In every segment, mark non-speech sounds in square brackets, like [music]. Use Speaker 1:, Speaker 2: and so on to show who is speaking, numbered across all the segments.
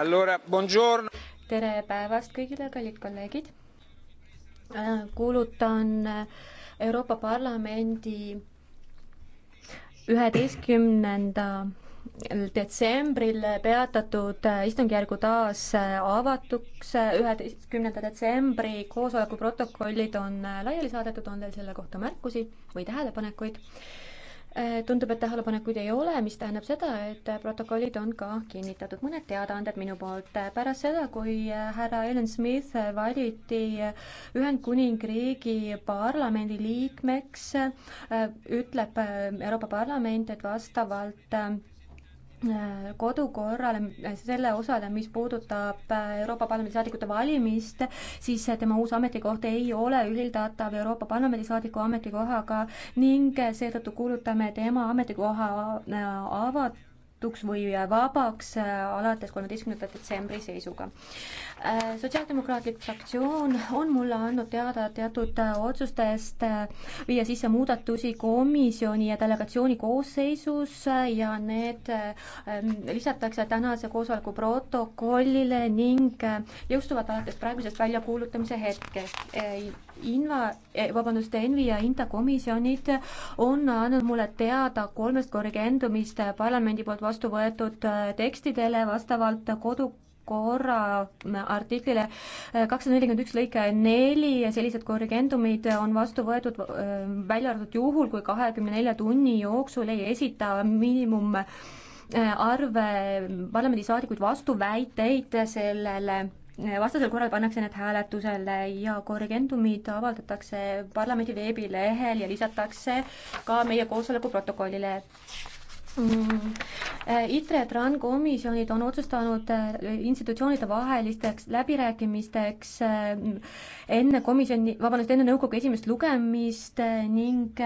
Speaker 1: Allora,
Speaker 2: tere päevast kõigile, kallid kolleegid. Äh, kuulutan äh, Euroopa Parlamendi üheteistkümnenda detsembril peatatud äh, istungjärgu taas avatuks. üheteistkümnenda detsembri koosoleku protokollid on laiali saadetud, on teil selle kohta märkusi või tähelepanekuid? Äh, tundub, et tähelepanekuid ei ole, mis tähendab seda, et protokollid on ka kinnitatud. mõned teadaanded minu poolt. pärast seda, kui äh, härra Ellen Smith valiti äh, Ühendkuningriigi parlamendi liikmeks, ütleb Euroopa Parlament, et vastavalt kodukorrale, selle osale, mis puudutab äh, Euroopa Parlamendi saadikute valimist, siis tema uus ametikoht ei ole ühildatav Euroopa Parlamendi saadiku ametikohaga ning seetõttu kuulutame tema ametikoha äh, avatud töötuks või vabaks äh, alates kolmeteistkümnenda detsembri seisuga. Äh, sotsiaaldemokraatlik fraktsioon on mulle andnud teada teatud äh, otsustest viia sisse muudatusi komisjoni ja delegatsiooni koosseisus ja need lisatakse tänase koosoleku protokollile ning jõustuvad alates praegusest väljakuulutamise hetkest. Inva, vabandust, Envi ja Inta komisjonid on andnud mulle teada kolmest korrigendumist parlamendi poolt vastu vastu võetud äh, tekstidele vastavalt kodukorra äh, artiklile äh, kakssada nelikümmend üks lõike neli ja sellised korrigendumid on vastu võetud välja arvatud juhul, kui kahekümne nelja tunni jooksul ei esita miinimum arve parlamendisaadikuid vastuväiteid sellele vastasel korral pannakse need hääletusele ja korrigendumid avaldatakse parlamendi veebilehel ja lisatakse ka meie koosoleku protokollile. Mm. Äh, ITRE ja TRAN komisjonid on otsustanud äh, institutsioonide vahelisteks läbirääkimisteks äh, enne komisjoni, vabandust, enne nõukogu esimest lugemist ning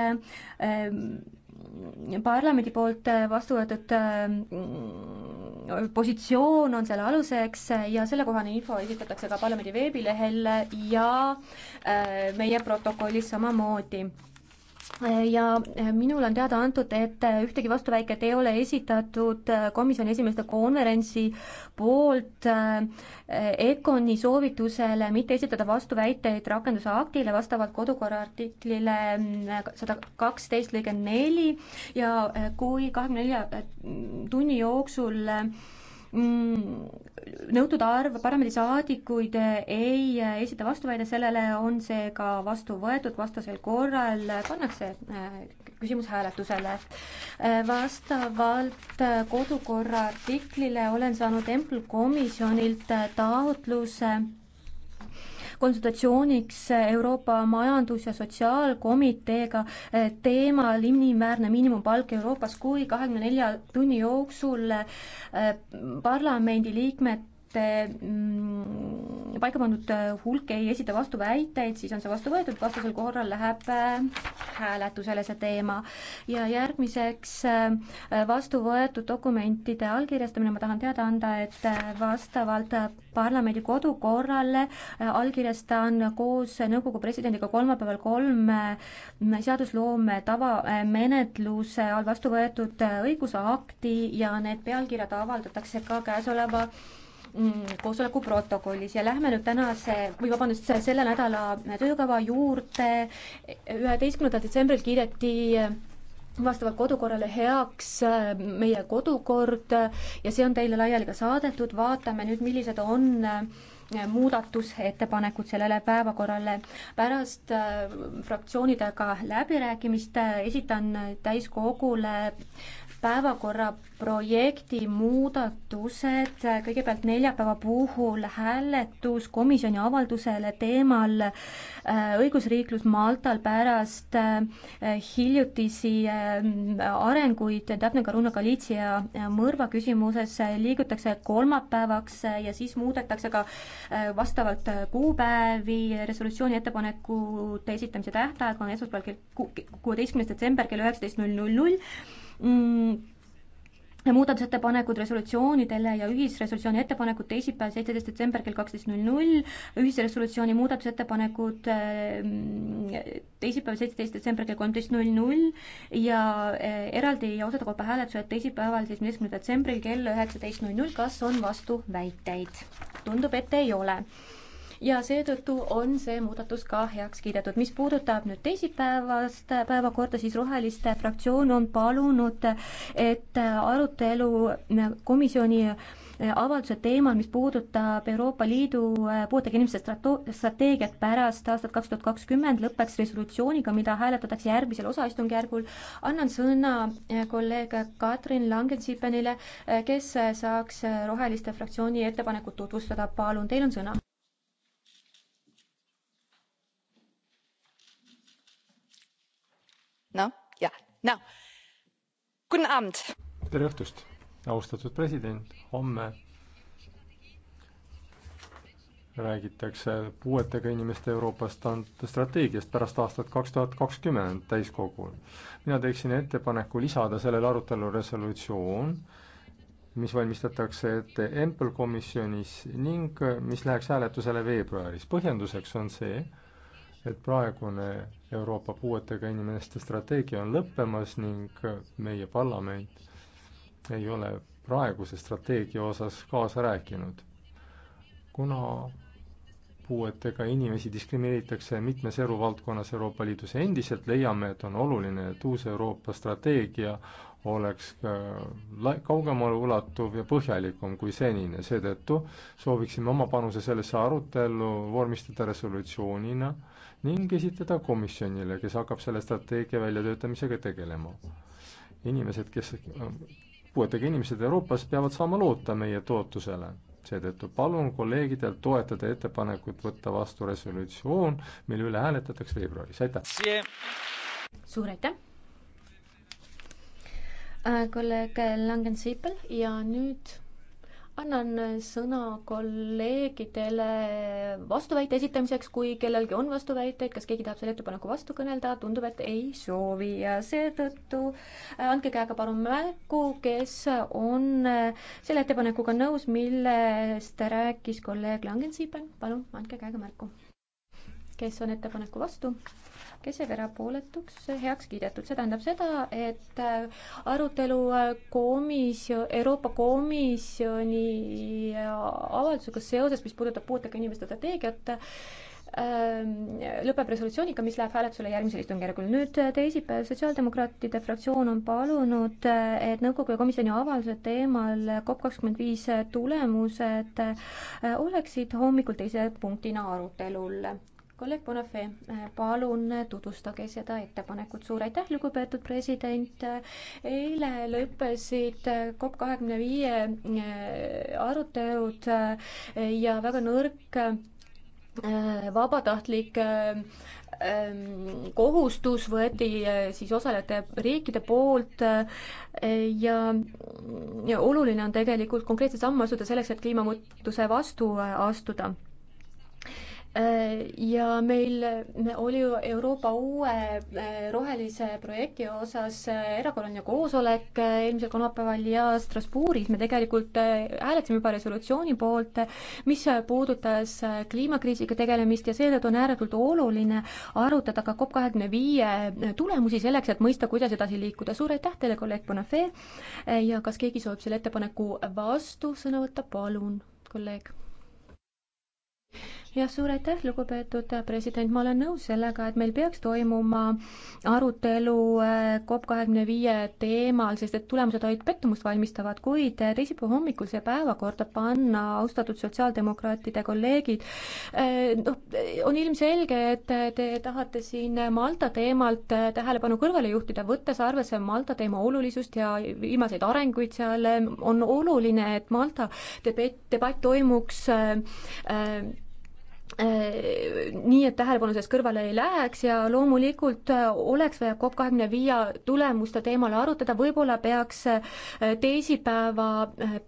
Speaker 2: parlamendi poolt vastu võetud positsioon on selle aluseks ja sellekohane info esitatakse ka parlamendi veebilehel ja meie protokollis samamoodi ja äh, minule on teada antud, et äh, ühtegi vastuväiket ei ole esitatud äh, komisjoni esimeeste konverentsi poolt EKONi soovitusele mitte esitada vastuväiteid rakenduse aktile vastavalt kodukorra artiklile sada kaksteist lõige neli ja kui kahekümne nelja tunni jooksul Mm, nõutud arv parlamendisaadikuid ei esita vastuväide sellele, on see ka vastu võetud, vastasel korral pannakse äh, küsimus hääletusele. Äh, vastavalt äh, kodukorra artiklile olen saanud Empl komisjonilt taotluse konsultatsiooniks Euroopa Majandus- ja Sotsiaalkomiteega eh, teemal inimväärne miinimumpalk Euroopas, kui kahekümne nelja tunni jooksul eh, parlamendiliikmed see mm, paika pandud äh, hulk ei esita vastuväiteid, siis on see vastu võetud, vastasel korral läheb äh, hääletusele see teema. ja järgmiseks äh, vastu võetud dokumentide allkirjastamine, ma tahan teada anda, et vastavalt parlamendi kodukorrale allkirjastan koos nõukogu presidendiga kolmapäeval kolm seadusloome tavamenetluse all vastu võetud õigusakti ja need pealkirjad avaldatakse ka käesoleva Mm, koosoleku protokollis ja lähme nüüd tänase või vabandust, selle nädala töökava juurde. üheteistkümnendal detsembril kiideti vastavalt kodukorrale heaks äh, meie kodukord ja see on teile laiali ka saadetud, vaatame nüüd, millised on äh, muudatusettepanekud sellele päevakorrale. pärast äh, fraktsioonidega läbirääkimist esitan täiskogule päevakorra projekti muudatused, kõigepealt neljapäeva puhul hääletus komisjoni avaldusele teemal äh, õigusriiklus Maltal pärast äh, hiljutisi äh, arenguid Daphne Caruana Galizia mõrva küsimuses liigutakse kolmapäevaks ja siis muudetakse ka vastavalt kuupäevi, resolutsiooni ettepanekute esitamise tähtaeg on esmaspäeval kell kuueteistkümnes detsember kell üheksateist null null null Mm, muudatusettepanekud resolutsioonidele ja ühisresolutsiooni ettepanekud teisipäev, seitseteist detsember kell kaksteist null null, ühisresolutsiooni muudatusettepanekud mm, teisipäev, seitseteist detsember kell kolmteist null null ja eh, eraldi ja osade kaupa hääletused teisipäeval, seitsmeteistkümnendal detsembril kell üheksateist null null. kas on vastuväiteid? tundub, et ei ole ja seetõttu on see muudatus ka heaks kiidetud. mis puudutab nüüd teisipäevast päevakorda, siis Roheliste fraktsioon on palunud, et arutelu komisjoni avalduse teemal, mis puudutab Euroopa Liidu puuetega inimeste strateegiat pärast aastat kaks tuhat kakskümmend, lõpeks resolutsiooniga, mida hääletatakse järgmisel osaistungjärgul. annan sõna kolleeg Katrin Langensipenile, kes saaks Roheliste fraktsiooni ettepanekut tutvustada, palun, teil on sõna
Speaker 3: noh, jah, noh. Guten Abend!
Speaker 4: tere õhtust, austatud president, homme räägitakse puuetega inimeste Euroopa stand-, strateegiast pärast aastat kaks tuhat kakskümmend täiskogul. mina teeksin ettepaneku lisada sellele arutelu resolutsioon, mis valmistatakse ette Empel komisjonis ning mis läheks hääletusele veebruaris. põhjenduseks on see, et praegune Euroopa puuetega inimeste strateegia on lõppemas ning meie parlament ei ole praeguse strateegia osas kaasa rääkinud. kuna puuetega inimesi diskrimineeritakse mitmes eluvaldkonnas Euroopa Liidus endiselt, leiame, et on oluline, et uus Euroopa strateegia oleks kaugemale ulatuv ja põhjalikum kui senine, seetõttu sooviksime oma panuse sellesse arutellu vormistada resolutsioonina äh, ning esitada komisjonile, kes hakkab selle strateegia väljatöötamisega tegelema. inimesed, kes, puuetega inimesed Euroopas peavad saama loota meie toetusele seetõttu palun kolleegidel toetada ettepanekut võtta vastu resolutsioon, mille üle hääletatakse veebruaris, aitäh!
Speaker 2: suur aitäh! Äh, kolleeg Langen-Seipel ja nüüd annan sõna kolleegidele vastuväite esitamiseks, kui kellelgi on vastuväiteid, kas keegi tahab selle ettepaneku vastu kõnelda, tundub, et ei soovi ja seetõttu äh, andke käega palun märku, kes on äh, selle ettepanekuga nõus, millest rääkis kolleeg Langensiipen, palun andke käega märku kes on ettepaneku vastu, kes jääb erapooletuks, heaks kiidetud. see tähendab seda, et äh, arutelu äh, komisjon, Euroopa Komisjoni äh, avaldusega seoses, mis puudutab puuetega inimeste strateegiat, ähm, lõpeb resolutsiooniga, mis läheb hääletusele järgmisel istungjärgul. nüüd teisipäev, Sotsiaaldemokraatide fraktsioon on palunud, et nõukogu ja komisjoni avalduse teemal COP kakskümmend viis tulemused oleksid hommikul teise punktina arutelul kolleeg Bonafé, palun tutvustage seda ettepanekut. suur aitäh, lugupeetud president. eile lõppesid COP kahekümne äh, viie arutelud äh, ja väga nõrk äh, vabatahtlik ähm, kohustus võeti siis osalejate riikide poolt ja, ja oluline on tegelikult konkreetseid samme astuda selleks, et kliimamuutuse vastu astuda Äh, ja meil oli Euroopa uue äh, rohelise projekti osas äh, erakorraline koosolek eelmisel kolmapäeval ja Strasbourgis me tegelikult hääletasime juba resolutsiooni poolt, mis puudutas kliimakriisiga tegelemist ja seetõttu on ääretult oluline arutada ka COP kahekümne viie tulemusi selleks, et mõista, kuidas edasi liikuda. suur aitäh teile, kolleeg Bonafé ja kas keegi soovib selle ettepaneku vastu sõna võtta, palun, kolleeg jah, suur aitäh, lugupeetud president, ma olen nõus sellega, et meil peaks toimuma arutelu äh, COP kahekümne viie teemal, sest et tulemused olid pettumust valmistavad, kuid teisipäeva hommikul see päevakorda panna, austatud sotsiaaldemokraatide kolleegid, äh, noh, on ilmselge, et te tahate siin Malta teemalt äh, tähelepanu kõrvale juhtida, võttes arvesse Malta teema olulisust ja viimaseid arenguid seal, on oluline, et Malta debatt, debatt toimuks äh, Äh, nii, et tähelepanu sellest kõrvale ei läheks ja loomulikult äh, oleks vaja COP kahekümne viie tulemuste teemal arutada, võib-olla peaks äh, teisipäeva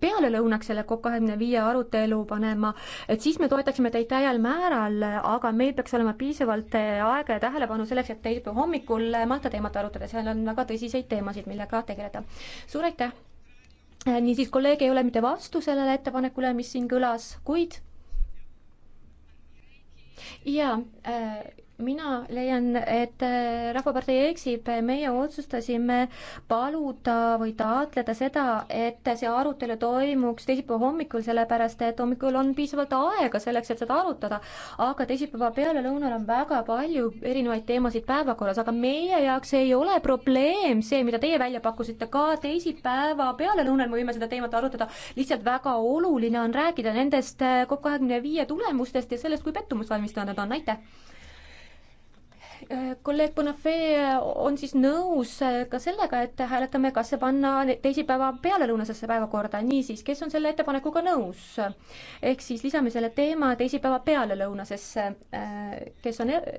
Speaker 2: pealelõunaks selle COP kahekümne viie arutelu panema, et siis me toetaksime teid täiel määral, aga meil peaks olema piisavalt aega ja tähelepanu selleks, et teisipäeva hommikul Malta teemat arutada, seal on väga tõsiseid teemasid, millega tegeleda. suur aitäh! niisiis, kolleeg ei ole mitte vastu sellele ettepanekule, mis siin kõlas, kuid ja äh, mina leian, et äh, Rahvapartei eksib, meie otsustasime paluda või taotleda seda, et see arutelu toimuks teisipäeva hommikul, sellepärast et hommikul on piisavalt aega selleks, et seda arutada. aga teisipäeva pealelõunal on väga palju erinevaid teemasid päevakorras, aga meie jaoks ei ole probleem see, mida teie välja pakkusite, ka teisipäeva pealelõunal me võime seda teemat arutada, lihtsalt väga oluline on rääkida nendest äh, COP kahekümne viie tulemustest ja sellest, kui pettumusvalmistajad nad on, aitäh! kolleeg Bonafé on siis nõus äh, ka sellega, et hääletame, kas see panna teisipäeva pealelõunasesse päevakorda, niisiis, kes on selle ettepanekuga nõus? ehk siis lisame selle teema teisipäeva pealelõunasesse, äh, kes on e-,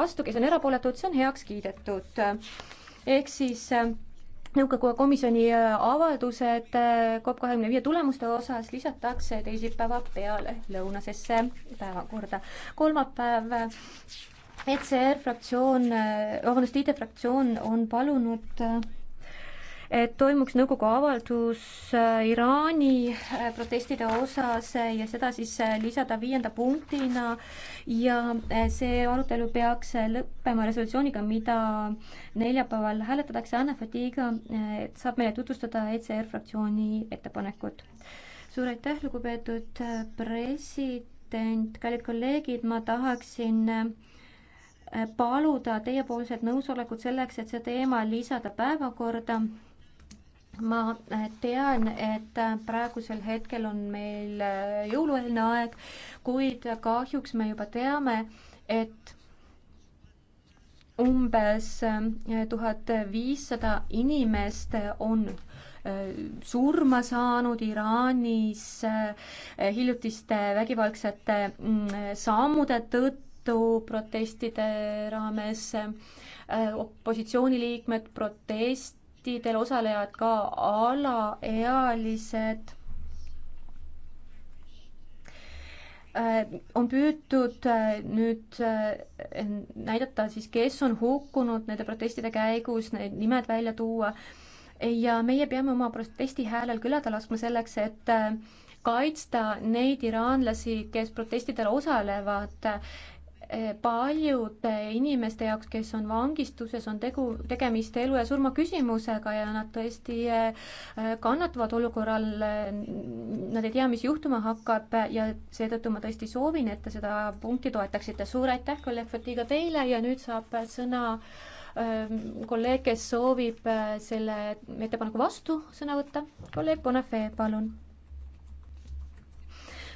Speaker 2: vastu, kes on erapooletud, see on heaks kiidetud. ehk siis äh, nõukogu komisjoni avaldused COP kahekümne viie tulemuste osas lisatakse teisipäeva peale lõunasesse päevakorda. kolmapäev ECR fraktsioon, äh, vabandust, IDE fraktsioon on palunud äh, et toimuks nõukogu avaldus äh, Iraani protestide osas ja seda siis lisada viienda punktina ja see arutelu peaks lõppema resolutsiooniga, mida neljapäeval hääletatakse. Anne Fatiga saab meile tutvustada ECR fraktsiooni ettepanekut. suur aitäh, lugupeetud president, kallid kolleegid, ma tahaksin paluda teiepoolset nõusolekut selleks, et see teema lisada päevakorda. ma tean, et praegusel hetkel on meil jõulueelne aeg, kuid kahjuks me juba teame, et umbes tuhat viissada inimest on äh, surma saanud Iraanis äh, hiljutiste vägivaldsete mm, sammude tõttu protestide raames äh, opositsiooniliikmed, protestidel osalejad ka alaealised. Äh, on püütud äh, nüüd näidata siis, kes on hukkunud nende protestide käigus, need nimed välja tuua ja meie peame oma protesti häälel kõlada laskma selleks, et kaitsta neid iraanlasi, kes protestidel osalevad paljude inimeste jaoks, kes on vangistuses, on tegu, tegemist elu ja surma küsimusega ja nad tõesti äh, kannatavad olukorral, nad ei tea, mis juhtuma hakkab ja seetõttu ma tõesti soovin, et te seda punkti toetaksite. suur aitäh, kolleeg Fatiga teile ja nüüd saab sõna ähm, kolleeg, kes soovib äh, selle ettepaneku vastu sõna võtta. kolleeg Bonafé, palun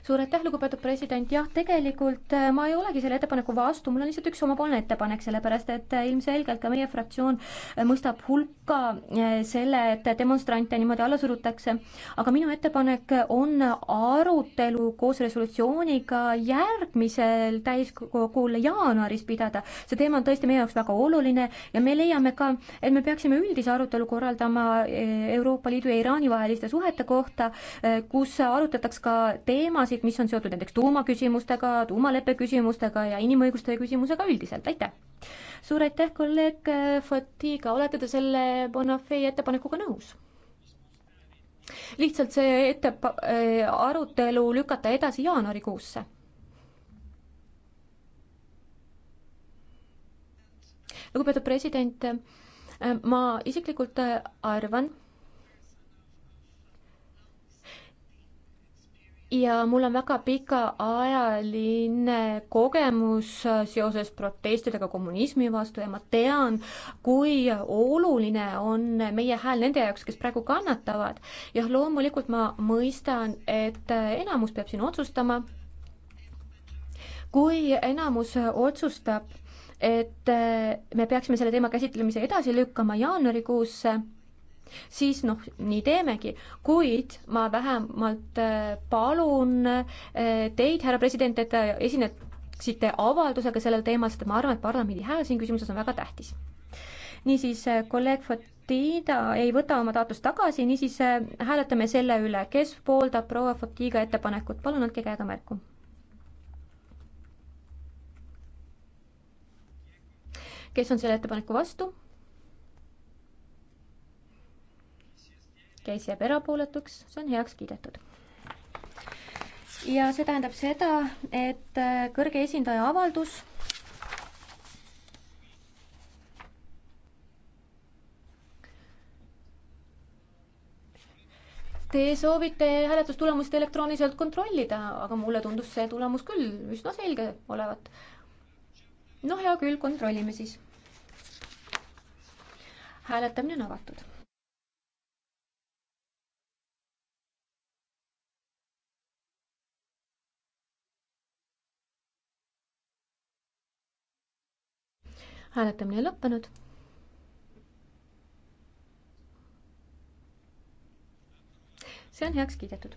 Speaker 2: suur aitäh, lugupeetud president, jah, tegelikult äh, ma ei olegi selle ettepaneku vastu, mul on lihtsalt üks omapoolne ettepanek, sellepärast et äh, ilmselgelt ka meie fraktsioon äh, mõistab hulka selle, et demonstrante niimoodi alla surutakse, aga minu ettepanek on arutelu koos resolutsiooniga järgmisel täiskogul jaanuaris pidada. see teema on tõesti meie jaoks väga oluline ja me leiame ka, et me peaksime üldise arutelu korraldama Euroopa Liidu ja Iraani vaheliste suhete kohta, kus arutataks ka teemasid, teemasid, mis on seotud näiteks tuumaküsimustega, tuumaleppe küsimustega ja inimõiguste küsimusega üldiselt, aitäh! suur aitäh, kolleeg äh, Fatiga, olete te selle Bonafé ettepanekuga nõus? lihtsalt see ette- äh,, arutelu lükata edasi jaanuarikuusse lugupeetud president, äh, ma isiklikult äh, arvan, ja mul on väga pikaajaline kogemus äh, seoses protestidega kommunismi vastu ja ma tean, kui oluline on meie hääl nende jaoks, kes praegu kannatavad. jah, loomulikult ma mõistan, et äh, enamus peab siin otsustama. kui enamus otsustab, et äh, me peaksime selle teema käsitlemise edasi lükkama jaanuarikuusse siis noh, nii teemegi, kuid ma vähemalt äh, palun äh, teid, härra president, et esineksite avaldusega sellel teemal, sest ma arvan, et parlamendi hääl siin küsimuses on väga tähtis. niisiis, äh, kolleeg Fotida ei võta oma taotlust tagasi, niisiis hääletame selle üle, kes pooldab proua Fotiga ettepanekut, palun andke käega märku kes on selle ettepaneku vastu? kes jääb erapooletuks, see on heaks kiidetud. ja see tähendab seda, et äh, kõrge esindaja avaldus Te soovite hääletustulemust elektrooniliselt kontrollida, aga mulle tundus see tulemus küll üsna selge olevat. no hea küll, kontrollime siis. hääletamine on avatud hääletamine lõppenud. see on heaks kiidetud.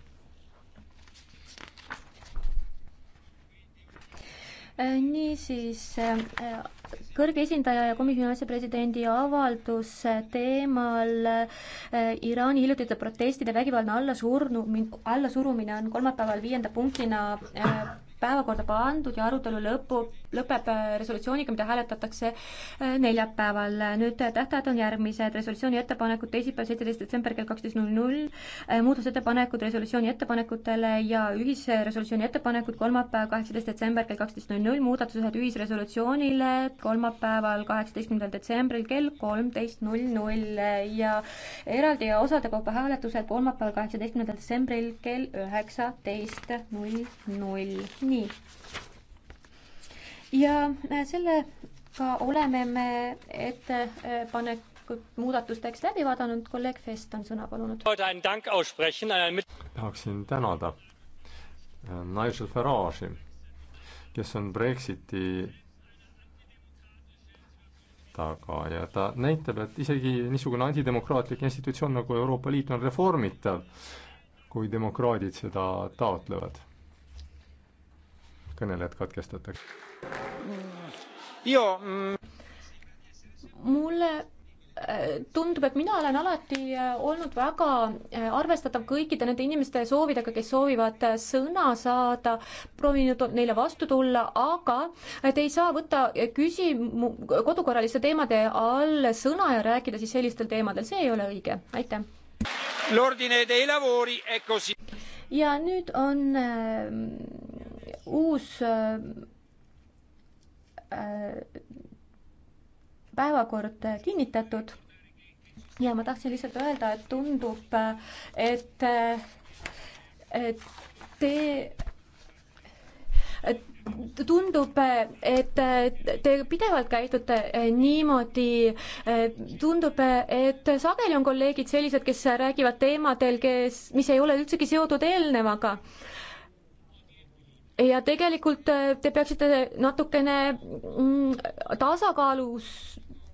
Speaker 2: Äh, niisiis äh, kõrge esindaja ja komisjoni asepresidendi avaldus teemal äh, Iraani hiljutiste protestide vägivaldne allasurnu, allasurumine on kolmapäeval viienda punktina päevakorda pandud ja arutelu lõpu, lõpeb äh, resolutsiooniga, mida hääletatakse äh, neljapäeval. nüüd äh, tähtajad on järgmised, resolutsiooni ettepanekud teisipäev, seitseteist detsember kell kaksteist null null, muudatusettepanekud resolutsiooni ettepanekutele ja ühisresolutsiooni ettepanekud kolmapäev, kaheksateist detsember kell kaksteist null null, muudatused ühisresolutsioonile kolmapäeval, kaheksateistkümnendal detsembril kell kolmteist null null ja eraldi osade kaupa hääletused kolmapäeval, kaheksateistkümnendal detsembril kell üheksateist null null nii. ja äh, sellega oleme me ettepanekud äh, muudatusteks läbi vaadanud, kolleeg Fest on sõna palunud.
Speaker 4: tahaksin tänada äh, Nigel Farage'i, kes on Brexiti taga ja ta näitab, et isegi niisugune antidemokraatlik institutsioon nagu Euroopa Liit on reformitav, kui demokraadid seda taotlevad kõnelejad katkestatakse.
Speaker 2: Mm. mulle äh, tundub, et mina olen alati äh, olnud väga äh, arvestatav kõikide nende inimeste soovidega, kes soovivad sõna saada, proovinud neile vastu tulla, aga te ei saa võtta küsimu-, kodukorraliste teemade all sõna ja rääkida siis sellistel teemadel, see ei ole õige, aitäh. ja nüüd on uus äh, päevakord kinnitatud ja ma tahtsin lihtsalt öelda, et tundub, et, et te et tundub, et te pidevalt käitute niimoodi, tundub, et sageli on kolleegid sellised, kes räägivad teemadel, kes, mis ei ole üldsegi seotud eelnevaga ja tegelikult äh, te peaksite natukene mm, tasakaalus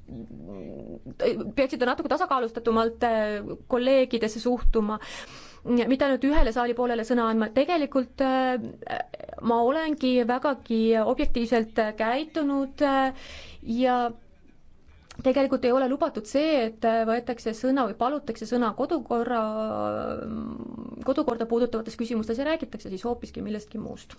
Speaker 2: mm, peaksite natuke tasakaalustatumalt äh, kolleegidesse suhtuma, mitte ainult ühele saali poolele sõna andma, tegelikult äh, ma olengi vägagi objektiivselt käitunud ja tegelikult ei ole lubatud see, et võetakse sõna või palutakse sõna kodukorra, kodukorda puudutavates küsimustes ja räägitakse siis hoopiski millestki muust.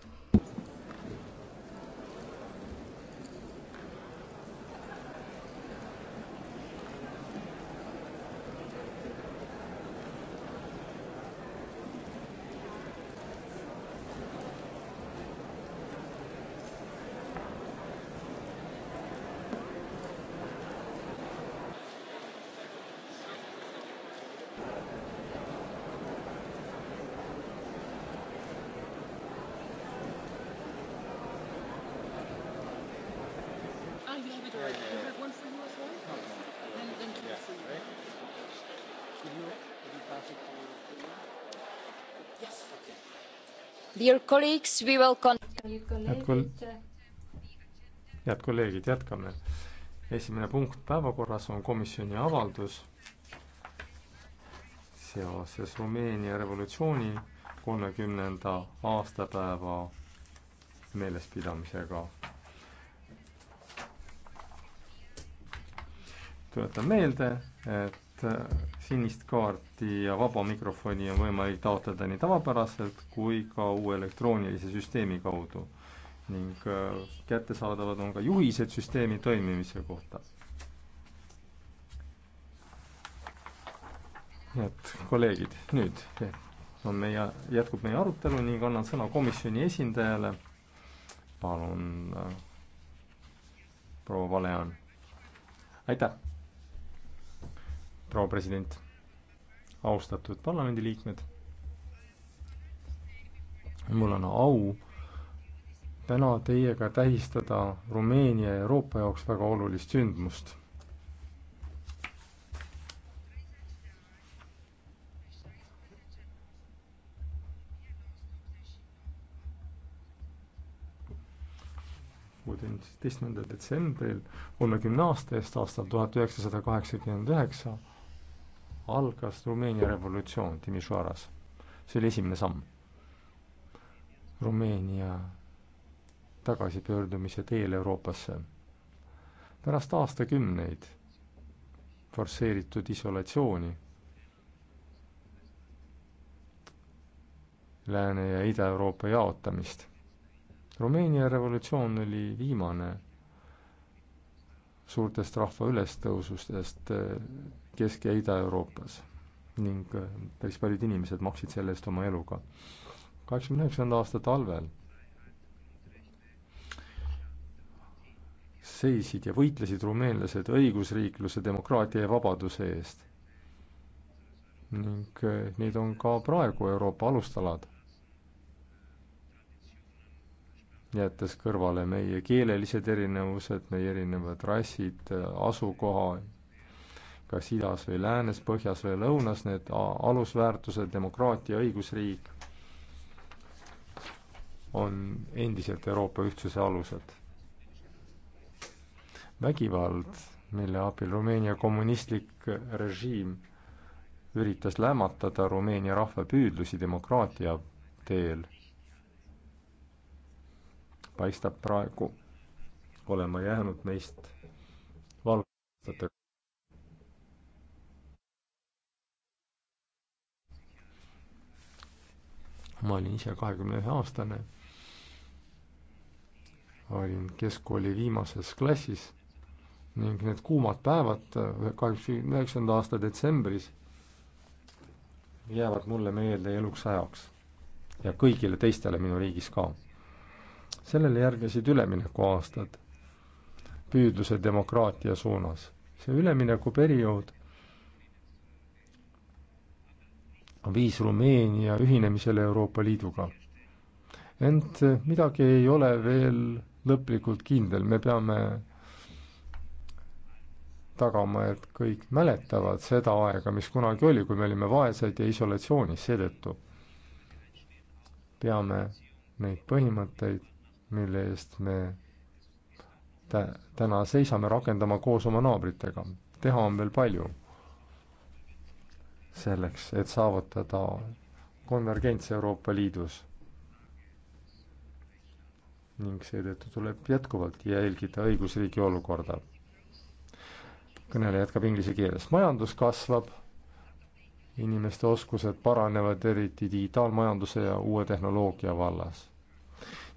Speaker 4: head kolleegid, jätkame. esimene punkt päevakorras on komisjoni avaldus seoses Rumeenia revolutsiooni kolmekümnenda aastapäeva meelespidamisega. tuletan meelde, et et äh, sinist kaarti ja vaba mikrofoni on võimalik taotleda nii tavapäraselt kui ka uue elektroonilise süsteemi kaudu. ning äh, kättesaadavad on ka juhised süsteemi toimimise kohta. nii et kolleegid, nüüd on meie, jätkub meie arutelu ning annan sõna komisjoni esindajale. palun, äh, proua Valean. aitäh proua president, austatud parlamendiliikmed. mul on au täna teiega tähistada Rumeenia ja Euroopa jaoks väga olulist sündmust. kuueteistkümnendal detsembril kolmekümne aasta eest aastal tuhat üheksasada kaheksakümmend üheksa algas Rumeenia revolutsioon Timisoaras. see oli esimene samm. Rumeenia tagasipöördumise teel Euroopasse. pärast aastakümneid forsseeritud isolatsiooni Lääne- ja Ida-Euroopa jaotamist. Rumeenia revolutsioon oli viimane suurtest rahva ülestõusustest Kesk- ja Ida-Euroopas ning äh, päris paljud inimesed maksid selle eest oma eluga. kaheksakümne üheksanda aasta talvel seisid ja võitlesid rumeenlased õigusriikluse, demokraatia ja vabaduse eest. ning äh, need on ka praegu Euroopa alustalad, jättes kõrvale meie keelelised erinevused, meie erinevad rassid, asukoha kas idas või läänes, põhjas või lõunas, need alusväärtused, demokraatia, õigusriik on endiselt Euroopa ühtsuse alused. vägivald, mille abil Rumeenia kommunistlik režiim üritas lämmatada Rumeenia rahva püüdlusi demokraatia teel, paistab praegu olema jäänud meist valgustajatega. ma olin ise kahekümne ühe aastane. olin keskkooli viimases klassis ning need kuumad päevad kaheksakümne üheksanda aasta detsembris jäävad mulle meelde eluks ajaks ja kõigile teistele minu riigis ka. sellele järgnesid üleminekuaastad, püüdlused demokraatia suunas. see üleminekuperiood viis Rumeenia ühinemisele Euroopa Liiduga. ent midagi ei ole veel lõplikult kindel, me peame tagama, et kõik mäletavad seda aega, mis kunagi oli, kui me olime vaesed ja isolatsioonis, seetõttu peame neid põhimõtteid, mille eest me tä-, täna seisame, rakendama koos oma naabritega. teha on veel palju selleks, et saavutada konvergents Euroopa Liidus. ning seetõttu tuleb jätkuvalt jälgida õigusriigi olukorda. kõneleja jätkab inglise keeles, majandus kasvab, inimeste oskused paranevad, eriti digitaalmajanduse ja uue tehnoloogia vallas.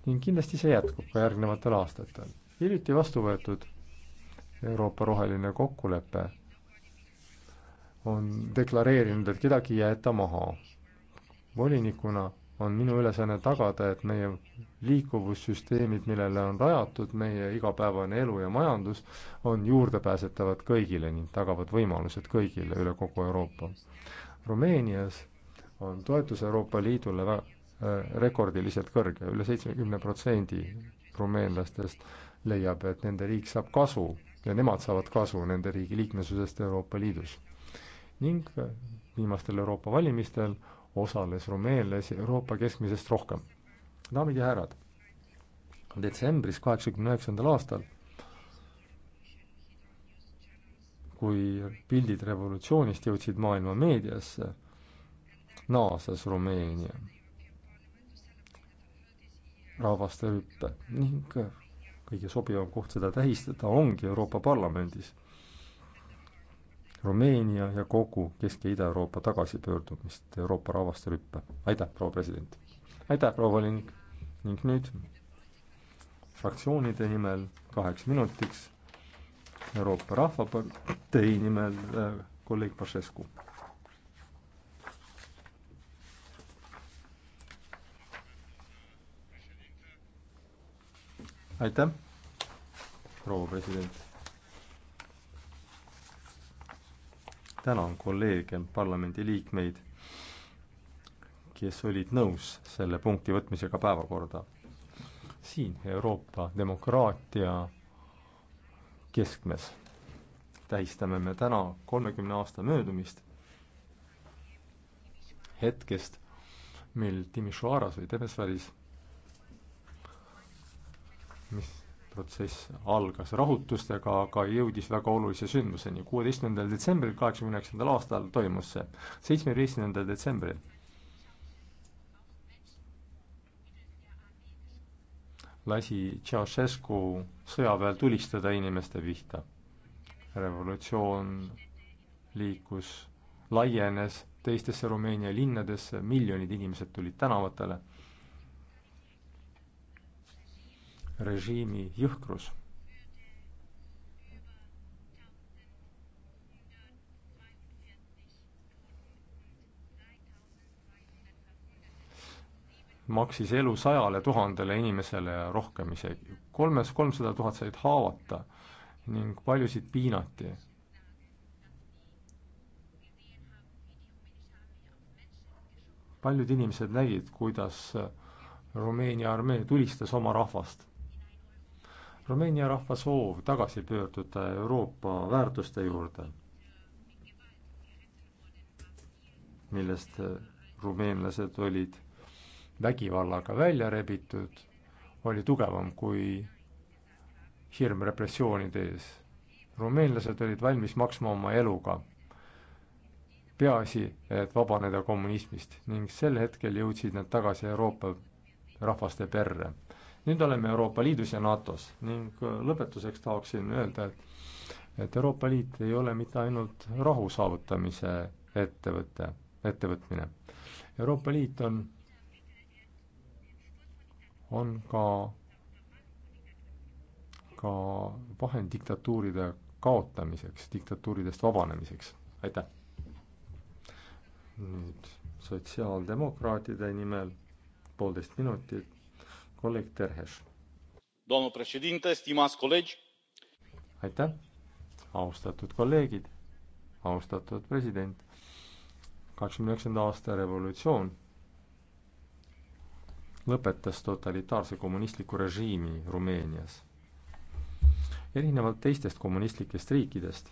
Speaker 4: ning kindlasti see jätkub ka järgnevatel aastatel. hiljuti vastu võetud Euroopa roheline kokkulepe on deklareerinud, et kedagi ei jäeta maha. volinikuna on minu ülesanne tagada, et meie liikuvussüsteemid, millele on rajatud meie igapäevane elu ja majandus, on juurdepääsetavad kõigile ning tagavad võimalused kõigile üle kogu Euroopa. Rumeenias on toetus Euroopa Liidule vä-, äh, rekordiliselt kõrge üle, üle seitsmekümne protsendi rumeenlastest leiab, et nende riik saab kasu ja nemad saavad kasu nende riigi liikmesusest Euroopa Liidus ning äh, viimastel Euroopa valimistel osales rumeenlasi Euroopa keskmisest rohkem. daamid ja härrad, detsembris kaheksakümne üheksandal aastal, kui pildid revolutsioonist jõudsid maailma meediasse, naases Rumeenia rahvaste hüppe ning kõige sobivam koht seda tähistada ongi Euroopa Parlamendis Rumeenia ja kogu Kesk- ja Ida-Euroopa tagasipöördumist Euroopa rahvaste rüppe. aitäh, proua president! aitäh, proua volinik! ning nüüd fraktsioonide nimel kaheks minutiks Euroopa Rahvapartei nimel äh, kolleeg Pašescu. aitäh, proua president tänan kolleege, parlamendiliikmeid, kes olid nõus selle punkti võtmisega päevakorda. siin Euroopa demokraatia keskmes tähistame me täna kolmekümne aasta möödumist hetkest, mil Timisoaras või Temesvaris, mis protsess algas rahutustega, aga jõudis väga olulise sündmuseni. kuueteistkümnendal detsembril kaheksakümne üheksandal aastal toimus see, seitsmeteistkümnendal detsembril. lasi Ceausescu sõjaväel tulistada inimeste pihta. revolutsioon liikus, laienes teistesse Rumeenia linnadesse, miljonid inimesed tulid tänavatele režiimi jõhkrus. maksis elu sajale tuhandele inimesele ja rohkem isegi. kolmes, kolmsada tuhat said haavata ning paljusid piinati. paljud inimesed nägid, kuidas Rumeenia armee tulistas oma rahvast. Rumeenia rahva soov tagasi pöörduda Euroopa väärtuste juurde, millest rumeenlased olid vägivallaga välja rebitud, oli tugevam kui hirm repressioonide ees. rumeenlased olid valmis maksma oma eluga, peaasi, et vabaneda kommunismist ning sel hetkel jõudsid nad tagasi Euroopa rahvaste perre nüüd oleme Euroopa Liidus ja NATO-s ning äh, lõpetuseks tahaksin öelda, et et Euroopa Liit ei ole mitte ainult rahu saavutamise ettevõte, ettevõtmine. Euroopa Liit on, on ka, ka vahend diktatuuride kaotamiseks, diktatuuridest vabanemiseks, aitäh! nüüd sotsiaaldemokraatide nimel poolteist minutit kolleeg Terhes. aitäh, austatud kolleegid, austatud president. kaheksakümne üheksanda aasta revolutsioon lõpetas totalitaarse kommunistliku režiimi Rumeenias. erinevalt teistest kommunistlikest riikidest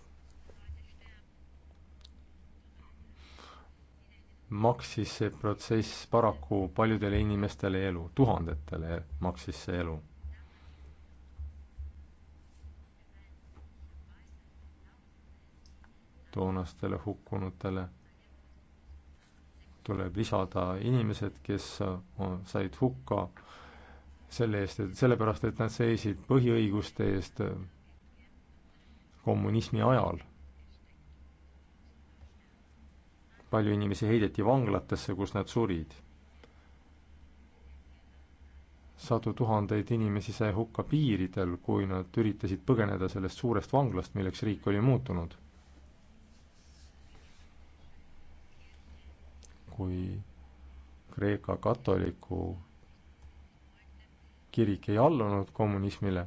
Speaker 4: maksis see protsess paraku paljudele inimestele elu, tuhandetele maksis see elu. toonastele hukkunutele tuleb lisada inimesed, kes on, said hukka selle eest, et sellepärast, et nad seisid põhiõiguste eest kommunismi ajal palju inimesi heideti vanglatesse, kus nad surid. sadu tuhandeid inimesi sai hukka piiridel, kui nad üritasid põgeneda sellest suurest vanglast, milleks riik oli muutunud. kui Kreeka katoliku kirik ei allunud kommunismile,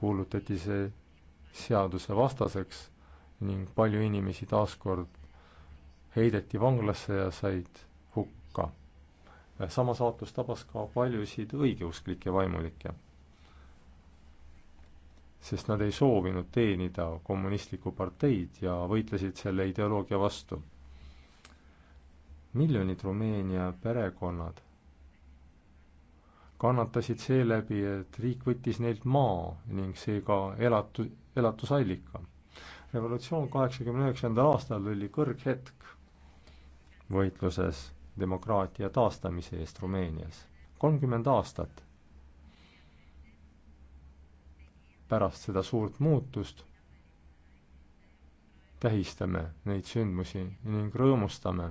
Speaker 4: kuulutati see seadusevastaseks ning palju inimesi taaskord heideti vanglasse ja said hukka. sama saatus tabas ka paljusid õigeusklikke vaimulikke, sest nad ei soovinud teenida kommunistlikku parteid ja võitlesid selle ideoloogia vastu. miljonid Rumeenia perekonnad kannatasid seeläbi, et riik võttis neilt maa ning seega elatu, elatusallika. revolutsioon kaheksakümne üheksandal aastal oli kõrghetk võitluses demokraatia taastamise eest Rumeenias. kolmkümmend aastat pärast seda suurt muutust tähistame neid sündmusi ning rõõmustame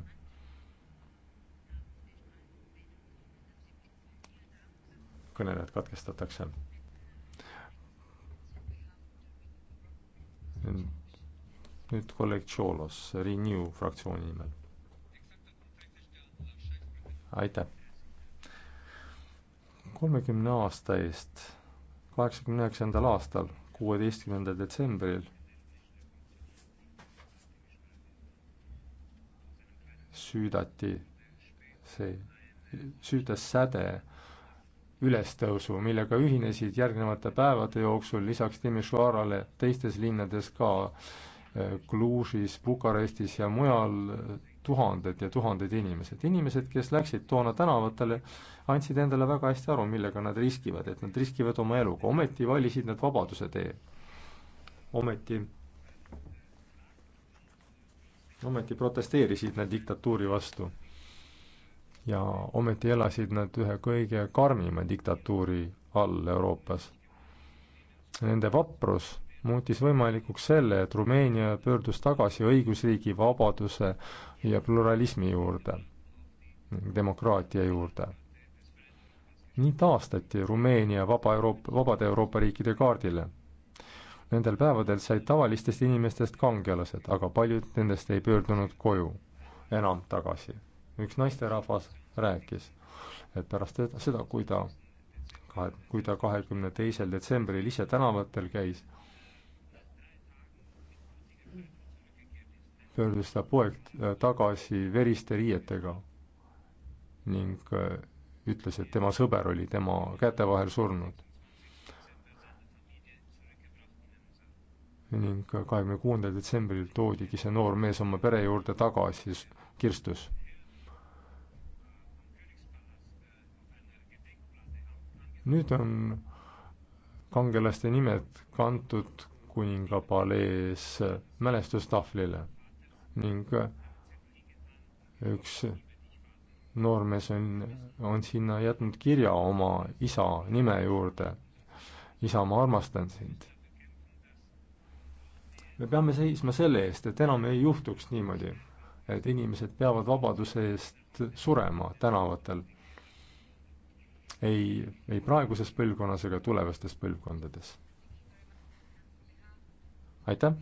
Speaker 4: kõnelejad katkestatakse. nüüd kolleeg Tšolos Renew fraktsiooni nimel aitäh! kolmekümne aasta eest, kaheksakümne üheksandal aastal, kuueteistkümnendal detsembril süüdati see, süüdas säde ülestõusu, millega ühinesid järgnevate päevade jooksul lisaks Timisoarale teistes linnades ka Klužis, äh, Bukarestis ja mujal tuhanded ja tuhanded inimesed. inimesed, kes läksid toona tänavatele, andsid endale väga hästi aru, millega nad riskivad, et nad riskivad oma eluga, ometi valisid nad vabaduse tee. ometi, ometi protesteerisid nad diktatuuri vastu. ja ometi elasid nad ühe kõige karmima diktatuuri all Euroopas. Nende vaprus muutis võimalikuks selle, et Rumeenia pöördus tagasi õigusriigi, vabaduse, ja pluralismi juurde ning demokraatia juurde. nii taastati Rumeenia vaba Euroopa, vabade Euroopa riikide kaardile. Nendel päevadel said tavalistest inimestest kangelased, aga paljud nendest ei pöördunud koju enam tagasi. üks naisterahvas rääkis, et pärast seda, kui ta kahe, kui ta kahekümne teisel detsembril ise tänavatel käis, pöördus ta poeg äh, tagasi veriste riietega ning äh, ütles, et tema sõber oli tema käte vahel surnud. ning äh, kahekümne kuuendal detsembril toodigi see noor mees oma pere juurde tagasi kirstus. nüüd on kangelaste nimed kantud kuningapalee ees mälestustahvlile ning äh, üks noormees on, on sinna jätnud kirja oma isa nime juurde. isa, ma armastan sind. me peame seisma selle eest, et enam ei juhtuks niimoodi, et inimesed peavad vabaduse eest surema tänavatel. ei, ei praeguses põlvkonnas ega tulevastes põlvkondades. aitäh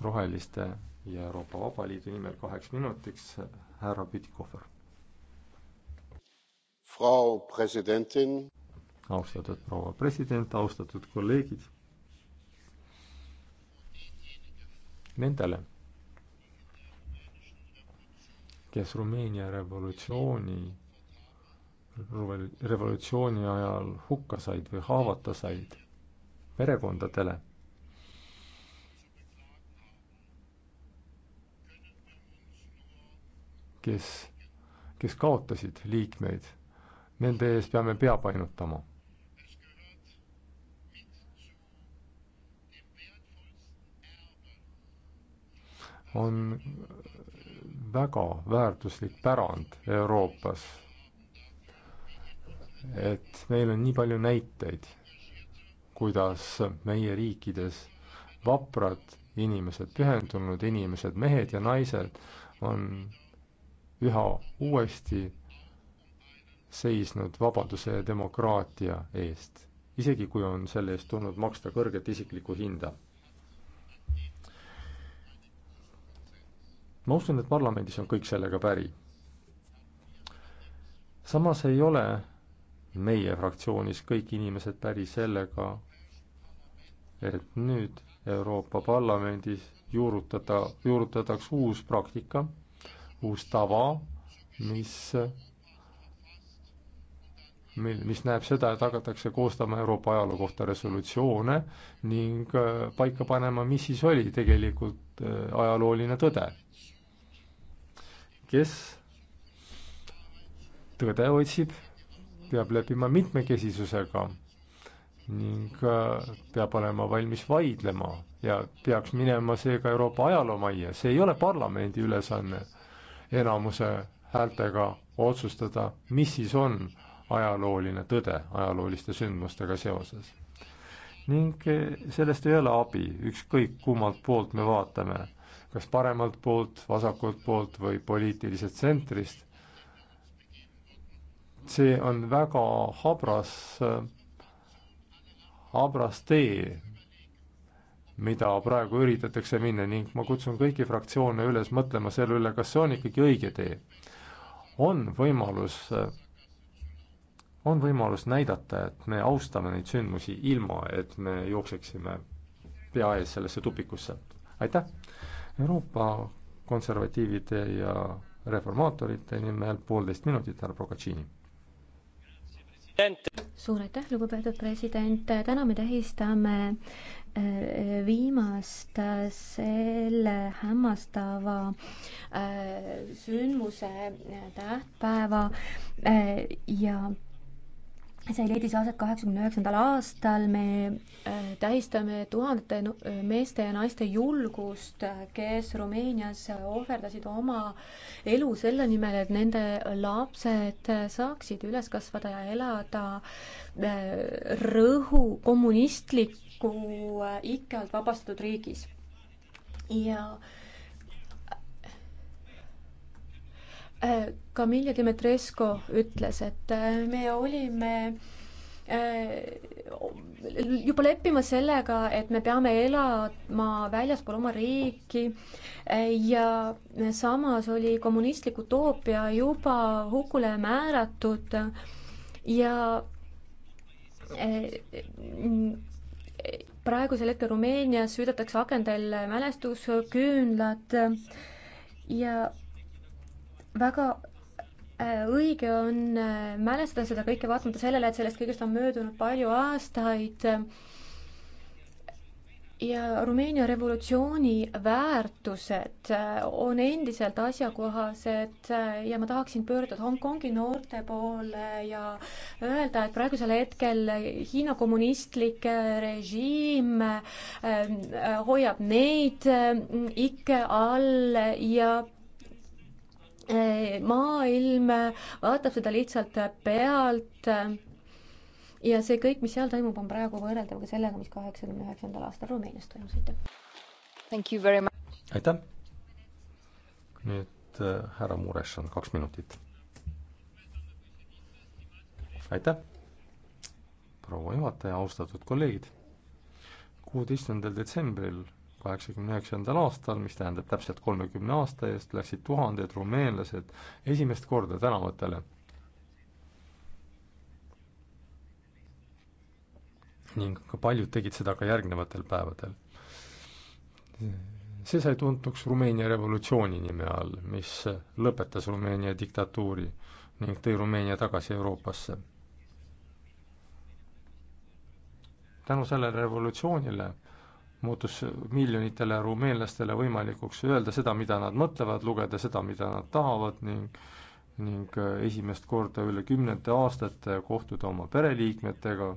Speaker 4: roheliste ja Euroopa Vabaliidu nimel kaheks minutiks härra Pütikohver. austatud proua president, austatud kolleegid. Nendele, kes Rumeenia revolutsiooni, revolutsiooni ajal hukka said või haavata said, perekondadele kes, kes kaotasid liikmeid, nende ees peame pea painutama. on väga väärtuslik pärand Euroopas. et meil on nii palju näiteid, kuidas meie riikides vaprad inimesed, pühendunud inimesed, mehed ja naised on üha uuesti seisnud vabaduse ja demokraatia eest, isegi kui on selle eest tulnud maksta kõrget isiklikku hinda. ma usun, et parlamendis on kõik sellega päri. samas ei ole meie fraktsioonis kõik inimesed päri sellega, et nüüd Euroopa Parlamendis juurutada, juurutatakse uus praktika uus tava, mis, mil, mis näeb seda, et hakatakse koostama Euroopa ajaloo kohta resolutsioone ning äh, paika panema, mis siis oli tegelikult äh, ajalooline tõde. kes tõde otsib, peab läbima mitmekesisusega ning äh, peab olema valmis vaidlema ja peaks minema seega Euroopa ajaloomajja, see ei ole parlamendi ülesanne enamuse häältega otsustada, mis siis on ajalooline tõde ajalooliste sündmustega seoses. ning eh, sellest ei ole abi, ükskõik kummalt poolt me vaatame, kas paremalt poolt, vasakult poolt või poliitiliselt tsentrist, see on väga habras, eh, habras tee, mida praegu üritatakse minna ning ma kutsun kõiki fraktsioone üles mõtlema selle üle, kas see on ikkagi õige tee. on võimalus, on võimalus näidata, et me austame neid sündmusi ilma, et me jookseksime pea ees sellesse tupikusse. aitäh! Euroopa konservatiivide ja reformaatorite nimel poolteist minutit, härra Procaccini
Speaker 2: suur aitäh, lugupeetud president, täna me tähistame Äh, viimast äh, selle hämmastava äh, sündmuse tähtpäeva ja see leidis aset kaheksakümne üheksandal aastal, me äh, tähistame tuhandete meeste ja naiste julgust, äh, kes Rumeenias ohverdasid oma elu selle nimel, et nende lapsed saaksid üles kasvada ja elada äh, rõhu kommunistliku ikke alt vabastatud riigis. ja äh, Kamilja äh, Dimitresko ütles, et äh, me olime äh, juba leppima sellega, et me peame elama väljaspool oma riiki ja samas oli kommunistlik utoopia juba hukule määratud ja praegusel hetkel Rumeenias süüdatakse akendel mälestusküünlad ja väga äh, õige on äh, mälestada seda kõike, vaatamata sellele, et sellest kõigest on möödunud palju aastaid. ja Rumeenia revolutsiooni väärtused äh, on endiselt asjakohased ja ma tahaksin pöörduda Hongkongi noorte poole ja öelda, et praegusel hetkel Hiina kommunistlik režiim hoiab neid ikke all ja maailm äh, vaatab seda lihtsalt äh, pealt äh, ja see kõik, mis seal toimub, on praegu võrreldav ka sellega, mis kaheksakümne üheksandal aastal Rumeenias
Speaker 5: toimus, aitäh!
Speaker 4: aitäh! nüüd härra Mures on kaks minutit. aitäh, proua juhataja, austatud kolleegid! kuueteistkümnendal detsembril kaheksakümne üheksandal aastal, mis tähendab täpselt kolmekümne aasta eest, läksid tuhanded rumeenlased esimest korda tänavatele. ning ka paljud tegid seda ka järgnevatel päevadel. see sai tuntuks Rumeenia revolutsiooni nime all, mis lõpetas Rumeenia diktatuuri ning tõi Rumeenia tagasi Euroopasse. tänu sellele revolutsioonile muutus miljonitele rumeenlastele võimalikuks öelda seda, mida nad mõtlevad, lugeda seda, mida nad tahavad ning ning äh, esimest korda üle kümnete aastate kohtuda oma pereliikmetega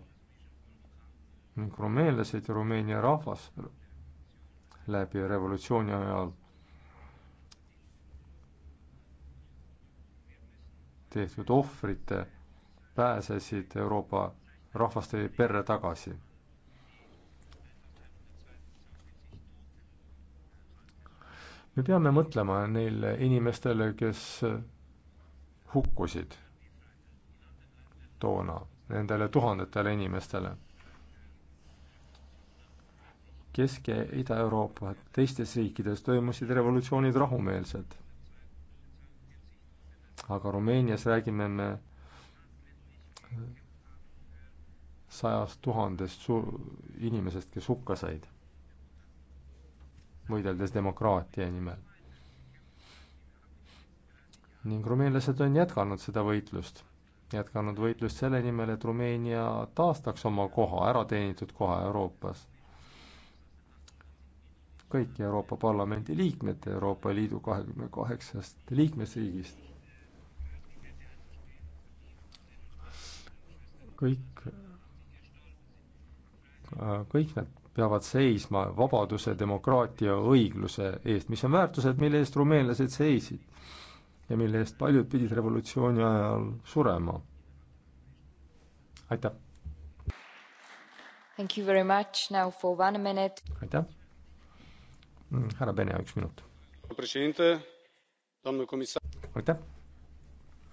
Speaker 4: ning rumeenlased ja Rumeenia rahvas läbi revolutsiooni ajal tehtud ohvrite pääsesid Euroopa rahvaste perre tagasi me peame mõtlema neile inimestele, kes hukkusid toona, nendele tuhandetele inimestele. Kesk- ja Ida-Euroopa teistes riikides toimusid revolutsioonid rahumeelselt. aga Rumeenias räägime me sajast tuhandest su-, inimesest, kes hukka said võideldes demokraatia nimel. ning rumeenlased on jätkanud seda võitlust, jätkanud võitlust selle nimel, et Rumeenia taastaks oma koha, ärateenitud koha Euroopas. kõik Euroopa Parlamendi liikmed Euroopa Liidu kahekümne kaheksast liikmesriigist kõik, kõik need peavad seisma vabaduse, demokraatia, õigluse eest, mis on väärtused, mille eest rumeenlased seisid ja mille eest paljud pidid revolutsiooni ajal surema. aitäh!
Speaker 2: Thank you very much, now for one minute.
Speaker 4: aitäh! Mm, härra Pene, üks minut. aitäh!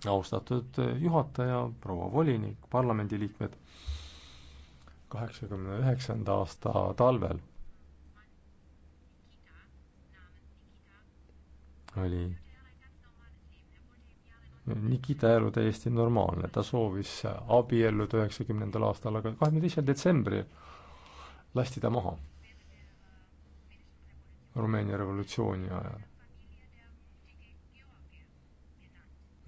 Speaker 4: austatud eh, juhataja, proua volinik, parlamendiliikmed kaheksakümne üheksanda aasta talvel oli Nikita elu täiesti normaalne, ta soovis abielluda üheksakümnendal aastal, aga kahekümne teisel detsembril lasti ta maha Rumeenia revolutsiooni ajal.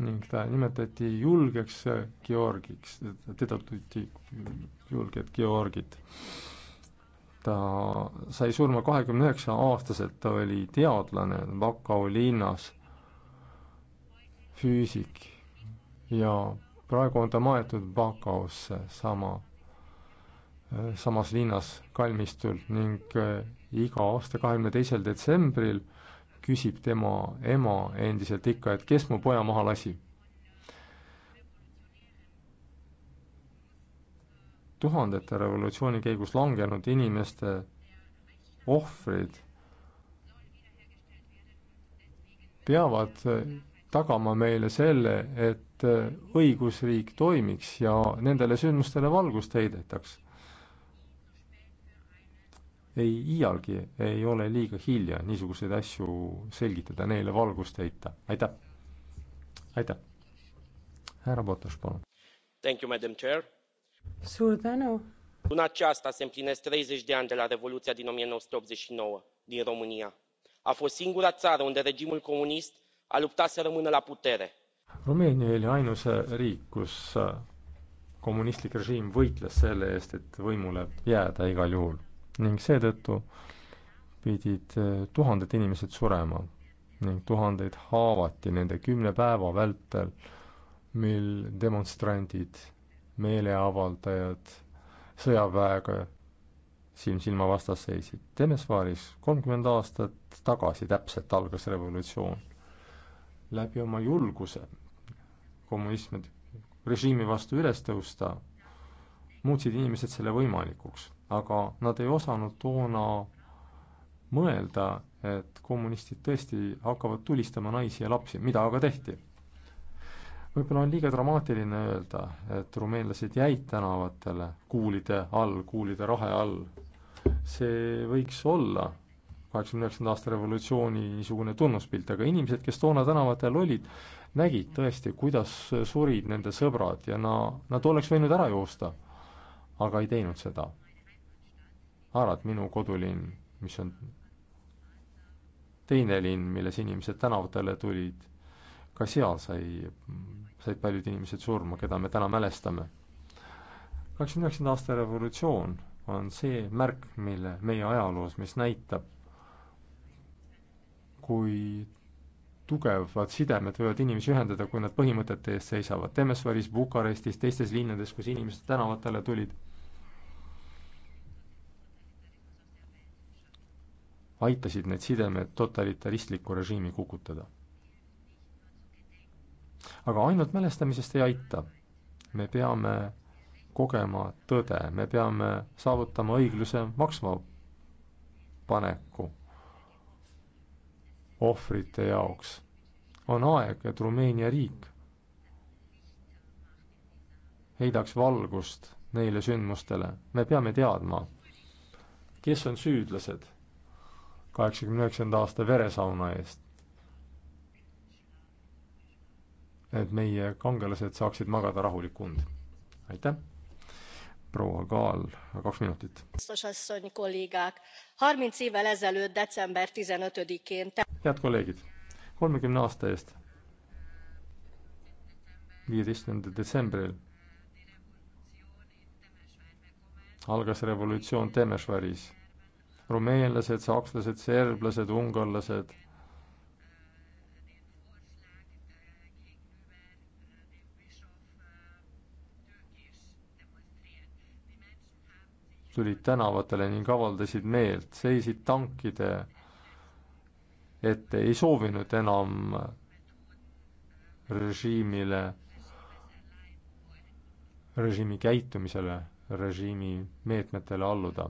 Speaker 4: ning ta nimetati julgeks Georgiks, teda tunti julget Georgit. ta sai surma kahekümne üheksa aastaselt, ta oli teadlane Vakao linnas, füüsik ja praegu on ta maetud Vakaosse sama, samas linnas kalmistul ning eh, iga aasta kahekümne teisel detsembril küsib tema ema endiselt ikka, et kes mu poja maha lasi. tuhandete revolutsiooni käigus langenud inimeste ohvrid peavad tagama meile selle, et õigusriik toimiks ja nendele sündmustele valgust heidetaks ei, iialgi ei ole liiga hilja niisuguseid asju selgitada, neile valgust heita. aitäh! aitäh! härra Botoš, palun!
Speaker 6: suur tänu!
Speaker 7: luna aceasta se împlinesc treizeci de ani de la revoluția din o mie nouă sute optzeci și nouă din românia. a fost singura țară unde regimul comunist a luptat să rămână la putere.
Speaker 4: Rumeenia oli e ainus riik, kus kommunistlik režiim võitles selle eest, et võimule jääda igal juhul ning seetõttu pidid eh, tuhanded inimesed surema ning tuhandeid haavati nende kümne päeva vältel, mil demonstrandid, meeleavaldajad sõjaväega silm silma vastas seisid. Temesvaris kolmkümmend aastat tagasi täpselt algas revolutsioon. läbi oma julguse kommunismi režiimi vastu üles tõusta, muutsid inimesed selle võimalikuks aga nad ei osanud toona mõelda, et kommunistid tõesti hakkavad tulistama naisi ja lapsi, mida aga tehti. võib-olla on liiga dramaatiline öelda, et rumeenlased jäid tänavatele kuulide all, kuulide rahe all. see võiks olla kaheksakümne üheksanda aasta revolutsiooni niisugune tunnuspilt, aga inimesed, kes toona tänavatel olid, nägid tõesti, kuidas surid nende sõbrad ja na-, nad oleks võinud ära joosta, aga ei teinud seda Arat, minu kodulinn, mis on teine linn, milles inimesed tänavatele tulid, ka seal sai, said paljud inimesed surma, keda me täna mälestame. kakskümmend üheksanda aasta revolutsioon on see märk, mille meie ajaloos, mis näitab, kui tugevad sidemed võivad inimesi ühendada, kui nad põhimõtete eest seisavad. Temesvaris, Bukarestis, teistes linnades, kus inimesed tänavatele tulid aitasid need sidemed totalitaristliku režiimi kukutada. aga ainult mälestamisest ei aita. me peame kogema tõde, me peame saavutama õigluse maksma paneku ohvrite jaoks. on aeg, et Rumeenia riik heidaks valgust neile sündmustele. me peame teadma, kes on süüdlased kaheksakümne üheksanda aasta veresauna eest. et meie kangelased saaksid magada rahulikku und. aitäh! proua Kaal, kaks minutit. head kolleegid, kolmekümne aasta eest, viieteistkümnendal detsembril algas revolutsioon Temešvaris rumeenlased, sakslased, serblased, ungarlased. tulid tänavatele ning avaldasid meelt, seisid tankide ette, ei soovinud enam režiimile, režiimi käitumisele, režiimi meetmetele alluda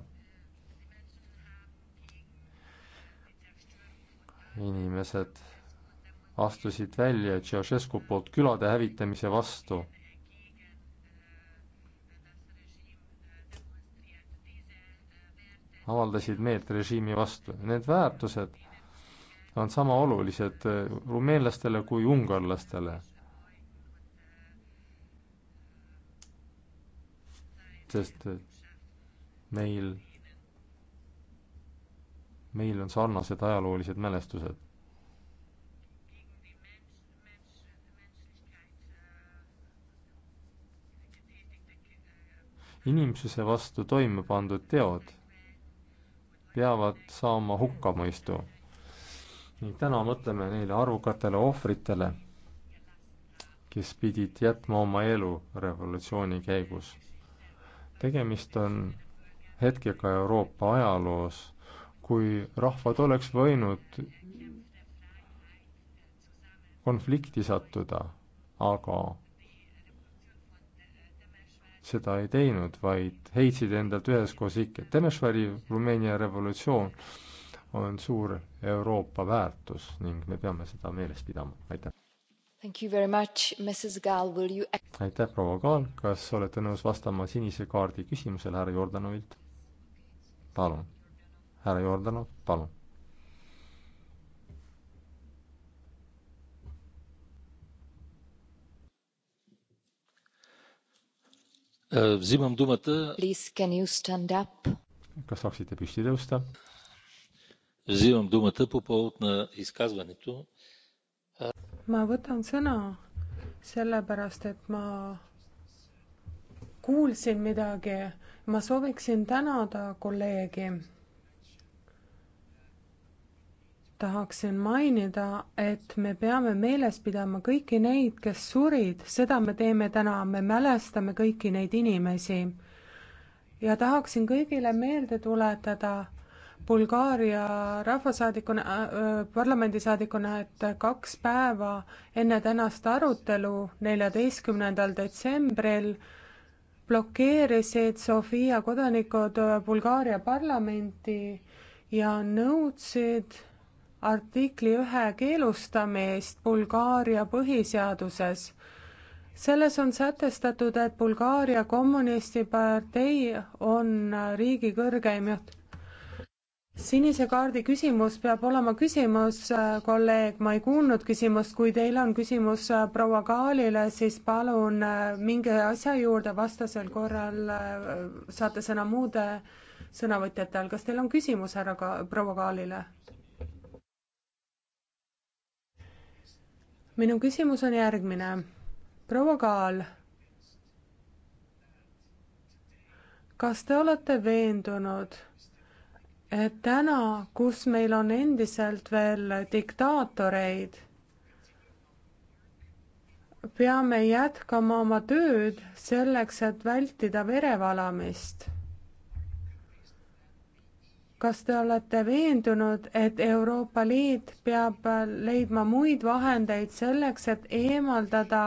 Speaker 4: inimesed astusid välja Ceausescu poolt külade hävitamise vastu. avaldasid meelt režiimi vastu. Need väärtused on sama olulised rumeenlastele kui ungarlastele. sest meil meil on sarnased ajaloolised mälestused. inimsuse vastu toime pandud teod peavad saama hukkamõistu ning täna mõtleme neile arvukatele ohvritele, kes pidid jätma oma elu revolutsiooni käigus. tegemist on hetkega Euroopa ajaloos kui rahvad oleks võinud konflikti sattuda, aga seda ei teinud, vaid heitsid endalt üheskoos ikket. Temešvari Rumeenia revolutsioon on suur Euroopa väärtus ning me peame seda meeles pidama, aitäh. You... aitäh, proua Kaal, kas olete nõus vastama sinise kaardi küsimusele härra Jordanovilt? palun härra Jordanov, palun. Взимам äh, думата.
Speaker 8: Please can you stand up?
Speaker 4: Kas saaksite püsti tõusta?
Speaker 9: Взимам думата по повод на изказването.
Speaker 8: Ma
Speaker 6: võtan sõna sellepärast, et ma kuulsin midagi. Ma sooviksin tänada kolleegi tahaksin mainida, et me peame meeles pidama kõiki neid, kes surid, seda me teeme täna, me mälestame kõiki neid inimesi. ja tahaksin kõigile meelde tuletada Bulgaaria rahvasaadikuna äh,, äh parlamendisaadikuna, et kaks päeva enne tänast arutelu, neljateistkümnendal detsembril, blokeerisid Sofia kodanikud Bulgaaria parlamenti ja nõudsid artikli ühe keelustamist Bulgaaria põhiseaduses. selles on sätestatud, et Bulgaaria kommunistipartei on riigi kõrgeim juht. sinise kaardi küsimus peab olema küsimus, kolleeg, ma ei kuulnud küsimust, kui teil on küsimus proua Kaalile, siis palun äh, minge asja juurde, vastasel korral äh, saate sõna muude sõnavõtjatel. kas teil on küsimus härra ka-, proua Kaalile? minu küsimus on järgmine. proua Kaal, kas te olete veendunud, et täna, kus meil on endiselt veel diktaatoreid, peame jätkama oma tööd selleks, et vältida verevalamist kas te olete veendunud, et Euroopa Liit peab leidma muid vahendeid selleks, et eemaldada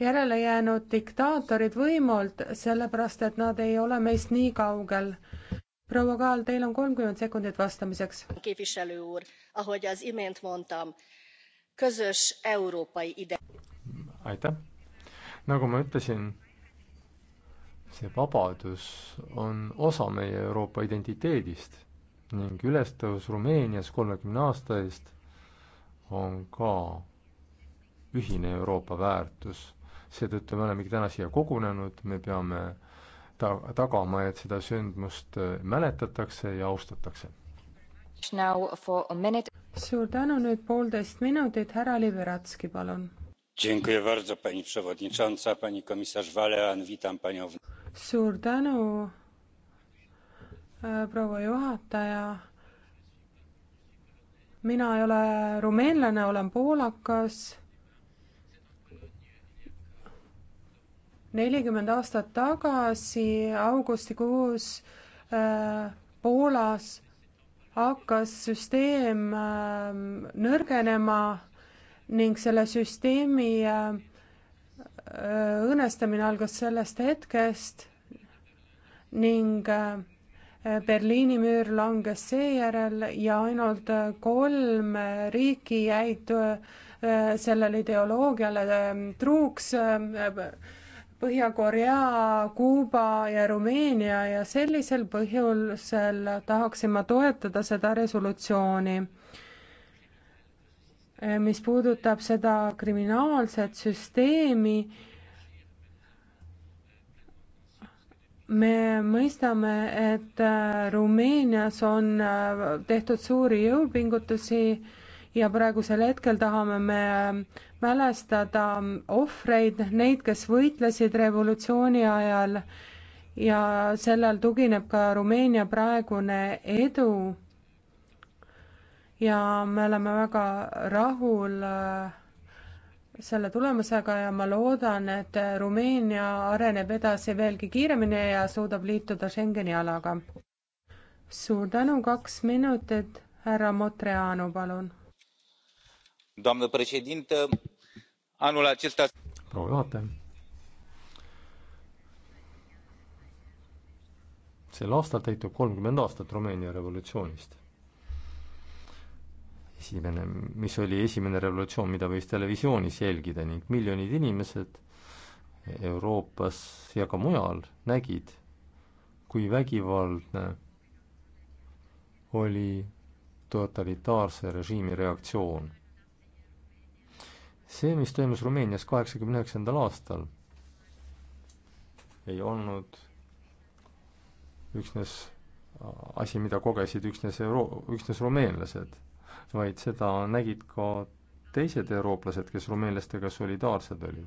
Speaker 6: järele jäänud diktaatorid võimult, sellepärast et nad ei ole meist nii kaugel? proua Kaal, teil on kolmkümmend sekundit
Speaker 8: vastamiseks.
Speaker 4: aitäh, nagu ma ütlesin see vabadus on osa meie Euroopa identiteedist ning ülestõus Rumeenias kolmekümne aasta eest on ka ühine Euroopa väärtus. seetõttu me olemegi täna siia kogunenud, me peame ta-, tagama, et seda sündmust äh, mäletatakse ja austatakse.
Speaker 6: suur tänu, nüüd poolteist minutit, härra Liberatski,
Speaker 9: palun. Dziękuję bardzo pani przewodnicząca, pani komisarz Valean, witam panią
Speaker 6: suur tänu, äh, proua juhataja. mina ei ole rumeenlane, olen poolakas. nelikümmend aastat tagasi augustikuus äh, Poolas hakkas süsteem äh, nõrgenema ning selle süsteemi äh, Äh, õõnestamine algas sellest hetkest ning äh, Berliini müür langes seejärel ja ainult äh, kolm riiki jäid sellele ideoloogiale ähm, truuks. Ähm, Põhja-Korea, Kuuba ja Rumeenia ja sellisel põhjusel tahaksin ma toetada seda resolutsiooni Äh, mis puudutab seda kriminaalset süsteemi, me mõistame, et äh, Rumeenias on äh, tehtud suuri jõupingutusi ja praegusel hetkel tahame me mälestada ohvreid, neid, kes võitlesid revolutsiooni ajal ja sellel tugineb ka Rumeenia praegune edu ja me oleme väga rahul äh, selle tulemusega ja ma loodan, et Rumeenia areneb edasi veelgi kiiremini ja suudab liituda Schengeni alaga. suur tänu, kaks minutit, härra Motreanu, palun.
Speaker 4: proua juhataja. sel aastal täitub kolmkümmend aastat Rumeenia revolutsioonist esimene, mis oli esimene revolutsioon, mida võis televisioonis jälgida ning miljonid inimesed Euroopas ja ka mujal nägid, kui vägivaldne oli totalitaarse režiimi reaktsioon. see, mis toimus Rumeenias kaheksakümne üheksandal aastal, ei olnud üksnes asi, mida kogesid üksnes euro-, üksnes rumeenlased vaid seda nägid ka teised eurooplased, kes rumeenlastega solidaarsed olid.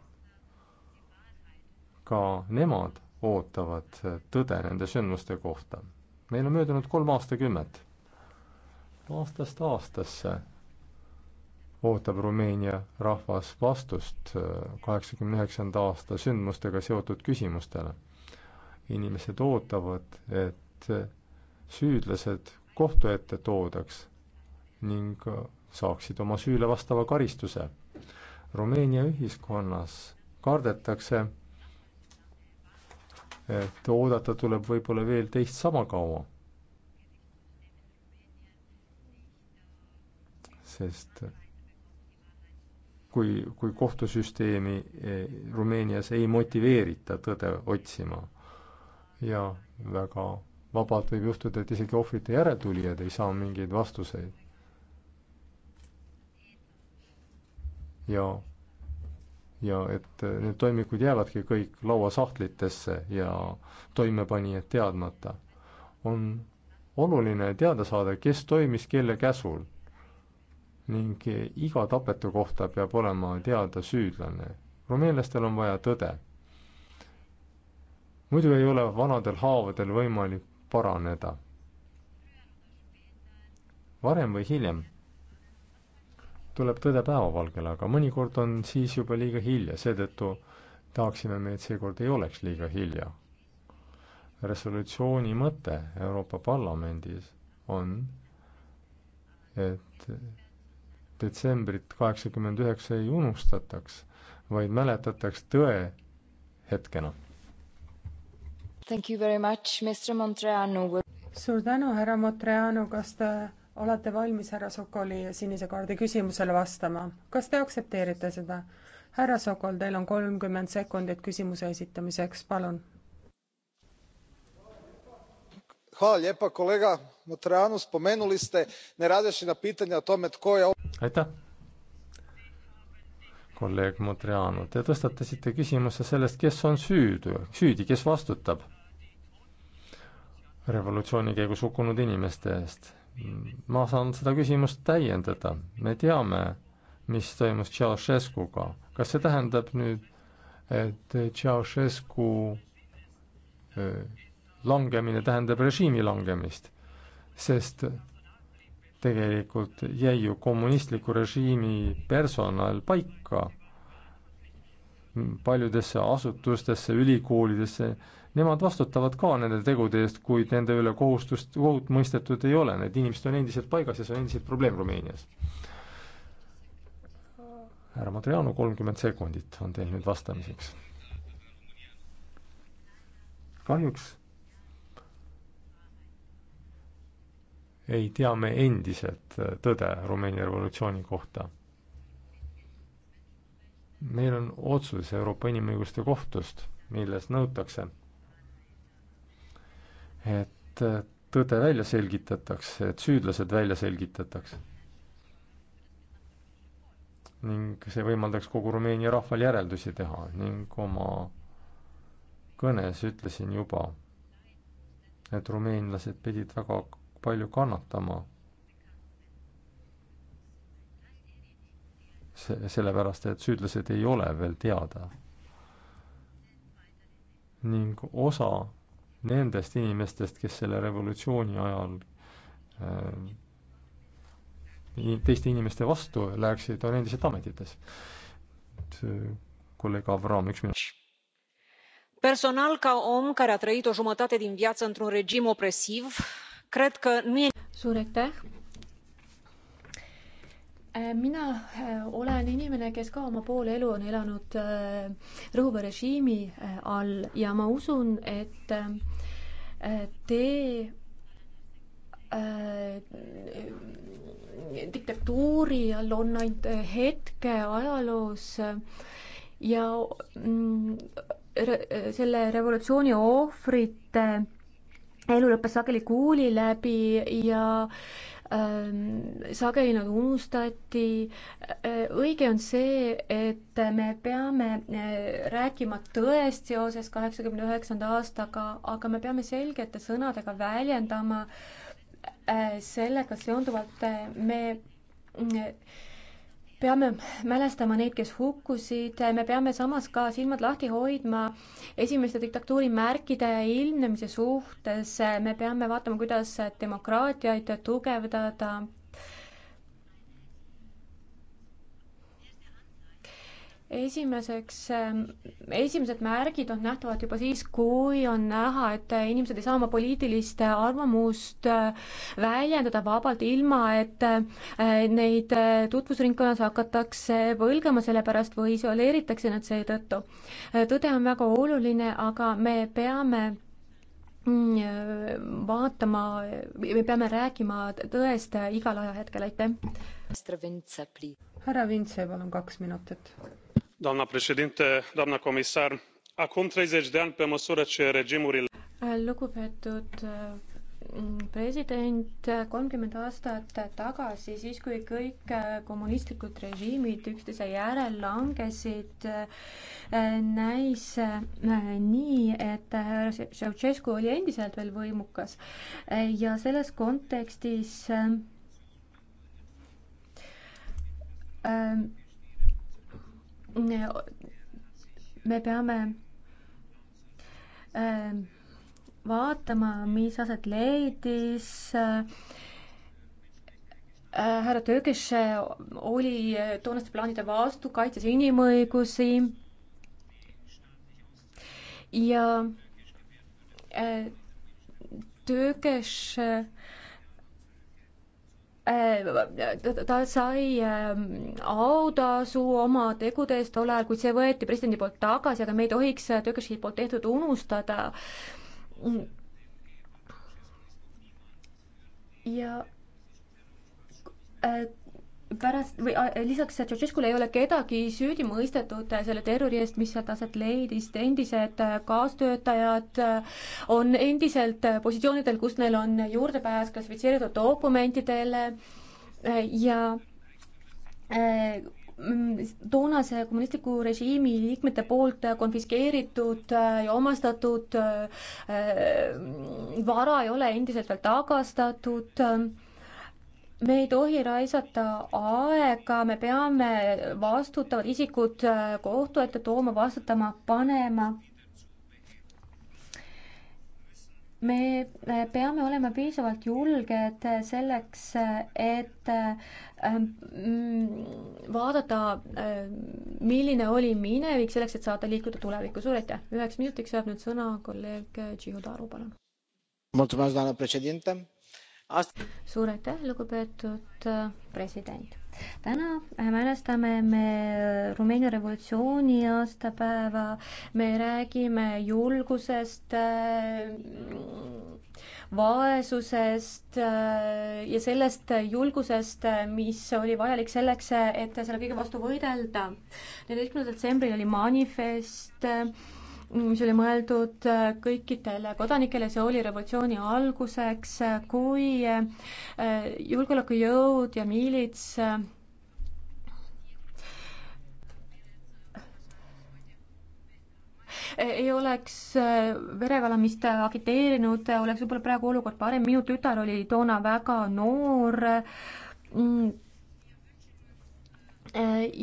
Speaker 4: ka nemad ootavad tõde nende sündmuste kohta. meil on möödunud kolm aastakümmet. aastast aastasse ootab Rumeenia rahvas vastust kaheksakümne üheksanda aasta sündmustega seotud küsimustele. inimesed ootavad, et süüdlased kohtu ette toodaks ning äh, saaksid oma süüle vastava karistuse. Rumeenia ühiskonnas kardetakse, et oodata tuleb võib-olla veel teist sama kaua. sest kui, kui kohtusüsteemi e, Rumeenias ei motiveerita tõde otsima ja väga vabalt võib juhtuda, et isegi ohvrite järeltulijad ei saa mingeid vastuseid ja, ja et äh, need toimikud jäävadki kõik lauasahtlitesse ja toimepanijad teadmata. on oluline teada saada, kes toimis kelle käsul ning äh, iga tapetu kohta peab olema teada süüdlane. rumeenlastel on vaja tõde. muidu ei ole vanadel haavadel võimalik paraneda. varem või hiljem tuleb tõde päevavalgele, aga mõnikord on siis juba liiga hilja, seetõttu tahaksime me, et seekord ei oleks liiga hilja. resolutsiooni mõte Euroopa Parlamendis on, et detsembrit kaheksakümmend üheksa ei unustataks, vaid mäletataks tõe hetkena.
Speaker 6: suur tänu, härra Montreanu, kas te olete valmis härra Sokoli sinise kaardi küsimusele vastama? kas te aktsepteerite seda? härra Sokol, teil on kolmkümmend sekundit küsimuse esitamiseks, palun.
Speaker 1: aitäh,
Speaker 4: kolleeg Motriano, te tõstatasite küsimuse sellest, kes on süüdi, süüdi, kes vastutab revolutsiooni käigus hukkunud inimeste eest Mm, ma saan seda küsimust täiendada. me teame, mis toimus Ceausescuga. kas see tähendab nüüd, et Ceausescu e, langemine tähendab režiimi langemist? sest tegelikult jäi ju kommunistliku režiimi personal paika paljudesse asutustesse, ülikoolidesse Nemad vastutavad ka nende tegude eest, kuid nende üle kohustust, kohut mõistetud ei ole, need inimesed on endiselt paigas ja see on endiselt probleem Rumeenias. härra Madriano, kolmkümmend sekundit on teil nüüd vastamiseks. kahjuks ei tea me endiselt tõde Rumeenia revolutsiooni kohta. meil on otsus Euroopa Inimõiguste Kohtust, milles nõutakse et tõde välja selgitatakse, et süüdlased välja selgitatakse. ning see võimaldaks kogu Rumeenia rahval järeldusi teha ning oma kõnes ütlesin juba, et rumeenlased pidid väga palju kannatama se-, sellepärast, et süüdlased ei ole veel teada. ning osa nendest inimestest, kes selle revolutsiooni ajal äh, teiste inimeste vastu läheksid, on endiselt ametites. kolleeg Avram, üks minut.
Speaker 5: personal ca om care
Speaker 2: a trăit o jumătate din viață într un regim opresiv cred că nu e. suur aitäh Äh, mina äh, olen inimene, kes ka oma poole elu on elanud äh, Rõhuva režiimi all ja ma usun, et tee diktatuuri all on ainult hetke ajaloos ja mm, re selle revolutsiooni ohvrite elu lõppes sageli kuuli läbi ja äh, sageli nad nagu unustati. õige on see, et me peame rääkima tõest seoses kaheksakümne üheksanda aastaga, aga me peame selgete sõnadega väljendama sellega seonduvalt me peame mälestama neid, kes hukkusid, me peame samas ka silmad lahti hoidma esimeste diktatuuri märkide ilmnemise suhtes, me peame vaatama, kuidas demokraatiaid tugevdada esimeseks, ähm, esimesed märgid on nähtavad juba siis, kui on näha, et inimesed ei saa oma poliitilist arvamust äh, väljendada vabalt, ilma et äh, neid äh, tutvusringkonnas hakatakse põlgama selle pärast või isoleeritakse nad seetõttu. tõde on väga oluline, aga me peame mm, vaatama, me peame rääkima tõest igal ajahetkel, aitäh. härra Vintse, palun kaks minutit
Speaker 9: doamnă președintă doamnă comisar acum treizeci de ani pe măsură ce regimurile.
Speaker 2: lugupeetud uh, president kolmkümmend aastat tagasi siis kui kõik kommunistlikud režiimid üksteise järel langesid uh, näis uh, nii et Ceausescu oli endiselt veel võimukas ja selles kontekstis ähm, me peame äh, vaatama, mis aset leidis äh, härra Tökes oli toonaste plaanide vastu, kaitses inimõigusi ja äh, Tökes Äh, ta sai ähm, autasu oma tegude eest tol ajal, kuid see võeti presidendi poolt tagasi, aga me ei tohiks äh, Türgi poolt tehtud unustada. ja äh, pärast või äh, lisaks Tšetšetškule ei ole kedagi süüdi mõistetud äh, selle terrori eest, mis sealt aset leidis, endised äh, kaastöötajad on endiselt positsioonidel, kus neil on juurdepääs klassifitseeritud dokumentidele ja mm, toonase kommunistliku režiimi liikmete poolt konfiskeeritud ja omastatud vara ei ole endiselt veel tagastatud me ei tohi raisata aega, me peame vastutavad isikud äh, kohtu ette tooma, vastutama panema. me äh, peame olema piisavalt julged äh, selleks, et vaadata, milline oli minevik, selleks, et saada liikuda tulevikku. suur aitäh, üheks minutiks saab nüüd sõna kolleeg Tšihu Taru, palun.
Speaker 1: mulțumesc, doamnă președinte
Speaker 2: suur aitäh, lugupeetud äh, president. täna mälestame me Rumeenia revolutsiooni aastapäeva. me räägime julgusest, äh, vaesusest äh, ja sellest julgusest, mis oli vajalik selleks, et selle kõige vastu võidelda. neljateistkümnendal detsembril oli manifest mis oli mõeldud äh, kõikidele kodanikele, see oli revolutsiooni alguseks, äh, kui äh, julgeolekujõud ja miilits ei oleks verevalamist agiteerinud, oleks võib-olla praegu olukord parem, minu tütar oli toona väga noor. Mm,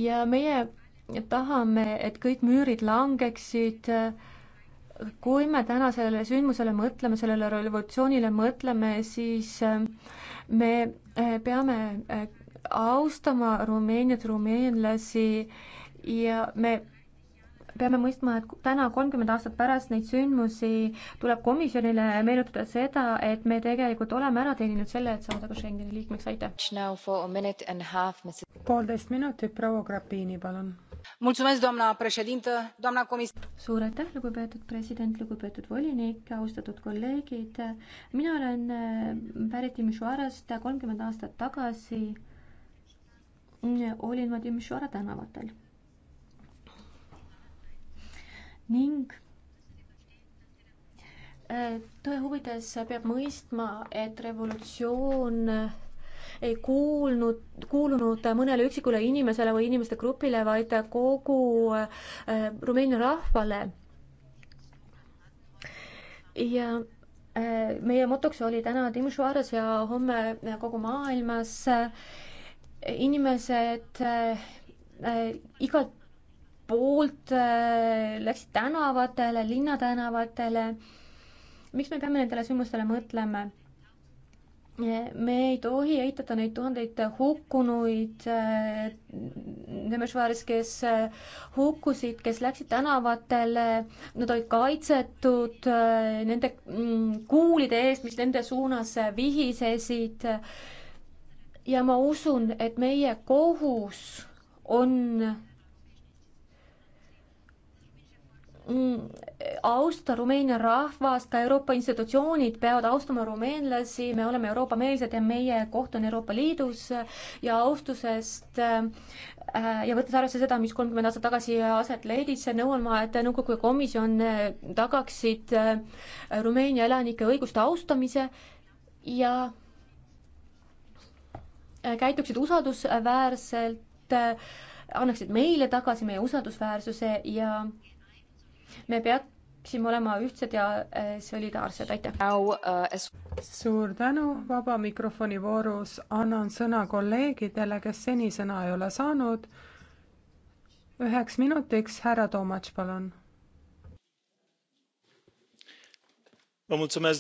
Speaker 2: ja meie tahame, et kõik müürid langeksid. kui me täna sellele sündmusele mõtleme, sellele revolutsioonile mõtleme, siis eh, me eh, peame eh, austama Rumeeniat, rumeenlasi ja me peame mõistma, et täna, kolmkümmend aastat pärast neid sündmusi tuleb komisjonile meenutada seda, et me tegelikult oleme ära teeninud selle, et saada ka Schengeni liikmeks, aitäh. poolteist minutit, proua Grapini, palun doamna președintă doamna comisar. suur aitäh, lugupeetud president, lugupeetud volinik, austatud kolleegid. mina olen eh, pärit Timisoarast kolmkümmend aastat tagasi. olin ma Timisoara tänavatel. ning eh, tõe huvides peab mõistma, et revolutsioon ei kuulnud, kuulunud mõnele üksikule inimesele või inimeste grupile, vaid kogu äh, Rumeenia rahvale. ja äh, meie motoks oli täna Tim Schwarz ja homme kogu maailmas äh, inimesed igalt poolt läksid tänavatele, linnatänavatele. miks me peame nendele sündmustele mõtlema? me ei tohi eitada neid tuhandeid hukkunuid eh, Nemesvaris, kes eh, hukkusid, kes läksid tänavatele, nad olid kaitsetud eh, nende mm, kuulide eest, mis nende suunas vihisesid. ja ma usun, et meie kohus on Mm, austa Rumeenia rahvast, ka Euroopa institutsioonid peavad austama rumeenlasi, me oleme Euroopa-meelsed ja meie koht on Euroopa Liidus ja austusest äh, ja võttes arvesse seda, mis kolmkümmend aastat tagasi aset leidis, nõuan ma, et nõukogu ja komisjon äh, tagaksid äh, Rumeenia elanike õiguste austamise ja käituksid usaldusväärselt, annaksid meile tagasi meie usaldusväärsuse ja me peaksime olema ühtsed ja äh, solidaarsed, aitäh. Äh, suur tänu, vaba mikrofoni voorus
Speaker 6: annan sõna kolleegidele, kes seni sõna ei ole saanud. üheks minutiks, härra Toomas, palun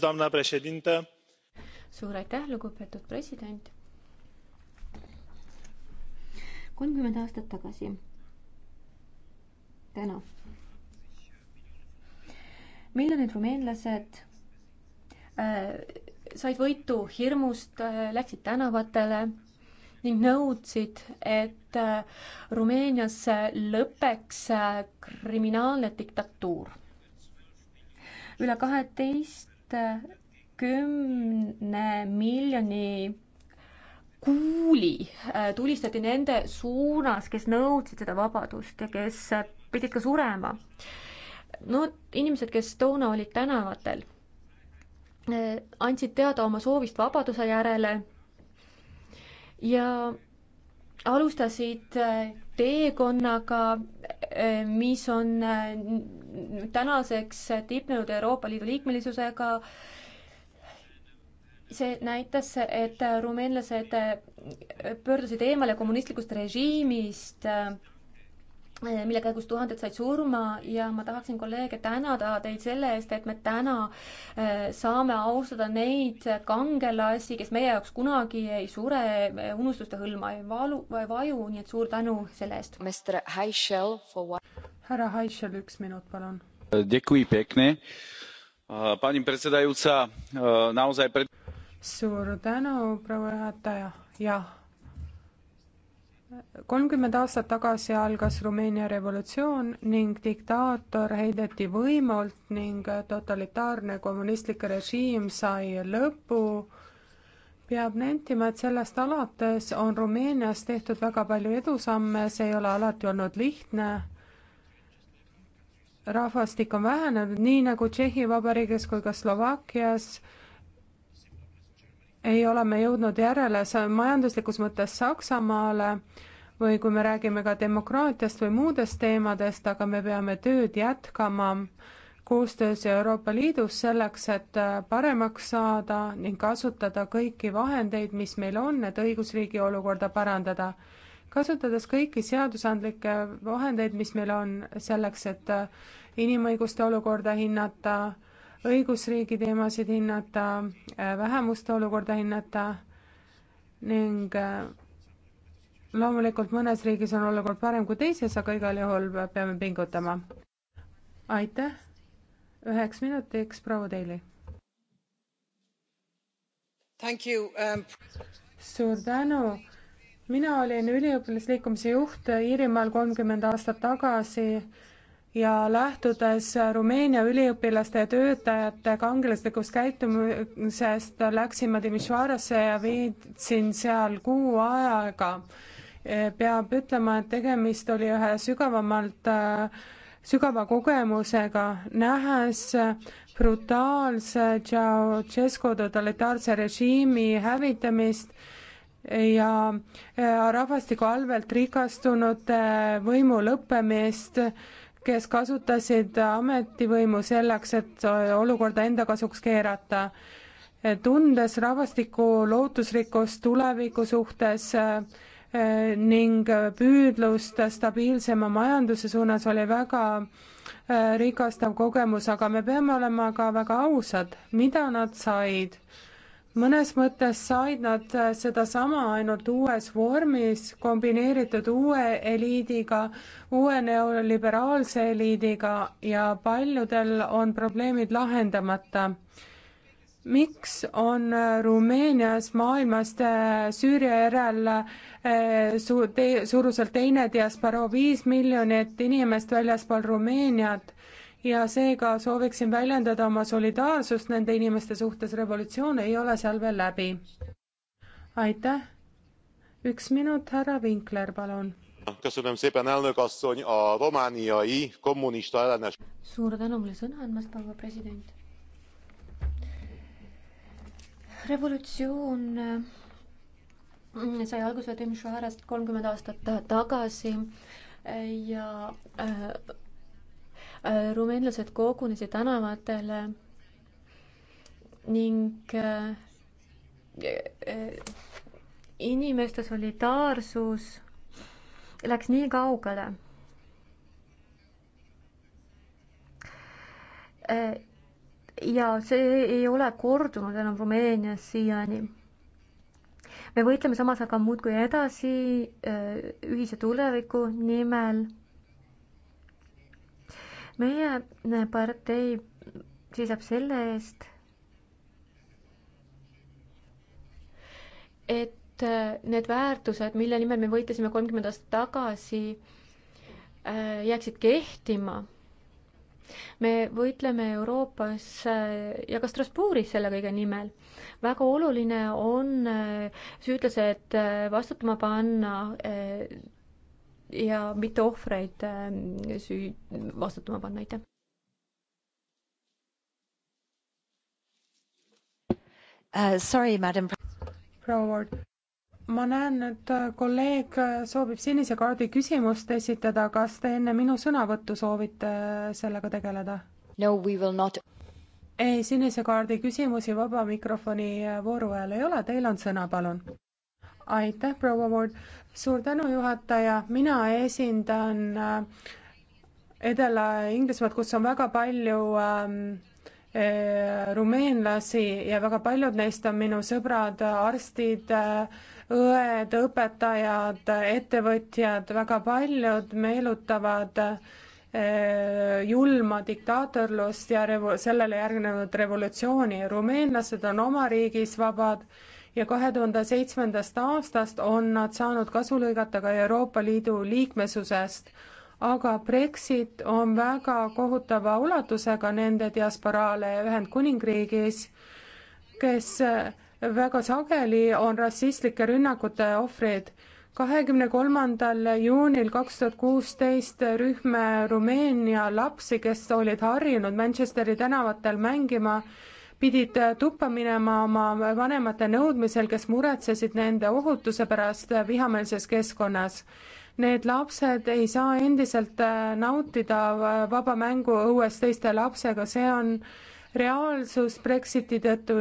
Speaker 9: doamnă președintă
Speaker 2: lugupeetud president kolmkümmend aastat tagasi täna miljonid rumeenlased äh, said võitu hirmust, äh, läksid tänavatele ning nõudsid, et äh, Rumeenias lõpeks kriminaalne diktatuur. üle kaheteist kümne miljoni kuuli tulistati nende suunas, kes nõudsid seda vabadust ja kes pidid ka surema no inimesed, kes toona olid tänavatel, eh, andsid teada oma soovist vabaduse järele ja alustasid eh, teekonnaga, eh, mis on tänaseks tipnenud Euroopa Liidu liikmelisusega. see näitas, et rumeenlased pöördusid eemale kommunistlikust režiimist Eh, mille käigus tuhanded said surma ja ma tahaksin kolleege tänada teid selle eest, et me täna eh, saame austada neid kangelasi, kes meie jaoks kunagi ei sure, eh, unustuste hõlma ei valu, vaju, nii et suur tänu selle eest. härra Heischel, üks minut, palun.
Speaker 6: suur tänu, proua juhataja, jah kolmkümmend aastat tagasi algas Rumeenia revolutsioon ning diktaator heideti võimult ning totalitaarne kommunistlik režiim sai lõpu. peab nentima, et sellest alates on Rumeenias tehtud väga palju edusamme, see ei ole alati olnud lihtne. rahvastik on vähenenud, nii nagu Tšehhi Vabariigis kui ka Slovakkias ei ole me jõudnud järele majanduslikus mõttes Saksamaale või kui me räägime ka demokraatiast või muudest teemadest, aga me peame tööd jätkama koostöös Euroopa Liidus selleks, et paremaks saada ning kasutada kõiki vahendeid, mis meil on, et õigusriigi olukorda parandada. kasutades kõiki seadusandlikke vahendeid, mis meil on selleks, et inimõiguste olukorda hinnata, õigusriigi teemasid hinnata, äh, vähemuste olukorda hinnata ning äh, loomulikult mõnes riigis on olukord parem kui teises, aga igal juhul peame pingutama. aitäh, üheks minutiks proua Teili. Um, suur tänu mina olin üliõpilasliikumise juht Iirimaal kolmkümmend aastat tagasi ja lähtudes Rumeenia üliõpilaste ja töötajate kangelaslikust käitumisest, läksin ma Timisoarasse ja viitsin seal kuu aega. peab ütlema, et tegemist oli ühe sügavamalt, sügava kogemusega, nähes brutaalse Ceausescu totalitaarse režiimi hävitamist ja äh, rahvastiku allvelt rikastunute äh, võimu lõppemist kes kasutasid ametivõimu selleks, et olukorda enda kasuks keerata. tundes rahvastiku lootusrikkust tuleviku suhtes eh, ning püüdlust stabiilsema majanduse suunas oli väga eh, rikastav kogemus, aga me peame olema ka väga ausad, mida nad said mõnes mõttes said nad sedasama ainult uues vormis, kombineeritud uue eliidiga, uue neoliberaalse eliidiga ja paljudel on probleemid lahendamata miks on Rumeenias maailmast Süüria järel eh, su-, te-, suuruselt teine diasporaa viis miljonit inimest väljaspool Rumeeniat ja seega sooviksin väljendada oma solidaarsust nende inimeste suhtes, revolutsioon ei ole seal veel läbi. aitäh. üks minut, härra Vinkler, palun.
Speaker 2: suur tänu mulle sõna andmast, proua president. revolutsioon äh, sai alguse Timisoarast kolmkümmend aastat tagasi ja äh, rumeenlased kogunesid tänavatele ning äh, äh, inimeste solidaarsus läks nii kaugele. Äh, ja see ei ole kordunud enam Rumeenias siiani me võitleme samas aga muudkui edasi ühise tuleviku nimel meie partei seisab selle eest, et äh, need väärtused, mille nimel me võitlesime kolmkümmend aastat tagasi, äh, jääksid kehtima. me võitleme Euroopas äh, ja ka Strasbourgis selle kõige nimel. väga oluline on süüdlased vastutama panna ja mitte ohvreid äh,
Speaker 8: süü-, vastutama panna, aitäh. Uh, sorry, madam. proua Ward
Speaker 6: ma näen nüüd, äh, kolleeg äh, soovib sinise kaardi küsimust esitada, kas te enne minu sõnavõttu soovite sellega tegeleda? no we will not. ei, sinise kaardi küsimusi vaba mikrofoni vooru ajal ei ole, teil on sõna, palun aitäh, proua Ward. suur tänu, juhataja, mina esindan äh, Edela-Inglismaad, kus on väga palju ähm, äh, rumeenlasi ja väga paljud neist on minu sõbrad, arstid, äh, õed, õpetajad, ettevõtjad, väga paljud meenutavad julma diktaatorlust ja revo-, sellele järgnenud revolutsiooni. rumeenlased on oma riigis vabad ja kahe tuhande seitsmendast aastast on nad saanud kasu lõigata ka Euroopa Liidu liikmesusest. aga Brexit on väga kohutava ulatusega nende diasporaale Ühendkuningriigis, kes väga sageli on rassistlike rünnakute ohvrid kahekümne kolmandal juunil kaks tuhat kuusteist rühm Rumeenia lapsi, kes olid harjunud Manchesteri tänavatel mängima pidid äh, tuppa minema oma vanemate nõudmisel, kes muretsesid nende ohutuse pärast äh, vihameelses keskkonnas. Need lapsed ei saa endiselt äh, nautida vaba mängu õues teiste lapsega, see on reaalsus Brexiti tõttu,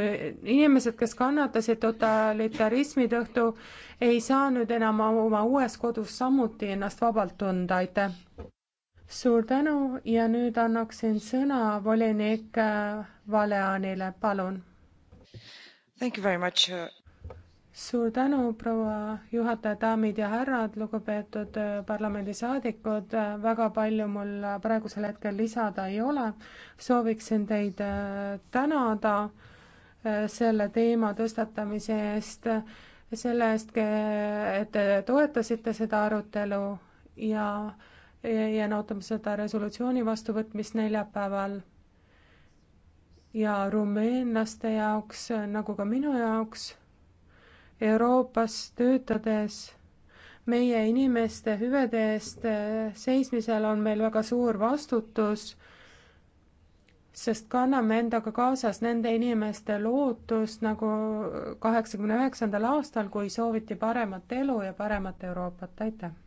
Speaker 6: inimesed, kes kannatasid totalitarismi tõttu, ei saa nüüd enam oma uues kodus samuti ennast vabalt tunda, aitäh suur tänu ja nüüd annaksin sõna volinik äh, Valeanile, palun.
Speaker 7: Thank you very much uh,
Speaker 6: suur tänu, proua juhataja, daamid ja härrad, lugupeetud äh, parlamendisaadikud, äh, väga palju mul praegusel hetkel lisada ei ole. sooviksin teid tänada selle teema tõstatamise eest, selle eest, et te toetasite seda arutelu ja jään ootama seda resolutsiooni vastuvõtmist neljapäeval. ja rumeenlaste jaoks, nagu ka minu jaoks, Euroopas töötades meie inimeste hüvede eest eh, seismisel on meil väga suur vastutus, sest kanname endaga kaasas nende inimeste lootust nagu kaheksakümne üheksandal aastal, kui sooviti paremat elu ja paremat Euroopat, aitäh!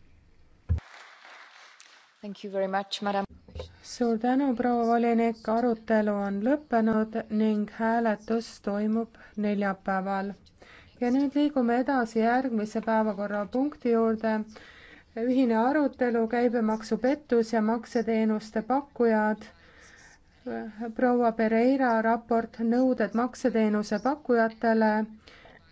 Speaker 6: suur tänu, proua volinik, arutelu on lõppenud ning hääletus toimub neljapäeval. ja nüüd liigume edasi järgmise päevakorrapunkti juurde. ühine arutelu käibemaksupettus ja makseteenuste pakkujad. proua Pereira raport Nõuded makseteenuse pakkujatele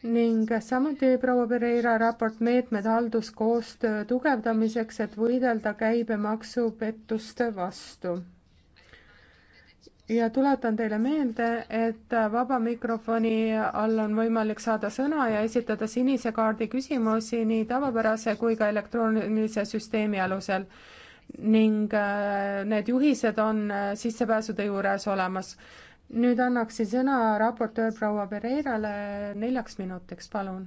Speaker 6: ning samuti proua Pereira raport meetmed halduskoostöö tugevdamiseks, et võidelda käibemaksupettuste vastu. ja tuletan teile meelde, et vaba mikrofoni all on võimalik saada sõna ja esitada sinise kaardi küsimusi nii tavapärase kui ka elektroonilise süsteemi alusel ning äh, need juhised on äh, sissepääsude juures olemas nüüd annaksin sõna raportöör proua Pereirale neljaks minutiks, palun.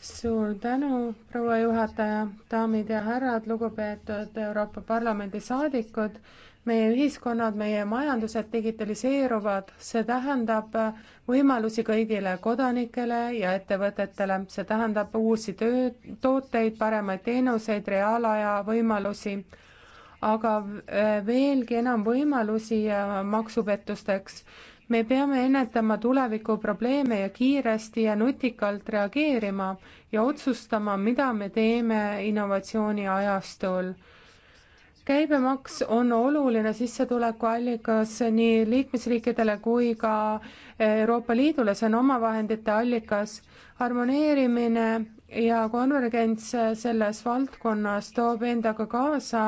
Speaker 6: suur tänu, proua juhataja, daamid ja härrad, lugupeetud Euroopa Parlamendi saadikud meie ühiskonnad, meie majandused digitaliseeruvad, see tähendab võimalusi kõigile kodanikele ja ettevõtetele, see tähendab uusi töö, tooteid, paremaid teenuseid, reaalaja võimalusi aga äh, veelgi enam võimalusi äh, maksupettusteks. me peame ennetama tuleviku probleeme ja kiiresti ja nutikalt reageerima ja otsustama, mida me teeme innovatsiooni ajastul käibemaks on oluline sissetulekuallikas nii liikmesriikidele kui ka äh, Euroopa Liidule, see on omavahendite allikas. harmoneerimine ja konvergents selles valdkonnas toob endaga kaasa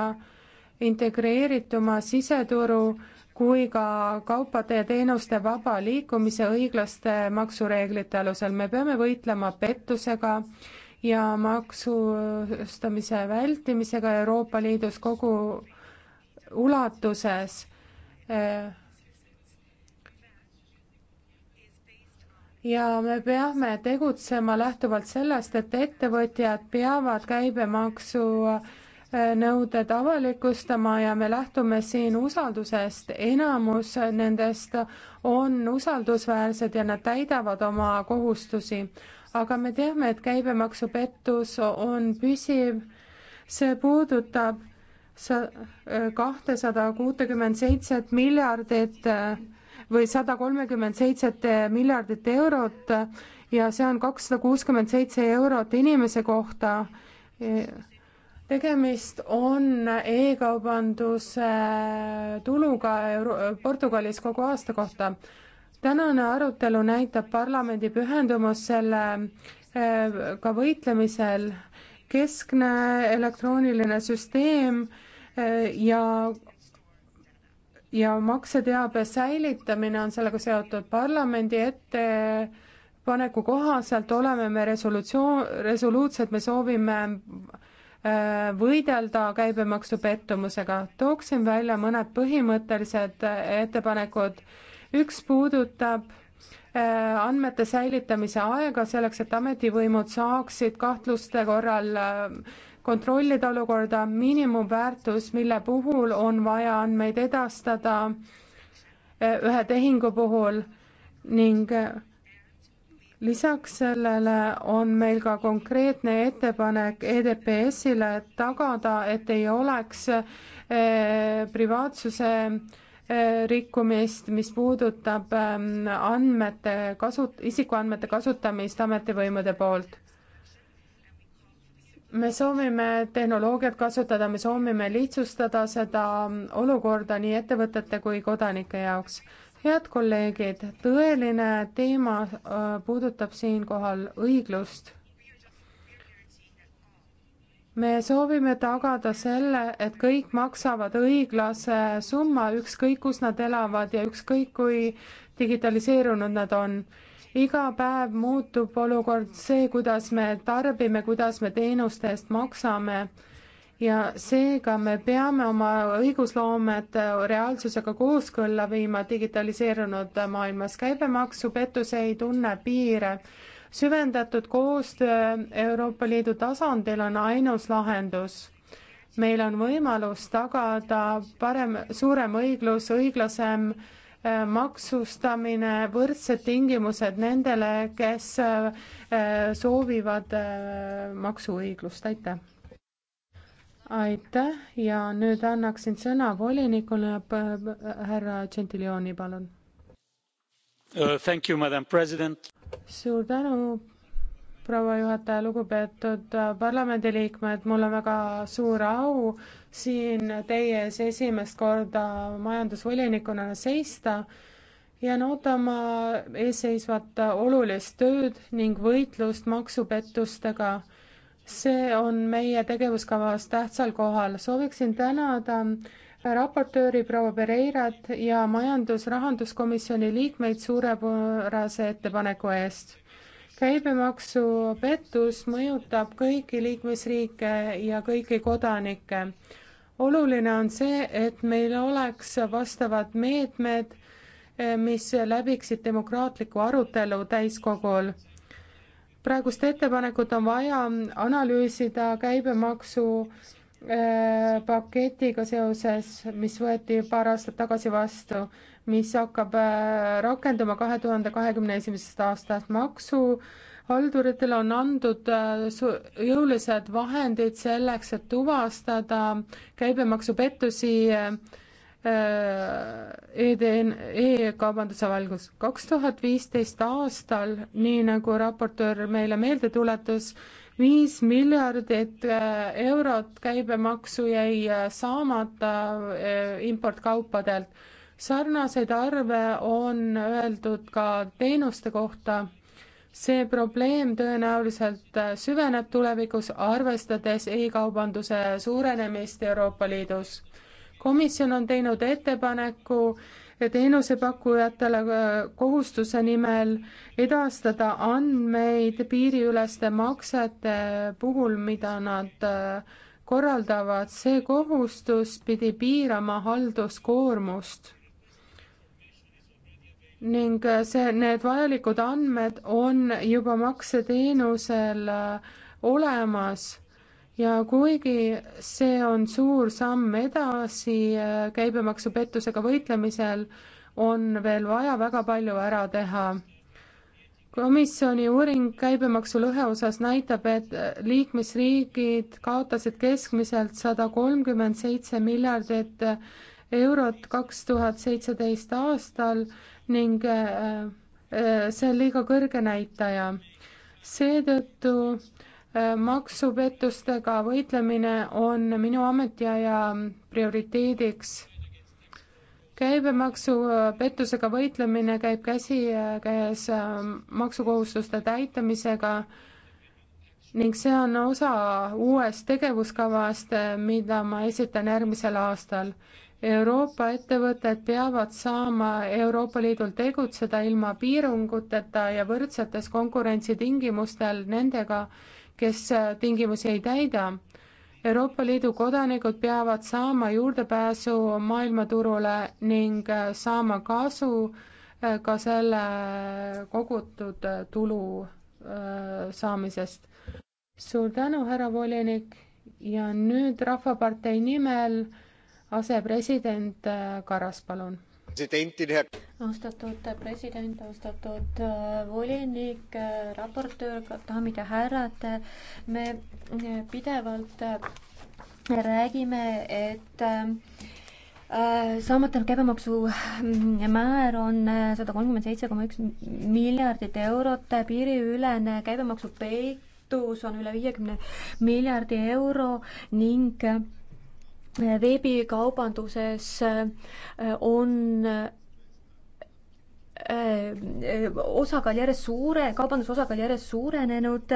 Speaker 6: integreerituma siseturu kui ka kaupade ja teenuste vaba liikumise õiglaste maksureeglite alusel. me peame võitlema pettusega ja maksustamise vältimisega Euroopa Liidus kogu ulatuses. ja me peame tegutsema lähtuvalt sellest, et ettevõtjad peavad käibemaksu äh, nõuded avalikustama ja me lähtume siin usaldusest. enamus nendest on usaldusväärsed ja nad täidavad oma kohustusi. aga me teame, et käibemaksupettus on püsiv. see puudutab kahtesada kuutekümmet seitset miljardit või sada kolmekümmend seitset miljardit eurot ja see on kakssada kuuskümmend seitse eurot inimese kohta tegemist on e-kaubanduse tuluga Euro Portugalis kogu aasta kohta. tänane arutelu näitab parlamendi pühendumust selle eh, ka võitlemisel, keskne elektrooniline süsteem eh, ja ja makseteabe säilitamine on sellega seotud. parlamendi ettepaneku kohaselt oleme me resolutsioon, resoluutsed, me soovime Äh, võidelda käibemaksupettumusega. tooksin välja mõned põhimõttelised äh, ettepanekud. üks puudutab äh, andmete säilitamise aega selleks, et ametivõimud saaksid kahtluste korral kontrollida olukorda, miinimumväärtus, mille puhul on vaja andmeid edastada ühe tehingu puhul ning lisaks sellele on meil ka konkreetne ettepanek EDPS-ile tagada, et ei oleks eh, privaatsuse eh, rikkumist, mis puudutab ehm, andmete kasut-, isikuandmete kasutamist ametivõimude poolt. me soovime tehnoloogiat kasutada, me soovime lihtsustada seda olukorda nii ettevõtete kui kodanike jaoks head kolleegid, tõeline teema äh, puudutab siinkohal õiglust. me soovime tagada selle, et kõik maksavad õiglase summa, ükskõik kus nad elavad ja ükskõik kui digitaliseerunud nad on. iga päev muutub olukord, see, kuidas me tarbime, kuidas me teenuste eest maksame ja seega me peame oma õigusloomed reaalsusega kooskõlla viima digitaliseerunud maailmas. käibemaksupettus ei tunne piire. süvendatud koostöö Euroopa Liidu tasandil on ainus lahendus meil on võimalus tagada parem, suurem õiglus, õiglasem äh, maksustamine, võrdsed tingimused nendele, kes äh, soovivad äh, maksuõiglust, aitäh! aitäh ja nüüd annaksin sõna volinikule härra Gentiloni, palun
Speaker 9: uh,. Thank you, madam president.
Speaker 6: suur tänu, proua juhataja, lugupeetud uh, parlamendiliikmed, mul on väga suur au siin teie ees esimest korda majandusvolinikuna seista. jään ootama eesseisvat uh, olulist tööd ning võitlust maksupettustega see on meie tegevuskavas tähtsal kohal. sooviksin tänada raportööri proua Pereirat ja majandus-rahanduskomisjoni liikmeid suurepärase ettepaneku eest. käibemaksupettus mõjutab kõiki liikmesriike ja kõiki kodanikke. oluline on see, et meil oleks vastavad meetmed, mis läbiksid demokraatliku arutelu täiskogul praegust ettepanekut on vaja analüüsida käibemaksu äh, paketiga seoses, mis võeti paar aastat tagasi vastu, mis hakkab äh, rakenduma kahe tuhande kahekümne esimesest aastast. maksuhalduritele on antud äh, jõulised vahendid selleks, et tuvastada käibemaksupettusi EDN äh, e, e-kaubanduse valgus. kaks tuhat viisteist aastal, nii nagu raportöör meile meelde tuletas, viis miljardit äh, eurot käibemaksu jäi äh, saamata importkaupadelt. sarnaseid arve on öeldud ka teenuste kohta. see probleem tõenäoliselt süveneb tulevikus, arvestades e-kaubanduse suurenemist Euroopa Liidus komisjon on teinud ettepaneku teenusepakkujatele äh, kohustuse nimel edastada andmeid piiriüleste maksete puhul, mida nad äh, korraldavad, see kohustus pidi piirama halduskoormust. ning äh, see, need vajalikud andmed on juba makseteenusel olemas ja kuigi see on suur samm edasi äh, käibemaksupettusega võitlemisel, on veel vaja väga palju ära teha. komisjoni uuring käibemaksu lõhe osas näitab, et äh, liikmesriigid kaotasid keskmiselt sada kolmkümmend seitse miljardit äh, eurot kaks tuhat seitseteist aastal ning see on liiga kõrge näitaja. seetõttu Äh, maksupettustega võitlemine on minu ametiaja prioriteediks. käibemaksupettusega äh, võitlemine käib käsikäes äh, maksukohustuste täitamisega ning see on osa uuest tegevuskavast, mida ma esitan järgmisel aastal. Euroopa ettevõtted peavad saama Euroopa Liidul tegutseda ilma piiranguteta ja võrdsetes konkurentsitingimustel nendega, kes äh, tingimusi ei täida. Euroopa Liidu kodanikud peavad saama juurdepääsu maailmaturule ning äh, saama kasu äh, ka selle kogutud tulu saamisest. suur tänu, härra volinik ja nüüd Rahvapartei nimel asepresident Karas, palun
Speaker 2: austatud president, austatud äh, volinik, äh, raportöör, daamid ja härrad, me äh, pidevalt räägime, et saamata käibemaksu mm, määr on sada kolmkümmend seitse koma üks miljardit eurot, piiriülene käibemaksu peitus on üle viiekümne miljardi euro ning veebikaubanduses äh, on äh, osakaal järjest suure, kaubanduse osakaal järjest suurenenud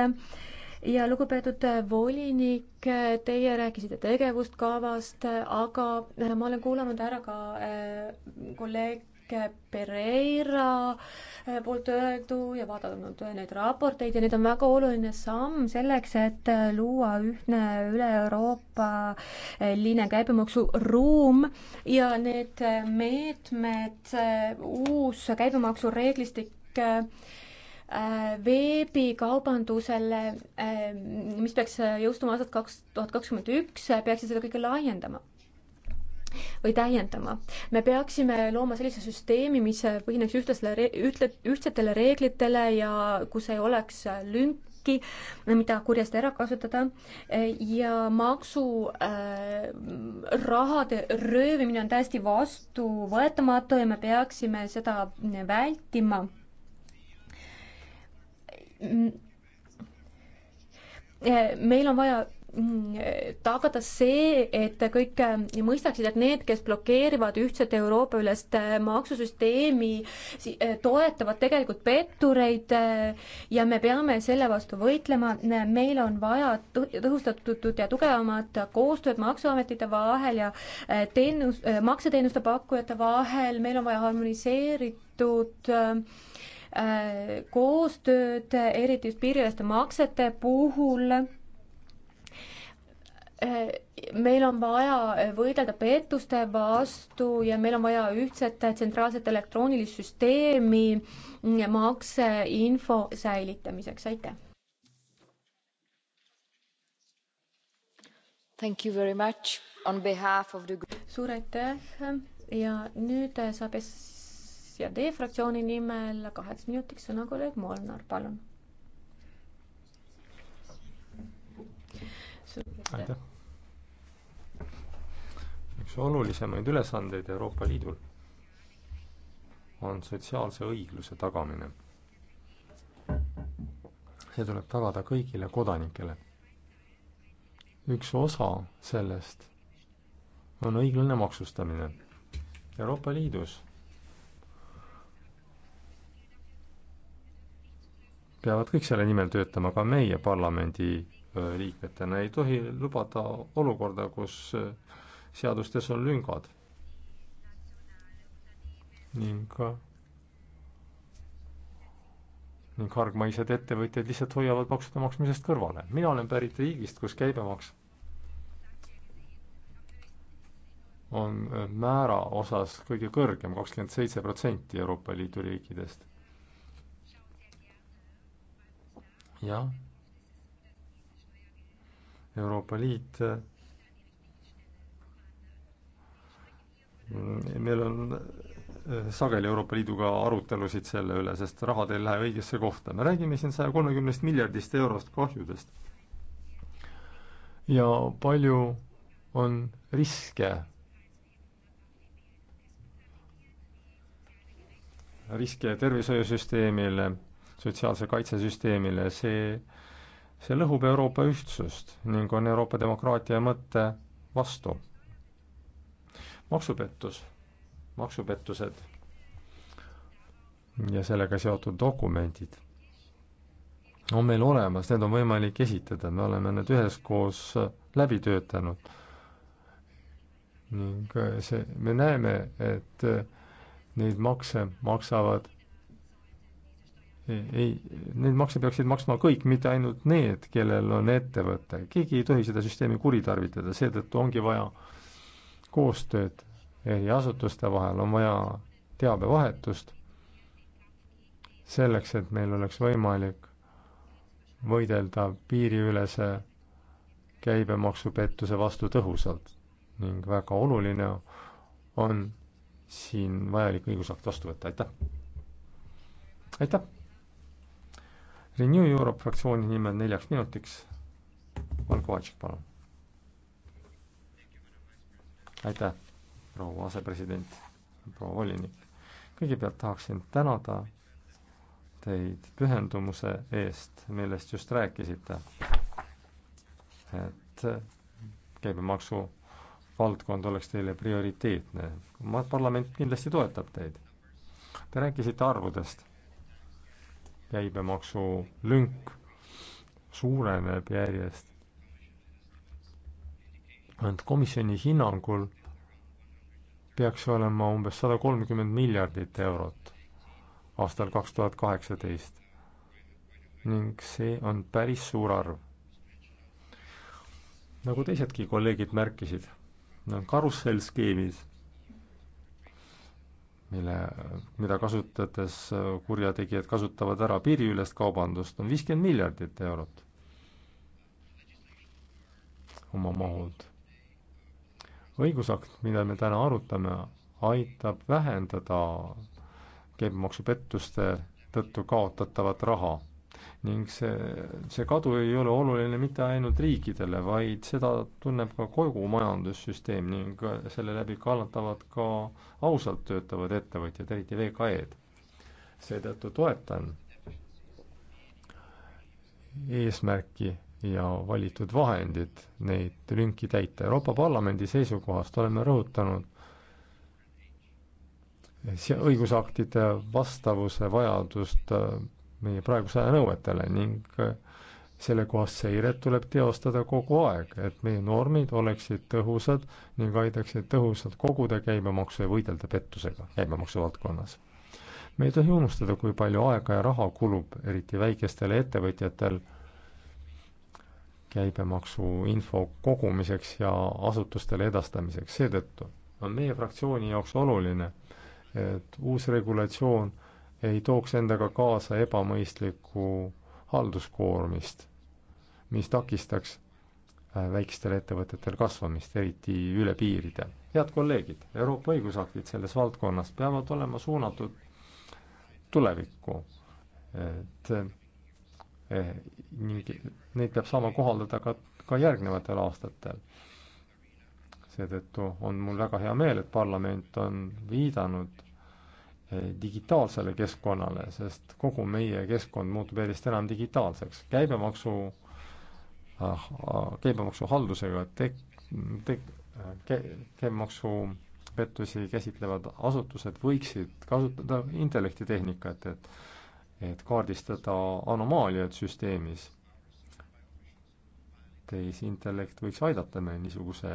Speaker 2: ja lugupeetud volinik, teie rääkisite tegevustkavast, aga ma olen kuulanud ära ka äh, kolleeg Pereira eh, poolt öeldu ja vaadanud neid raporteid ja need on väga oluline samm selleks, et eh, luua ühtne üle-euroopaline eh, käibemaksuruum ja need meetmed, uus käibemaksureeglistik veebikaubandusele, mis peaks jõustuma aastal kaks tuhat kakskümmend üks, peaksid seda kõike laiendama või täiendama. me peaksime looma sellise süsteemi, mis põhineks ühtlasele, ütle, ühtsetele reeglitele ja kus ei oleks lünki, mida kurjasti ära kasutada ja maksurahade äh, röövimine on täiesti vastuvõetamatu ja me peaksime seda vältima meil on vaja Mm, tagada see, et kõik äh, mõistaksid, et need, kes blokeerivad ühtset Euroopa ülest äh, maksusüsteemi, äh, toetavad tegelikult pettureid ja me peame selle vastu võitlema. meil on vaja tõhustatud ja tugevamat koostööd Maksuametite vahel ja teenus, makseteenuste pakkujate vahel, meil on vaja harmoniseeritud koostööd, eriti just piiriüleste maksete puhul Äh, meil on vaja äh, võidelda pettuste vastu ja meil on vaja ühtset äh, tsentraalset elektroonilist süsteemi mm, makseinfo säilitamiseks, aitäh. Thank you very much on behalf of the. suur aitäh ja nüüd saab S ja D fraktsiooni nimel kaheks minutiks sõna kolleeg Molnar, palun. aitäh
Speaker 4: üks olulisemaid ülesandeid Euroopa Liidul on sotsiaalse õigluse tagamine. see tuleb tagada kõigile kodanikele. üks osa sellest on õiglane maksustamine. Euroopa Liidus peavad kõik selle nimel töötama, ka meie parlamendi äh, liikmetena ei tohi lubada olukorda, kus äh, seadustes on lüngad. ning ning hargmaised ettevõtjad lihtsalt hoiavad maksude maksmisest kõrvale. mina olen pärit riigist, kus käibemaks on äh, määra osas kõige kõrgem, kakskümmend seitse protsenti Euroopa Liidu riikidest. jah. Euroopa Liit äh, Mm, meil on äh, sageli Euroopa Liiduga arutelusid selle üle, sest rahad ei lähe õigesse kohta. me räägime siin saja kolmekümnest miljardist eurost kahjudest. ja palju on riske, riske tervishoiusüsteemile, sotsiaalse kaitsesüsteemile, see, see lõhub Euroopa ühtsust ning on Euroopa demokraatia mõtte vastu maksupettus, maksupettused ja sellega seotud dokumendid on meil olemas, need on võimalik esitada, me oleme need üheskoos läbi töötanud. ning see, me näeme, et neid makse maksavad ei, ei, neid makse peaksid maksma kõik, mitte ainult need, kellel on ettevõte. keegi ei tohi seda süsteemi kuritarvitada, seetõttu ongi vaja äh, koostööd eri asutuste vahel, on vaja teabevahetust selleks, et meil oleks võimalik võidelda piiriülese käibemaksupettuse vastu tõhusalt ning väga oluline on siin vajalik õigusakt vastu võtta, aitäh! aitäh! Renew Europe fraktsiooni nimel neljaks minutiks, Valko Ačik, palun! aitäh, proua asepresident, proua volinik. kõigepealt tahaksin tänada teid pühendumuse eest, millest just rääkisite. et käibemaksu valdkond oleks teile prioriteetne. ma, parlament kindlasti toetab teid. Te rääkisite arvudest. käibemaksu lünk suureneb järjest ent komisjoni hinnangul peaks see olema umbes sada kolmkümmend miljardit eurot aastal kaks tuhat kaheksateist ning see on päris suur arv. nagu teisedki kolleegid märkisid, karussellskeemis, mille, mida kasutades kurjategijad kasutavad ära piiriülest kaubandust, on viiskümmend miljardit eurot oma mahult õigusakt, mida me täna arutame, aitab vähendada käibemaksupettuste tõttu kaotatavat raha. ning see, see kadu ei ole oluline mitte ainult riikidele, vaid seda tunneb ka kogu majandussüsteem ning selle läbi kannatavad ka ausalt töötavad ettevõtjad, eriti VKE-d. seetõttu toetan eesmärki ja valitud vahendid neid lünki täita. Euroopa Parlamendi seisukohast oleme rõhutanud õigusaktide vastavuse vajadust äh, meie praeguse aja nõuetele ning äh, sellekohast seiret tuleb teostada kogu aeg, et meie normid oleksid tõhusad ning aidaksid tõhusalt koguda käibemaksu ja võidelda pettusega käibemaksu valdkonnas. me ei tohi unustada, kui palju aega ja raha kulub, eriti väikestel ettevõtjatel, käibemaksu info kogumiseks ja asutustele edastamiseks. seetõttu on meie fraktsiooni jaoks oluline, et uus regulatsioon ei tooks endaga kaasa ebamõistlikku halduskoormist, mis takistaks äh, väikestel ettevõtetel kasvamist, eriti üle piiride. head kolleegid, Euroopa õigusaktid selles valdkonnas peavad olema suunatud tulevikku, et Eh, ning neid peab saama kohaldada ka, ka järgnevatel aastatel. seetõttu on mul väga hea meel, et parlament on viidanud eh, digitaalsele keskkonnale, sest kogu meie keskkond muutub järjest enam digitaalseks. käibemaksu, ah, ah, käibemaksuhaldusega tek-, tek-, käibemaksupettusi käsitlevad asutused võiksid kasutada intellektitehnikat, et et kaardistada anomaaliad süsteemis. tehisintellekt võiks aidata meil niisuguse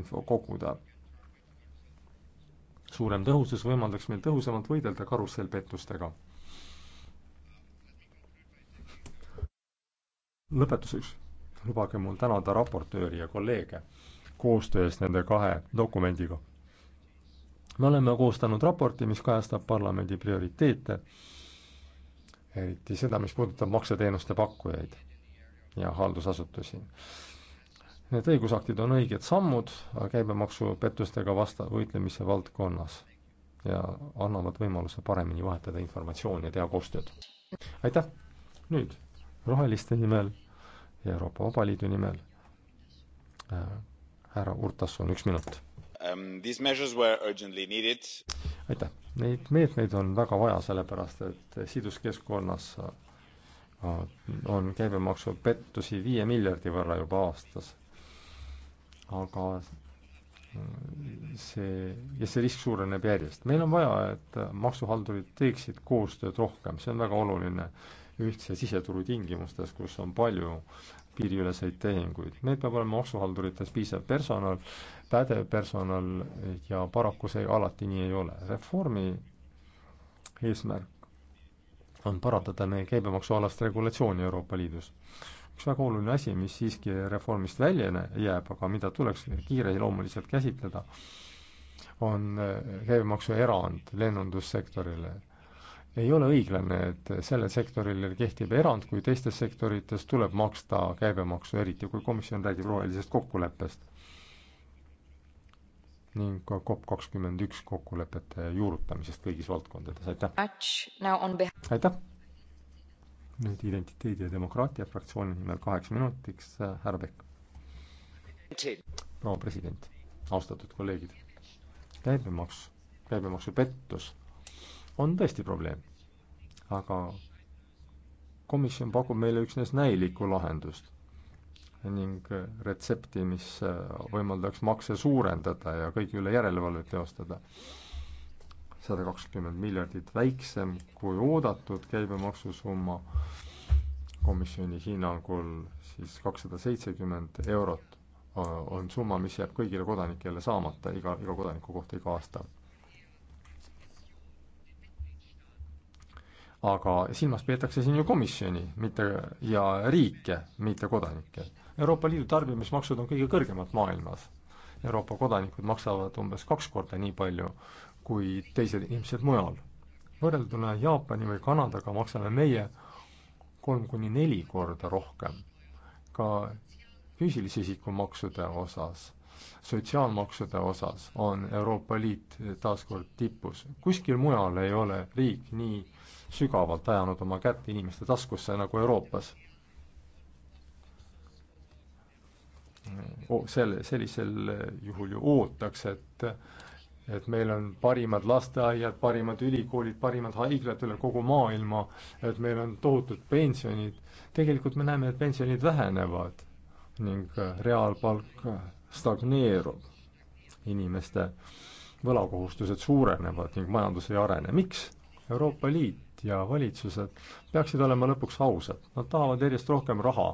Speaker 4: info koguda. suurem tõhusus võimaldaks meil tõhusamalt võidelda karussellpettustega. lõpetuseks lubage mul tänada raportööri ja kolleege koostöö eest nende kahe dokumendiga. me oleme koostanud raporti, mis kajastab parlamendi prioriteete eriti seda, mis puudutab makseteenuste pakkujaid ja haldusasutusi. Need õigusaktid on õiged sammud käibemaksupettustega vasta-, võitlemise valdkonnas ja annavad võimaluse paremini vahetada informatsiooni ja teha koostööd. aitäh! nüüd Roheliste nimel ja Euroopa Vabaliidu nimel äh, härra Urtas on üks minut Um, aitäh, neid meetmeid on väga vaja, sellepärast et siduskeskkonnas äh, on käibemaksupettusi viie miljardi võrra juba aastas. aga äh, see, ja see risk suureneb järjest. meil on vaja, et maksuhaldurid teeksid koostööd rohkem, see on väga oluline ühtse siseturu tingimustes, kus on palju piiriüleseid tehinguid. meil peab olema maksuhaldurites piisav personal, pädev personal ja paraku see alati nii ei ole. reformi eesmärk on parandada meie käibemaksualast regulatsiooni Euroopa Liidus. üks väga oluline asi, mis siiski reformist välja jääb, aga mida tuleks kiireloomuliselt käsitleda, on käibemaksu erand lennundussektorile ei ole õiglane, et sellel sektoril kehtib erand, kui teistes sektorites tuleb maksta käibemaksu, eriti kui komisjon räägib rohelisest kokkuleppest. ning ka COP kakskümmend üks kokkulepete juurutamisest kõigis valdkondades,
Speaker 10: aitäh!
Speaker 4: aitäh! nüüd Identiteedi ja demokraatia fraktsiooni nimel kaheks minutiks äh, härra Pekk. proua president, austatud kolleegid, käibemaks, käibemaksupettus on tõesti probleem. aga komisjon pakub meile üksnes näilikku lahendust ning retsepti, mis võimaldaks makse suurendada ja kõigi üle järelevalvet teostada. sada kakskümmend miljardit väiksem kui oodatud käibemaksusumma, komisjoni hinnangul siis kakssada seitsekümmend eurot on summa, mis jääb kõigile kodanikele saamata iga, iga kodaniku kohta iga aasta aga silmas peetakse siin ju komisjoni, mitte, ja riike, mitte kodanikke. Euroopa Liidu tarbimismaksud on kõige kõrgemad maailmas. Euroopa kodanikud maksavad umbes kaks korda nii palju kui teised inimesed mujal. võrrelduna Jaapani või Kanadaga maksame meie kolm kuni neli korda rohkem ka füüsilise isiku maksude osas sotsiaalmaksude osas on Euroopa Liit taas kord tipus. kuskil mujal ei ole riik nii sügavalt ajanud oma kätt inimeste taskusse, nagu Euroopas. selle, sellisel juhul ju ootaks, et et meil on parimad lasteaiad, parimad ülikoolid, parimad haiglad üle kogu maailma, et meil on tohutud pensionid. tegelikult me näeme, et pensionid vähenevad ning reaalpalk stagneerub. inimeste võlakohustused suurenevad ning majandus ei arene. miks Euroopa Liit ja valitsused peaksid olema lõpuks ausad. Nad tahavad järjest rohkem raha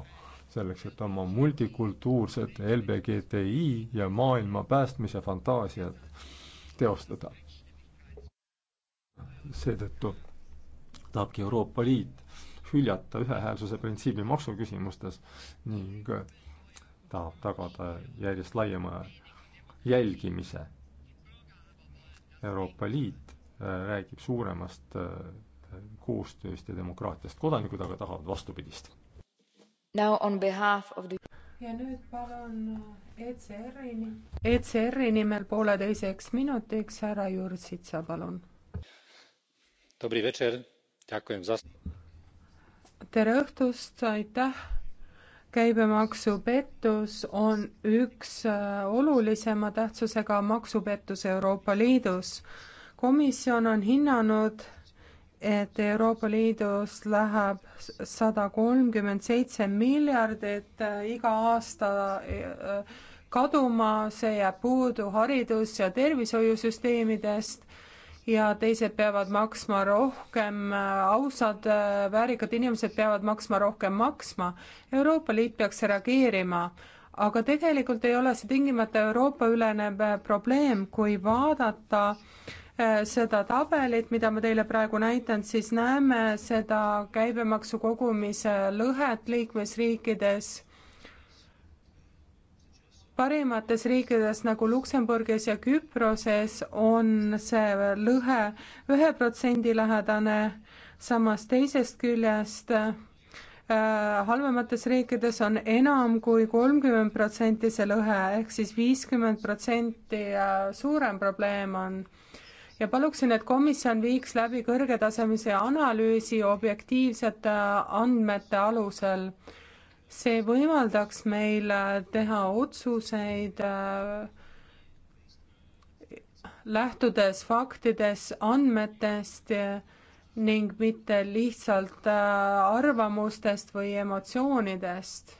Speaker 4: selleks, et oma multikultuurset LBGTI ja maailma päästmise fantaasiat teostada. seetõttu tahabki Euroopa Liit hüljata ühehäälsuse printsiibi maksuküsimustes ning tahab tagada järjest laiema jälgimise. Euroopa Liit äh, räägib suuremast äh, koostööst ja demokraatiast. kodanikud aga tahavad vastupidist.
Speaker 6: The... ja nüüd palun ECR-i, ECR-i nimel pooleteiseks minutiks härra Jursitsa, palun. tere õhtust, aitäh käibemaksupettus on üks äh, olulisema tähtsusega maksupettus Euroopa Liidus. komisjon on hinnanud, et Euroopa Liidus läheb sada kolmkümmend seitse miljardit äh, iga aasta äh, kaduma, see jääb puudu haridus- ja tervishoiusüsteemidest ja teised peavad maksma rohkem, äh, ausad väärikad inimesed peavad maksma rohkem maksma. Euroopa Liit peaks reageerima, aga tegelikult ei ole see tingimata Euroopa-ülene probleem, kui vaadata äh, Äh, seda tabelit, mida ma teile praegu näitan, siis näeme seda käibemaksu kogumise lõhet liikmesriikides. parimates riikides nagu Luksemburgis ja Küproses on see lõhe ühe protsendi lähedane, samas teisest küljest äh, halvemates riikides on enam kui kolmkümmend protsenti see lõhe ehk siis viiskümmend protsenti suurem probleem on ja paluksin, et komisjon viiks läbi kõrgetasemelise analüüsi objektiivsete äh, andmete alusel. see võimaldaks meil äh, teha otsuseid äh, lähtudes faktides, andmetest ning mitte lihtsalt arvamustest või emotsioonidest.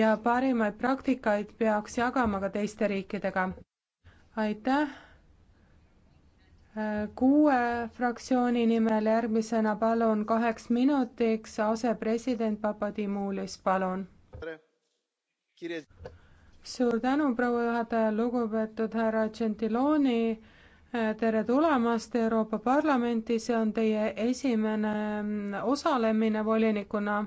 Speaker 6: ja parimaid praktikaid peaks jagama ka teiste riikidega aitäh. Äh, kuue fraktsiooni nimel järgmisena palun kaheks minutiks asepresident Papadimulis, palun. suur tänu, proua juhataja, lugupeetud härra Gentiloni. Äh, tere tulemast Euroopa Parlamenti, see on teie esimene mm, osalemine volinikuna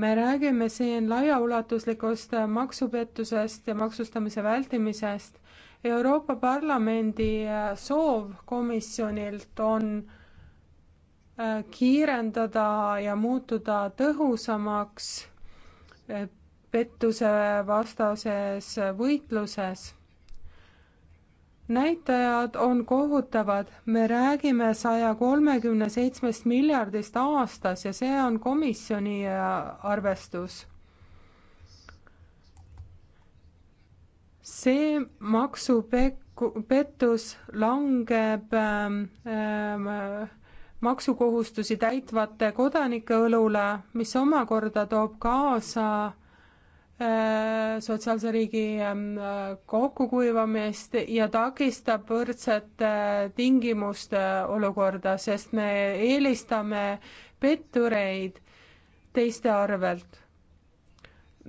Speaker 6: me räägime siin laiaulatuslikust maksupettusest ja maksustamise vältimisest. Euroopa Parlamendi äh, soov komisjonilt on äh, kiirendada ja muutuda tõhusamaks äh, pettuse vastases võitluses näitajad on kohutavad, me räägime saja kolmekümne seitsmest miljardist aastas ja see on komisjoni äh, arvestus. see maksupettus langeb ähm, ähm, maksukohustusi täitvate kodanike õlule, mis omakorda toob kaasa Äh, sotsiaalse riigi ähm, äh, kokkukuivamist ja takistab võrdsete äh, tingimuste olukorda, sest me eelistame pettureid teiste arvelt.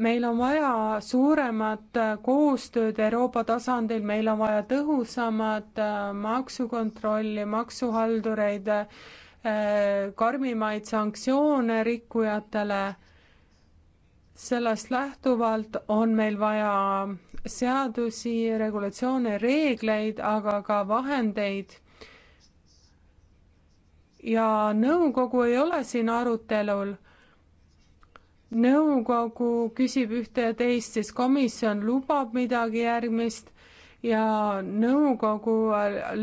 Speaker 6: meil on vaja suuremat koostööd Euroopa tasandil, meil on vaja tõhusamat maksukontrolli, maksuhaldureid, karmimaid sanktsioone rikkujatele sellest lähtuvalt on meil vaja seadusi, regulatsioone, reegleid, aga ka vahendeid. ja nõukogu ei ole siin arutelul. nõukogu küsib ühte ja teist, siis komisjon lubab midagi järgmist ja nõukogu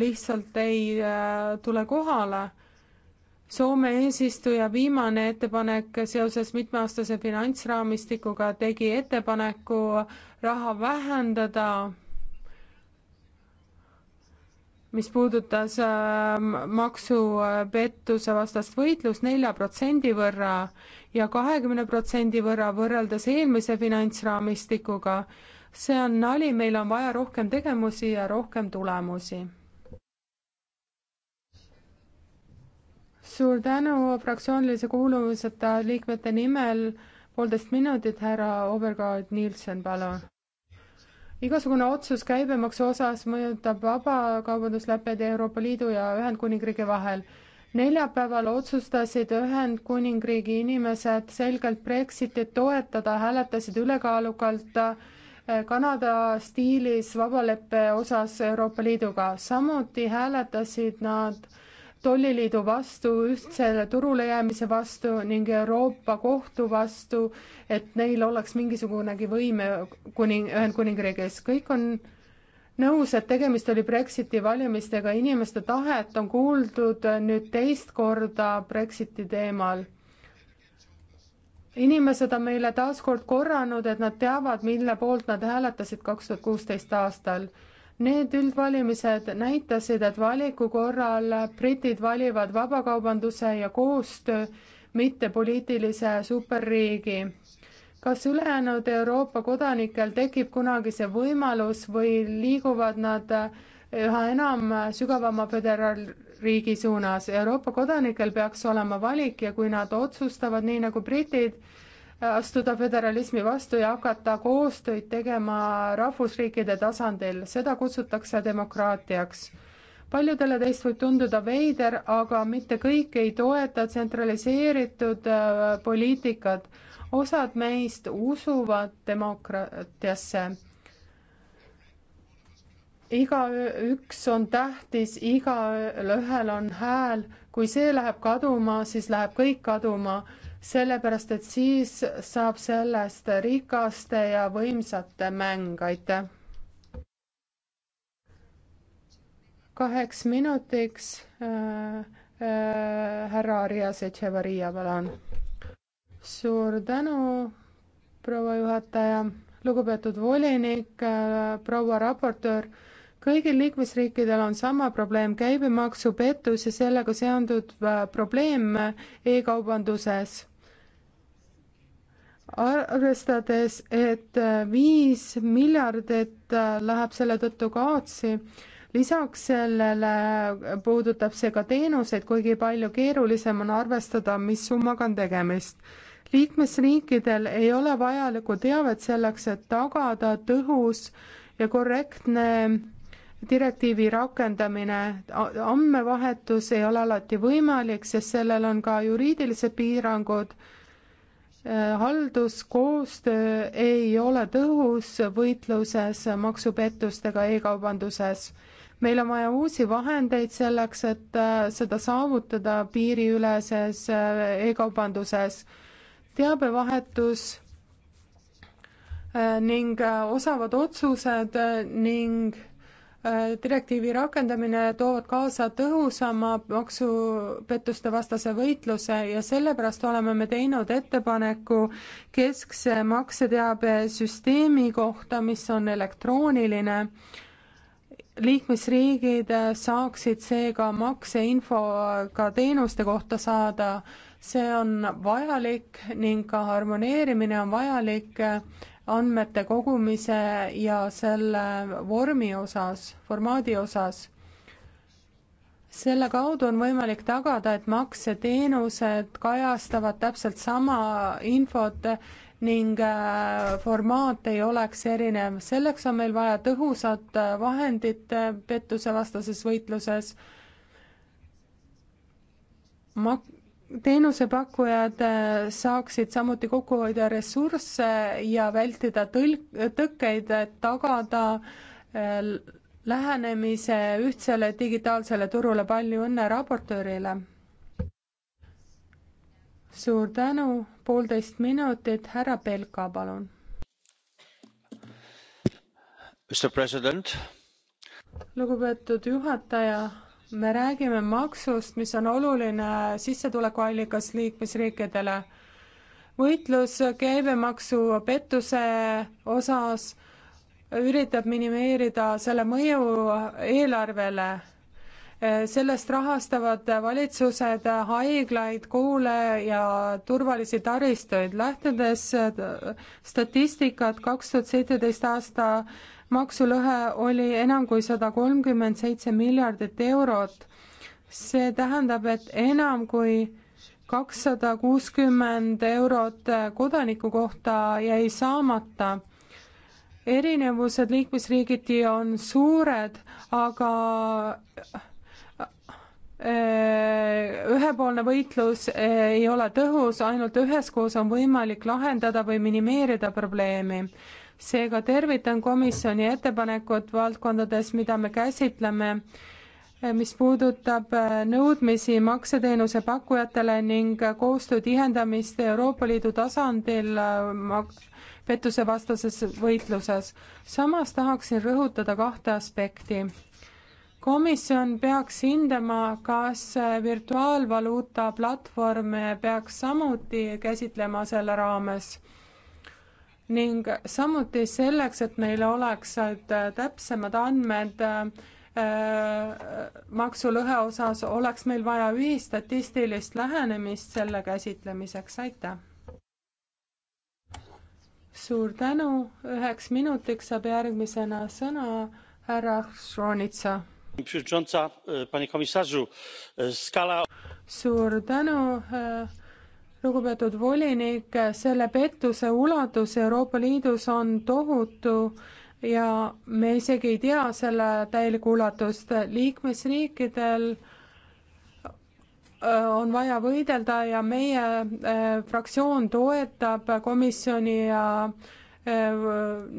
Speaker 6: lihtsalt ei äh, tule kohale Soome eesistuja viimane ettepanek seoses mitmeaastase finantsraamistikuga tegi ettepaneku raha vähendada, mis puudutas ähm, maksupettuse vastast võitlust nelja protsendi võrra ja kahekümne protsendi võrra võrreldes eelmise finantsraamistikuga. see on nali, meil on vaja rohkem tegevusi ja rohkem tulemusi suur tänu fraktsioonilise kuuluvuseta liikmete nimel, poolteist minutit, härra Obergaard Nielsen, palun. igasugune otsus käibemaksu osas mõjutab vabakaubandusleppeid Euroopa Liidu ja Ühendkuningriigi vahel. neljapäeval otsustasid Ühendkuningriigi inimesed selgelt Brexitit toetada, hääletasid ülekaalukalt eh, Kanada stiilis vabaleppe osas Euroopa Liiduga, samuti hääletasid nad tolliliidu vastu, ühtsele turule jäämise vastu ning Euroopa Kohtu vastu, et neil oleks mingisugunegi võime kuning, Ühendkuningriigis, kõik on nõus, et tegemist oli Brexiti valimistega, inimeste tahet on kuuldud nüüd teist korda Brexiti teemal. inimesed on meile taas kord korranud, et nad teavad, mille poolt nad hääletasid kaks tuhat kuusteist aastal Need üldvalimised näitasid, et valiku korral britid valivad vabakaubanduse ja koostöö, mitte poliitilise superriigi. kas ülejäänud Euroopa kodanikel tekib kunagi see võimalus või liiguvad nad üha enam sügavama föderaalriigi suunas? Euroopa kodanikel peaks olema valik ja kui nad otsustavad nii nagu britid, astuda föderalismi vastu ja hakata koostööd tegema rahvusriikide tasandil, seda kutsutakse demokraatiaks. paljudele teist võib tunduda veider, aga mitte kõik ei toeta tsentraliseeritud äh, poliitikat. osad meist usuvad demokraatiasse igaüks on tähtis, igaühel on hääl, kui see läheb kaduma, siis läheb kõik kaduma sellepärast et siis saab sellest rikaste ja võimsate mäng, aitäh. kaheks minutiks äh, äh, härra Arias Echevaria, palun. suur tänu, proua juhataja, lugupeetud volinik äh,, proua raportöör kõigil liikmesriikidel on sama probleem käibemaksupettus ja sellega seonduv äh, probleem e-kaubanduses arvestades, et viis miljardit läheb selle tõttu kaotsi, lisaks sellele puudutab see ka teenuseid, kuigi palju keerulisem on arvestada, mis summaga on tegemist. liikmesriikidel ei ole vajalikku teavet selleks, et tagada tõhus ja korrektne direktiivi rakendamine, andmevahetus ei ole alati võimalik, sest sellel on ka juriidilised piirangud Äh, halduskoostöö ei ole tõhus võitluses maksupettustega e-kaubanduses. meil on vaja uusi vahendeid selleks, et äh, seda saavutada piiriüleses äh, e-kaubanduses. teabevahetus ning osavad otsused ning Äh, direktiivi rakendamine toovad kaasa tõhusama maksupettuste vastase võitluse ja sellepärast oleme me teinud ettepaneku keskse makseteabesüsteemi kohta, mis on elektrooniline. liikmesriigid saaksid seega makseinfo ka teenuste kohta saada, see on vajalik ning ka harmoneerimine on vajalik andmete kogumise ja selle vormi osas, formaadi osas. selle kaudu on võimalik tagada, et makseteenused kajastavad täpselt sama infot ning äh, formaat ei oleks erinev. selleks on meil vaja tõhusat äh, vahendit äh, pettusevastases võitluses. mak-, teenusepakkujad äh, saaksid samuti kokku hoida ressursse ja vältida tõlk, tõkkeid, et tagada äh, lähenemise ühtsele digitaalsele turule. palju õnne raportöörile! suur tänu, poolteist minutit, härra Belka, palun. lugupeetud juhataja me räägime maksust, mis on oluline sissetulekuallikas liikmesriikidele. võitlus käibemaksupettuse osas üritab minimeerida selle mõju eelarvele. sellest rahastavad valitsused haiglaid, koole ja turvalisi taristuid. lähtudes statistikat kaks tuhat seitseteist aasta maksulõhe oli enam kui sada kolmkümmend seitse miljardit eurot. see tähendab, et enam kui kakssada kuuskümmend eurot kodaniku kohta jäi saamata. erinevused liikmesriigiti on suured, aga äh, ühepoolne võitlus äh, ei ole tõhus, ainult üheskoos on võimalik lahendada või minimeerida probleemi seega tervitan komisjoni ettepanekut valdkondades, mida me käsitleme, eh, mis puudutab eh, nõudmisi makseteenuse pakkujatele ning koostöö tihendamist Euroopa Liidu tasandil eh, pettusevastases võitluses. samas tahaksin rõhutada kahte aspekti komisjon peaks hindama, kas virtuaalvaluuta platvorme peaks samuti käsitlema selle raames ning samuti selleks, et meil oleksid äh, täpsemad andmed äh, äh, maksulõhe osas, oleks meil vaja ühistatistilist lähenemist selle käsitlemiseks, aitäh! suur tänu, üheks minutiks saab järgmisena sõna härra Šronitsa.
Speaker 9: E, e,
Speaker 6: suur tänu äh,, lugupeetud volinik, selle pettuse ulatus Euroopa Liidus on tohutu ja me isegi ei tea selle täielikku ulatust. liikmesriikidel äh, on vaja võidelda ja meie äh, fraktsioon toetab komisjoni ja äh,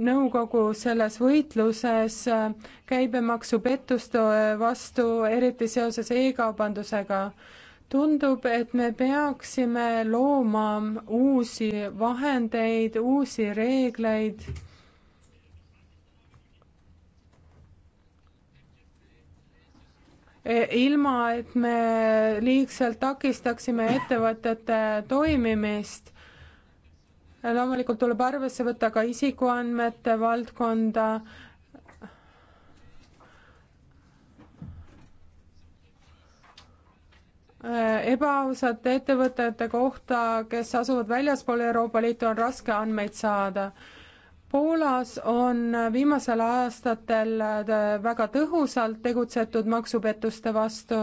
Speaker 6: nõukogu selles võitluses äh, käibemaksupettuste äh, vastu, eriti seoses e-kaubandusega tundub, et me peaksime looma uusi vahendeid, uusi reegleid. E, ilma, et me liigselt takistaksime ettevõtete toimimist. loomulikult tuleb arvesse võtta ka isikuandmete valdkonda Äh, ebaausate ettevõtete kohta, kes asuvad väljaspool Euroopa Liitu, on raske andmeid saada. Poolas on viimasel aastatel äh, väga tõhusalt tegutsetud maksupettuste vastu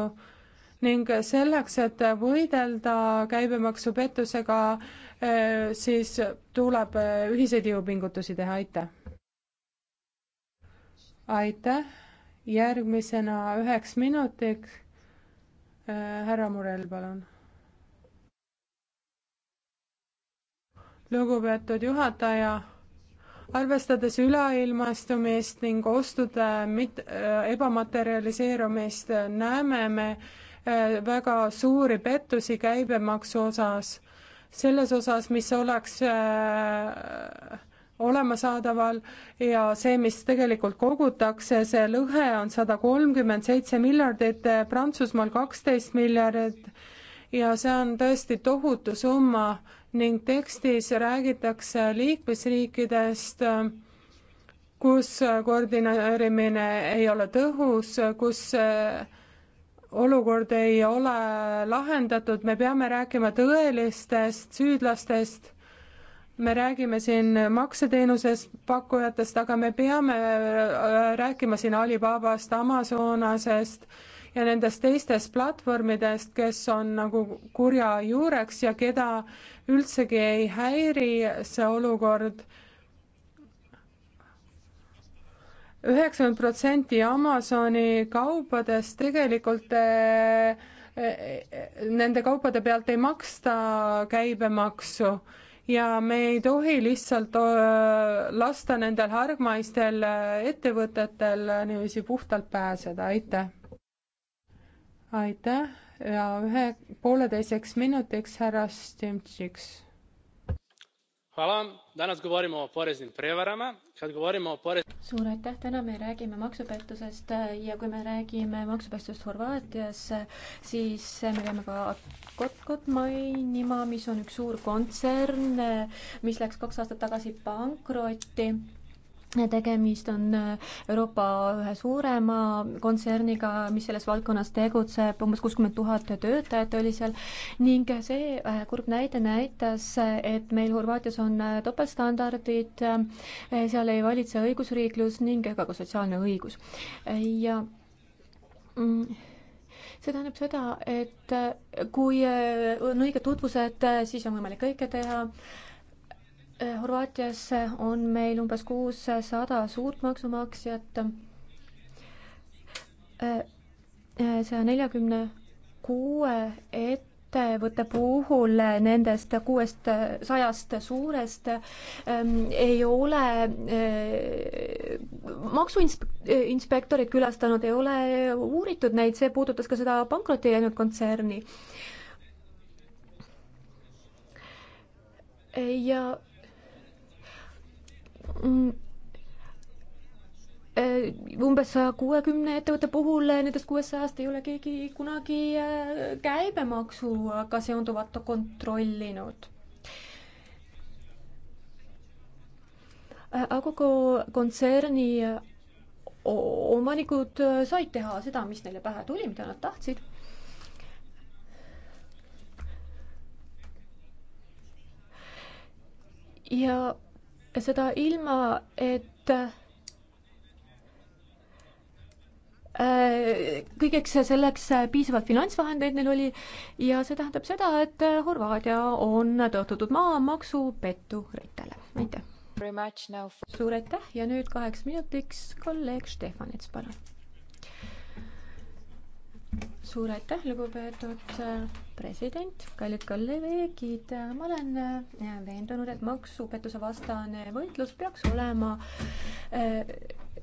Speaker 6: ning selleks, et võidelda käibemaksupettusega, äh, siis tuleb ühiseid jõupingutusi teha, aitäh! aitäh, järgmisena üheks minutiks Äh, härra Murel, palun. lugupeetud juhataja, arvestades üleilmastumist ning ostude mit-, äh, ebamaterialiseerumist, näeme me äh, väga suuri pettusi käibemaksu osas, selles osas, mis oleks äh, olemasaadaval ja see, mis tegelikult kogutakse, see lõhe on sada kolmkümmend seitse miljardit, Prantsusmaal kaksteist miljardit ja see on tõesti tohutu summa ning tekstis räägitakse liikmesriikidest, kus koordineerimine ei ole tõhus, kus olukord ei ole lahendatud, me peame rääkima tõelistest süüdlastest me räägime siin makseteenuses pakkujatest, aga me peame äh, rääkima siin Alibabast, Amazonasest ja nendest teistest platvormidest, kes on nagu kurja juureks ja keda üldsegi ei häiri see olukord. üheksakümmend protsenti Amazoni kaupadest tegelikult äh, äh, nende kaupade pealt ei maksta käibemaksu ja me ei tohi lihtsalt lasta nendel hargmaistel ettevõtetel niiviisi puhtalt pääseda, aitäh. aitäh ja ühe pooleteiseks minutiks härra Stimtšiks
Speaker 2: suur aitäh, täna me räägime maksupettusest äh, ja kui me räägime maksupettusest Horvaatias, siis äh, me peame ka Kotkot mainima, mis on üks suur kontsern, äh, mis läks kaks aastat tagasi pankrotti tegemist on äh, Euroopa ühe suurema kontserniga, mis selles valdkonnas tegutseb, umbes kuuskümmend tuhat töötajat oli seal ning see äh, kurb näide näitas, et meil Horvaatias on äh, topeltstandardid, seal ei valitse õigusriiklus ning ega ka sotsiaalne õigus. ja mm, see tähendab seda, et kui on õiged tutvused, siis on võimalik kõike teha Horvaatias on meil umbes kuussada suurt maksumaksjat saja neljakümne kuue ettevõtte puhul nendest kuuest sajast suurest ähm, ei ole äh, maksuinspektorid külastanud, ei ole uuritud neid, see puudutas ka seda pankrotti läinud kontserni. ja Mm, äh, umbes saja kuuekümne ettevõtte puhul äh, nendest kuuesajast ei ole keegi kunagi äh, käibemaksuga seonduvat kontrollinud. Agogo kontserni omanikud said teha seda, mis neile pähe tuli, mida nad tahtsid ja seda ilma, et äh, kõigeks selleks piisavalt finantsvahendeid neil oli ja see tähendab seda, et Horvaatia on tõotatud maamaksu petturitele. aitäh! suur aitäh ja nüüd kaheks minutiks kolleeg Stefanits, palun! suur aitäh, lugupeetud äh, president, kallid kolleegid, äh, ma olen äh, veendunud, et maksupettuse vastane võitlus peaks olema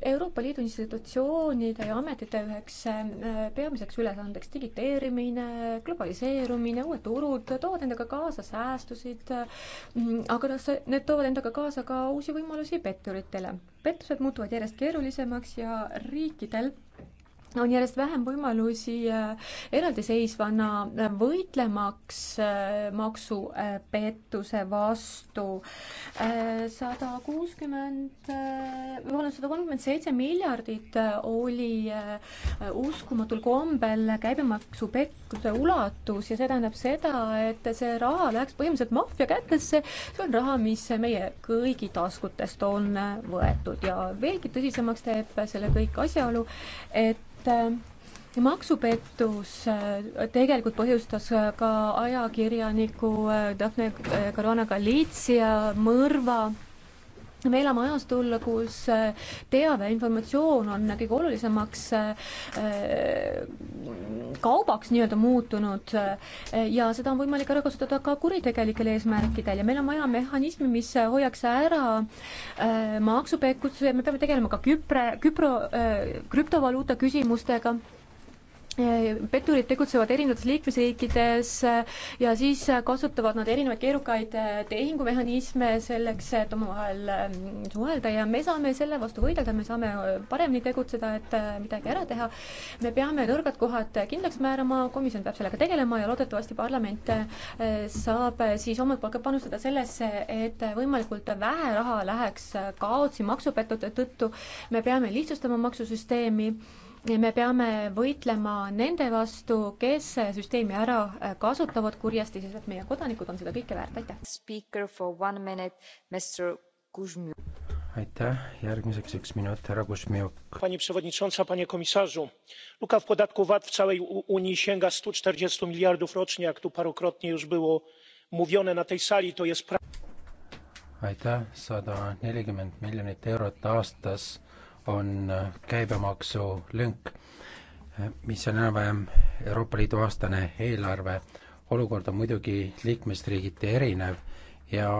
Speaker 2: Euroopa Liidu institutsioonide ja ametite üheks peamiseks ülesandeks digiteerimine, globaliseerumine, uued turud toovad endaga kaasa säästusid, mm, aga noh, see, need toovad endaga kaasa ka uusi võimalusi petturitele. pettused muutuvad järjest keerulisemaks ja riikidel on järjest vähem võimalusi äh, eraldiseisvana äh, võitlemaks äh, maksupettuse vastu. sada kuuskümmend, vabandust, sada kolmkümmend seitse miljardit oli uskumatul kombel käibemaksupettuse ulatus ja see tähendab seda, et see raha läks põhimõtteliselt maffia kätesse. see on raha, mis meie kõigi taskutest on võetud ja veelgi tõsisemaks teeb selle kõik asjaolu, et et äh, maksupettus äh, tegelikult põhjustas äh, ka ajakirjaniku Daphne Caruana Galizia mõrva me elame ajastul, kus äh, teave, informatsioon on kõige olulisemaks äh, kaubaks nii-öelda muutunud äh, ja seda on võimalik ära kasutada ka kuritegelikel eesmärkidel ja meil on vaja mehhanismi, mis hoiaks ära maksupekkuse, me peame tegelema ka küpre, küpro, krüptovaluuta küsimustega petturid tegutsevad erinevates liikmesriikides äh, ja siis äh, kasutavad nad erinevaid keerukaid äh, tehingumehhanisme selleks, et omavahel ähm, suhelda ja me saame selle vastu võidelda, me saame paremini tegutseda, et midagi ära teha. me peame nõrgad kohad kindlaks määrama, komisjon peab sellega tegelema ja loodetavasti parlament saab siis omalt poolt ka panustada sellesse, et võimalikult vähe raha läheks kaotsi maksupettute tõttu. me peame lihtsustama maksusüsteemi me peame võitlema nende vastu, kes süsteemi ära äh, kasutavad kurjasti, sest et meie kodanikud on seda kõike väärt, aitäh.
Speaker 1: aitäh, järgmiseks üks minut, härra Kuzmjuk.
Speaker 9: Pani przewodnicząca, panie komisarzu, luka w podatku VAT w całej Unii sięga stu czterdziestu miliardów rocznie, jak tu parokrotnie już było mówione na tej sali, to jest
Speaker 1: aitäh, sada nelikümmend miljonit eurot aastas on käibemaksulünk, mis on enam-vähem Euroopa Liidu aastane eelarve. olukord on muidugi liikmesriigiti erinev ja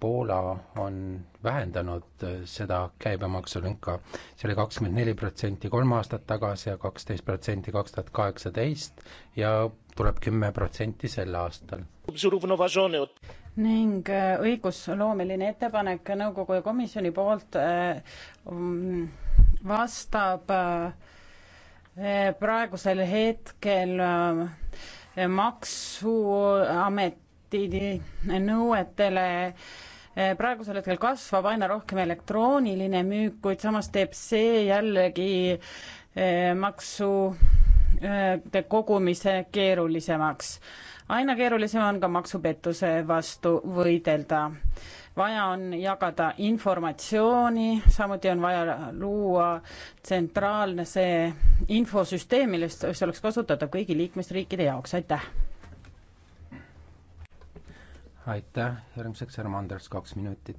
Speaker 1: Poola on vähendanud seda käibemaksulünka. see oli kakskümmend neli protsenti kolm aastat tagasi ja kaksteist protsenti kaks tuhat kaheksateist ja tuleb kümme protsenti sel aastal.
Speaker 11: ning äh, õigusloomeline ettepanek nõukogu ja komisjoni poolt äh, um, vastab äh, praegusel hetkel maksuameti nõuetele praegusel hetkel kasvab aina rohkem elektrooniline müük, kuid samas teeb see jällegi maksu kogumise keerulisemaks. aina keerulisem on ka maksupettuse vastu võidelda. vaja on jagada informatsiooni, samuti on vaja luua tsentraalne see infosüsteem, millest, mis oleks kasutatav kõigi liikmesriikide jaoks, aitäh!
Speaker 1: aitäh, järgmiseks härra Manders, kaks minutit.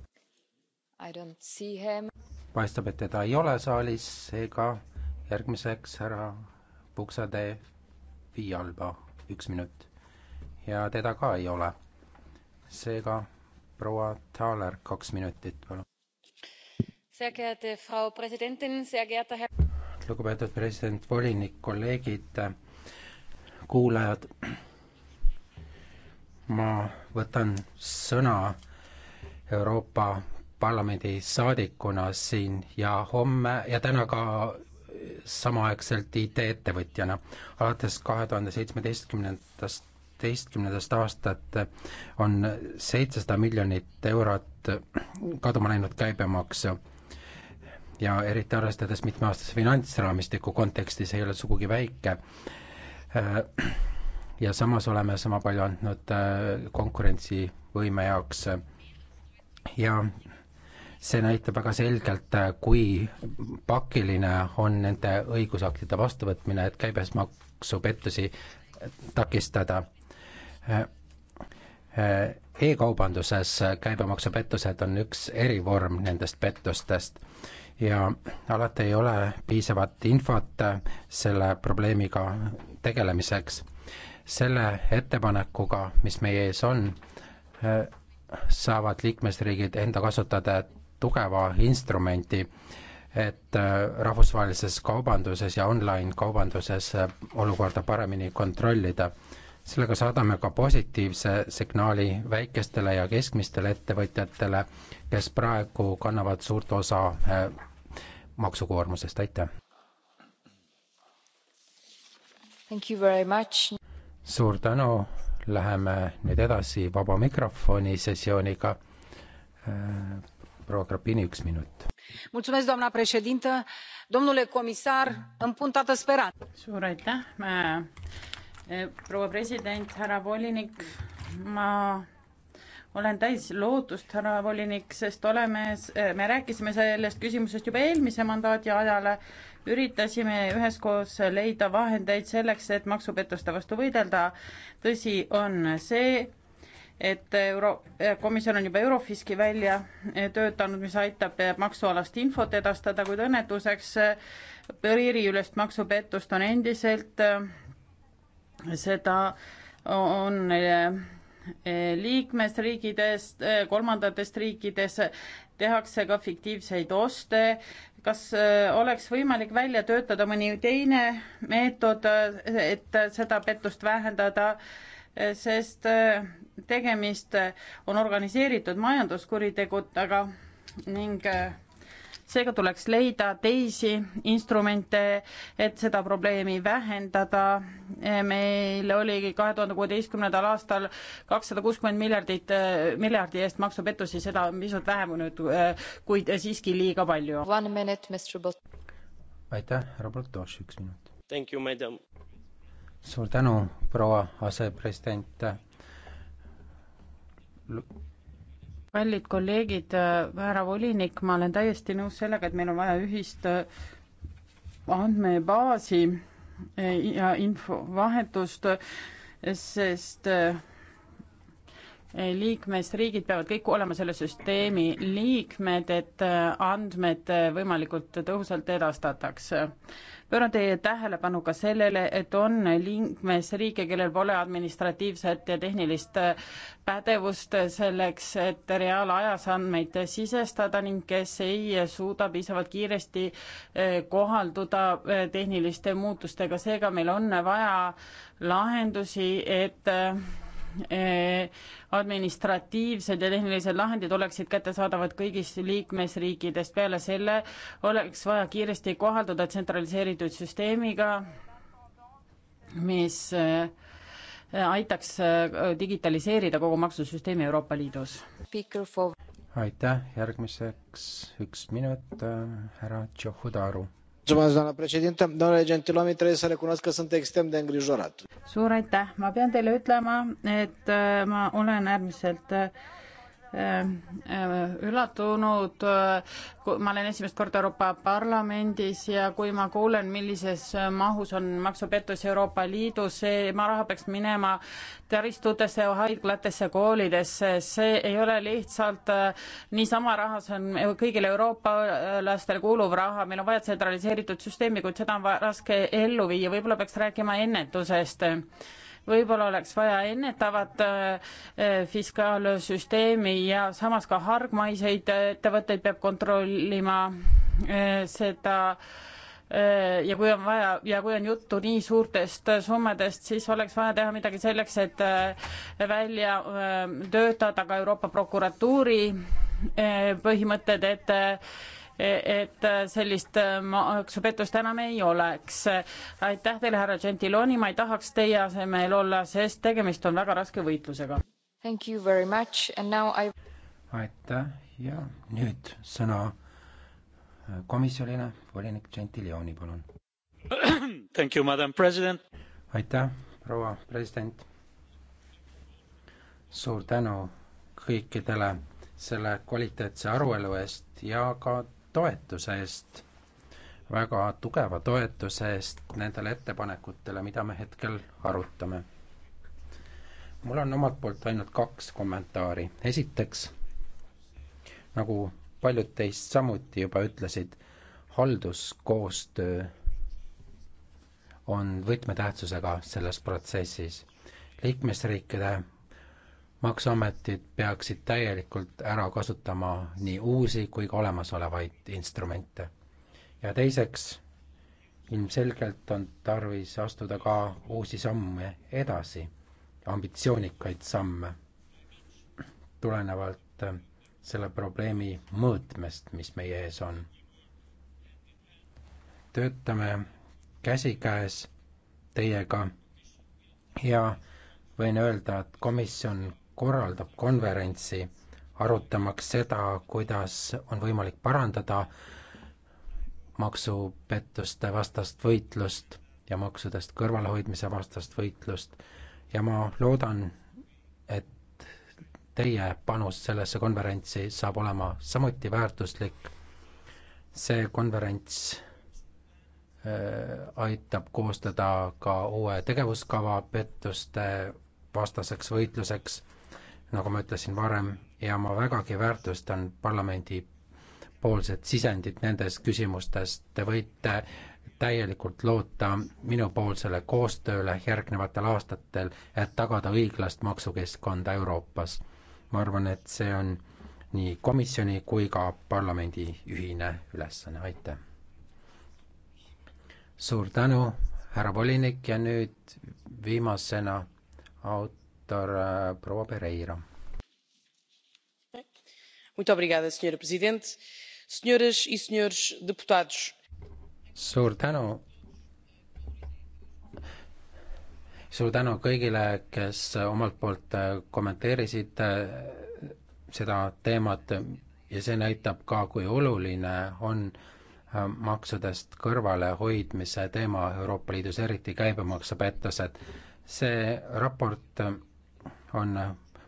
Speaker 1: paistab, et teda ei ole saalis, seega järgmiseks härra Puksatee Viialba üks minut ja teda ka ei ole. seega proua Thaler, kaks minutit, palun. lugupeetud president, volinik, kolleegid, kuulajad. ma võtan sõna Euroopa Parlamendi saadikuna siin ja homme ja täna ka samaaegselt IT-ettevõtjana. alates kahe tuhande seitsmeteistkümnendast, teistkümnendast aastat on seitsesada miljonit eurot kaduma läinud käibemaksu. ja eriti arvestades mitmeaastase finantsraamistiku kontekstis ei ole sugugi väike ja samas oleme sama palju andnud konkurentsivõime jaoks ja see näitab väga selgelt, äh, kui pakiline on nende õigusaktide vastuvõtmine, et käibesmaksupettusi äh, takistada e. E-kaubanduses käibemaksupettused on üks erivorm nendest pettustest ja alati ei ole piisavat infot selle probleemiga tegelemiseks. selle ettepanekuga, mis meie ees on, saavad liikmesriigid enda kasutada tugeva instrumenti, et äh, rahvusvahelises kaubanduses ja online-kaubanduses äh, olukorda paremini kontrollida. sellega saadame ka positiivse signaali väikestele ja keskmistele ettevõtjatele, kes praegu kannavad suurt osa äh, maksukoormusest, aitäh! suur tänu, läheme nüüd edasi vaba mikrofoni sessiooniga
Speaker 5: doamnă președintă domnule comisar îmi
Speaker 11: pun toată speranța. suur aitäh eh, proua president härra volinik ma olen täis lootust härra volinik sest oleme eh, me rääkisime sellest küsimusest juba eelmise mandaadi ajal üritasime üheskoos leida vahendeid selleks et maksupettuste vastu võidelda tõsi on see et Euro-, komisjon on juba Eurofiski välja eh, töötanud, mis aitab eh, maksualast infot edastada, kuid õnnetuseks piiriülest eh, maksupettust on endiselt, seda on liikmesriigidest, kolmandatest riikidest, tehakse ka fiktiivseid oste, kas oleks võimalik välja töötada mõni teine meetod, et seda pettust vähendada sest äh, tegemist äh, on organiseeritud majanduskuritegudega ning äh, seega tuleks leida teisi instrumente, et seda probleemi vähendada. meil oli kahe tuhande kuueteistkümnendal aastal kakssada kuuskümmend miljardit, miljardi eest maksupettusi, seda on pisut vähem nüüd, kuid siiski liiga palju.
Speaker 1: aitäh, härra Bartoš, üks
Speaker 9: minut
Speaker 1: suur tänu, proua asepresident.
Speaker 11: kallid kolleegid, härra volinik, ma olen täiesti nõus sellega, et meil on vaja ühist äh, andmebaasi äh, ja infovahetust, sest äh, liikmesriigid peavad kõik olema selle süsteemi liikmed, et andmed võimalikult tõhusalt edastatakse pööran teie tähelepanu ka sellele, et on liikmesriike, kellel pole administratiivset ja tehnilist äh, pädevust selleks, et reaalajas andmeid sisestada ning kes ei suuda piisavalt kiiresti äh, kohalduda äh, tehniliste muutustega, seega meil on vaja lahendusi, et Eh, administratiivsed ja tehnilised lahendid oleksid kättesaadavad kõigis liikmesriikides. peale selle oleks vaja kiiresti kohalduda tsentraliseeritud süsteemiga, mis eh, aitaks eh, digitaliseerida kogu maksusüsteemi Euroopa Liidus.
Speaker 1: aitäh, järgmiseks üks minut, härra Tšohudaru doamnă președintă domnule gentiloni trebuie să recunosc că sunt extrem de îngrijorat.
Speaker 11: suur aitäh! ma pean teile ütlema et äh, ma olen äärmiselt äh, Äh, äh, üllatunud, ma olen esimest korda Euroopa Parlamendis ja kui ma kuulen, millises mahus on maksupettus Euroopa Liidus, see raha peaks minema taristutesse, haiglatesse, koolidesse, see ei ole lihtsalt äh, niisama raha, see on kõigile eurooplastele kuuluv raha, meil on vaja tsentraliseeritud süsteemi, kuid seda on raske ellu viia, võib-olla peaks rääkima ennetusest võib-olla oleks vaja ennetavat äh, äh, fiskaalsüsteemi ja samas ka hargmaiseid äh, ettevõtteid peab kontrollima seda ja kui on vaja ja kui on juttu nii suurtest summadest, siis oleks vaja teha midagi selleks, et välja töötada ka Euroopa prokuratuuri põhimõtted, et E, et äh, sellist äh, maksupettust enam ei oleks. aitäh teile, härra Gentiloni, ma ei tahaks teie asemel olla, sest tegemist on väga raske võitlusega.
Speaker 3: I...
Speaker 1: aitäh ja nüüd sõna äh, komisjonile, volinik Gentiloni, palun.
Speaker 9: [clears throat]
Speaker 1: aitäh, proua president. suur tänu kõikidele selle kvaliteetse aruelu eest ja ka toetuse eest, väga tugeva toetuse eest nendele ettepanekutele, mida me hetkel arutame. mul on omalt poolt ainult kaks kommentaari. esiteks, nagu paljud teist samuti juba ütlesid, halduskoostöö on võtmetähtsusega selles protsessis. liikmesriikide maksuametid peaksid täielikult ära kasutama nii uusi kui ka olemasolevaid instrumente. ja teiseks, ilmselgelt on tarvis astuda ka uusi samme edasi, ambitsioonikaid samme, tulenevalt äh, selle probleemi mõõtmest, mis meie ees on. töötame käsikäes teiega ja võin öelda, et komisjon korraldab konverentsi, arutamaks seda, kuidas on võimalik parandada maksupettuste vastast võitlust ja maksudest kõrvalehoidmise vastast võitlust ja ma loodan, et teie panus sellesse konverentsi saab olema samuti väärtuslik. see konverents äh, aitab koostada ka uue tegevuskava pettuste vastaseks võitluseks nagu ma ütlesin varem, ja ma vägagi väärtustan parlamendi poolset sisendit nendes küsimustes, te võite täielikult loota minupoolsele koostööle järgnevatel aastatel, et tagada õiglast maksukeskkonda Euroopas. ma arvan, et see on nii komisjoni kui ka parlamendi ühine ülesanne, aitäh! suur tänu, härra volinik ja nüüd viimasena aut-, raportöör eh, proua Pereira. suur e tänu. suur tänu kõigile, kes omalt poolt eh, kommenteerisid eh, seda teemat ja e see näitab ka, kui e oluline on maksudest kõrvalehoidmise teema Euroopa Liidus, eriti käibemaksupettused. see raport on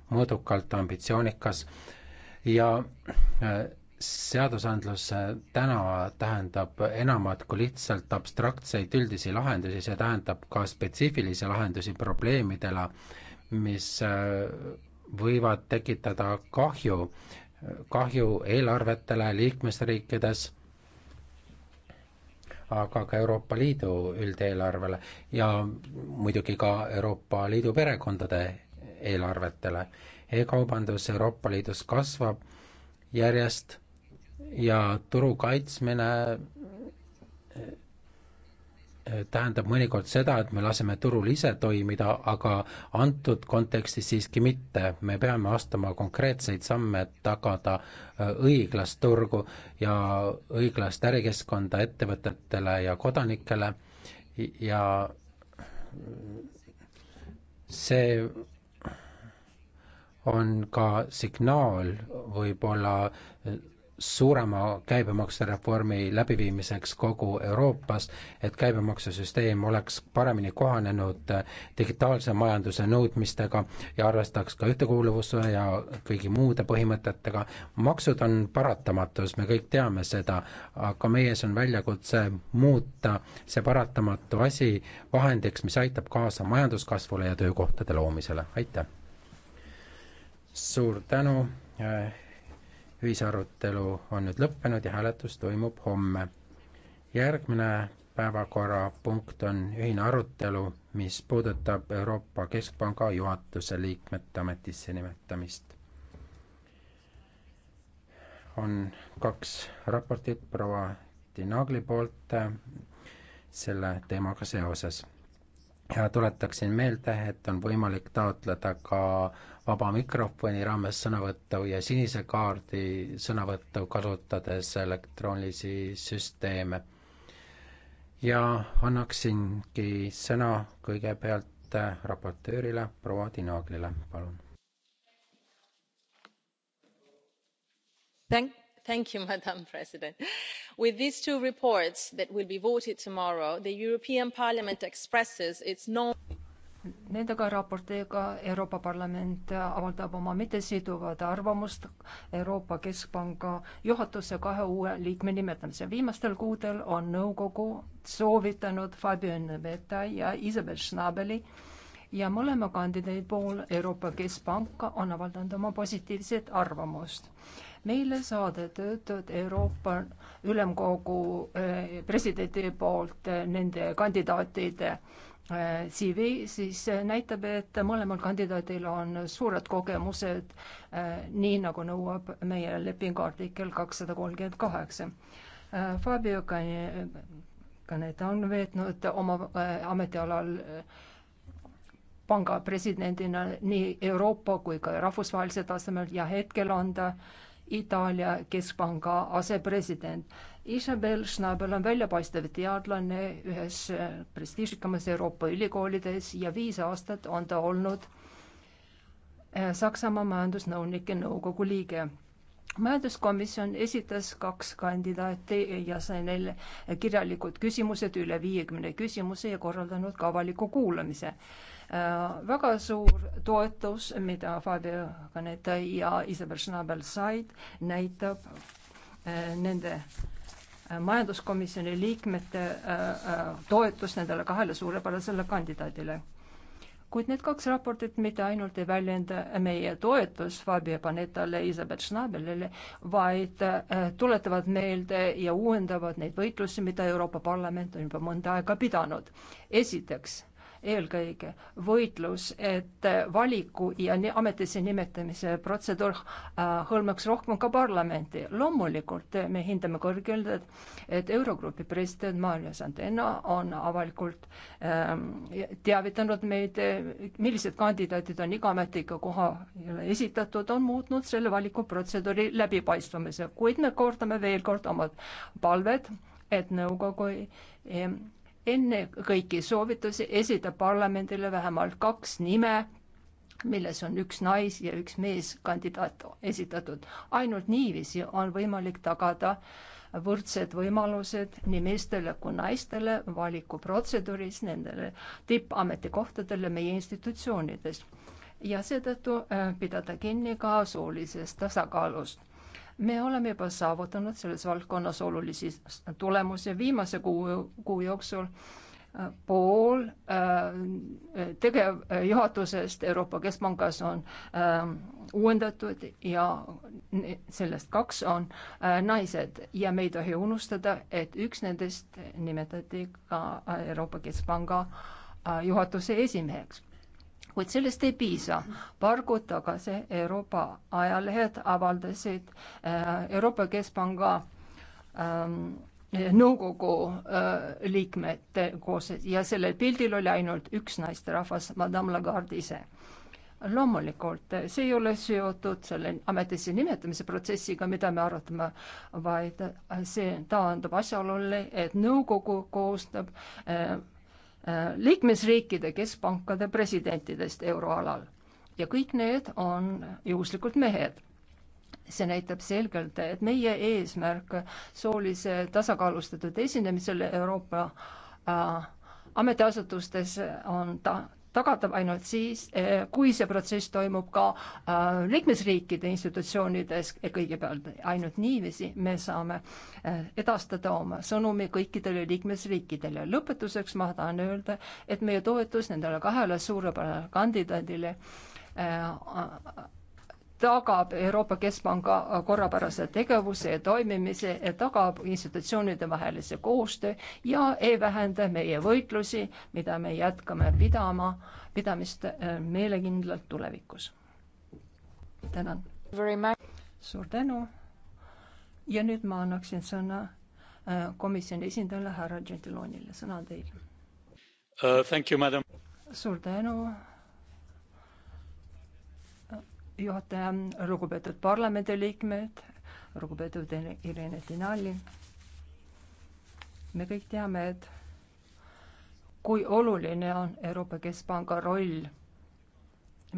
Speaker 1: mõõdukalt ambitsioonikas ja äh, seadusandlus äh, täna tähendab enamat kui lihtsalt abstraktseid üldisi lahendusi, see tähendab ka spetsiifilisi lahendusi probleemidele, mis äh, võivad tekitada kahju, kahju eelarvetele liikmesriikides, aga ka Euroopa Liidu üldeelarvele ja muidugi ka Euroopa Liidu perekondade eelarvetele e. e-kaubandus Euroopa Liidus kasvab järjest ja turu kaitsmine eh, eh, tähendab mõnikord seda, et me laseme turul ise toimida, aga antud kontekstis siiski mitte. me peame astuma konkreetseid samme, et tagada eh, õiglast turgu ja õiglast ärikeskkonda ettevõtetele ja kodanikele ja see on ka signaal võib-olla suurema käibemaksureformi läbiviimiseks kogu Euroopas, et käibemaksusüsteem oleks paremini kohanenud digitaalse majanduse nõudmistega ja arvestaks ka ühtekuuluvuse ja kõigi muude põhimõtetega. maksud on paratamatus, me kõik teame seda, aga meie ees on väljakutse muuta see paratamatu asi vahendiks, mis aitab kaasa majanduskasvule ja töökohtade loomisele, aitäh! suur tänu, äh, ühisarutelu on nüüd lõppenud ja hääletus toimub homme. järgmine päevakorrapunkt on ühine arutelu, mis puudutab Euroopa Keskpanga juhatuse liikmete ametisse nimetamist. on kaks raportit proua Dinagli poolt äh, selle teemaga seoses ja tuletaksin meelde, et on võimalik taotleda ka vaba mikrofoni raames sõnavõttu ja sinise kaardi sõnavõttu kasutades elektroonilisi süsteeme. ja annaksingi sõna kõigepealt raportöörile proua Dinaglile, palun.
Speaker 8: Thank, thank
Speaker 2: you, Madam President. With these two reports that will be voted tomorrow, the European
Speaker 3: Parliament expresses its non
Speaker 5: Nendega raportitega Euroopa Parlament avaldab oma mittesiduvat arvamust Euroopa Keskpanga juhatuse kahe uue liikme nimetamise. viimastel kuudel on nõukogu soovitanud Fabian Veta ja Isabel Schnabeli ja mõlema kandidaadi pool Euroopa Keskpanka on avaldanud oma positiivset arvamust. meile saadetud Euroopa Ülemkogu eh, presidendi poolt eh, nende kandidaatide äh, Äh, CV, siis äh, näitab, et mõlemal kandidaadil on suured kogemused, äh, nii nagu nõuab meie lepingu artikkel kakssada kolmkümmend kaheksa. Fabio Caneta on veetnud oma ametialal panga presidendina nii Euroopa kui ka rahvusvahelisel tasemel ja hetkel on ta Itaalia keskpanga asepresident Isabel Schnabel on väljapaistev teadlane ühes äh, prestiižikamas Euroopa ülikoolides ja viis aastat on ta olnud äh, Saksamaa majandusnõunike nõukogu liige. majanduskomisjon esitas kaks kandidaati ja sai neile äh, kirjalikud küsimused, üle viiekümne küsimuse ja korraldanud ka avaliku kuulamise väga suur toetus, mida Fabio Caneta ja Isabel Schnabel said, näitab nende Äh, majanduskomisjoni liikmete äh, äh, toetus nendele kahele suurepärasele kandidaadile. kuid need kaks raportit mitte ainult ei väljenda meie toetust Fabio Panetale, Elizabeth Schnabelile, vaid tuletavad meelde ja uuendavad neid võitlusi, mida Euroopa Parlament on juba mõnda aega pidanud. esiteks eelkõige võitlus, et valiku ja ametisse nimetamise protseduur äh, hõlmaks rohkem ka parlamenti. loomulikult me hindame kõrgelt, et Eurogrupi president Mario Santena on avalikult ähm, teavitanud meid, millised kandidaadid on iga ametiga kohale esitatud, on muutnud selle valikuprotseduuri läbipaistvamise, kuid me kordame veel kord oma palved, et nõukogu enne kõiki soovitusi esita parlamendile vähemalt kaks nime, milles on üks nais- ja üks meeskandidaat esitatud. ainult niiviisi on võimalik tagada võrdsed võimalused nii meestele kui naistele valikuprotseduuris nendele tippametikohtadele meie institutsioonides ja seetõttu äh, pidada kinni ka soolisest tasakaalust me oleme juba saavutanud selles valdkonnas olulisi tulemusi viimase kuu, kuu jooksul äh, pool äh, tegevjuhatusest äh, Euroopa Keskpangas on äh, uuendatud ja sellest kaks on äh, naised ja me ei tohi unustada, et üks nendest nimetati ka äh, Euroopa Keskpanga juhatuse esimeheks kuid sellest ei piisa. paar kuud tagasi Euroopa ajalehed avaldasid äh, Euroopa Keskpanga ähm, nõukogu äh, liikmete koos ja sellel pildil oli ainult üks naisterahvas, Madame Lagarde ise loomulikult, äh, see ei ole seotud selle ametisse nimetamise protsessiga, mida me arutame, vaid see taandub asjaolule, et nõukogu koostab äh, Äh, liikmesriikide keskpankade presidentidest euroalal ja kõik need on juhuslikult mehed. see näitab selgelt, et meie eesmärk soolise tasakaalustatud esinemisel Euroopa äh, ametiasutustes on ta tagatav ainult siis, eh, kui see protsess toimub ka eh, liikmesriikide institutsioonides kõigepealt. ainult niiviisi me saame eh, edastada oma sõnumi kõikidele liikmesriikidele. lõpetuseks ma tahan öelda, et meie toetus nendele kahele suurepärasele kandidaadile tagab Euroopa Keskpanga korrapärase tegevuse ja toimimise, tagab institutsioonide vahelise koostöö ja ei vähenda meie võitlusi, mida me jätkame pidama, pidamist äh, meelekindlalt tulevikus. tänan. suur tänu. ja nüüd ma annaksin sõna äh, komisjoni esindajale härra Gentilonile, sõna on teil
Speaker 9: uh,.
Speaker 5: suur tänu juhataja, lugupeetud parlamendiliikmed, lugupeetud Irene Dinali. me kõik teame, et kui oluline on Euroopa Keskpanga roll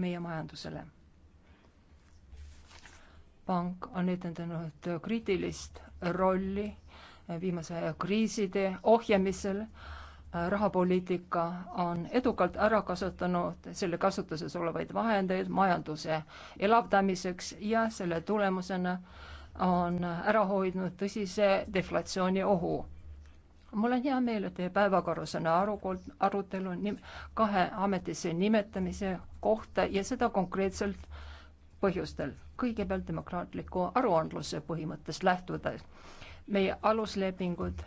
Speaker 5: meie majandusele. pank on etendanud kriitilist rolli viimase aja kriiside ohjamisel rahapoliitika on edukalt ära kasutanud selle kasutuses olevaid vahendeid majanduse elavdamiseks ja selle tulemusena on ära hoidnud tõsise deflatsiooni ohu. mul on hea meel, et teie päevakorras on aru, arutelu kahe ametisse nimetamise kohta ja seda konkreetselt põhjustel. kõigepealt demokraatliku aruandluse põhimõttest lähtudes. meie aluslepingud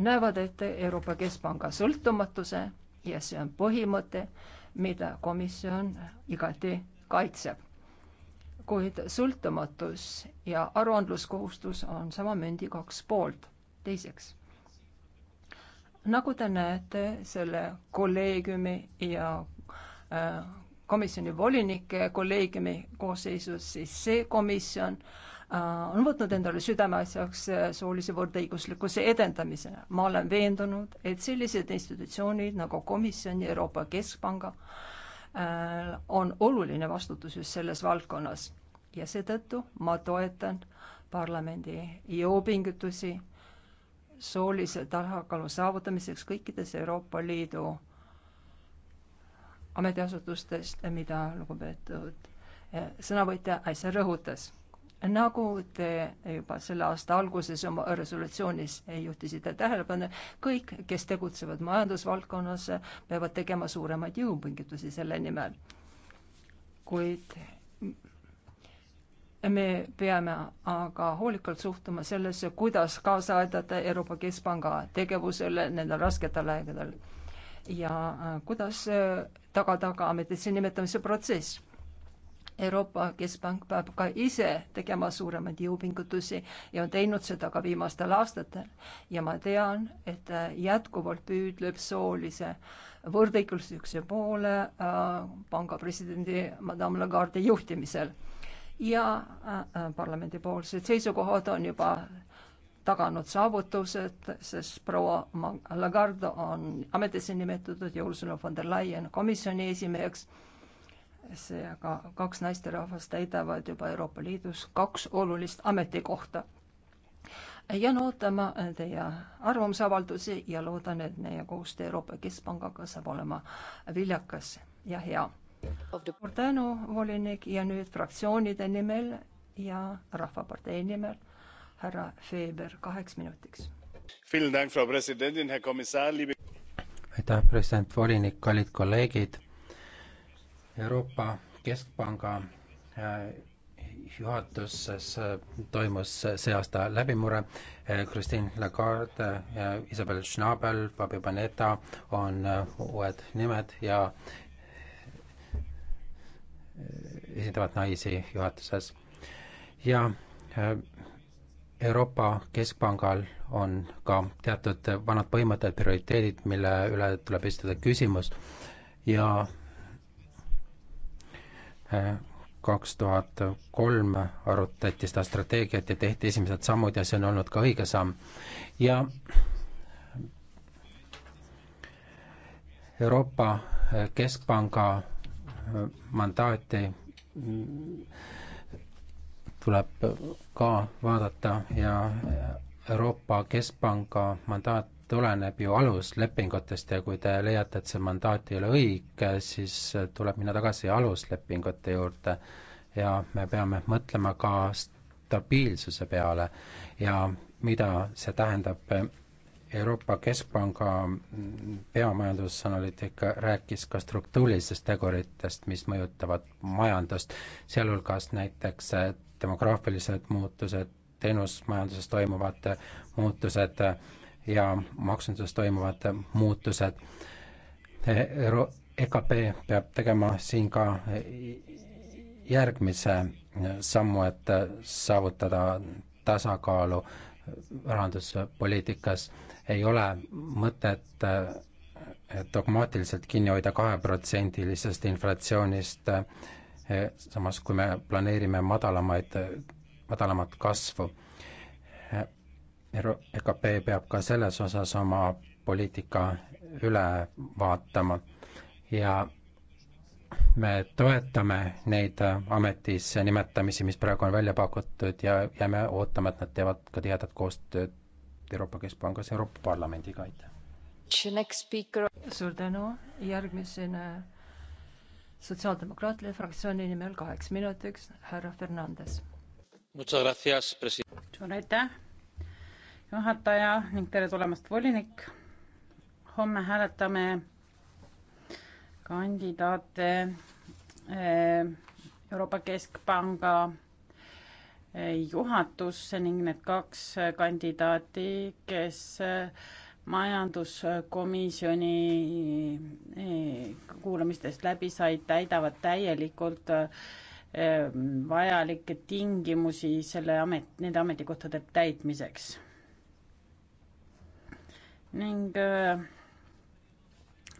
Speaker 5: näevad ette Euroopa Keskpanga sõltumatuse ja see on põhimõte, mida komisjon igati kaitseb. kuid sõltumatus ja aruandluskohustus on sama mündi kaks poolt. teiseks, nagu te näete selle kolleegiumi ja äh, komisjoni volinike kolleegiumi koosseisus, siis see komisjon äh, Äh, on võtnud endale südameasjaks äh, soolise võrdõiguslikkuse edendamisena. ma olen veendunud, et sellised institutsioonid nagu Komisjon ja Euroopa Keskpanga äh, on oluline vastutus just selles valdkonnas ja seetõttu ma toetan parlamendi jõupingutusi soolise tasakaalu saavutamiseks kõikides Euroopa Liidu ametiasutustest, mida lugupeetud sõnavõtja äsja rõhutas nagu te juba selle aasta alguses oma resolutsioonis juhtisite tähelepanu, kõik, kes tegutsevad majandusvaldkonnas, peavad tegema suuremaid jõupingutusi selle nimel. kuid me peame aga hoolikalt suhtuma sellesse, kuidas kaasa aidata Euroopa Keskpanga tegevusele nendel rasketel aegadel ja äh, kuidas äh, tagada -taga ka ametisse nimetamise protsess Euroopa Keskpank peab ka ise tegema suuremaid jõupingutusi ja on teinud seda ka viimastel aastatel. ja ma tean, et jätkuvalt püüdleb soolise võrdõiguslikkuse poole äh, panga presidendi Madame Lagarde juhtimisel. ja äh, parlamendipoolsed seisukohad on juba taganud saavutused, sest proua Lagarde on ametisse nimetatud ja Ursula von der Leyen komisjoni esimeheks seega kaks naisterahvast täidavad juba Euroopa Liidus kaks olulist ametikohta. jään ootama teie arvamusavaldusi ja loodan, et meie koostöö Euroopa Keskpangaga saab olema viljakas ja hea. suur tänu, volinik, ja nüüd fraktsioonide nimel ja Rahvapartei nimel härra Feber kaheks minutiks.
Speaker 1: aitäh, president, volinik, kallid kolleegid Euroopa Keskpanga äh, juhatuses äh, toimus see aasta läbimurre. Äh, Christine Lagarde, Isabel Schnabel, Fabio Panetta on uued nimed ja esindavad naisi juhatuses. ja Euroopa Keskpangal on ka teatud vanad põhimõtted, prioriteedid, mille üle tuleb esitada küsimus ja kaks tuhat kolm arutati seda strateegiat ja tehti esimesed sammud ja see on olnud ka õige samm. ja Euroopa Keskpanga mandaati tuleb ka vaadata ja Euroopa Keskpanga mandaat tuleneb ju aluslepingutest ja kui te leiate, et see mandaat ei ole õige, siis tuleb minna tagasi aluslepingute juurde ja me peame mõtlema ka stabiilsuse peale ja mida see tähendab. Euroopa Keskpanga peamajandusanalüütik rääkis ka struktuurilistest teguritest, mis mõjutavad majandust, sealhulgas näiteks demograafilised muutused, teenusmajanduses toimuvad muutused äh,, ja maksunduses toimuvad muutused. Euro-, EKP peab tegema siin ka järgmise sammu, et saavutada tasakaalu rahanduspoliitikas. ei ole mõtet dogmaatiliselt kinni hoida kaheprotsendilisest inflatsioonist, samas kui me planeerime madalamaid, madalamat kasvu EKP peab ka selles osas oma poliitika üle vaatama ja me toetame neid ametisse nimetamisi, mis praegu on välja pakutud ja jääme ootama, et nad teevad ka tihedat koostööd Euroopa Keskpangas Euroopa Parlamendiga, aitäh.
Speaker 5: suur tänu, järgmisena sotsiaaldemokraatide fraktsiooni nimel kaheks minutiks härra Fernandes.
Speaker 9: suur
Speaker 5: aitäh
Speaker 11: juhataja ning tere tulemast, volinik. homme hääletame kandidaate eh, Euroopa Keskpanga eh, juhatusse ning need kaks kandidaati, kes eh, majanduskomisjoni kuulamistest läbi said, täidavad täielikult vajalikke tingimusi selle amet, nende ametikohtade täitmiseks ning äh,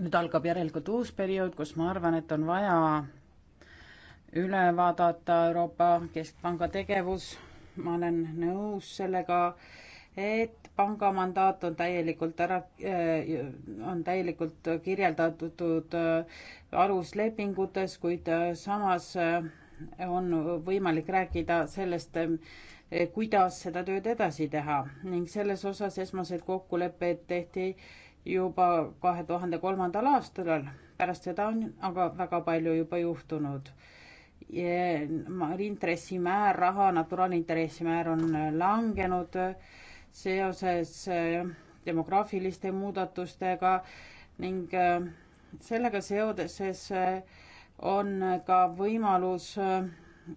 Speaker 11: nüüd algab järelikult uus periood, kus ma arvan, et on vaja üle vaadata Euroopa Keskpanga tegevus. ma olen nõus sellega, et panga mandaat on täielikult ära, äh, on täielikult kirjeldatud äh, aluslepingutes, kuid samas on võimalik rääkida sellest, Eh, kuidas seda tööd edasi teha ning selles osas esmased kokkulepped tehti juba kahe tuhande kolmandal aastal, pärast seda on aga väga palju juba juhtunud. intressimäär, raha naturaalintressimäär on langenud seoses eh, demograafiliste muudatustega ning eh, sellega seoses on ka võimalus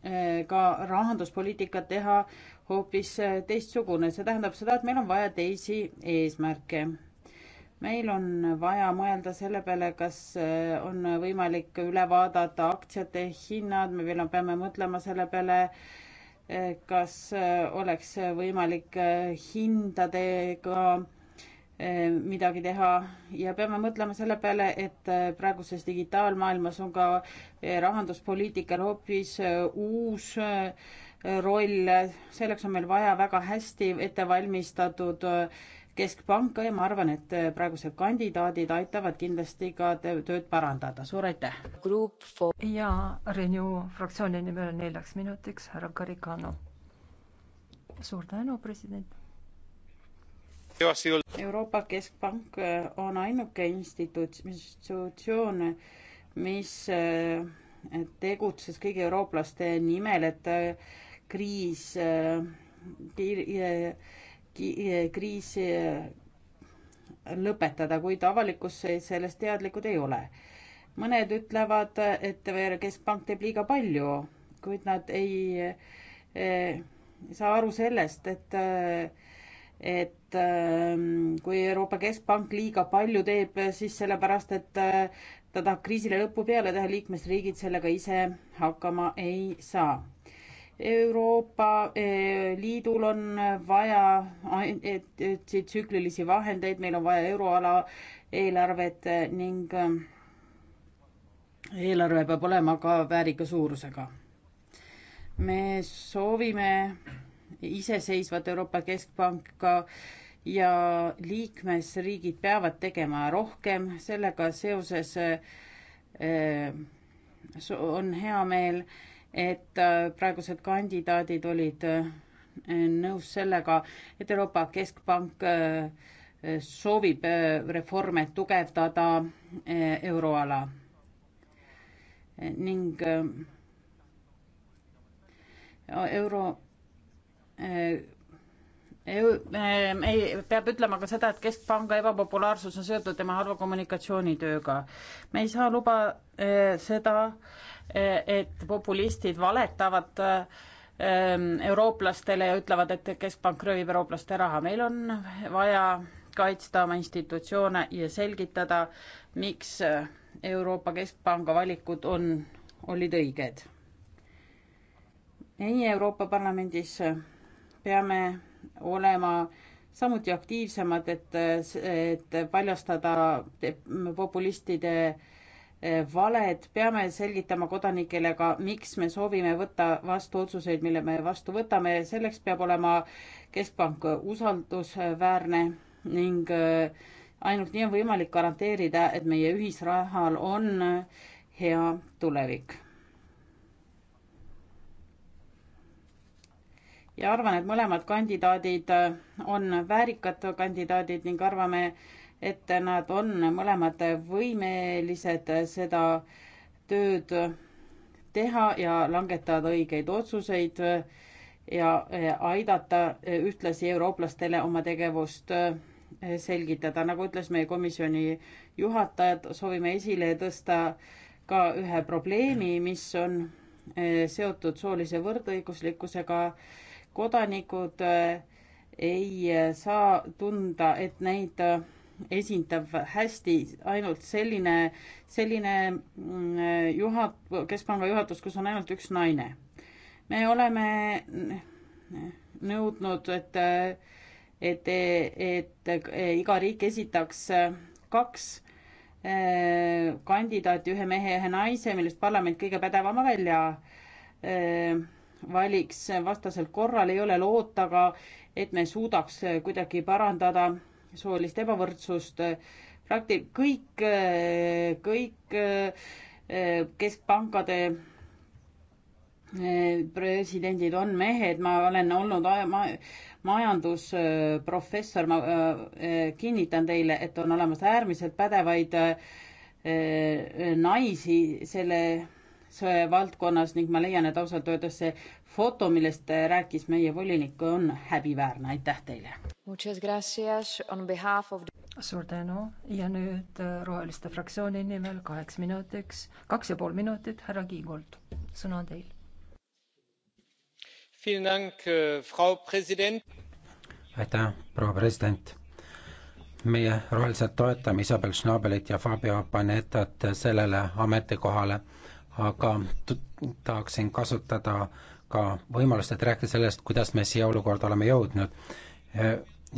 Speaker 11: Eh, ka rahanduspoliitikat teha hoopis eh, teistsugune, see tähendab seda, et meil on vaja teisi eesmärke. meil on vaja mõelda selle peale, kas eh, on võimalik üle vaadata aktsiate hinnad, me veel peame mõtlema selle peale, kas oleks võimalik hindadega Eh, midagi teha ja peame mõtlema selle peale, et eh, praeguses digitaalmaailmas on ka eh, rahanduspoliitikal hoopis uus roll, selleks on meil vaja väga hästi ettevalmistatud keskpanka ja ma arvan, et praegused kandidaadid aitavad
Speaker 5: kindlasti ka tööd parandada, suur aitäh! ja Renew fraktsiooni nimel neljaks minutiks härra Garicano. suur tänu, president! Euroopa Keskpank eh, on ainuke instituut,
Speaker 11: institutsioon, mis eh, tegutses kõigi eurooplaste nimel, et eh, kriis, kriis lõpetada, kuid avalikkus sellest teadlikud ei ole. mõned ütlevad, et keskpank teeb liiga palju, kuid nad ei saa aru sellest, et et ähm, kui Euroopa Keskpank liiga palju teeb, siis sellepärast, et äh, ta tahab kriisile lõpu peale teha, liikmesriigid sellega ise hakkama ei saa. Euroopa äh, Liidul on vaja tsüklilisi vahendeid, meil on vaja euroala eelarvet äh, ning eelarve peab olema ka väärika suurusega. me soovime iseseisvat Euroopa Keskpanka ja liikmesriigid peavad tegema rohkem, sellega seoses äh, on hea meel, et äh, praegused kandidaadid olid äh, nõus sellega, et Euroopa Keskpank soovib reforme tugevdada euroala ning euro Äh, ähm, ei, peab ütlema ka seda, et Keskpanga ebapopulaarsus on seotud tema halva kommunikatsioonitööga. me ei saa luba äh, seda, äh, et populistid valetavad ähm, eurooplastele ja ütlevad, et Keskpank röövib eurooplaste raha. meil on vaja kaitsta oma institutsioone ja selgitada, miks Euroopa Keskpanga valikud on, olid õiged. meie Euroopa Parlamendis peame olema samuti aktiivsemad, et, et paljastada populistide eh, valed, peame selgitama kodanikele ka, miks me soovime võtta vastu otsuseid, mille me vastu võtame, selleks peab olema keskpank usaldusväärne ning eh, ainult nii on võimalik garanteerida, et meie ühisrahal on eh, hea tulevik. ja arvan, et mõlemad kandidaadid äh, on väärikad kandidaadid ning arvame, et nad on mõlemad võimelised seda tööd teha ja langetada õigeid otsuseid äh, ja äh, aidata ühtlasi eurooplastele oma tegevust selgitada. nagu ütles meie komisjoni juhataja, soovime esile tõsta ka ühe probleemi, mis on seotud soolise võrdõiguslikkusega kodanikud eh, ei eh, saa tunda, et neid eh, esindab hästi ainult selline, selline mm, juhat-, keskpanga juhatus, kus on ainult üks naine. me oleme nõudnud, et, et, et iga riik esitaks kaks kandidaati, ühe mehe ja ühe naise, millest parlament kõige pädevama välja valiks, vastasel korral ei ole loota ka, et me suudaks kuidagi parandada soolist ebavõrdsust. prakti-, kõik, kõik keskpankade presidendid on mehed, ma olen olnud ma, majandusprofessor, ma kinnitan teile, et on olemas äärmiselt pädevaid naisi selle valdkonnas ning ma leian, et ausalt öeldes see foto, millest rääkis meie volinik, on häbiväärne, aitäh teile.
Speaker 5: Of... suur tänu ja nüüd äh, Roheliste fraktsiooni nimel kaheks minutiks, kaks ja pool minutit, härra Kiigolt, sõna on teil.
Speaker 9: Äh,
Speaker 1: aitäh, proua president meie roheliselt toetame Isabel Schnabelit ja Fabio Panetat sellele ametikohale, aga tahaksin kasutada ka võimalust, et rääkida sellest, kuidas me siia olukorda oleme jõudnud.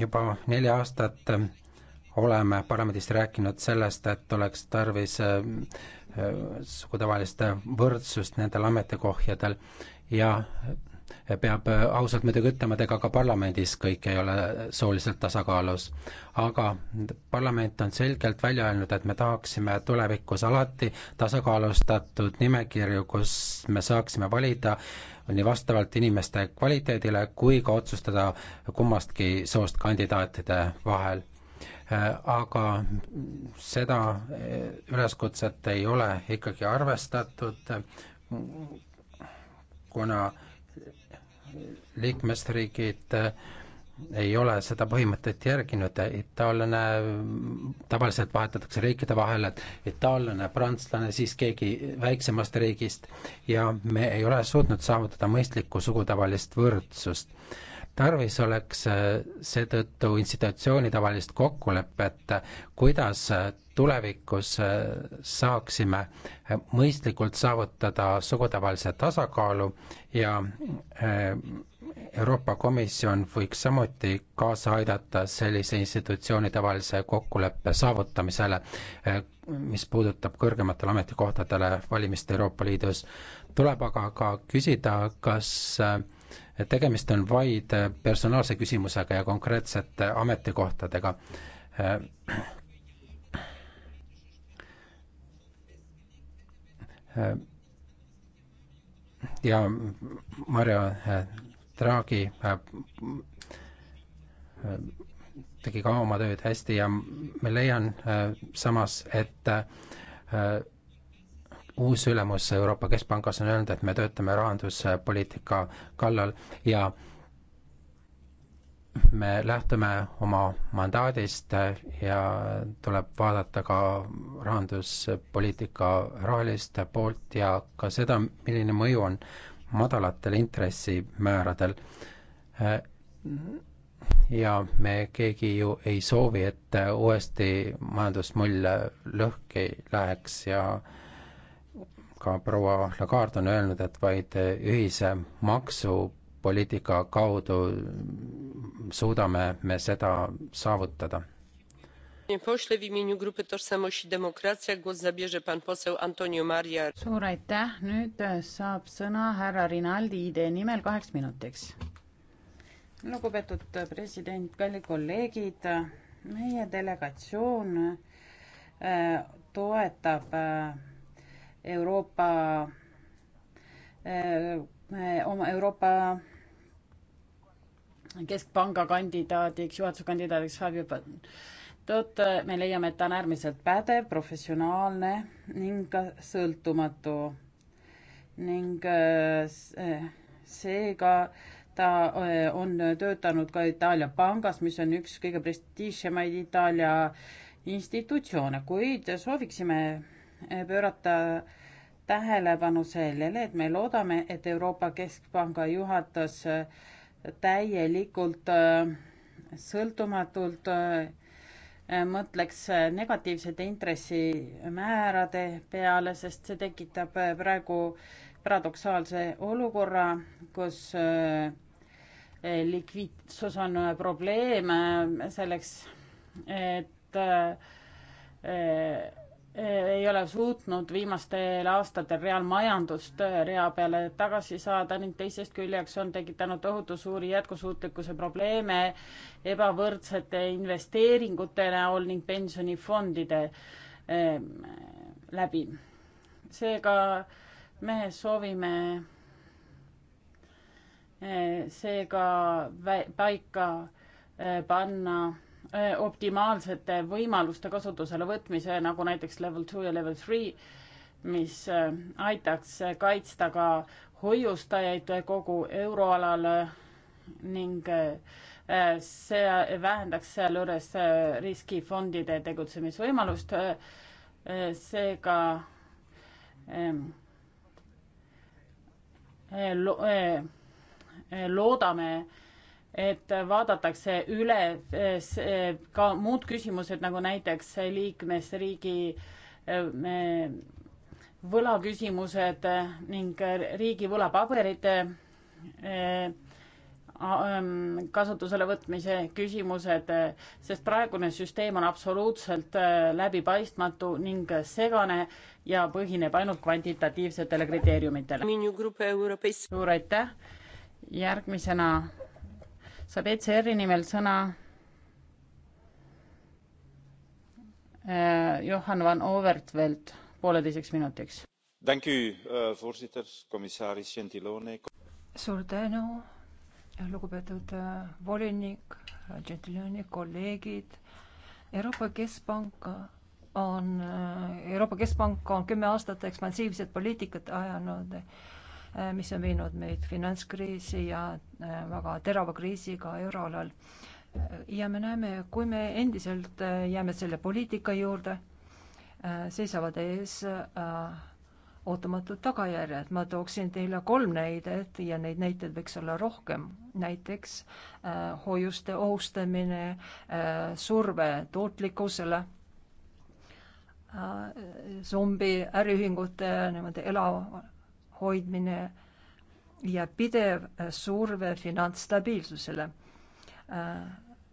Speaker 1: juba neli aastat oleme parlamendis rääkinud sellest, et oleks tarvis äh, sugudevahelist võrdsust nendel ametikohjadel ja peab äh, ausalt muidugi ütlema, et ega ka parlamendis kõik ei ole äh, sooliselt tasakaalus. aga parlament on selgelt välja öelnud, et me tahaksime tulevikus alati tasakaalustatud nimekirju, kus me saaksime valida nii vastavalt inimeste kvaliteedile kui ka otsustada kummastki soost kandidaatide vahel äh, aga seda üleskutset ei ole ikkagi arvestatud, kuna äh, liikmesriigid äh, ei ole seda põhimõtet järginud, itaallane, tavaliselt vahetatakse riikide vahel, et itaallane, prantslane, siis keegi väiksemast riigist ja me ei ole suutnud saavutada mõistlikku sugutavalist võrdsust tarvis oleks äh, seetõttu institutsioonide vahelist kokkulepet, kuidas äh, tulevikus äh, saaksime mõistlikult saavutada sugudevahelise tasakaalu ja Euroopa Komisjon võiks samuti kaasa aidata sellise institutsioonide vahelise kokkuleppe saavutamisele, mis puudutab kõrgematele ametikohtadele valimist Euroopa Liidus. tuleb aga ka küsida, kas äh, et tegemist on vaid personaalse küsimusega ja konkreetsete ametikohtadega. ja Mario Draghi tegi ka oma tööd hästi ja ma leian samas, et uus ülemus Euroopa Keskpangas on öelnud, et me töötame rahanduspoliitika kallal ja me lähtume oma mandaadist ja tuleb vaadata ka rahanduspoliitika rahalist poolt ja ka seda, milline mõju on madalatel intressimääradel. ja me keegi ju ei soovi, et uuesti majandusmull lõhki läheks ja äh, ka proua Lagarde on öelnud, et vaid ühise maksupoliitika kaudu suudame me seda saavutada.
Speaker 7: suur
Speaker 11: aitäh, nüüd e, saab sõna härra Rinaldi idee nimel kaheks minutiks.
Speaker 7: lugupeetud president,
Speaker 11: kallid kolleegid, meie delegatsioon e, toetab e, Euroopa, eh, oma Euroopa keskpanga kandidaadiks, juhatuse kandidaadiks Fabio Patot, me leiame, et ta on äärmiselt pädev, professionaalne ning ka sõltumatu. ning eh, seega ta eh, on töötanud ka Itaalia pangas, mis on üks kõige prestiižsemaid Itaalia institutsioone, kuid sooviksime pöörata tähelepanu sellele, et me loodame, et Euroopa Keskpanga juhatus täielikult äh, sõltumatult äh, mõtleks negatiivsete intressimäärade peale, sest see tekitab äh, praegu paradoksaalse olukorra, kus likviidsus on probleem selleks, et ei ole suutnud viimastel aastatel reaalmajandust äh, rea peale tagasi saada ning teisest küljest on tekitanud tohutu suuri jätkusuutlikkuse probleeme ebavõrdsete investeeringute näol ning pensionifondide eh, läbi. seega me soovime eh, seega paika eh, panna Äh, optimaalsete võimaluste kasutusele võtmise, nagu näiteks level two ja level three, mis äh, aitaks kaitsta ka hoiustajaid kogu euroalal ning äh, see vähendaks sealjuures riskifondide tegutsemisvõimalust. seega ähm, loodame, et vaadatakse üle eh, ka muud küsimused, nagu näiteks liikmesriigi eh, võlaküsimused eh, ning riigi võlapaberite ähm, kasutusele võtmise küsimused, sest praegune süsteem on absoluutselt läbipaistmatu ning segane ja põhineb ainult kvantitatiivsetele kriteeriumitele. suur aitäh, järgmisena saab ECR-i nimel sõna äh, Johan van
Speaker 5: Overtveld pooleteiseks minutiks.
Speaker 4: Äh,
Speaker 5: suur tänu, lugupeetud äh, volinik, džentelmeni kolleegid. Euroopa Keskpank on, Euroopa Keskpank on kümme aastat ekspansiivset poliitikat ajanud Äh, mis on viinud meid finantskriisi ja äh, väga terava kriisiga euroalal. Äh, ja me näeme, kui me endiselt jääme selle poliitika juurde, seisavad ees ootamatud tagajärjed. ma tooksin teile kolm näidet ja neid näiteid võiks olla rohkem. näiteks äh, hoiuste ohustamine äh,, surve tootlikkusele äh,, zombi äriühingute niimoodi elava hoidmine ja pidev äh, surve finantsstabiilsusele. Äh,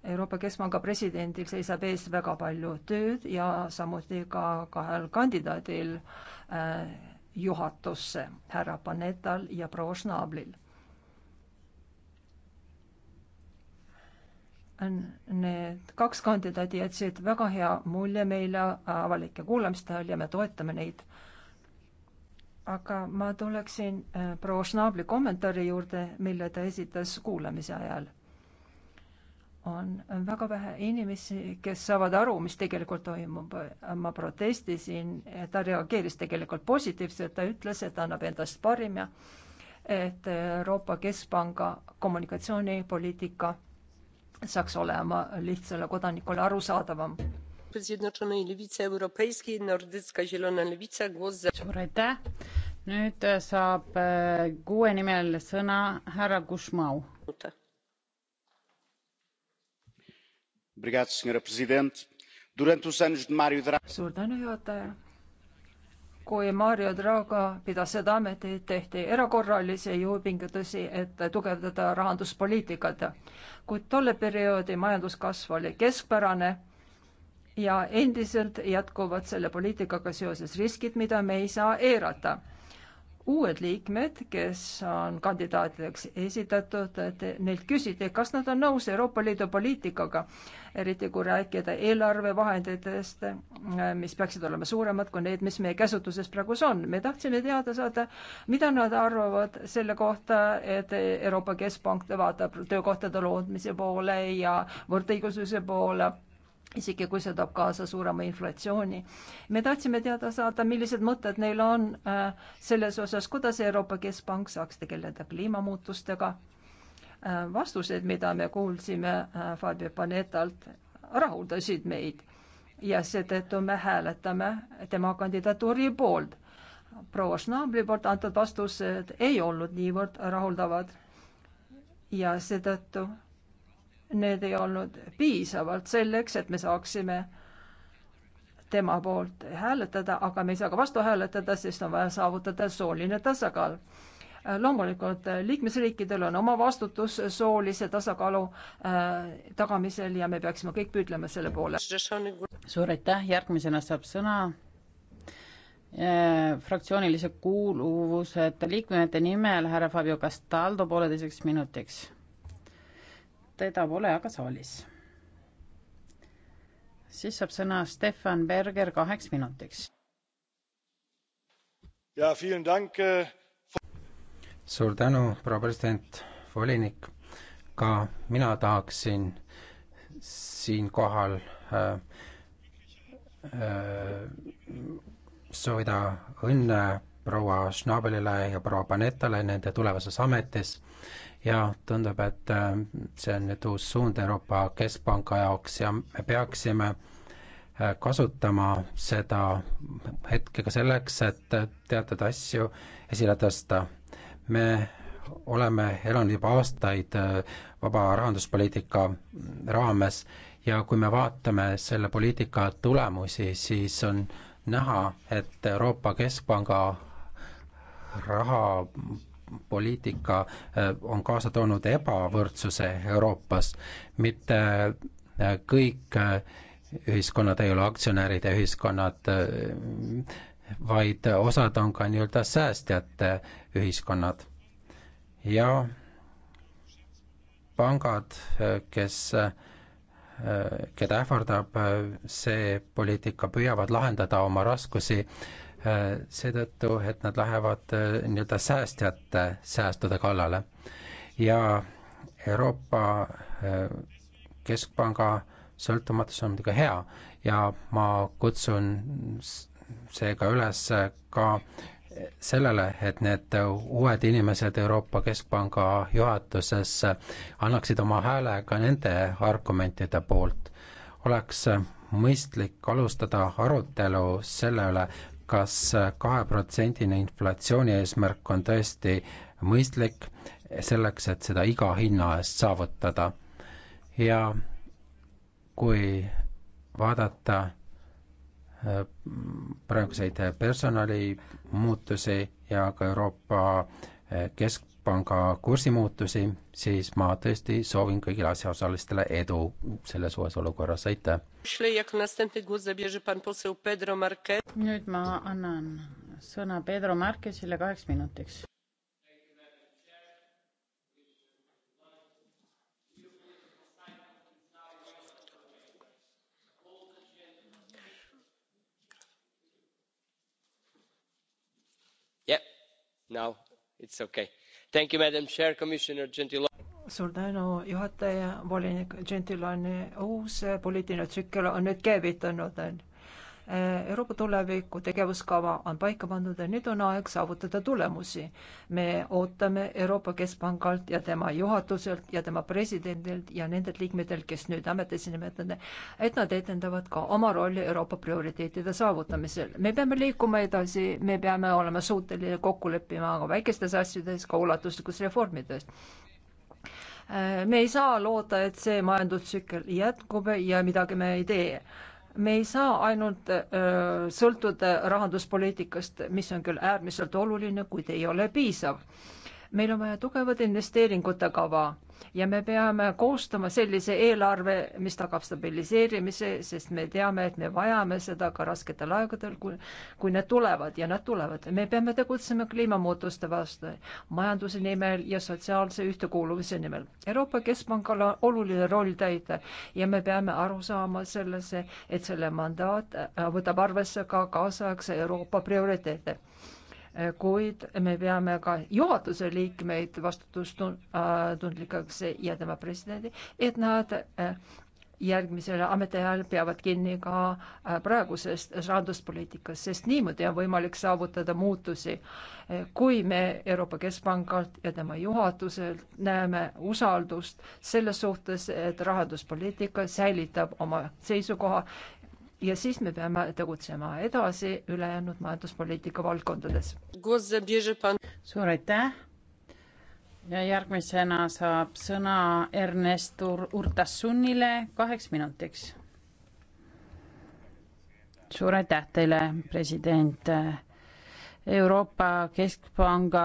Speaker 5: Euroopa Keskpanga presidendil seisab ees väga palju tööd ja samuti ka kahel kandidaadil äh, juhatusse, härra Panetal ja proua Schnablil. Need kaks kandidaadi jätsid väga hea mulje meile avalike kuulamiste ajal ja me toetame neid äh, aga ma tuleksin äh, proua Schnabli kommentaari juurde, mille ta esitas kuulamise ajal. on väga vähe inimesi, kes saavad aru, mis tegelikult toimub. ma protestisin, ta reageeris tegelikult positiivselt, ta ütles, et annab endast parim ja et Euroopa Keskpanga kommunikatsioonipoliitika saaks olema lihtsale kodanikule arusaadavam
Speaker 7: suur aitäh!
Speaker 5: nüüd äh, saab gue äh,
Speaker 11: nimel sõna härra Gusmao.
Speaker 7: suur tänu, juhataja!
Speaker 5: kui Mario Draga pidas seda ametit, tehti erakorralisi jõupingutusi, et tugevdada rahanduspoliitikat. kuid tolle perioodi majanduskasv oli keskpärane ja endiselt jätkuvad selle poliitikaga seoses riskid, mida me ei saa eirata. uued liikmed, kes on kandidaatideks esitatud, neilt küsiti, kas nad on nõus Euroopa Liidu poliitikaga, eriti kui rääkida eelarvevahenditest, mis peaksid olema suuremad kui need, mis meie käsutuses praegu on. me tahtsime teada saada, mida nad arvavad selle kohta, et Euroopa Keskpank vaatab töökohtade loodmise poole ja võrdõiguslikkuse poole isegi kui see toob kaasa suurema inflatsiooni. me tahtsime teada saada, millised mõtted neil on äh, selles osas, kuidas Euroopa Keskpank saaks tegeleda kliimamuutustega. Äh, vastused, mida me kuulsime äh, Fabio Panetalt, rahuldasid meid ja seetõttu me hääletame tema kandidatuuri poolt. proua Schnabli poolt antud vastused ei olnud niivõrd rahuldavad ja seetõttu need ei olnud piisavalt selleks, et me saaksime tema poolt hääletada, aga me ei saa ka vastu hääletada, sest on vaja saavutada sooline tasakaal. loomulikult liikmesriikidel on oma vastutus soolise tasakaalu äh, tagamisel ja me peaksime kõik püüdlema selle poole. suur aitäh, järgmisena saab sõna äh,
Speaker 11: fraktsioonilise kuuluvuseta liikmete nimel härra Fabio Castaldo pooleteiseks minutiks teda pole aga saalis. siis saab sõna Stefan Berger kaheks minutiks.
Speaker 4: Äh,
Speaker 1: suur tänu, proua president, volinik. ka mina tahaksin siinkohal äh, äh, soovida õnne proua Schnabelile ja proua Panettale nende tulevases ametis ja tundub, et äh, see on nüüd uus suund Euroopa Keskpanga jaoks ja me peaksime äh, kasutama seda hetke ka selleks, et äh, teatud asju esile tõsta. me oleme elanud juba aastaid vaba rahanduspoliitika raames ja kui me vaatame selle poliitika tulemusi, siis on näha, et Euroopa Keskpanga raha poliitika äh, on kaasa toonud ebavõrdsuse Euroopas, mitte äh, kõik äh, ühiskonnad ei ole aktsionäride ühiskonnad, vaid osad on ka nii-öelda säästjate ühiskonnad. ja pangad, kes, keda ähvardab see poliitika, püüavad lahendada oma raskusi Äh, seetõttu, et nad lähevad äh, nii-öelda säästjate säästude kallale. ja Euroopa äh, Keskpanga sõltumatus on muidugi hea ja ma kutsun seega üles ka sellele, et need uued inimesed Euroopa Keskpanga juhatuses annaksid oma hääle ka nende argumentide poolt. oleks mõistlik alustada arutelu selle üle, kas kaheprotsendine inflatsiooni eesmärk on tõesti mõistlik selleks, et seda iga hinna eest saavutada. ja kui vaadata äh, praeguseid personalimuutusi ja ka Euroopa äh, kesk-, Keskpanga kursimuutusi, siis ma tõesti soovin kõigile asjaosalistele edu selles uues olukorras, aitäh!
Speaker 7: nüüd
Speaker 11: ma annan sõna Pedro Marquesile kaheks minutiks.
Speaker 7: Yeah, now it's okay
Speaker 5: suur tänu, juhataja, volinik Gentiloni uus poliitiline tsükkel on nüüd käivitunud Äh, Euroopa tuleviku tegevuskava on paika pandud ja nüüd on aeg saavutada tulemusi. me ootame Euroopa Keskpangalt ja tema juhatuselt ja tema presidendilt ja nendelt liikmetelt, kes nüüd ametisse nimetada, et nad etendavad ka oma rolli Euroopa prioriteetide saavutamisel. me peame liikuma edasi, me peame olema suuteline kokku leppima ka väikestes asjades, ka ulatuslikus reformides äh, me ei saa loota, et see majandustsükkel jätkub ja midagi me ei tee me ei saa ainult öö, sõltuda rahanduspoliitikast, mis on küll äärmiselt oluline, kuid ei ole piisav. meil on vaja tugevat investeeringute kava ja me peame koostama sellise eelarve, mis tagab stabiliseerimise, sest me teame, et me vajame seda ka rasketel aegadel, kui, kui need tulevad ja nad tulevad. me peame tegutsema kliimamuutuste vastu, majanduse nimel ja sotsiaalse ühtekuuluvuse nimel. Euroopa Keskpangal on oluline roll täita ja me peame aru saama sellesse, et selle mandaat äh, võtab arvesse ka kaasaegse Euroopa prioriteete kuid me peame ka juhatuse liikmeid vastutustundlikeks jätma presidendi, et nad eh, järgmisel ametiajal peavad kinni ka eh, praegusest rahanduspoliitikast, sest niimoodi on võimalik saavutada muutusi. Eh, kui me Euroopa Keskpangalt ja tema juhatuselt näeme usaldust selles suhtes, et rahanduspoliitika säilitab oma seisukoha ja siis me peame tegutsema edasi ülejäänud majanduspoliitika valdkondades. suur aitäh
Speaker 11: ja järgmisena saab sõna Ernest Ur-, Urtasunile kaheks minutiks. suur aitäh teile, president. Euroopa Keskpanga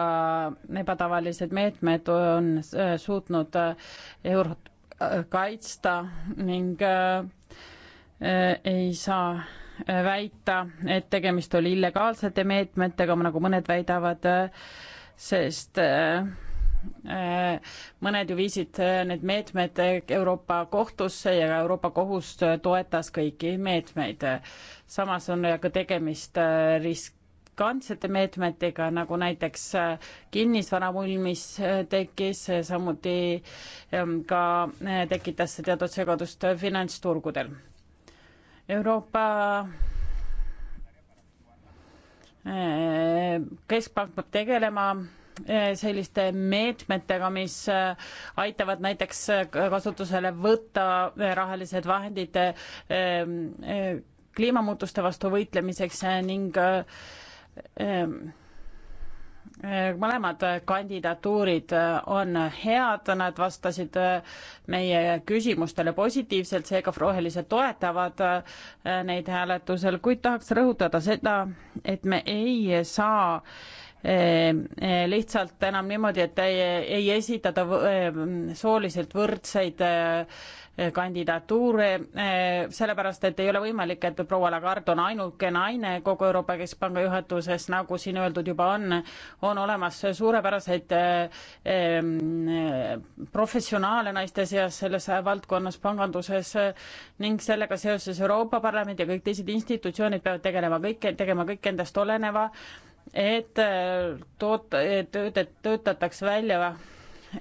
Speaker 11: ebatavalised meetmed on äh, suutnud äh, eurot äh, kaitsta ning äh, Äh, ei saa äh, väita, et tegemist oli illegaalsete meetmetega, nagu mõned väidavad, äh, sest mõned ju viisid need meetmed Euroopa kohtusse ja Euroopa kohus toetas kõiki meetmeid. samas on aga tegemist riskantsete meetmetega, nagu näiteks kinnisvara mulmis tekkis, samuti ähm, ka tekitas see teatud segadust finantsturgudel Euroopa eh, keskpank peab tegelema eh, selliste meetmetega, mis eh, aitavad näiteks kasutusele võtta rahalised vahendid kliimamuutuste vastu võitlemiseks ning Eh, mõlemad kandidatuurid eh, on head, nad vastasid eh, meie küsimustele positiivselt, seega rohelised toetavad neid hääletusel, kuid tahaks rõhutada seda, et me ei saa lihtsalt enam niimoodi, et ei, ei esitata sooliselt võrdseid kandidatuure, eh, sellepärast et ei ole võimalik, et proua Lagarde on ainuke naine kogu Euroopa Keskpanga juhatuses, nagu siin öeldud juba on, on olemas suurepäraseid eh, eh, professionaale naiste seas selles valdkonnas, panganduses ning sellega seoses Euroopa Parlament ja kõik teised institutsioonid peavad tegelema kõike, tegema kõik endast oleneva, et toot-, tööt-, töötataks välja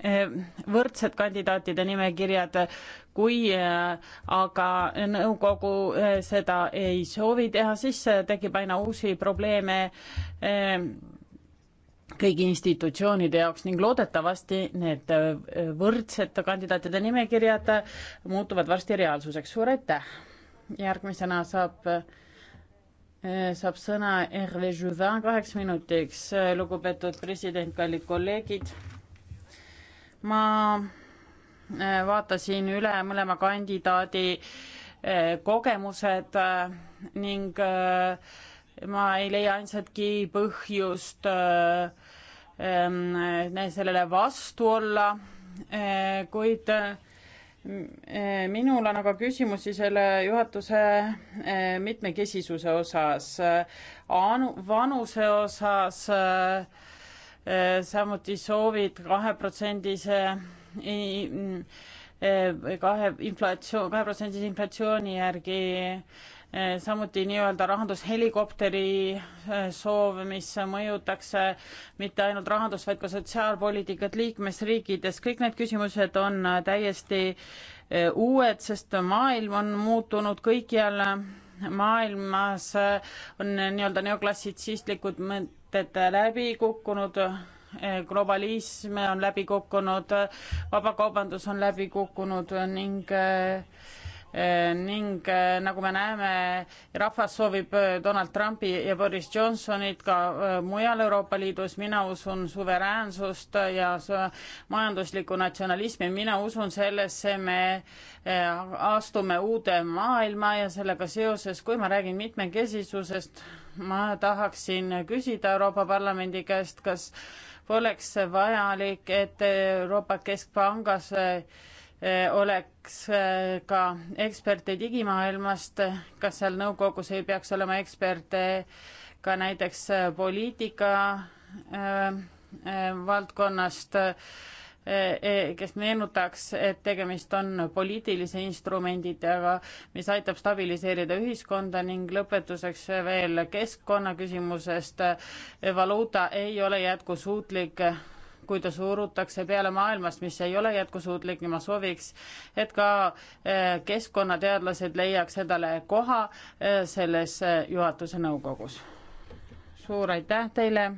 Speaker 11: võrdsed kandidaatide nimekirjad, kui äh, aga nõukogu äh, seda ei soovi teha, siis äh, tekib aina uusi probleeme kõigi institutsioonide jaoks ning loodetavasti need võrdsete kandidaatide nimekirjad muutuvad varsti reaalsuseks. suur aitäh! järgmisena saab, saab sõna Hervé Juvin kaheks minutiks. lugupeetud president, kallid kolleegid ma äh, vaatasin üle mõlema kandidaadi äh, kogemused äh, ning ma ei leia ainsatki põhjust ähm, sellele vastu olla, kuid minul on aga küsimusi selle juhatuse mitmekesisuse osas, vanuse osas Äh, samuti soovid kaheprotsendise äh, kahe inflatsioon, kaheprotsendise inflatsiooni järgi, äh, samuti nii-öelda rahandushelikopteri soov, mis mõjutaks mitte ainult rahandust, vaid ka sotsiaalpoliitikat liikmesriikides, kõik need küsimused on täiesti uued, sest maailm on muutunud kõikjal maailmas on nii-öelda neoklassitsistlikud mõt-, mõtted läbi kukkunud, globalism on läbi kukkunud, vabakaubandus on läbi kukkunud ning ning nagu me näeme, rahvas soovib Donald Trumpi ja Boris Johnsonit ka mujal Euroopa Liidus, mina usun suveräänsust ja majanduslikku natsionalismi, mina usun sellesse, me eh, astume uude maailma ja sellega seoses, kui ma räägin mitmekesisusest, ma tahaksin küsida Euroopa Parlamendi käest, kas poleks vajalik, et Euroopa Keskpangas eh, oleks eh, ka eksperte digimaailmast, kas seal nõukogus ei peaks olema eksperte ka näiteks poliitika äh, äh, valdkonnast äh,, E, e, kes meenutaks, et tegemist on poliitilise instrumendidega, mis aitab stabiliseerida ühiskonda ning lõpetuseks veel keskkonnaküsimusest. valuuta ei ole jätkusuutlik kui ta surutakse peale maailmast, mis ei ole jätkusuutlik, nii ma sooviks, et ka e, keskkonnateadlased leiaks endale koha selles juhatuse nõukogus. suur aitäh teile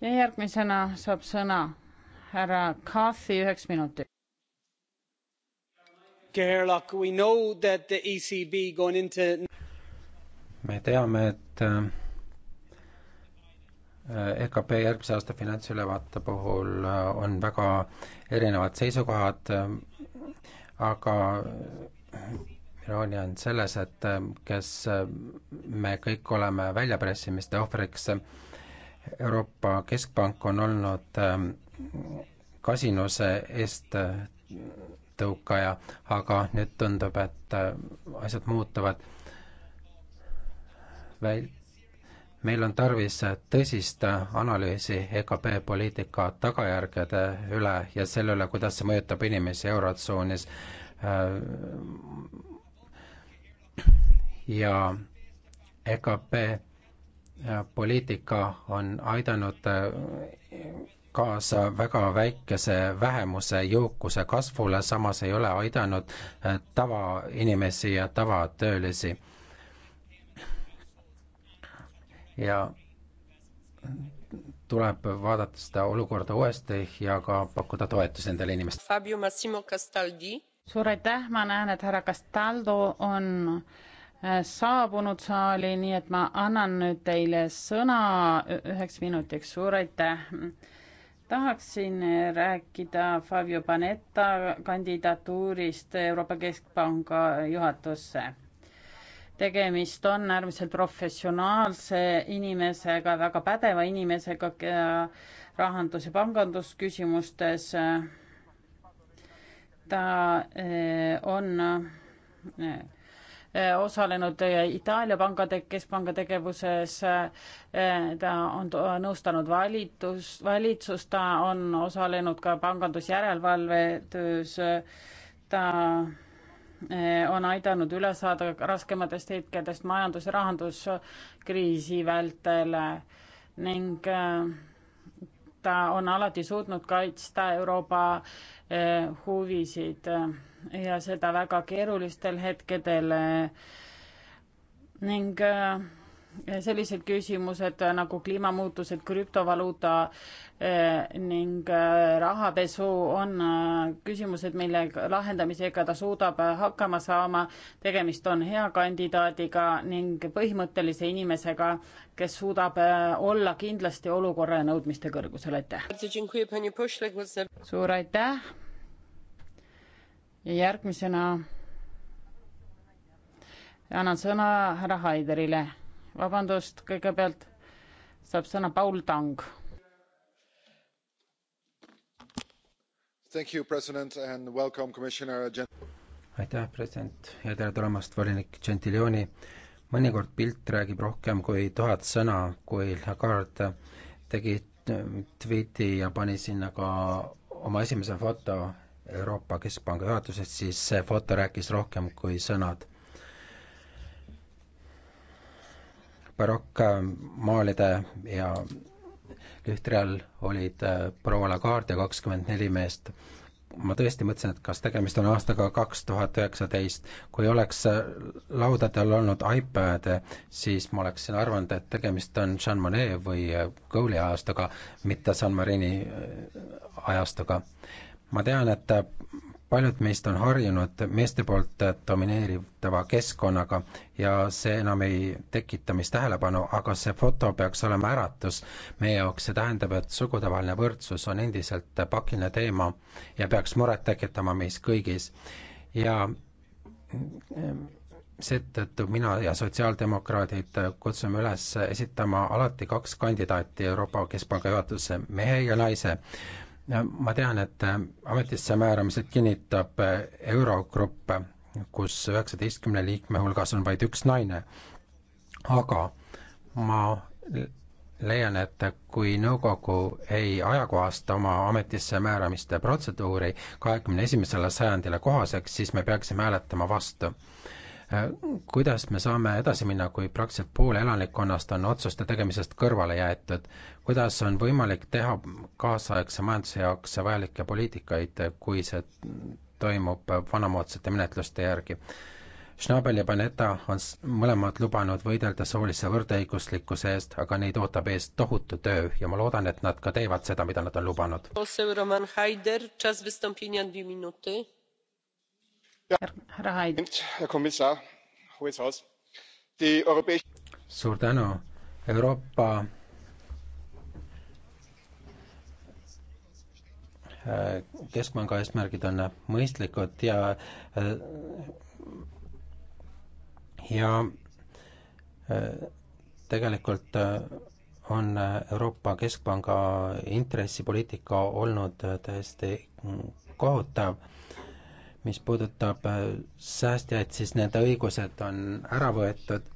Speaker 11: ja järgmisena saab sõna härra Cathy üheks minutiks.
Speaker 9: E
Speaker 1: me teame, et äh, EKP järgmise aasta finantsülevaate puhul äh, on väga erinevad seisukohad, äh, aga iroonia on selles, et kes me kõik oleme väljapressimiste ohvriks, Euroopa Keskpank on olnud kasinuse eest äh, tõukaja, aga nüüd tundub, et äh, asjad muutuvad. väl-, meil on tarvis tõsist analüüsi EKP poliitika tagajärgede üle ja selle üle, kuidas see mõjutab inimesi Eurotsoonis. Äh, ja EKP poliitika on aidanud kaasa väga väikese vähemuse jõukuse kasvule, samas ei ole aidanud äh, tavainimesi ja tavatöölisi. ja tuleb vaadata seda olukorda uuesti ja ka pakkuda toetusi nendele inimestele.
Speaker 11: Fabio Massimo Castaldi. suur aitäh, ma näen, et härra Castaldo on äh, saabunud saali, nii et ma annan nüüd teile sõna üheks minutiks, suur aitäh tahaksin rääkida Fabio Panetta kandidatuurist Euroopa Keskpanga juhatusse. tegemist on äärmiselt professionaalse inimesega, väga pädeva inimesega rahandus- ja pangandusküsimustes. ta eh, on eh, Eh, osalenud eh, Itaalia pangade, keskpanga tegevuses, eh, ta on nõustanud valitus, valitsust, ta on osalenud ka pangandusjärelevalve töös, ta on aidanud üle saada raskematest hetkedest majandus- ja rahanduskriisi vältel ning ta on alati suutnud kaitsta Euroopa Eh, huvisid eh, ja seda väga keerulistel hetkedel eh, ning sellised küsimused nagu kliimamuutused, krüptovaluuta eh, ning eh, rahapesu on eh, küsimused, mille lahendamisega ta suudab hakkama saama. tegemist on hea kandidaadiga ning põhimõttelise inimesega, kes suudab olla kindlasti olukorra ja nõudmiste kõrgusel, aitäh. suur aitäh. ja järgmisena annan sõna härra Haiderile vabandust, kõigepealt saab sõna Paul Tang.
Speaker 1: aitäh, president ja tere tulemast, volinik Gentilioni. mõnikord pilt räägib rohkem kui tuhat sõna, kui Lagarde tegi tweet'i ja pani sinna ka oma esimese foto Euroopa Keskpanga juhatusest, siis see foto rääkis rohkem kui sõnad barokkmaalide äh, ja lühtri all olid äh, proua Lagarde ja kakskümmend neli meest. ma tõesti mõtlesin, et kas tegemist on aastaga kaks tuhat üheksateist. kui oleks äh, laudadel olnud iPad, siis ma oleksin arvanud, et tegemist on Jean Monnet või Gouli ajastuga, mitte San Marini ajastuga ma tean, et paljud meist on harjunud meeste poolt domineeritava keskkonnaga ja see enam ei tekita meis tähelepanu, aga see foto peaks olema äratus meie jaoks, see tähendab, et sugudevaheline võrdsus on endiselt pakiline teema ja peaks muret tekitama meis kõigis. ja seetõttu mina ja sotsiaaldemokraadid kutsume üles esitama alati kaks kandidaati Euroopa Keskpanga juhatusse, mehe ja naise ma tean, et äh, ametisse määramised kinnitab äh, Eurogrupp, kus üheksateistkümne liikme hulgas on vaid üks naine. aga ma leian, et kui nõukogu ei ajakohasta oma ametisse määramiste protseduuri kahekümne esimesele sajandile kohaseks, siis me peaksime hääletama vastu Äh, kuidas me saame edasi minna, kui praktiliselt pool elanikkonnast on otsuste tegemisest kõrvale jäetud, kuidas on võimalik teha kaasaegse majanduse jaoks vajalikke poliitikaid, kui see toimub vanamoodsate menetluste järgi? Schnabel ja Panetta on mõlemad lubanud võidelda soolise võrdõiguslikkuse eest, aga neid ootab ees tohutu töö ja ma loodan, et nad ka teevad seda, mida nad on lubanud
Speaker 7: herr kommissar hohes haus!
Speaker 1: euroopa äh, keskpanga eesmärgid on mõistlikud ja äh, ja äh, tegelikult on Euroopa Keskpanga intressipoliitika olnud täiesti kohutav mis puudutab äh, säästjaid, siis nende õigused on ära võetud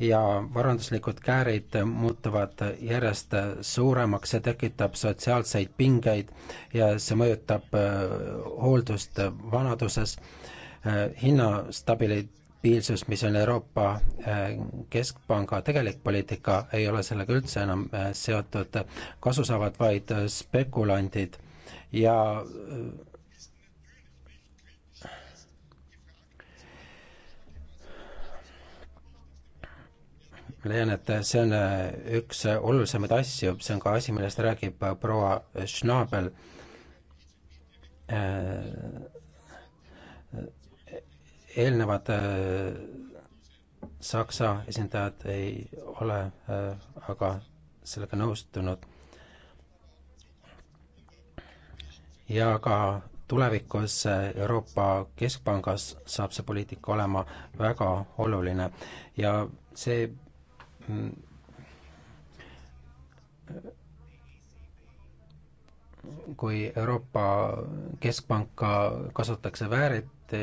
Speaker 1: ja varanduslikud käärid muutuvad järjest suuremaks, see tekitab sotsiaalseid pingeid ja see mõjutab äh, hooldust vanaduses, äh, hinnastabiilsus, mis on Euroopa Keskpanga tegelik poliitika, ei ole sellega üldse enam seotud, kasu saavad vaid spekulandid ja leian, et see on äh, üks äh, olulisemaid asju, see on ka asi, millest räägib äh, proua Schnabel. eelnevad Saksa esindajad ei ole aga sellega nõustunud. ja ka tulevikus Euroopa Keskpangas saab see poliitika olema väga oluline ja see kui Euroopa Keskpanka kasutatakse vääriti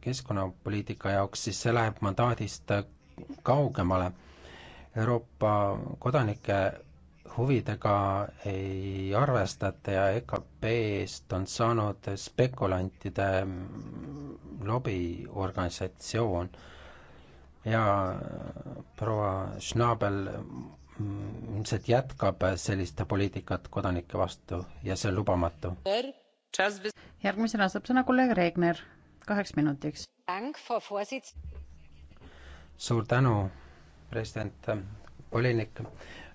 Speaker 1: keskkonnapoliitika jaoks, siis see läheb mandaadist kaugemale. Euroopa kodanike huvidega ei arvestata ja EKP-st on saanud spekulantide lobiorganisatsioon ja proua Schnabel mm, ilmselt jätkab sellist poliitikat kodanike vastu ja see on lubamatu.
Speaker 11: järgmisena saab sõna kolleeg Regner kaheks minutiks.
Speaker 1: suur tänu, president, volinik.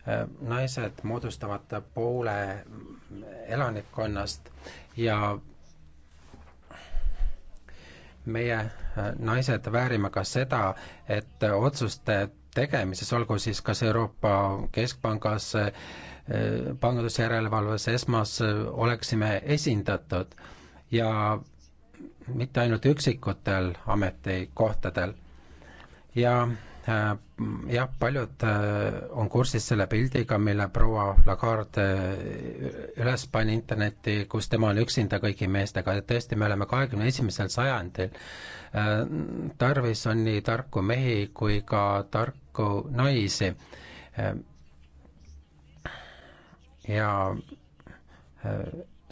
Speaker 1: Äh, naised moodustavad poole elanikkonnast ja meie äh, naised väärime ka seda, et otsuste tegemises, olgu siis kas Euroopa Keskpangas, äh, pangandusjärelevalves, ESMAs, äh, oleksime esindatud ja mitte ainult üksikutel ametikohtadel. ja Äh, jah, paljud äh, on kursis selle pildiga, mille proua Lagarde äh, üles pani internetti, kus tema on üksinda kõigi meestega, et tõesti, me oleme kahekümne esimesel sajandil. tarvis on nii tarku mehi kui ka tarku naisi. ja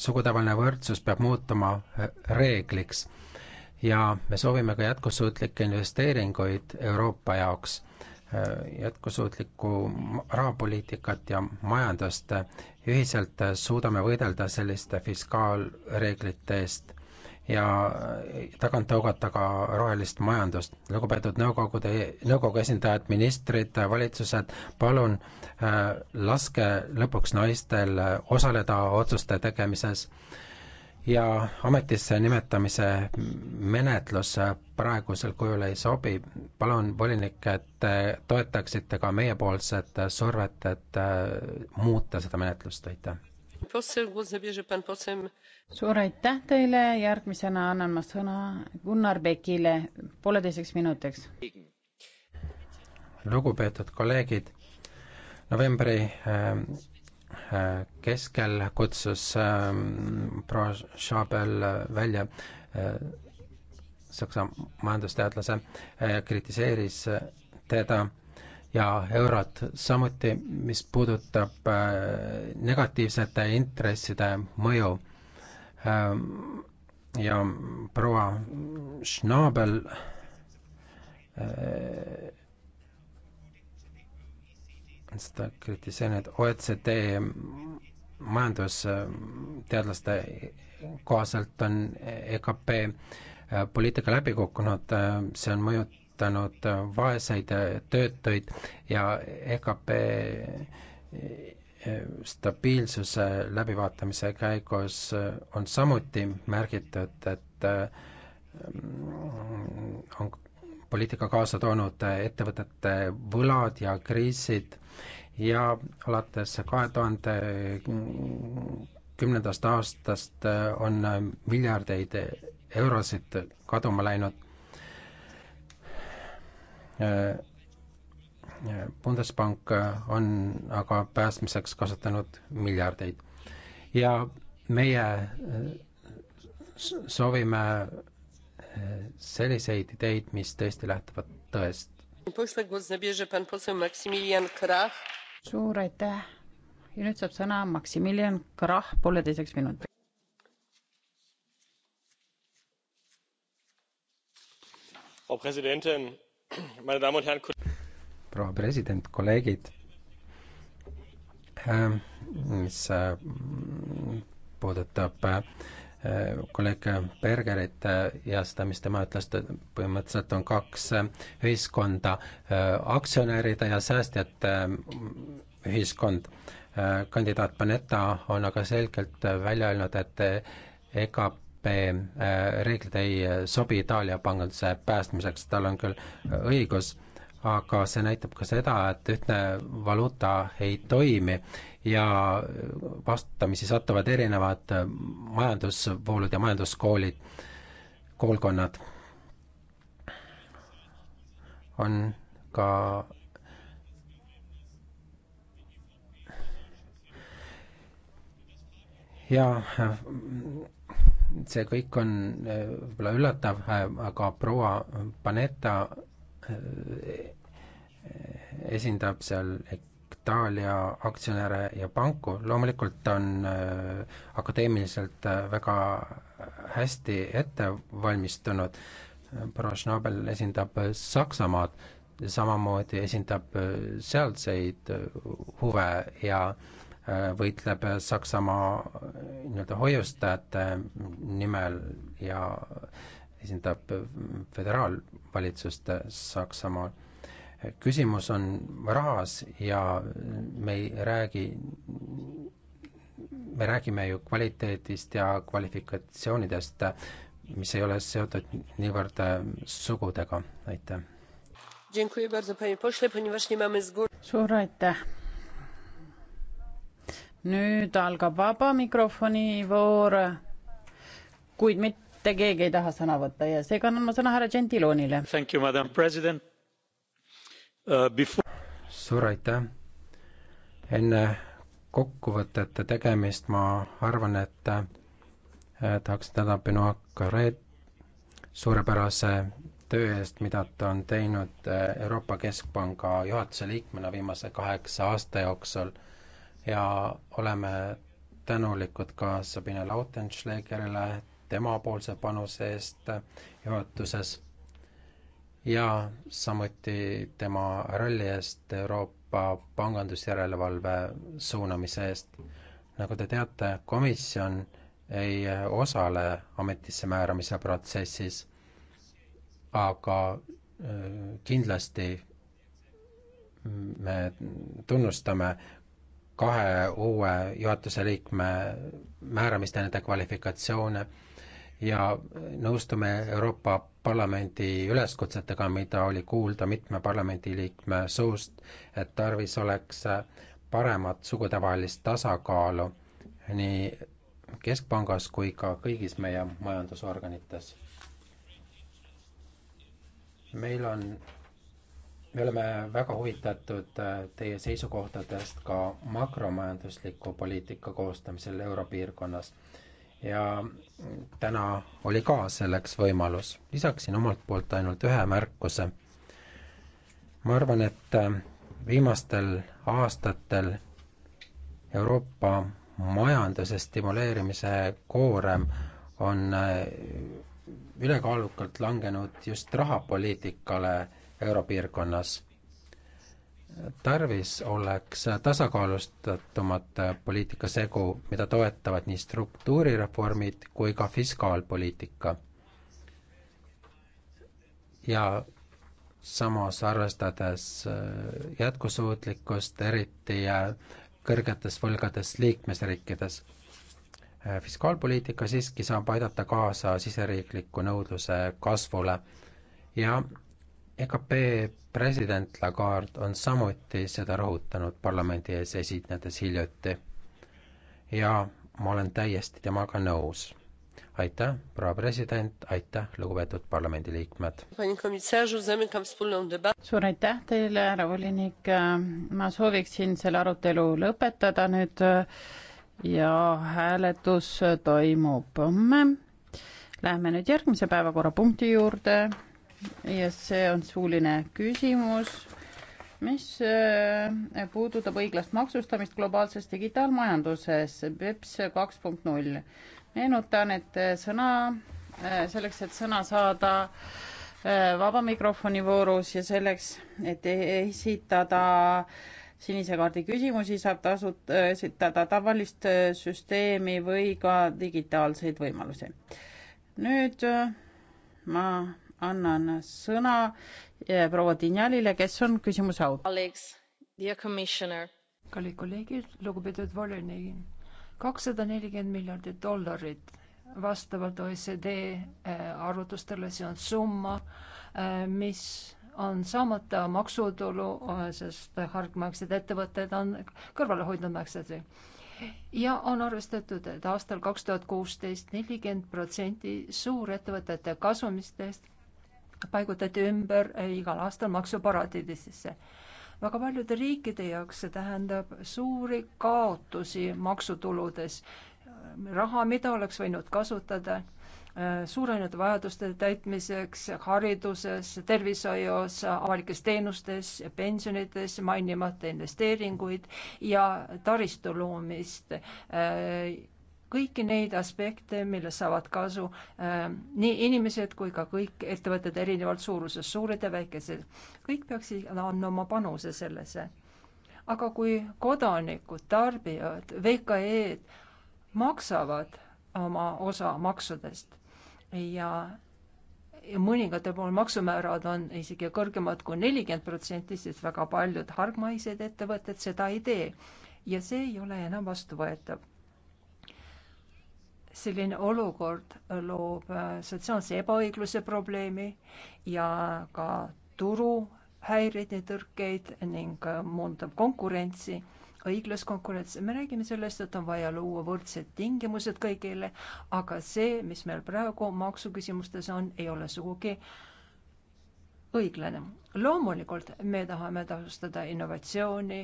Speaker 1: sugudevaheline võrdsus peab muutuma reegliks ja me soovime ka jätkusuutlikke investeeringuid Euroopa jaoks, äh, jätkusuutlikku rahapoliitikat ja majandust. ühiselt äh, suudame võidelda selliste fiskaalreeglite eest ja äh, tagant tõugata ka rohelist majandust. lugupeetud nõukogude, nõukogu esindajad, ministrid, valitsused, palun äh, laske lõpuks naistel osaleda otsuste tegemises äh, ja ametisse nimetamise menetlus praegusel kujul ei sobi. palun, volinik, et toetaksite ka meiepoolset survet, et äh, muuta seda menetlust, aitäh.
Speaker 11: suur aitäh teile, järgmisena annan ma sõna Gunnar Bekile pooleteiseks minutiks.
Speaker 1: lugupeetud kolleegid, novembri äh, keskel kutsus ähm, proua Schabel välja äh, Saksa majandusteadlase, äh, kritiseeris äh, teda ja eurot samuti, mis puudutab negatiivsete intresside mõju. Ähm, ja proua Schnabel seda kritiseerinud e OECD majandusteadlaste kohaselt on EKP äh, poliitika läbi kukkunud, äh, see on mõjutanud äh, vaeseid, töötuid ja EKP stabiilsuse läbivaatamise käigus on samuti märgitud, et mm, on poliitika kaasa toonud ettevõtete võlad ja kriisid ja alates kahe tuhande kümnendast aastast on miljardeid eurosid kaduma läinud. Bundespank on aga päästmiseks kasutanud miljardeid ja meie soovime selliseid ideid, mis tõesti lähtuvad tõest.
Speaker 11: suur aitäh ja nüüd saab sõna Maximilian Krahh pooleteiseks minutiks.
Speaker 9: Frau Präsidentin, meine Damen und Herren
Speaker 1: proua president, kolleegid, ähm, mis äh, puudutab äh, kolleeg Bergerit ja seda, mis tema ütles, põhimõtteliselt on kaks ühiskonda, aktsionäride ja säästjate ühiskond. kandidaat Panetta on aga selgelt välja öelnud, et ega reeglid ei sobi Itaalia panganduse päästmiseks, tal on küll õigus, aga see näitab ka seda, et ühtne valuuta ei toimi ja vastamisi satuvad erinevad majandusvoolud ja majanduskoolid, koolkonnad. on ka jaa, see kõik on äh, võib-olla üllatav, äh, aga proua Paneta äh, esindab seal Itaalia aktsionäre ja panku, loomulikult on äh, akadeemiliselt äh, väga äh, hästi ette valmistunud, proua Schnabel esindab Saksamaad, samamoodi esindab sealseid huve ja võitleb Saksamaa nii-öelda hoiustajate nimel ja esindab föderaalvalitsust Saksamaal küsimus on rahas ja me ei räägi, me räägime ju kvaliteedist ja kvalifikatsioonidest, mis ei ole seotud niivõrd äh, sugudega, aitäh.
Speaker 7: suur
Speaker 11: aitäh. nüüd algab vaba mikrofoni voor, kuid mitte keegi ei taha sõna võtta ja seega annan ma sõna härra
Speaker 9: Gentilonile. Thank you, madam president
Speaker 1: Uh, before... suur aitäh! enne kokkuvõtete tegemist ma arvan, et äh, tahaks tänada Benoit Carret suurepärase töö eest, mida ta on teinud äh, Euroopa Keskpanga juhatuse liikmena viimase kaheksa aasta jooksul ja oleme tänulikud ka Sabine Lautenschlägerile tema poolse panuse eest äh, juhatuses ja samuti tema rolli eest Euroopa pangandusjärelevalve suunamise eest. nagu te teate, komisjon ei osale ametisse määramise protsessis, aga äh, kindlasti me tunnustame kahe uue juhatuse liikme määramist ja nende kvalifikatsioone ja nõustume Euroopa Parlamendi üleskutsetega, mida oli kuulda mitme parlamendiliikme suust, et tarvis oleks paremat sugudevahelist tasakaalu nii keskpangas kui ka kõigis meie majandusorganites. meil on, me oleme väga huvitatud äh, teie seisukohtadest ka makromajandusliku poliitika koostamisel Europiirkonnas ja täna oli ka selleks võimalus. lisaksin omalt poolt ainult ühe märkuse. ma arvan, et äh, viimastel aastatel Euroopa majanduse stimuleerimise koorem on äh, ülekaalukalt langenud just rahapoliitikale Europiirkonnas tarvis oleks tasakaalustatumat poliitikasegu, mida toetavad nii struktuurireformid kui ka fiskaalpoliitika. ja samas arvestades äh, jätkusuutlikkust, eriti äh, kõrgetes võlgades liikmesriikides. Äh, fiskaalpoliitika siiski saab aidata kaasa siseriikliku nõudluse kasvule ja EKP president Lagarde on samuti seda rõhutanud parlamendi ees esinedes hiljuti ja ma olen täiesti temaga nõus. aitäh, proua president, aitäh, lugupeetud parlamendiliikmed!
Speaker 11: suur aitäh teile, härra volinik, ma sooviksin selle arutelu lõpetada nüüd ja hääletus toimub homme. Läheme nüüd järgmise päevakorrapunkti juurde ja see on suuline küsimus, mis äh, puudutab õiglast maksustamist globaalses digitaalmajanduses, BEPS kaks punkt null. meenutan, et äh, sõna, äh, selleks, et sõna saada vaba mikrofoni voorus ja selleks, et e-, esitada sinise kaardi küsimusi, saab tasuta esitada tavalist süsteemi või ka digitaalseid võimalusi. nüüd ma annan sõna eh, proua Dinjalile, kes on küsimuse autor.
Speaker 5: kallid kolleegid, lugupeetud volinik, kakssada nelikümmend miljardit dollarit vastavalt OECD eh, arvutustele, see on summa, eh, mis on saamata maksutulu, sest hargmaksed ettevõtted on kõrvale hoidnud maksed. ja on arvestatud, et aastal kaks tuhat kuusteist nelikümmend protsenti suurettevõtete kasumistest paigutati ümber eh, igal aastal maksuparadiisidesse. väga paljude riikide jaoks see tähendab suuri kaotusi maksutuludes, raha, mida oleks võinud kasutada eh, suurenenud vajaduste täitmiseks hariduses, tervishoius, avalikes teenustes, pensionides, mainimata investeeringuid ja taristu loomist eh, kõiki neid aspekte, millest saavad kasu äh, nii inimesed kui ka kõik ettevõtted erinevalt suuruses, suured ja väikesed. kõik peaksid andma oma panuse sellesse. aga kui kodanikud, tarbijad, VKE-d maksavad oma osa maksudest ja ja mõningate puhul maksumäärad on isegi kõrgemad kui nelikümmend protsenti, siis väga paljud hargmaised ettevõtted seda ei tee. ja see ei ole enam vastuvõetav selline olukord loob äh, sotsiaalse ebaõigluse probleemi ja ka turuhäireid ja tõrkeid ning äh, muundab konkurentsi, õiglast konkurentsi. me räägime sellest, et on vaja luua võrdsed tingimused kõigile, aga see, mis meil praegu maksuküsimustes on, ei ole sugugi äh, õiglane. loomulikult me tahame tasustada innovatsiooni,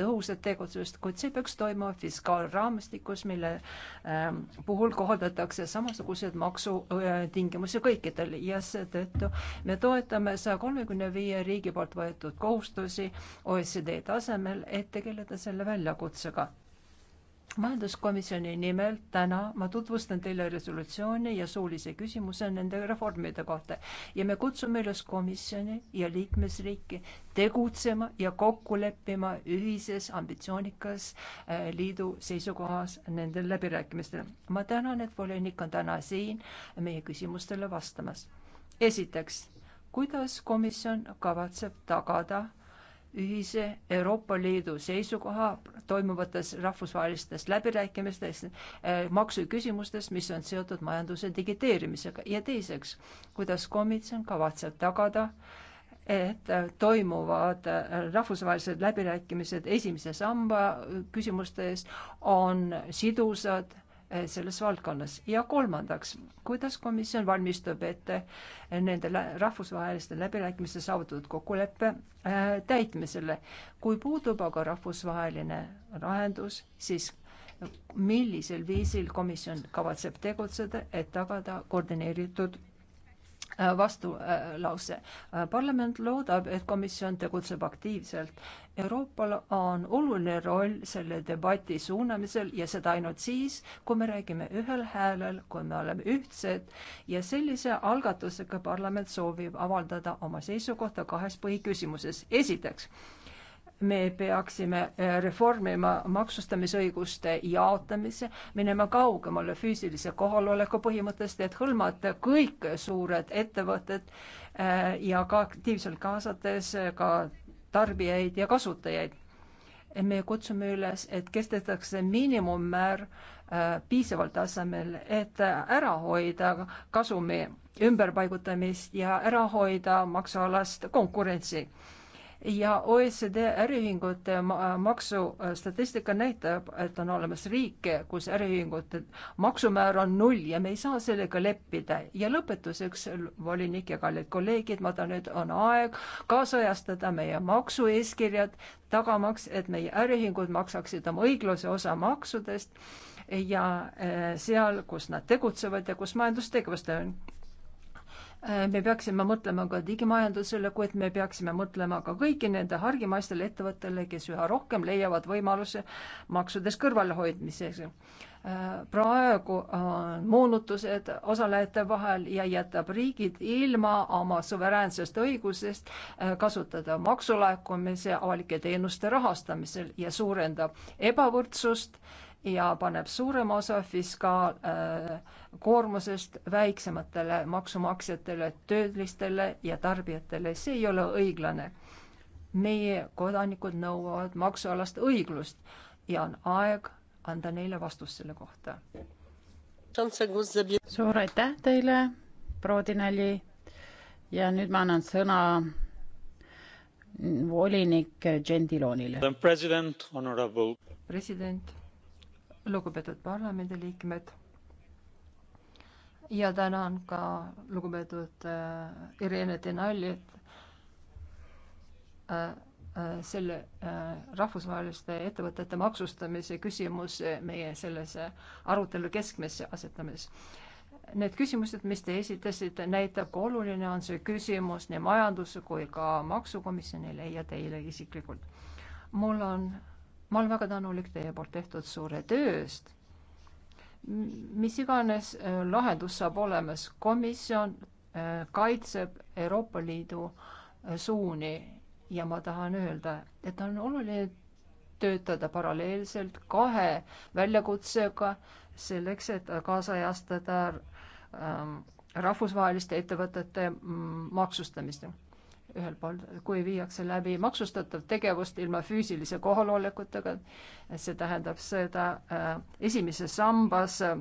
Speaker 5: tõhusat tegutsust, kuid see peaks toimuma fiskaalraamistikus, mille ähm, puhul kohaldatakse samasuguseid maksutingimusi äh, kõikidel ja seetõttu me toetame saja kolmekümne viie riigi poolt võetud kohustusi OECD tasemel, et tegeleda selle väljakutsega majanduskomisjoni nimel täna ma tutvustan teile resolutsiooni ja suulise küsimuse nende reformide kohta ja me kutsume üles komisjoni ja liikmesriiki tegutsema ja kokku leppima ühises ambitsioonikas äh, liidu seisukohas nendel läbirääkimistel. ma tänan, et volinik on täna siin meie küsimustele vastamas. esiteks, kuidas komisjon kavatseb tagada ühise Euroopa Liidu seisukoha toimuvates rahvusvahelistes läbirääkimistes äh, maksuküsimustes, mis on seotud majanduse digiteerimisega ja teiseks, kuidas komisjon kavatseb tagada, et äh, toimuvad äh, rahvusvahelised läbirääkimised esimese samba küsimustes on sidusad Eh, selles valdkonnas. ja kolmandaks, kuidas komisjon valmistub ette eh, nende rahvusvaheliste läbirääkimiste saavutatud kokkuleppe eh, täitmisele. kui puudub aga rahvusvaheline lahendus, siis millisel viisil komisjon kavatseb tegutseda, et tagada koordineeritud Äh, vastulause. Äh, parlament loodab, et komisjon tegutseb aktiivselt. Euroopal on oluline roll selle debati suunamisel ja seda ainult siis, kui me räägime ühel häälel, kui me oleme ühtsed ja sellise algatusega parlament soovib avaldada oma seisukohta kahes põhiküsimuses. esiteks me peaksime äh, reformima maksustamisõiguste jaotamise, minema kaugemale füüsilise kohaloleku põhimõttest, et hõlmata kõik suured ettevõtted äh, ja ka aktiivselt kaasates ka tarbijaid ja kasutajaid. me kutsume üles, et kestetakse miinimummäär äh, piisaval tasemel, et ära hoida kasumi ümberpaigutamist ja ära hoida maksualast konkurentsi ja OECD äriühingute maksustatistika näitab, et on olemas riike, kus äriühingute maksumäär on null ja me ei saa sellega leppida. ja lõpetuseks, volinik ja kallid kolleegid, ma tahan nüüd, on aeg kaasajastada meie maksueeskirjad, tagamaks, et meie äriühingud maksaksid oma õiglase osa maksudest ja eh, seal, kus nad tegutsevad ja kus majandustegevust on Äh, me peaksime mõtlema ka digimajandusele, kuid me peaksime mõtlema ka kõigi nende hargimaistele ettevõttele, kes üha rohkem leiavad võimaluse maksudest kõrvalehoidmiseks. Äh, praegu on moonutused osalejate vahel ja jätab riigid ilma oma suveräänsest õigusest äh, kasutada maksulaekumise avalike teenuste rahastamisel ja suurendab ebavõrdsust ja paneb suurema osa fiskaalkoormusest äh, väiksematele maksumaksjatele, töölistele ja tarbijatele. see ei ole õiglane. meie kodanikud nõuavad maksualast õiglust ja on aeg anda neile vastus selle kohta. suur aitäh teile, proua Tineli. ja nüüd
Speaker 11: ma annan sõna volinik Gentilonile.
Speaker 9: president,
Speaker 5: president lugupeetud parlamendiliikmed ja tänan ka lugupeetud äh, Irene Denaljet äh, äh, selle äh, rahvusvaheliste ettevõtete maksustamise küsimuse meie sellesse äh, arutelu keskmesse asetamise äh, need küsimused, mis te esitasite, näitab, kui oluline on see küsimus nii majandus- kui ka maksukomisjonile ja teile isiklikult. mul on ma olen väga tänulik teie poolt tehtud suure töö eest. mis iganes äh, lahendus saab olemas, komisjon äh, kaitseb Euroopa Liidu äh, suuni ja ma tahan öelda, et on oluline töötada paralleelselt kahe väljakutsega selleks, et kaasajastada ähm, rahvusvaheliste ettevõtete maksustamist ühelt poolt, kui viiakse läbi maksustatav tegevust ilma füüsilise kohalolekutega, see tähendab seda äh, esimeses sambas äh,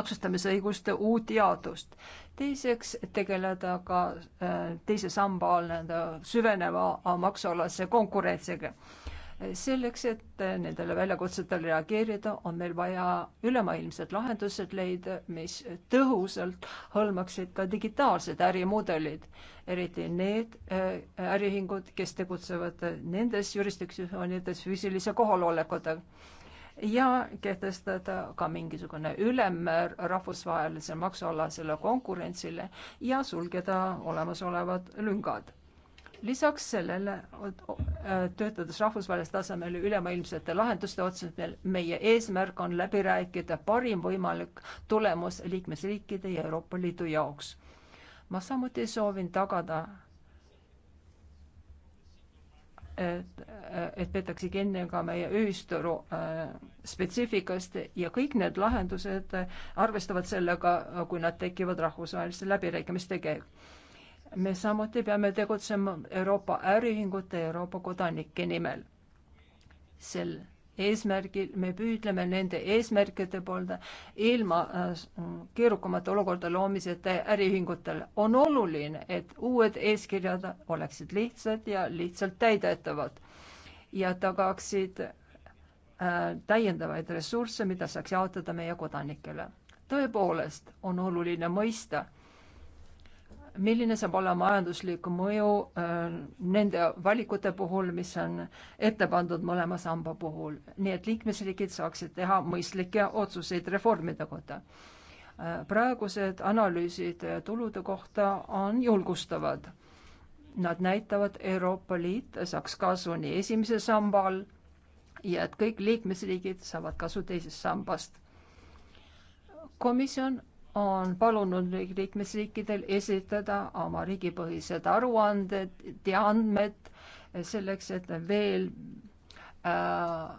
Speaker 5: maksustamisõiguste uut jaotust. teiseks, tegeleda ka äh, teise samba all nii-öelda süveneva maksualase konkurentsiga äh, selleks, et nendele väljakutsetele reageerida, on meil vaja ülemaailmsed lahendused leida, mis tõhusalt hõlmaksid ka digitaalsed ärimudelid, eriti need äh, äriühingud, kes tegutsevad nendes jurisdiktsioonides füüsilise kohalolekutega ja kehtestada ka mingisugune ülemmäär rahvusvahelisele maksualasele konkurentsile ja sulgeda olemasolevad lüngad lisaks sellele, töötades rahvusvahelisel tasemel ülemaailmsete lahenduste otsas, meie eesmärk on läbi rääkida parim võimalik tulemus liikmesriikide ja Euroopa Liidu jaoks. ma samuti soovin tagada, et, et peetakse kinni ka meie ühisturu äh, spetsiifikast ja kõik need lahendused arvestavad sellega, kui nad tekivad rahvusvaheliste läbirääkimiste käigus me samuti peame tegutsema Euroopa äriühingute ja Euroopa kodanike nimel. sel eesmärgil me püüdleme nende eesmärkide poolde ilma äh, keerukamate olukorda loomiseta äriühingutele. on oluline, et uued eeskirjad oleksid lihtsad ja lihtsalt täidetavad ja tagaksid äh, täiendavaid ressursse, mida saaks jaotada meie kodanikele. tõepoolest on oluline mõista milline saab olema majanduslik mõju äh, nende valikute puhul, mis on ette pandud mõlema samba puhul, nii et liikmesriigid saaksid teha mõistlikke otsuseid reformide kohta. Äh, praegused analüüsid tulude kohta on julgustavad. Nad näitavad, Euroopa Liit saaks kasu nii esimese samba all ja et kõik liikmesriigid saavad kasu teisest sambast. komisjon on palunud liikmesriikidel esitada oma riigipõhised aruanded ja andmed selleks, et veel äh,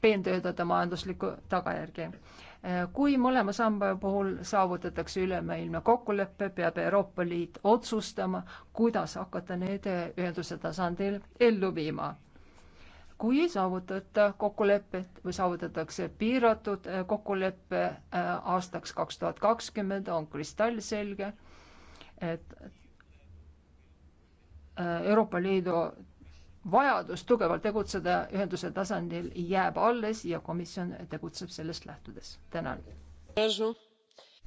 Speaker 5: peentöötada majanduslikku tagajärge. Äh, kui mõlema samba puhul saavutatakse ülemaailmne kokkulepe, peab Euroopa Liit otsustama, kuidas hakata need ühenduse tasandil ellu viima kui ei saavutata kokkulepet või saavutatakse piiratud eh, kokkulepe eh, aastaks kaks tuhat kakskümmend, on kristallselge, et eh, Euroopa Liidu vajadus tugevalt tegutseda ühenduse tasandil jääb alles ja komisjon tegutseb sellest lähtudes. tänan.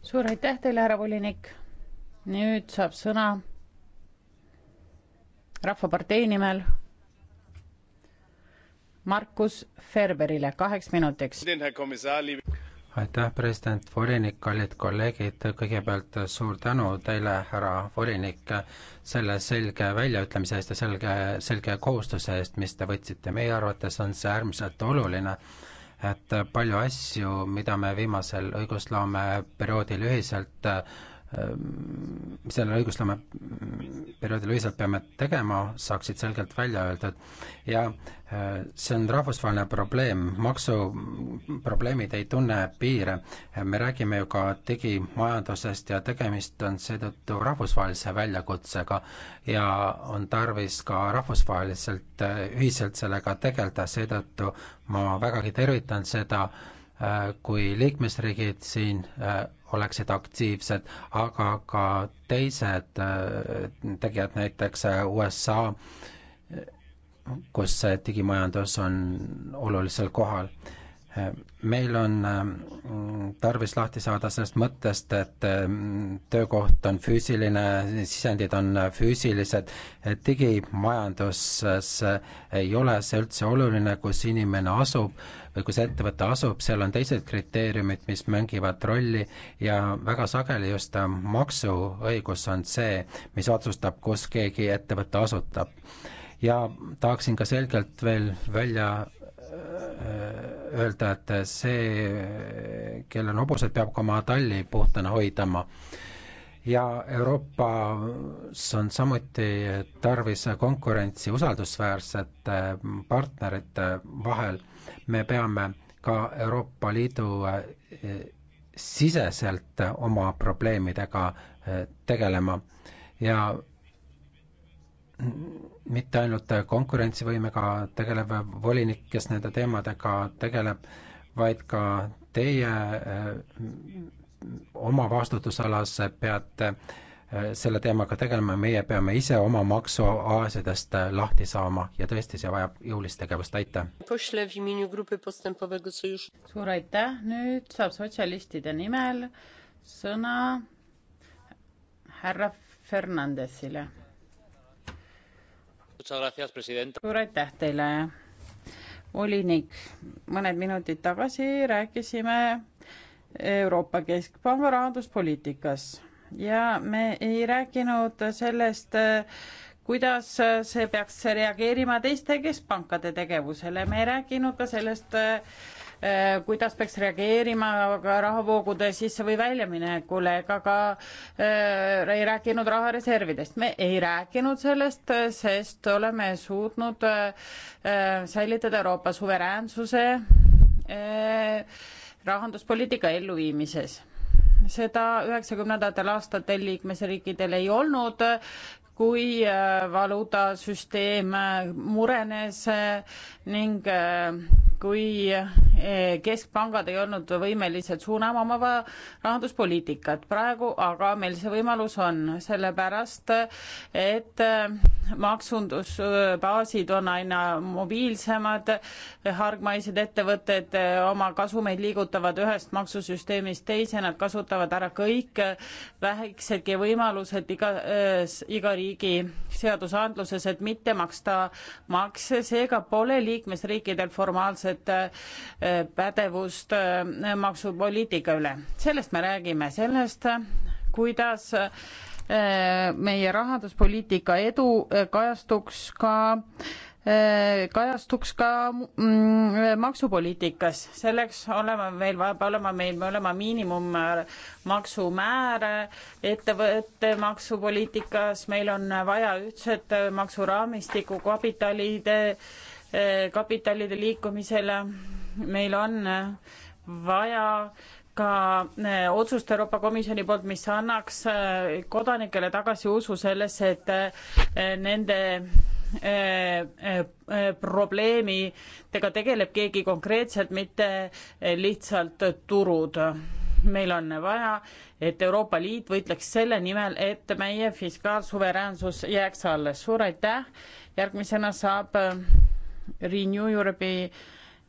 Speaker 5: suur aitäh teile, härra volinik. nüüd saab sõna
Speaker 11: Rahvapartei nimel Markus Ferberile kaheks minutiks.
Speaker 1: aitäh, president, volinik, kallid kolleegid, kõigepealt suur tänu teile, härra volinik, selle selge väljaütlemise eest ja selge, selge kohustuse eest, mis te võtsite. meie arvates on see äärmiselt oluline, et palju asju, mida me viimasel õigusloome perioodil ühiselt Ehm, sellel õigusloome perioodil ühiselt peame tegema, saaksid selgelt välja öeldud. ja eh, see on rahvusvaheline probleem, maksuprobleemid ei tunne piire. me räägime ju ka digimajandusest ja tegemist on seetõttu rahvusvahelise väljakutsega ja on tarvis ka rahvusvaheliselt eh, ühiselt sellega tegeleda, seetõttu ma vägagi tervitan seda, eh, kui liikmesriigid siin oleksid aktiivsed, aga ka teised äh, tegijad, näiteks äh, USA, kus digimajandus on olulisel kohal meil on mm, tarvis lahti saada sellest mõttest, et mm, töökoht on füüsiline, sisendid on füüsilised, digimajanduses ei ole see üldse oluline, kus inimene asub või kus ettevõte asub, seal on teised kriteeriumid, mis mängivad rolli ja väga sageli just maksuõigus on see, mis otsustab, kus keegi ettevõte asutab. ja tahaksin ka selgelt veel välja Äh, öelda, et see, kellel on hobused, peab ka oma talli puhtana hoidma. ja Euroopas on samuti tarvis konkurentsi usaldusväärsete partnerite vahel. me peame ka Euroopa Liidu äh, siseselt oma probleemidega äh, tegelema ja mitte ainult konkurentsivõimega tegelev volinik, kes nende teemadega tegeleb, vaid ka teie äh, oma vastutusalas peate äh, selle teemaga tegelema, meie peame ise oma maksuaasidest äh, lahti saama ja tõesti, see vajab jõulist tegevust, aitäh!
Speaker 11: suur aitäh, nüüd saab sotsialistide nimel sõna härra Fernandesile suur aitäh teile, volinik. mõned minutid tagasi rääkisime Euroopa Keskpanga rahanduspoliitikas ja me ei rääkinud sellest, kuidas see peaks reageerima teiste keskpankade tegevusele, me ei rääkinud ka sellest äh, Eh, kuidas peaks reageerima ka rahavoogude sisse või väljaminekule ega ka äh, ei rääkinud rahareservidest. me ei rääkinud sellest, sest oleme suutnud äh, säilitada Euroopa suveräänsuse äh, rahanduspoliitika elluviimises seda üheksakümnendatel aastatel liikmesriikidel ei olnud kui äh, valuutasüsteem äh, murenes äh, ning kui keskpangad ei olnud võimelised suunama oma rahanduspoliitikat. praegu aga meil see võimalus on, sellepärast et maksundusbaasid on aina mobiilsemad, hargmaised ettevõtted oma kasumeid liigutavad ühest maksusüsteemist teise, nad kasutavad ära kõik väiksedki võimalused iga, iga riigi liikmesriigi seadusandluses, et mitte maksta makse, seega pole liikmesriikidel formaalset äh, pädevust äh, maksupoliitika üle. sellest me räägime, sellest, kuidas äh, meie rahanduspoliitika edu kajastuks ka Äh, kajastuks ka mm, maksupoliitikas. selleks olema meil, peab olema meil, me olema miinimummaksumäär äh, ettevõtte maksupoliitikas, meil on vaja ühtset äh, maksuraamistikku kapitalide, kapitalide liikumisele, meil on vaja ka otsust Euroopa Komisjoni poolt, mis annaks kodanikele tagasi usu sellesse, et nende Äh, äh, probleemidega tegeleb keegi konkreetselt, mitte äh, lihtsalt turud. meil on vaja, et Euroopa Liit võitleks selle nimel, et meie fiskaalsuveräänsus jääks alles. suur aitäh, järgmisena saab Renew Europe'i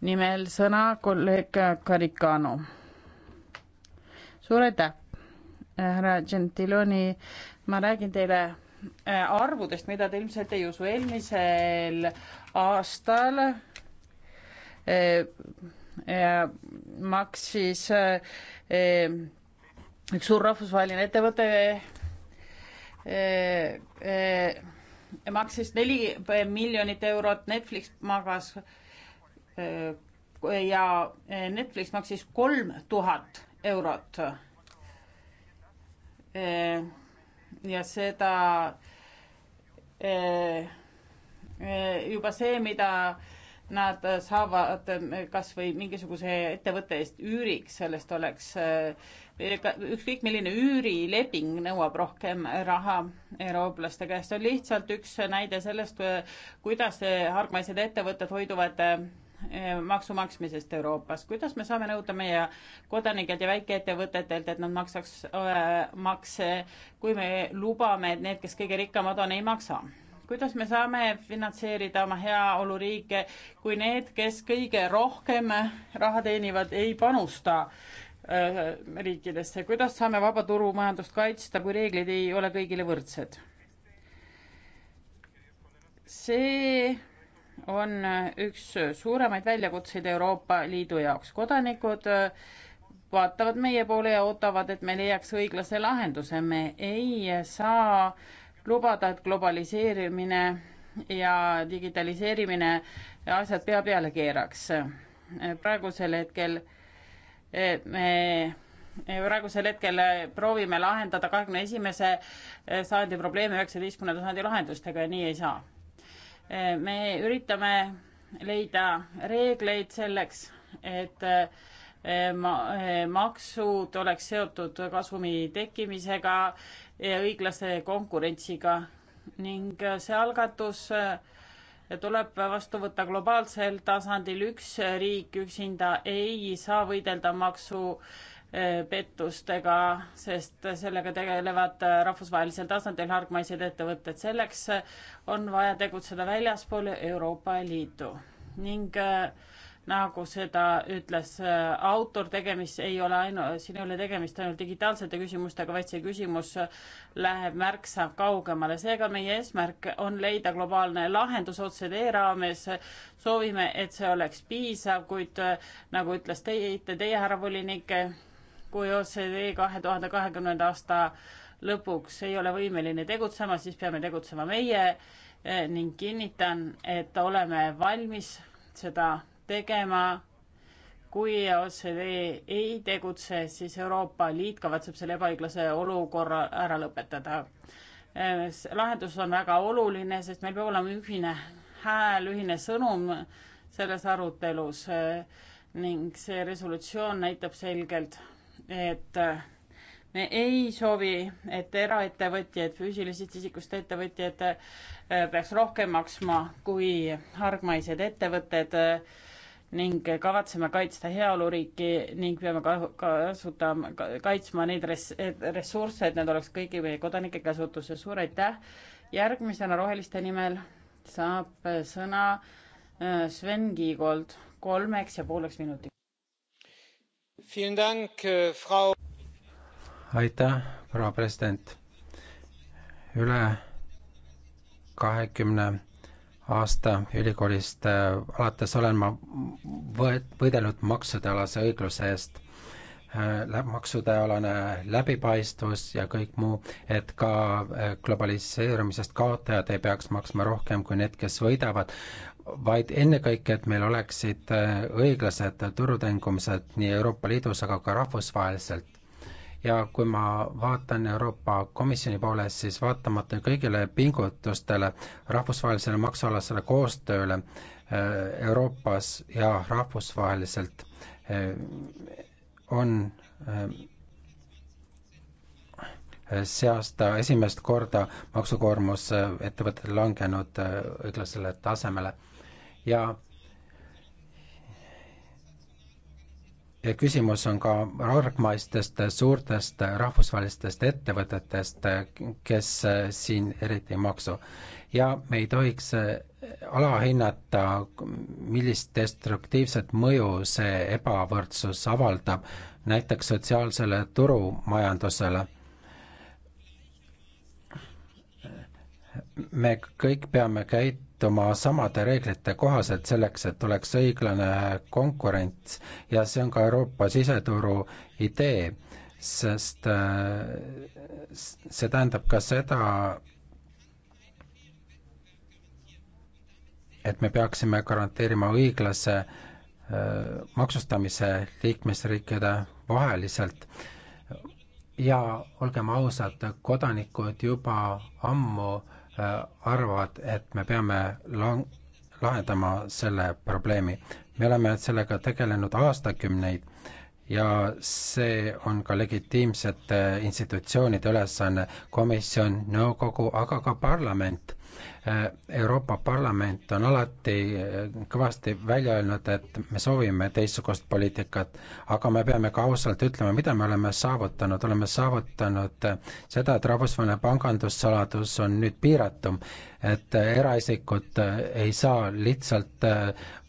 Speaker 11: nimel sõna kolleeg Caricano. suur aitäh, härra Gentiloni, ma räägin teile arvudest, mida te ilmselt ei usu. eelmisel aastal eh, eh, maksis eh, üks suur rahvusvaheline ettevõte maksis neli miljonit eurot, Netflix magas ja Netflix maksis kolm tuhat eurot ja seda eh, eh, juba see, mida nad saavad eh, kas või mingisuguse ettevõtte eest üüriks, sellest oleks, ükskõik milline üürileping nõuab rohkem raha eurooplaste käest. see on lihtsalt üks näide sellest, kuidas hargmaised ettevõtted hoiduvad Eh, maksu maksmisest Euroopas. kuidas me saame nõuda meie kodanikelt ja väikeettevõtetelt, et nad maksaks eh, makse, kui me lubame, et need, kes kõige rikkamad on, ei maksa? kuidas me saame finantseerida oma heaoluriike, kui need, kes kõige rohkem raha teenivad, ei panusta eh, riikidesse, kuidas saame vaba turumajandust kaitsta, kui reeglid ei ole kõigile võrdsed? see on äh, üks suuremaid väljakutseid Euroopa Liidu jaoks. kodanikud äh, vaatavad meie poole ja ootavad, et me leiaks õiglase lahenduse. me ei saa lubada, et globaliseerimine ja digitaliseerimine asjad pea peale keeraks. praegusel hetkel äh, me praegusel hetkel proovime lahendada kahekümne esimese sajandi probleeme üheksateistkümnenda sajandi lahendustega ja nii ei saa me üritame leida reegleid selleks, et e, ma-, e, maksud oleks seotud kasumi tekkimisega ja õiglase konkurentsiga ning see algatus e, tuleb vastu võtta globaalsel tasandil, üks riik üksinda ei saa võidelda maksu Äh, pettustega, sest sellega tegelevad äh, rahvusvahelisel tasandil hargmaised ettevõtted. selleks äh, on vaja tegutseda väljaspool Euroopa Liitu ning nagu seda ütles autor, tegemist ei ole ainu-, siin ei ole tegemist ainult digitaalsete küsimustega, vaid see küsimus läheb märksa kaugemale. seega meie eesmärk on leida globaalne lahendus OCD raames. soovime, et see oleks piisav, kuid nagu ütles teie, teie härra volinik, kui OCD kahe tuhande kahekümnenda aasta lõpuks ei ole võimeline tegutsema, siis peame tegutsema meie eh, ning kinnitan, et oleme valmis seda tegema. kui OCD ei tegutse, siis Euroopa Liit kavatseb selle ebaõiglase olukorra ära lõpetada. Eh, lahendus on väga oluline, sest meil peab olema ühine hääl, ühine sõnum selles arutelus eh, ning see resolutsioon näitab selgelt, et äh, me ei soovi, et eraettevõtjad, füüsilisest isikust ettevõtjad äh, peaks rohkem maksma kui hargmaised ettevõtted äh, ning kavatseme kaitsta heaoluriiki ning peame kasutama, kaitsma neid res-, ressursse, et need oleks kõigi meie kodanike käsutuses. suur aitäh! järgmisena Roheliste nimel saab sõna Sven Kiigold kolmeks ja pooleks minutiks.
Speaker 9: Äh,
Speaker 1: aitäh, proua president. üle kahekümne aasta ülikoolist äh, alates olen ma võet-, võidelnud maksudealase õigluse eest Äh, maksudealane läbipaistvus ja kõik muu, et ka äh, globaliseerumisest kaotajad ei peaks maksma rohkem kui need, kes võidavad, vaid ennekõike, et meil oleksid äh, õiglased turutingimused nii Euroopa Liidus, aga ka rahvusvaheliselt ja kui ma vaatan Euroopa Komisjoni poole, siis vaatamata kõigile pingutustele, rahvusvahelisele maksualasele koostööle Euroopas ja rahvusvaheliselt, on ähm, see aasta esimest korda maksukoormus äh, ettevõtetel langenud äh, õiglasele tasemele ja ja küsimus on ka hargmaistest suurtest rahvusvahelistest ettevõtetest, kes äh, siin eriti ei maksu. ja me ei tohiks äh, alahinnata, millist destruktiivset mõju see ebavõrdsus avaldab näiteks sotsiaalsele turumajandusele. me kõik peame käit-, käituma samade reeglite kohaselt selleks, et oleks õiglane konkurents ja see on ka Euroopa siseturu idee, sest äh, see tähendab ka seda, et me peaksime garanteerima õiglase äh, maksustamise liikmesriikide vaheliselt ja olgem ausad, kodanikud juba ammu äh, Äh, arvavad, et me peame lang-, lahendama selle probleemi. me oleme sellega tegelenud aastakümneid ja see on ka legitiimsete institutsioonide ülesanne, komisjon, nõukogu, aga ka parlament Äh, Euroopa Parlament on alati äh, kõvasti välja öelnud, et me soovime teistsugust poliitikat, aga me peame ka ausalt ütlema, mida me oleme saavutanud, oleme saavutanud äh, seda, et rahvusvaheline pangandussaladus on nüüd piiratum, et eraisikud ei saa lihtsalt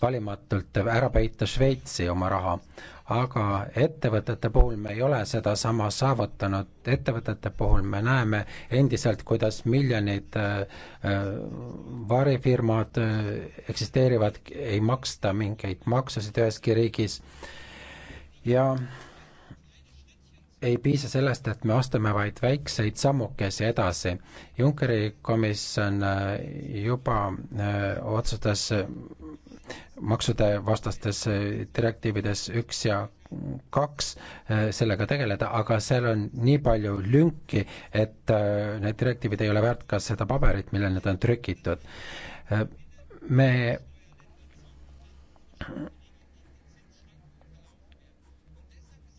Speaker 1: valimatult ära peita Šveitsi oma raha aga ettevõtete puhul me ei ole sedasama saavutanud, ettevõtete puhul me näeme endiselt, kuidas miljonid äh, äh, varifirmad äh, eksisteerivad, ei maksta mingeid maksusid üheski riigis ja ei piisa sellest, et me astume vaid väikseid sammukesi edasi. Junckeri komisjon juba öö, otsustas maksude vastastes eh, direktiivides üks ja kaks eh, sellega tegeleda, aga seal on nii palju lünki, et eh, need direktiivid ei ole väärt ka seda paberit, millel need on trükitud. me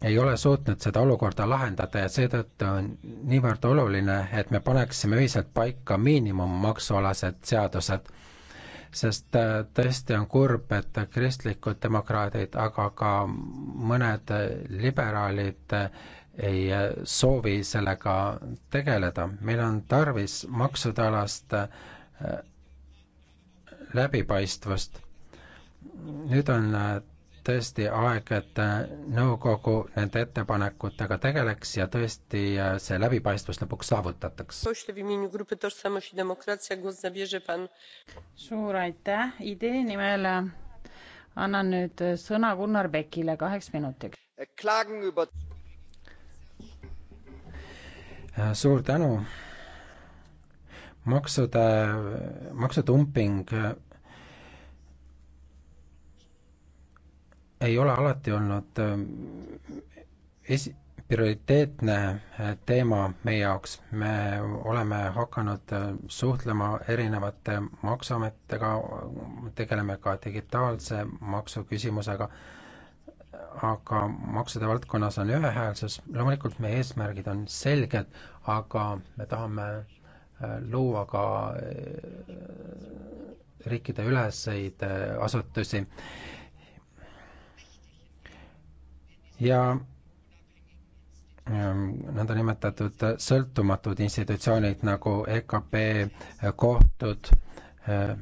Speaker 1: ei ole suutnud seda olukorda lahendada ja seetõttu on niivõrd oluline, et me paneksime ühiselt paika miinimummaksualased seadused sest äh, tõesti on kurb, et kristlikud demokraadid, aga ka mõned liberaalid ei äh, soovi sellega tegeleda. meil on tarvis maksude alast äh, läbipaistvust. nüüd on tõesti aeg, et äh, nõukogu nende ettepanekutega tegeleks ja tõesti äh, see läbipaistvus lõpuks saavutataks.
Speaker 11: suur aitäh idee nimel. Äh, annan nüüd sõna Gunnar Bekile kaheks minutiks.
Speaker 1: suur tänu. maksude, maksudumping ei ole alati olnud äh, esi-, prioriteetne äh, teema meie jaoks. me oleme hakanud äh, suhtlema erinevate maksuametitega, tegeleme ka digitaalse maksuküsimusega, aga maksude valdkonnas on ühehäälsus, loomulikult meie eesmärgid on selged, aga me tahame luua ka riikideüleseid asutusi ja ähm, nõndanimetatud sõltumatud institutsioonid nagu EKP, äh, kohtud äh,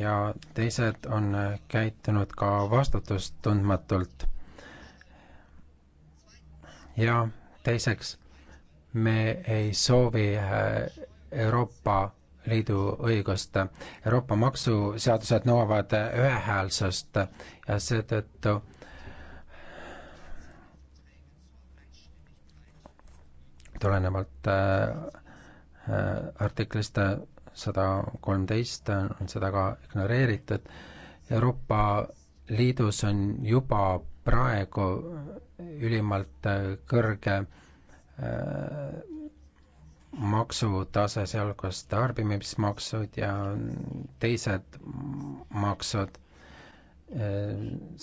Speaker 1: ja teised on äh, käitunud ka vastutustundmatult. ja teiseks, me ei soovi Euroopa Liidu õigust. Euroopa maksuseadused nõuavad ühehäälsust ja seetõttu tulenevalt äh, äh, artiklist sada kolmteist on seda ka ignoreeritud. Euroopa Liidus on juba praegu ülimalt äh, kõrge maksutase, sealhulgas tarbimismaksud ja teised maksud.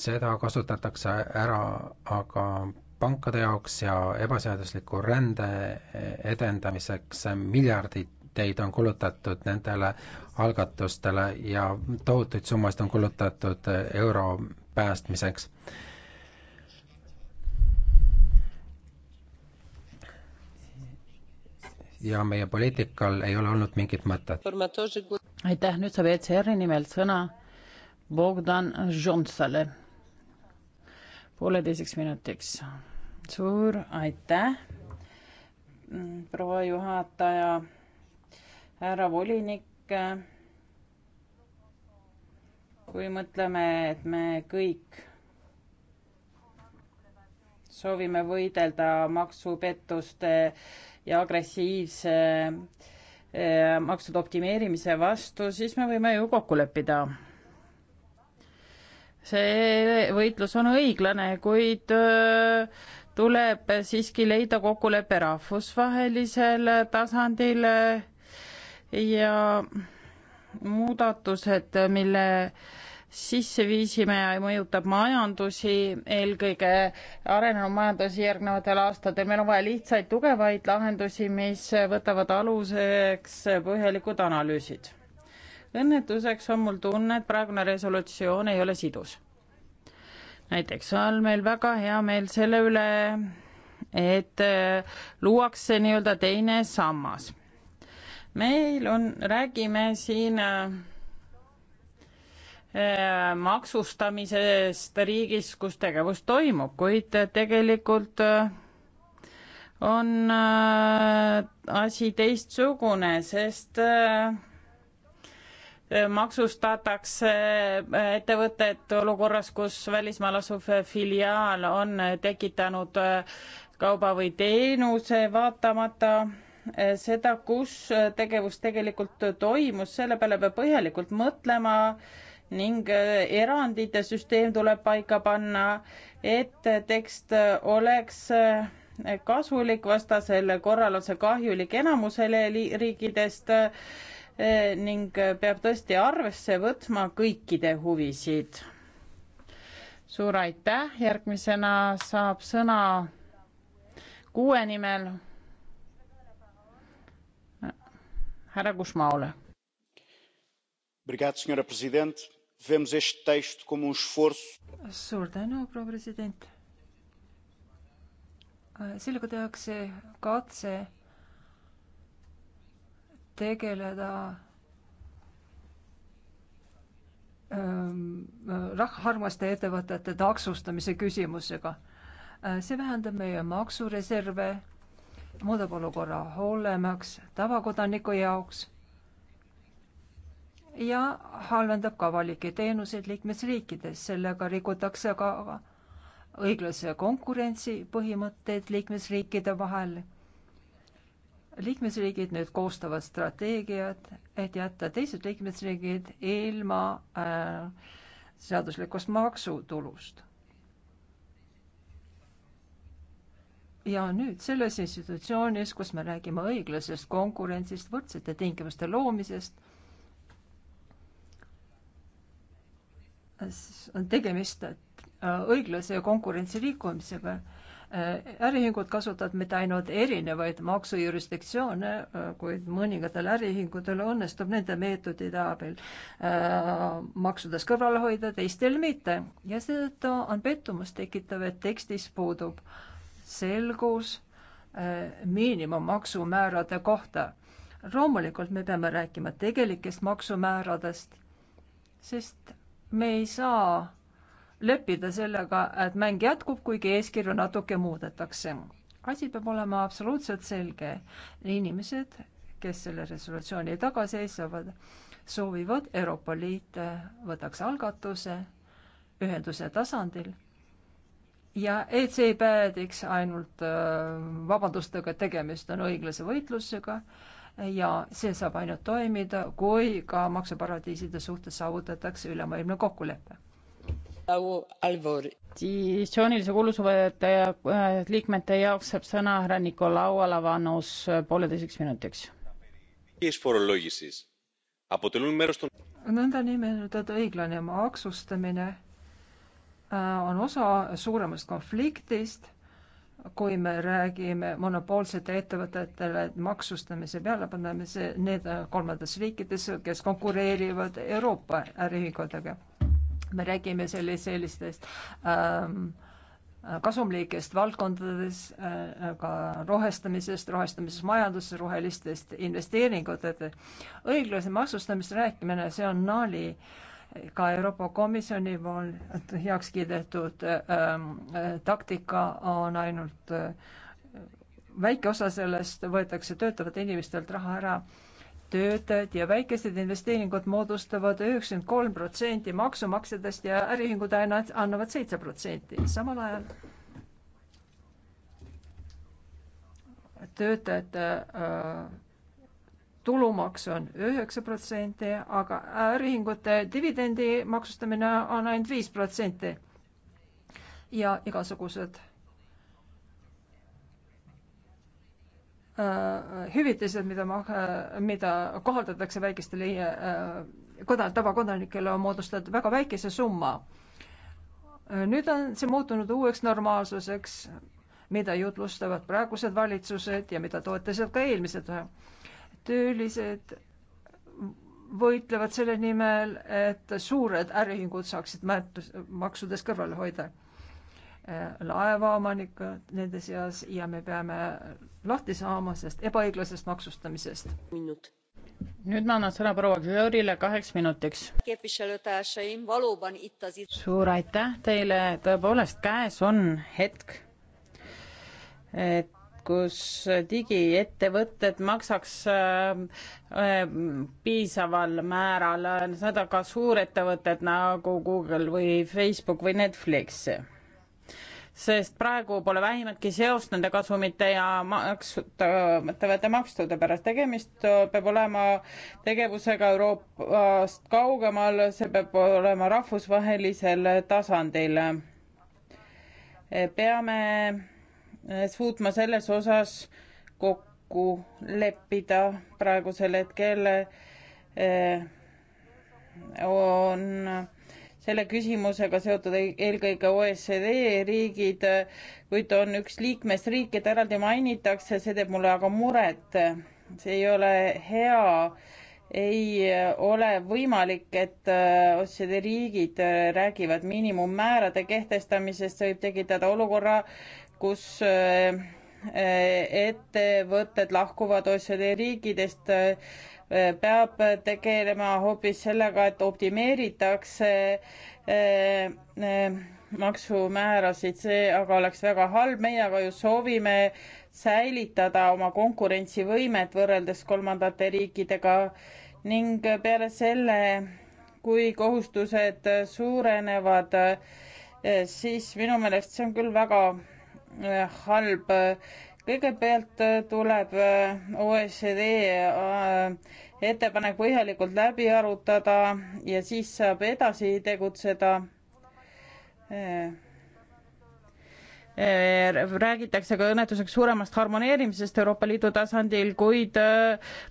Speaker 1: seda kasutatakse ära aga pankade jaoks ja ebaseadusliku rände edendamiseks miljardeid on kulutatud nendele algatustele ja tohutuid summasid on kulutatud euro päästmiseks. ja meie poliitikal ei ole olnud mingit mõtet.
Speaker 11: aitäh, nüüd saab ECR-i nimel sõna Bogdan Žonsale pooleteiseks minutiks suur aitäh, proua juhataja, härra volinik. kui mõtleme, et me kõik soovime võidelda maksupettuste ja agressiivse eh, maksude optimeerimise vastu, siis me võime ju kokku leppida see võitlus on õiglane, kuid öö, eh, tuleb siiski leida kokkulepe rahvusvahelisel tasandil ja muudatused, mille sisse viisime ja mõjutab majandusi, eelkõige arenenud majandusi järgnevatel aastatel. meil on vaja lihtsaid, tugevaid lahendusi, mis võtavad aluseks põhjalikud analüüsid. õnnetuseks on mul tunne, et praegune resolutsioon ei ole sidus näiteks on meil väga hea meel selle üle, et äh, luuakse nii-öelda teine sammas. meil on, räägime siin äh, äh, maksustamisest riigis, kus tegevus toimub, kuid tegelikult äh, on äh, asi teistsugune, sest äh, maksustatakse ettevõtet olukorras, kus välismaal asuv filiaal on tekitanud kauba või teenuse, vaatamata seda, kus tegevus tegelikult toimus, selle peale peab põhjalikult mõtlema ning erandite süsteem tuleb paika panna, et tekst oleks kasulik, vastasel korral on see kahjulik enamusele riigidest Eh, ning eh, peab tõesti arvesse võtma kõikide huvisid. suur aitäh, järgmisena saab sõna kuue nimel härra Kusmaole.
Speaker 7: Um
Speaker 5: suur tänu, proua president. sellega tehakse katse tegeleda ähm, rahvaharmaste ettevõtete taksustamise küsimusega. Äh, see vähendab meie maksureserve, muudab olukorra hullemaks tavakodaniku jaoks ja halvendab ka avalikke teenuseid liikmesriikides, sellega rikutakse ka õiglase konkurentsi põhimõtteid liikmesriikide vahel liikmesriigid nüüd koostavad strateegiat, et jätta teised liikmesriigid ilma äh, seaduslikust maksutulust. ja nüüd selles institutsioonis, kus me räägime õiglasest konkurentsist, võrdsete tingimuste loomisest, on tegemist äh, õiglase konkurentsi liikumisega äriühingud kasutavad mitte ainult erinevaid maksujurisdiktsioone, kuid mõningatel äriühingutel õnnestub nende meetodite abil äh, maksudest kõrvale hoida, teistel mitte. ja seetõttu on pettumus tekitav, et tekstis puudub selgus äh, miinimummaksumäärade kohta. loomulikult me peame rääkima tegelikest maksumääradest, sest me ei saa leppida sellega, et mäng jätkub, kuigi eeskirju natuke muudetakse. asi peab olema absoluutselt selge. inimesed, kes selle resolutsiooni taga seisavad, soovivad Euroopa Liit võtaks algatuse ühenduse tasandil ja et see ei päädiks ainult äh, vabandustega, et tegemist on õiglase võitlusega ja see saab ainult toimida, kui ka maksuparadiiside suhtes saavutatakse ülemaailmne kokkulepe traditsioonilise kuulusuvõtete äh, liikmete jaoks saab sõna härra Nikolau Alavanus äh, pooleteiseks minutiks. nõndanimetatud õiglane maksustamine äh, on osa suuremast konfliktist, kui me räägime monopoolsete ettevõtetele maksustamise pealepanemise, need kolmandates riikides, kes konkureerivad Euroopa äriühingutega me räägime sellist, sellistest ähm, kasumlikest valdkondades äh,, ka rohestamisest, rohestamises majanduses, rohelistest investeeringutest. õiglase maksustamist rääkimine, see on nali ka Euroopa Komisjoni poolt heaks kiidetud ähm, taktika on ainult äh, väike osa sellest võetakse töötavate inimestelt raha ära töötajad ja väikesed investeeringud moodustavad üheksakümmend kolm protsenti maksumaksjatest ja äriühingud ainult annavad seitse protsenti. samal ajal töötajate äh, tulumaks on üheksa protsenti, aga äriühingute dividendi maksustamine on ainult viis protsenti. ja igasugused Äh, hüvitised, mida ma, äh, mida kohaldatakse väikestele äh, kodan-, tavakodanikele, on moodustanud väga väikese summa. nüüd on see muutunud uueks normaalsuseks, mida jutlustavad praegused valitsused ja mida toetasid ka eelmised töölised võitlevad selle nimel, et suured äriühingud saaksid märtus, maksudest kõrvale hoida Äh, laevaomanikke äh, nende seas ja me peame lahti saama sellest ebaõiglasest maksustamisest. nüüd ma annan
Speaker 11: sõna proua Gjörile kaheks minutiks. suur aitäh teile, tõepoolest käes on hetk, et kus digiettevõtted maksaks äh, äh, piisaval määral, äh, seda ka suurettevõtted nagu Google või Facebook või Netflix sest praegu pole vähimatki seost nende kasumite ja maksutatavate maksude pärast. tegemist äh, peab olema tegevusega Euroopast kaugemal, see peab olema rahvusvahelisel tasandil. peame äh, suutma selles osas kokku leppida praegusel hetkel äh, on selle küsimusega seotud e-, eelkõige OECD riigid, kuid on üks liikmesriik, keda eraldi mainitakse, see teeb mulle aga muret. see ei ole hea, ei ole võimalik, et äh, OECD riigid äh, räägivad miinimummäärade kehtestamisest, see võib tekitada olukorra, kus äh, ettevõtted lahkuvad OECD riikidest peab tegelema hoopis sellega, et optimeeritakse eh, eh, maksumäärasid, see aga oleks väga halb, meie aga ju soovime säilitada oma konkurentsivõimet võrreldes kolmandate riikidega ning peale selle, kui kohustused suurenevad, eh, siis minu meelest see on küll väga halb kõigepealt äh, tuleb äh, OECD äh, ettepanek põhjalikult läbi arutada ja siis saab edasi tegutseda. räägitakse ka õnnetuseks suuremast harmoneerimisest Euroopa Liidu tasandil, kuid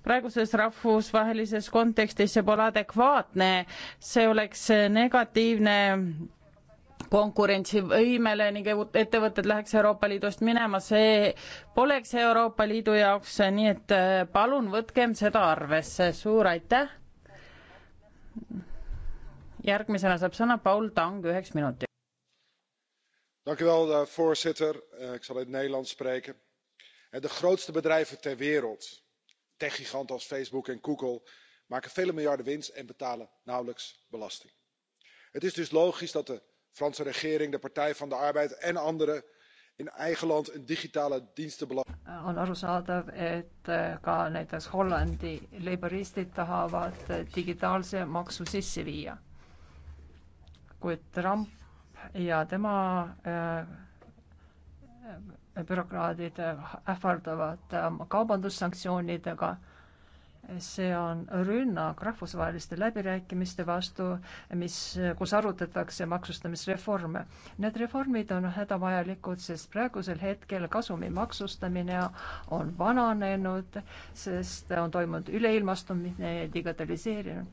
Speaker 11: praeguses rahvusvahelises kontekstis see pole adekvaatne, see oleks negatiivne konkurentsivõimele ning ettevõtted läheks Euroopa Liidust minema, see poleks Euroopa Liidu jaoks, nii et äh, palun võtkem seda arvesse, suur aitäh. järgmisena saab sõna Paul Tang üheks minutiks.
Speaker 4: Eh, voorzitter, eh, ik zal in Nederlands spreken. Eh, de grootste bedrijven ter wereld, techgiganten als Facebook en Google, maken vele miljarden winst en betalen nauwelijks belasting. Het is dus logisch dat de franse regering de partij van de arbeid en anderen in eigen land een digitale dienstenbelasting.
Speaker 5: Äh, on arusaadav, et äh, ka näiteks Hollandi laboristid tahavad äh, digitaalse maksu sisse viia. kuid Trump ja tema äh, bürokraadid ähvardavad kaubandussanktsioonidega see on rünnak rahvusvaheliste läbirääkimiste vastu, mis, kus arutatakse maksustamisreforme. Need reformid on hädavajalikud, sest praegusel hetkel kasumi maksustamine on vananenud, sest on toimunud üleilmastumine ja digitaliseerimine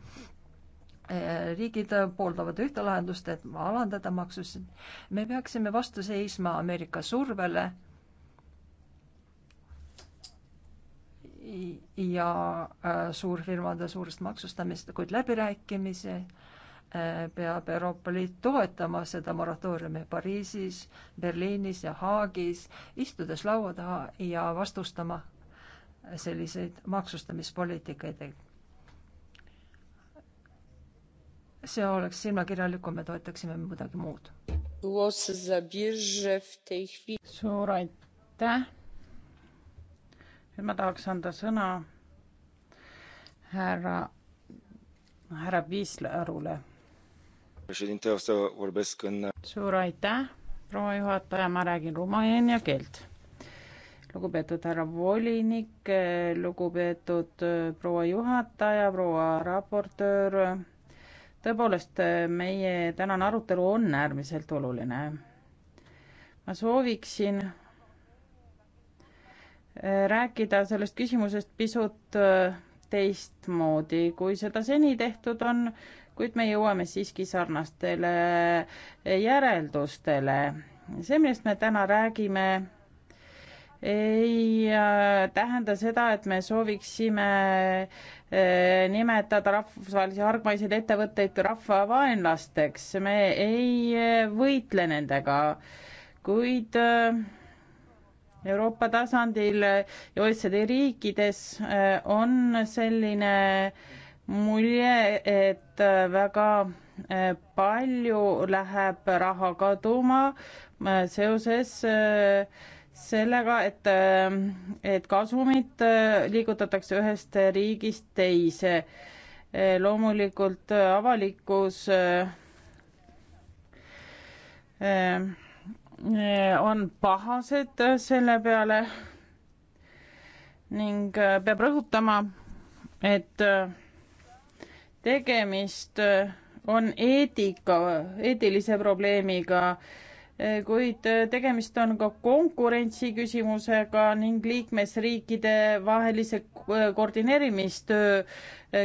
Speaker 5: riigid pooldavad ühte lahendust, et alandada maksusid. me peaksime vastu seisma Ameerika survele ja äh, suurfirmade suurest maksustamist, kuid läbirääkimisi äh, peab Euroopa Liit toetama seda moratooriumi Pariisis, Berliinis ja Haagis, istudes laua taha ja vastustama selliseid maksustamispoliitikaid. see oleks silmakirjalik, kui me toetaksime midagi muud.
Speaker 7: suur aitäh
Speaker 11: nüüd ma tahaks anda sõna härra, härra Piislarule.
Speaker 4: suur
Speaker 11: aitäh, proua juhataja, ma räägin rumeenia keelt. lugupeetud härra volinik, lugupeetud äh, proua juhataja, proua raportöör, tõepoolest, äh, meie tänane arutelu on äärmiselt oluline. ma sooviksin rääkida sellest küsimusest pisut äh, teistmoodi, kui seda seni tehtud on, kuid me jõuame siiski sarnastele äh, järeldustele. see, millest me täna räägime, ei äh, tähenda seda, et me sooviksime nimetada rahvusvahelisi hargmaiseid ettevõtteid rahvavaenlasteks, me ei võitle nendega, kuid äh, Euroopa tasandil ja OECD riikides eh, on selline mulje, et eh, väga eh, palju läheb raha kaduma seoses sellega, et, et kasumit liigutatakse ühest riigist teise. loomulikult avalikkus äh, Eh, on pahased eh, selle peale ning eh, peab rõhutama, et tegemist on eetika, eetilise probleemiga, kuid tegemist on ka konkurentsi küsimusega ning liikmesriikide vahelise koordineerimistöö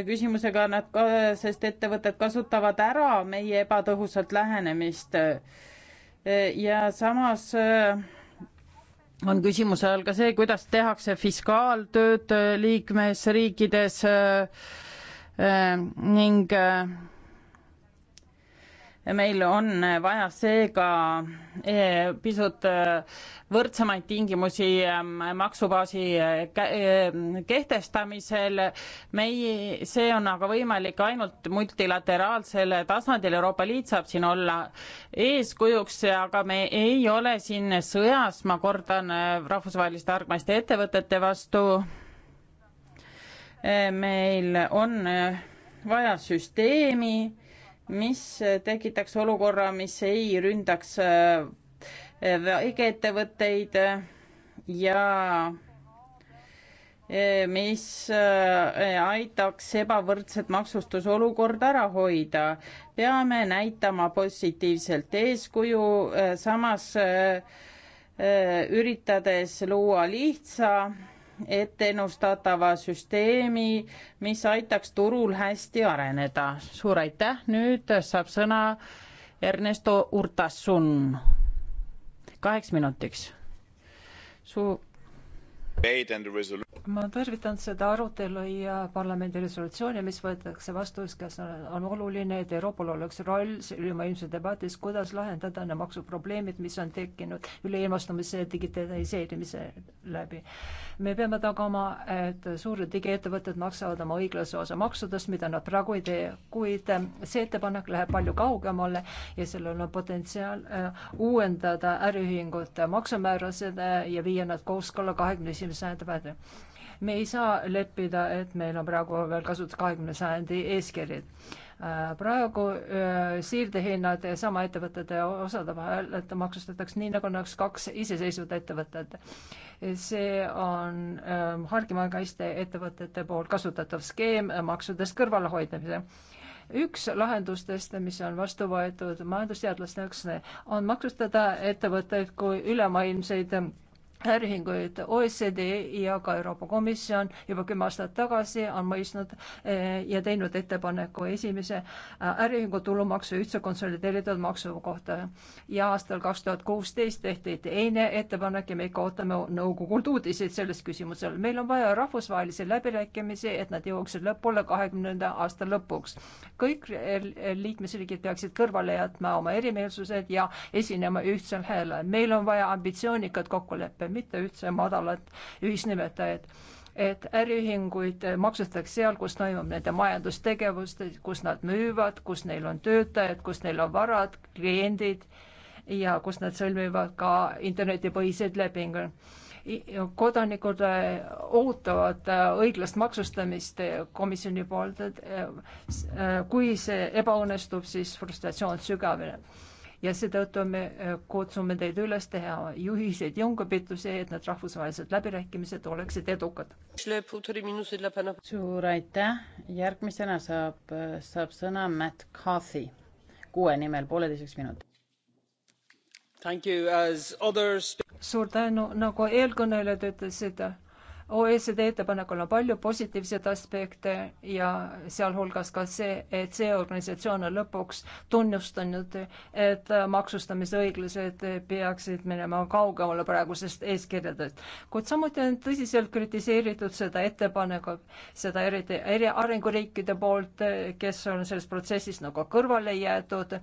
Speaker 11: küsimusega, nad, sest ettevõtted kasutavad ära meie ebatõhusat lähenemist ja samas äh, on küsimuse all ka see, kuidas tehakse fiskaaltööd äh, liikmesriikides äh, ning meil on vaja seega eh, pisut eh, võrdsemaid tingimusi eh, maksubaasi kehtestamisel. meie, see on aga võimalik ainult multilateraalsel tasandil, Euroopa Liit saab siin olla eeskujuks, aga me ei ole siin sõjas, ma kordan, rahvusvaheliste argmaiste ettevõtete vastu. meil on vaja süsteemi mis tekitaks olukorra, mis ei ründaks äh, väikeettevõtteid ja äh, mis äh, aitaks ebavõrdset maksustusolukorda ära hoida. peame näitama positiivselt eeskuju, samas üritades luua lihtsa ette ennustatava süsteemi, mis aitaks turul hästi areneda. suur aitäh, nüüd saab sõna Ernesto
Speaker 5: Urtasun kaheks minutiks. suur ma tervitan seda arutelu ja parlamendi resolutsiooni, mis võetakse vastu, kes on oluline, et Euroopal oleks roll ülemaailmses debatis, kuidas lahendada need maksuprobleemid, mis on tekkinud üleilmastumise ja digitaliseerimise läbi. me peame tagama, et suured digiettevõtted maksavad oma õiglase osa maksudest, mida nad praegu ei tee, kuid eh, see ettepanek läheb palju kaugemale ja sellel on potentsiaal eh, uuendada äriühingute maksumäärasid eh, ja viia nad kooskõlla kahekümne esimese kahekümne sajandi pääde. me ei saa leppida, et meil on praegu veel kasutus kahekümne sajandi eeskirjad. Äh, praegu äh, siirdehinnad sama ettevõtete osade vahel, et maksustatakse nii, nagu oleks kaks iseseisvat ettevõtet. see on äh, hargimaakaitse ettevõtete poolt kasutatav skeem maksudest kõrvalehoidmise üks lahendustest, mis on vastu võetud majandusteadlaste jaoks, on maksustada ettevõtteid kui ülemaailmseid äriühinguid OECD ja ka Euroopa Komisjon juba kümme aastat tagasi on mõistnud eh, ja teinud ettepaneku esimese eh, äriühingu tulumaksu ühtse konsolideeritud maksu kohta. ja aastal kaks tuhat kuusteist tehti teine ettepanek ja me ikka ootame nõukogult uudiseid selles küsimusel. meil on vaja rahvusvahelisi läbirääkimisi, et nad jõuaksid lõpule kahekümnenda aasta lõpuks. kõik liikmesriigid peaksid kõrvale jätma oma erimeelsused ja esinema ühtsel häälel. meil on vaja ambitsioonikat kokkulepet mitte üldse madalat ühisnimetajat et äriühinguid maksustatakse seal, kus toimub nende majandustegevus, kus nad müüvad, kus neil on töötajad, kus neil on varad, kliendid ja kus nad sõlmivad ka internetipõhiseid lepinguid. kodanikud eh, ootavad eh, õiglast maksustamist eh, komisjoni poolt, et kui see ebaõnnestub, siis frustratsioon sügaveneb ja seetõttu me äh, kutsume teid üles teha juhiseid jõungapetuse, et need rahvusvahelised läbirääkimised oleksid edukad. suur aitäh, järgmisena
Speaker 11: saab, äh, saab sõna Matt Cathy, kuue nimel pooleteiseks minutiks.
Speaker 5: Others... suur tänu, nagu eelkõnelejad ütlesid OECD ettepanekul on palju positiivseid aspekte ja sealhulgas ka see, et see organisatsioon on lõpuks tunnustanud, et maksustamisõiglused peaksid minema kaugemale praegusest eeskirjadest. kuid samuti on tõsiselt kritiseeritud seda ettepanekut, seda eriti eri arenguriikide poolt, kes on sellest protsessist nagu kõrvale jäetud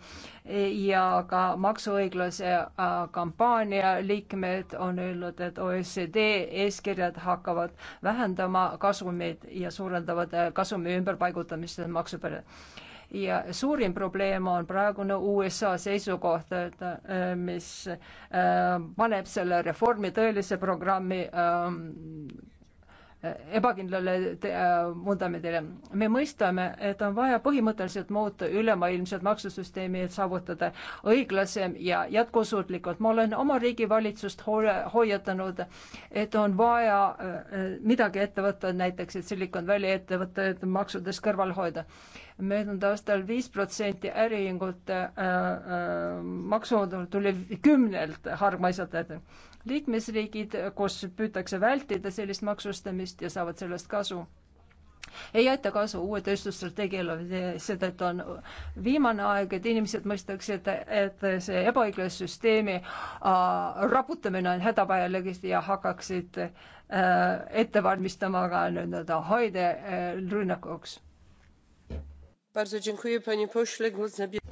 Speaker 5: ja ka maksuõiglase äh, kampaania liikmed on öelnud, et OECD eeskirjad hakkavad peavad vähendama kasumeid ja suurendavad äh, kasumi ümberpaigutamist maksupere ja suurim probleem on praegune USA seisukoht, et äh, mis äh, paneb selle reformi tõelise programmi ähm, ebakindlale äh, vundamendile. me mõistame, et on vaja põhimõtteliselt muuta ülemaailmset maksusüsteemi, et saavutada õiglasem ja jätkusuutlikult. ma olen oma riigi valitsust hoiatanud, et on vaja äh, midagi ette võtta, näiteks et Silicon Valley ettevõtted maksudest kõrval hoida möödunud aastal viis protsenti äriühingute äh, äh, maksuodu tuli kümnelt hargmaisatajalt. liikmesriigid, kus püütakse vältida sellist maksustamist ja saavad sellest kasu, ei aita kasu uue tööstusstrateegiale, seetõttu on viimane aeg, et inimesed mõistaksid, et see ebaõiglase süsteemi äh, raputamine on hädavajalik ja hakkaksid äh, ette valmistama ka nii-öelda haide äh, rünnakuks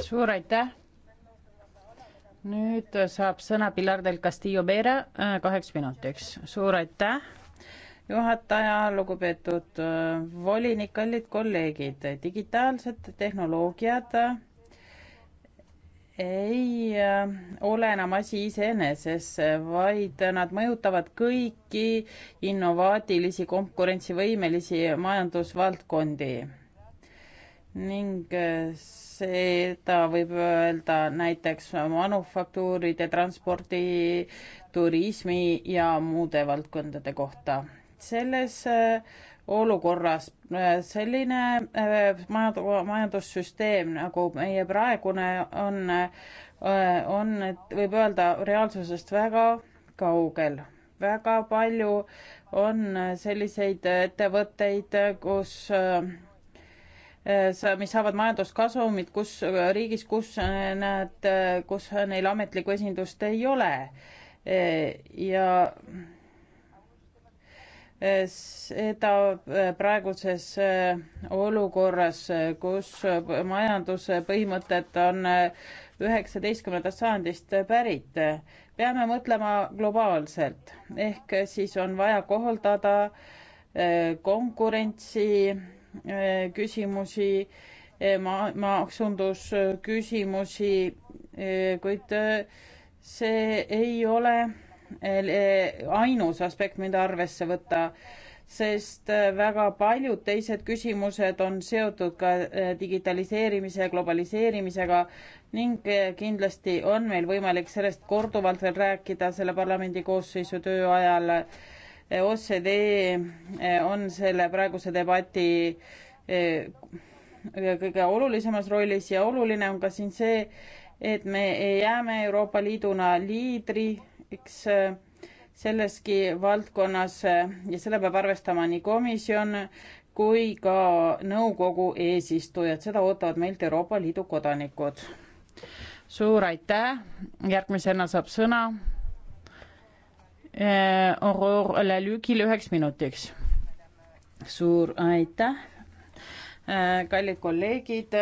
Speaker 5: suur aitäh.
Speaker 11: nüüd saab sõna Pilar del Castillo Vera äh, kaheks minutiks. suur aitäh, juhataja, lugupeetud äh, volinik, kallid kolleegid, digitaalsed tehnoloogiad äh, ei ole enam asi iseeneses, vaid nad mõjutavad kõiki innovaatilisi, konkurentsivõimelisi majandusvaldkondi ning eh, seda võib öelda näiteks manufaktuuride, transpordi, turismi ja muude valdkondade kohta. selles eh, olukorras eh, selline majandussüsteem nagu meie praegune on, on, et võib öelda reaalsusest väga kaugel. väga palju on selliseid ettevõtteid, kus Äh, mis saavad majanduskasumit, kus äh, riigis, kus nad, äh, kus neil ametlikku esindust ei ole. ja seda praeguses olukorras, kus majanduse põhimõtted on üheksateistkümnendast sajandist pärit. peame mõtlema globaalselt, ehk siis on vaja kohaldada konkurentsi Eh, küsimusi, eh, ma-, maksundusküsimusi, eh, kuid see ei ole ainus aspekt, mida arvesse võtta, sest väga paljud teised küsimused on seotud ka digitaliseerimise ja globaliseerimisega ning kindlasti on meil võimalik sellest korduvalt veel rääkida selle parlamendi koosseisu töö ajal OSCD eh, on selle praeguse debati eh, kõige olulisemas rollis ja oluline on ka siin see, et me jääme Euroopa Liiduna liidriks eh, selleski valdkonnas ja selle peab arvestama nii komisjon kui ka nõukogu eesistujad, seda ootavad meilt Euroopa Liidu kodanikud. suur aitäh, järgmisena saab sõna Eh, Aurore Lälükile üheks minutiks. suur aitäh, eh, kallid kolleegid,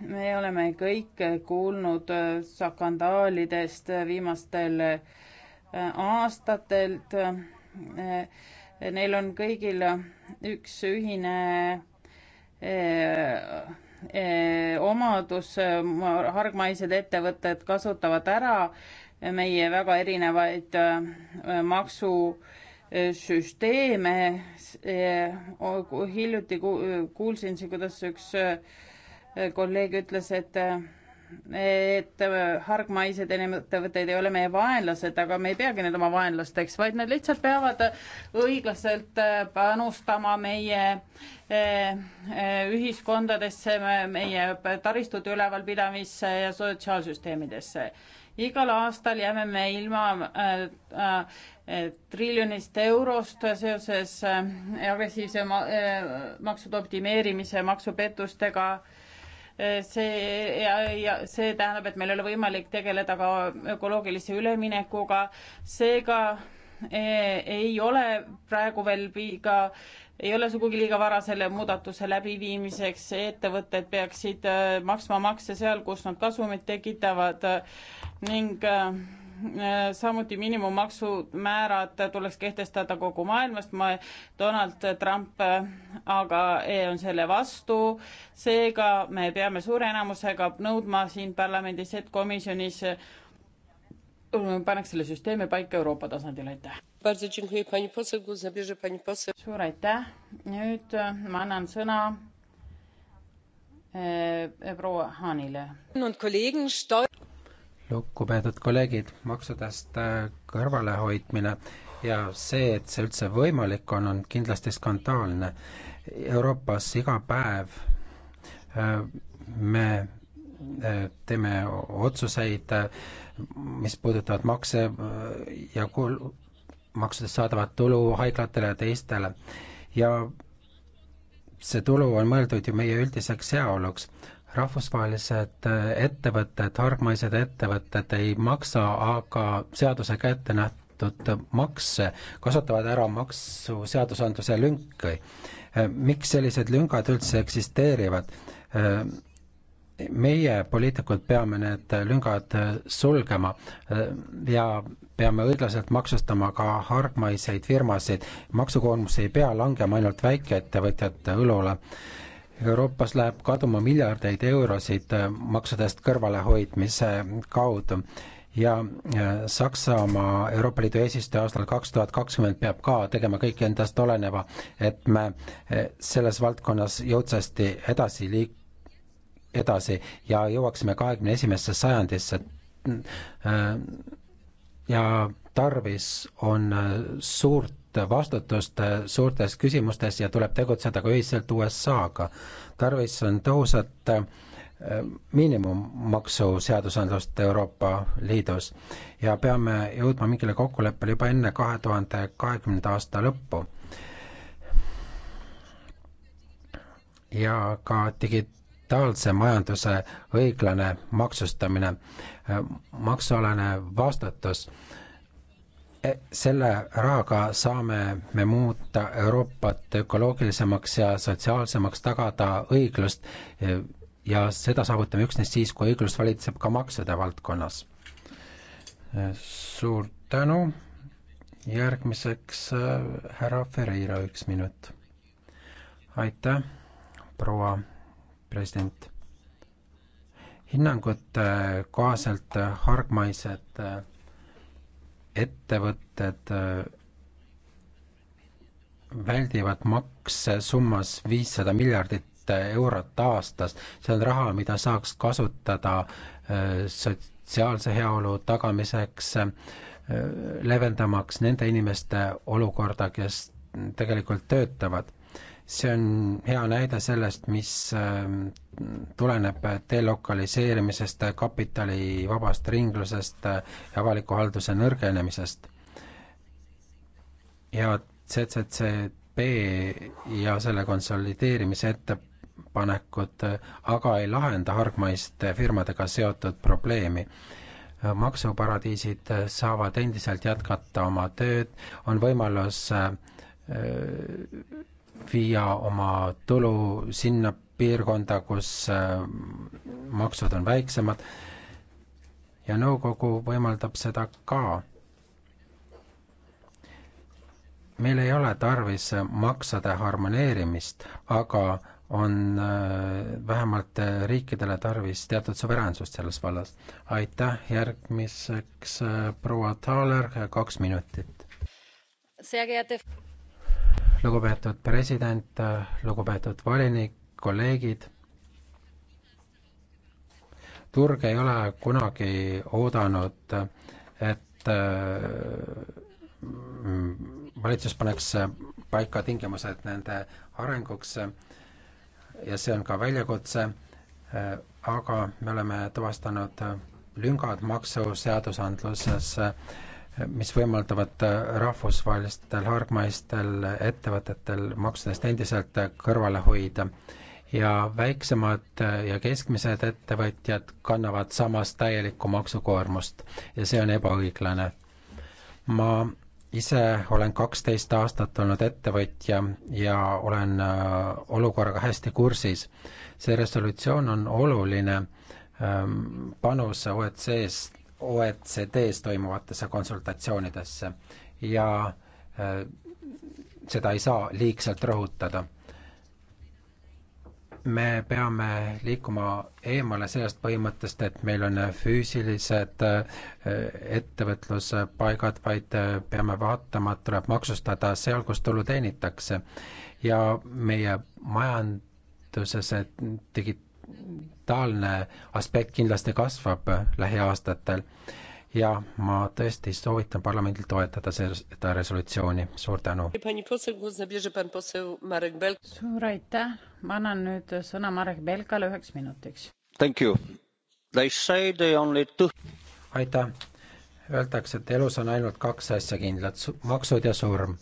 Speaker 11: me oleme kõik kuulnud eh, skandaalidest viimastel aastatelt. Neil on kõigil üks ühine omadus, hargmaised ettevõtted kasutavad ära meie väga erinevaid äh, maksusüsteeme. Äh, hiljuti kuulsin siin, kuidas üks äh, kolleeg ütles, et et hargmaised ettevõtted ei ole meie vaenlased, aga me ei peagi neid oma vaenlasteks, vaid nad lihtsalt peavad õiglaselt panustama meie ühiskondadesse, meie taristute ülevalpidamisse ja sotsiaalsüsteemidesse igal aastal jääme me ilma äh, äh, triljonist eurost seoses äh, agressiivse ma, äh, maksude optimeerimise, maksupettustega. Äh, see ja, ja see tähendab, et meil ei ole võimalik tegeleda ka ökoloogilise üleminekuga, seega äh, ei ole praegu veel ka ei ole sugugi liiga vara selle muudatuse läbiviimiseks, ettevõtted peaksid äh, maksma makse seal, kus nad kasumit tekitavad ning äh, äh, samuti miinimummaksumäärad tuleks kehtestada kogu maailmast, ma, Donald Trump aga e on selle vastu, seega me peame suure enamusega nõudma siin parlamendis, et komisjonis
Speaker 7: paneks selle süsteemi paika Euroopa tasandil, aitäh! suur aitäh,
Speaker 11: nüüd äh, ma annan sõna äh, äh, proua Haanile.
Speaker 1: lugupeetud kolleegid, maksudest kõrvalehoidmine ja see, et see üldse võimalik on, on kindlasti skandaalne. Euroopas iga päev me teeme otsuseid, mis puudutavad makse ja kul-, maksudest saadavat tulu haiglatele ja teistele. ja see tulu on mõeldud ju meie üldiseks heaoluks. rahvusvahelised äh, ettevõtted, hargmaised ettevõtted ei maksa aga seadusega ette nähtud makse, kasutavad ära maksuseadusandluse lünki. Äh, miks sellised lüngad üldse eksisteerivad? Äh, meie, poliitikud, peame need lüngad äh, sulgema äh, ja peame õiglaselt maksustama ka hargmaiseid firmasid. maksukoormus ei pea langema ainult väikeettevõtjate õlule. Euroopas läheb kaduma miljardeid eurosid äh, maksudest kõrvalehoidmise kaudu ja Saksamaa Euroopa Liidu eesistuja aastal kaks tuhat kakskümmend peab ka tegema kõik endast oleneva, et me selles valdkonnas jõudsasti edasi liik-, edasi ja jõuaksime kahekümne esimesse sajandisse. ja tarvis on suurt vastutust suurtes küsimustes ja tuleb tegutseda ka ühiselt USA-ga. tarvis on tõhusat äh, miinimummaksu seadusandlust Euroopa Liidus ja peame jõudma mingile kokkuleppele juba enne kahe tuhande kahekümnenda aasta lõppu. ja ka digi-, digitaalse majanduse õiglane maksustamine, maksualane vastutus. E, selle rahaga saame me muuta Euroopat ökoloogilisemaks ja sotsiaalsemaks, tagada õiglust e, ja seda saavutame üksnes siis, kui õiglus valitseb ka maksude valdkonnas. E, suur tänu, järgmiseks härra Ferreira üks minut. aitäh, proua president. hinnangute kohaselt hargmaised äh, ettevõtted äh, väldivad makse summas viissada miljardit äh, eurot aastas, see on raha, mida saaks kasutada sotsiaalse heaolu tagamiseks, leevendamaks nende inimeste olukorda, kes tegelikult töötavad see on hea näide sellest, mis ähm, tuleneb delokaliseerimisest, kapitali vabast ringlusest ja äh, avaliku halduse nõrgenemisest. ja CCCB ja selle konsolideerimise ettepanekud äh, aga ei lahenda hargmaiste firmadega seotud probleemi äh, maksuparadiisid saavad endiselt jätkata oma tööd, on võimalus viia oma tulu sinna piirkonda, kus äh, maksud on väiksemad ja nõukogu võimaldab seda ka. meil ei ole tarvis maksude harmoneerimist, aga on äh, vähemalt riikidele tarvis teatud suveräänsust selles vallas. aitäh, järgmiseks äh, proua Thaler, kaks minutit lugupeetud president, lugupeetud volinik, kolleegid. turg ei ole kunagi oodanud, et mm, valitsus paneks paika tingimused nende arenguks ja see on ka väljakutse, aga me oleme tuvastanud lüngad maksuseadusandluses äh, mis võimaldavad äh, rahvusvahelistel hargmaistel ettevõtetel maksudest endiselt kõrvale hoida. ja väiksemad äh, ja keskmised ettevõtjad kannavad samas täielikku maksukoormust ja see on ebaõiglane. ma ise olen kaksteist aastat olnud ettevõtja ja olen äh, olukorraga hästi kursis. see resolutsioon on oluline ähm, panus OECD-st OECD-s toimuvatesse konsultatsioonidesse ja äh, seda ei saa liigselt rõhutada. me peame liikuma eemale sellest põhimõttest, et meil on füüsilised äh, ettevõtluspaigad, vaid äh, peame vaatama, et tuleb maksustada seal, kus tulu teenitakse. ja meie majanduses digit-, digitaalne aspekt kindlasti kasvab lähiaastatel ja ma tõesti soovitan parlamendil toetada seda resolutsiooni, suur tänu.
Speaker 7: suur aitäh, ma annan nüüd sõna Marek Belkale
Speaker 11: üheks minutiks.
Speaker 1: aitäh, öeldakse, et elus on ainult kaks asja kindlat, maksud ja surm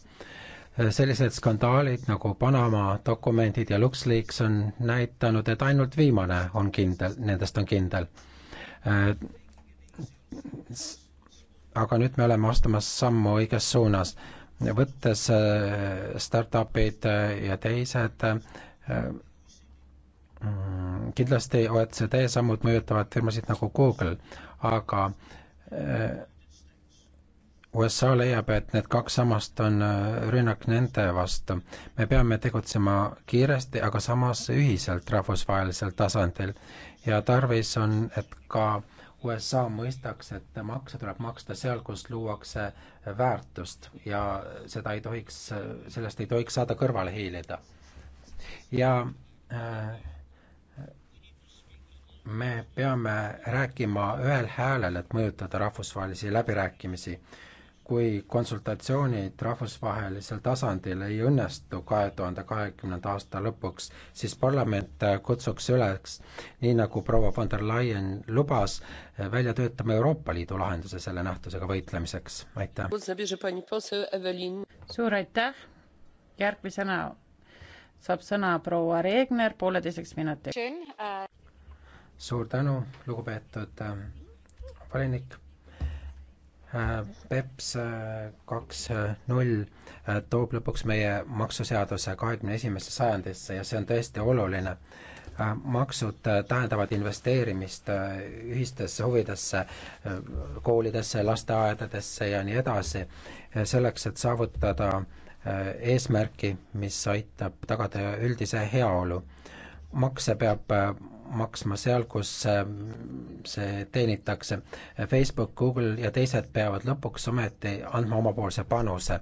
Speaker 1: Äh, sellised skandaalid nagu Panama dokumendid ja LuxLeaks on näidanud, et ainult viimane on kindel, nendest on kindel. Äh, aga nüüd me oleme astumas sammu õiges suunas, võttes äh, startup'id ja teised mm, kindlasti OECD sammud mõjutavad firmasid nagu Google, aga USA leiab, et need kaks sammast on äh, rünnak nende vastu. me peame tegutsema kiiresti, aga samas ühiselt rahvusvahelisel tasandil ja tarvis on, et ka USA mõistaks, et makse tuleb maksta seal, kus luuakse väärtust ja seda ei tohiks, sellest ei tohiks saada kõrvale hiilida. ja äh, me peame rääkima ühel häälel, et mõjutada rahvusvahelisi läbirääkimisi kui konsultatsioonid rahvusvahelisel tasandil ei õnnestu kahe tuhande kahekümnenda aasta lõpuks, siis parlament kutsuks üles, nii nagu proua von der Leyen lubas, välja töötama Euroopa Liidu lahenduse selle nähtusega võitlemiseks, aitäh.
Speaker 7: suur aitäh,
Speaker 11: järgmisena saab sõna proua Regner pooleteiseks minutiks.
Speaker 1: suur äh, tänu, lugupeetud äh, volinik äh, BEPS äh, kaks äh, null äh, toob lõpuks meie maksuseaduse kahekümne esimesse sajandisse ja see on tõesti oluline. maksud tähendavad investeerimist ühistesse huvidesse, koolidesse, lasteaedadesse ja nii edasi, selleks, et saavutada eesmärki, mis aitab tagada üldise heaolu. makse peab maksma seal, kus äh, see teenitakse. Facebook, Google ja teised peavad lõpuks ometi andma omapoolse panuse.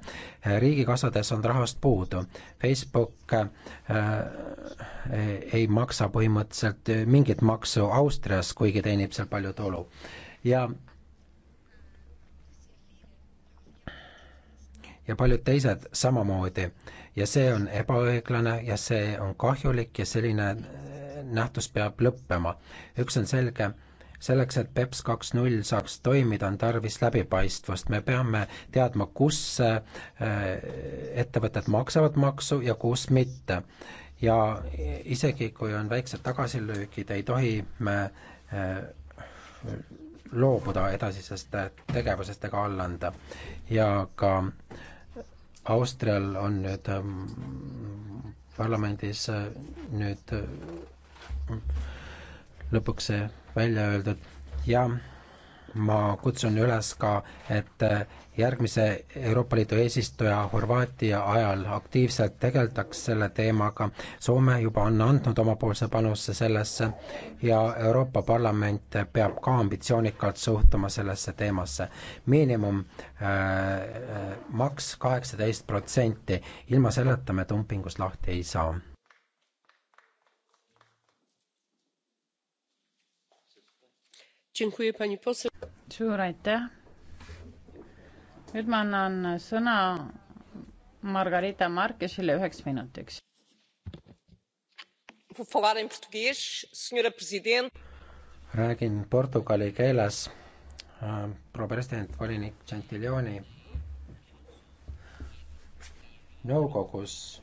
Speaker 1: riigikassades on rahast puudu. Facebook äh, äh, ei maksa põhimõtteliselt mingit maksu Austrias, kuigi teenib seal palju tulu. ja ja paljud teised samamoodi. ja see on ebaõiglane ja see on kahjulik ja selline nähtus peab lõppema. üks on selge, selleks, et BEPS kaks null saaks toimida, on tarvis läbipaistvust, me peame teadma, kus äh, ettevõtted maksavad maksu ja kus mitte. ja isegi, kui on väiksed tagasilöögid, ei tohi me äh, loobuda edasisest äh, tegevusest ega alla anda. ja ka Austrial on nüüd ähm, parlamendis nüüd lõpuks välja öeldud ja ma kutsun üles ka, et järgmise Euroopa Liidu eesistuja Horvaatia ajal aktiivselt tegeldaks selle teemaga. Soome juba on andnud omapoolse panuse sellesse ja Euroopa Parlament peab ka ambitsioonikalt suhtuma sellesse teemasse. miinimum äh, äh maks kaheksateist protsenti, ilma selleta me dumpingust lahti ei saa
Speaker 7: suur aitäh.
Speaker 11: nüüd ma annan sõna Margarita Markesile üheks minutiks.
Speaker 1: räägin portugali keeles. Ähm, proua president, volinik Gentiloni. nõukogus,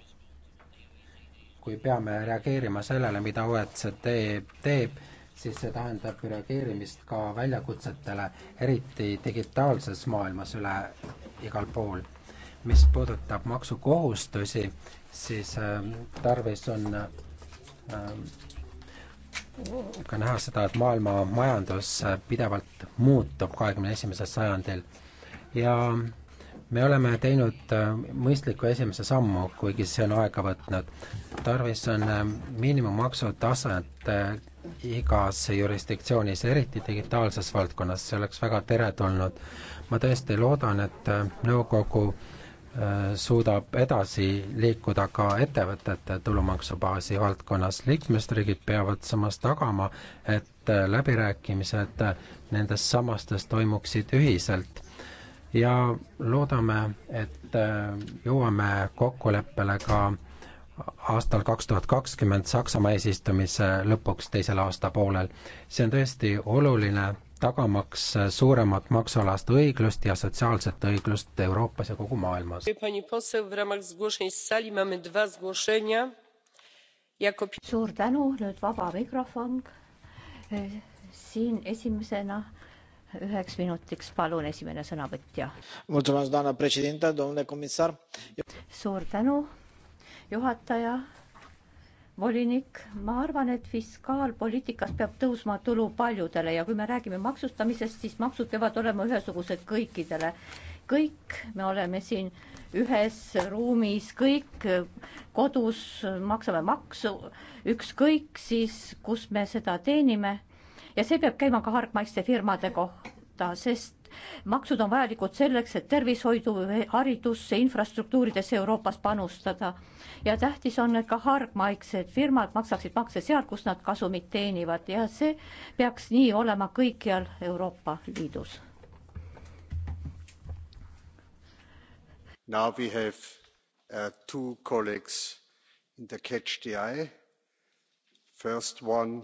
Speaker 1: kui peame reageerima sellele, mida OECD teeb siis see tähendab reageerimist ka väljakutsetele, eriti digitaalses maailmas üle igal pool. mis puudutab maksukohustusi, siis äh, tarvis on äh, ka näha seda, et maailma majandus äh, pidevalt muutub kahekümne esimesel sajandil ja äh, me oleme teinud äh, mõistliku esimese sammu, kuigi see on aega võtnud. tarvis on äh, miinimummaksu taset äh, igas jurisdiktsioonis, eriti digitaalses valdkonnas, see oleks väga teretulnud. ma tõesti loodan, et nõukogu suudab edasi liikuda ka ettevõtete tulumaksubaasi valdkonnas. liikmesriigid peavad samas tagama, et läbirääkimised nendest samastest toimuksid ühiselt ja loodame, et äh, jõuame kokkuleppele ka aastal kaks tuhat kakskümmend Saksamaa eesistumise lõpuks teisel aastapoolel. see on tõesti oluline, tagamaks suuremat maksualast õiglust ja sotsiaalset õiglust Euroopas ja kogu maailmas.
Speaker 8: suur tänu, nüüd vaba mikrofon. siin esimesena üheks minutiks, palun, esimene sõnavõtja. suur tänu, juhataja, volinik, ma arvan, et fiskaalpoliitikas peab tõusma tulu paljudele ja kui me räägime maksustamisest, siis maksud peavad olema ühesugused kõikidele. kõik me oleme siin ühes ruumis, kõik kodus maksame maksu, ükskõik siis, kus me seda teenime ja see peab käima ka hargmaiste firmade kohta, sest maksud on vajalikud selleks, et tervishoidu, haridusse, infrastruktuuridesse Euroopas panustada. ja tähtis on, et ka hargmaiksed firmad maksaksid makse seal, kus nad kasumit teenivad ja see peaks nii olema kõikjal Euroopa Liidus.
Speaker 9: Now we have uh, two colleagues in the catch the eye. First one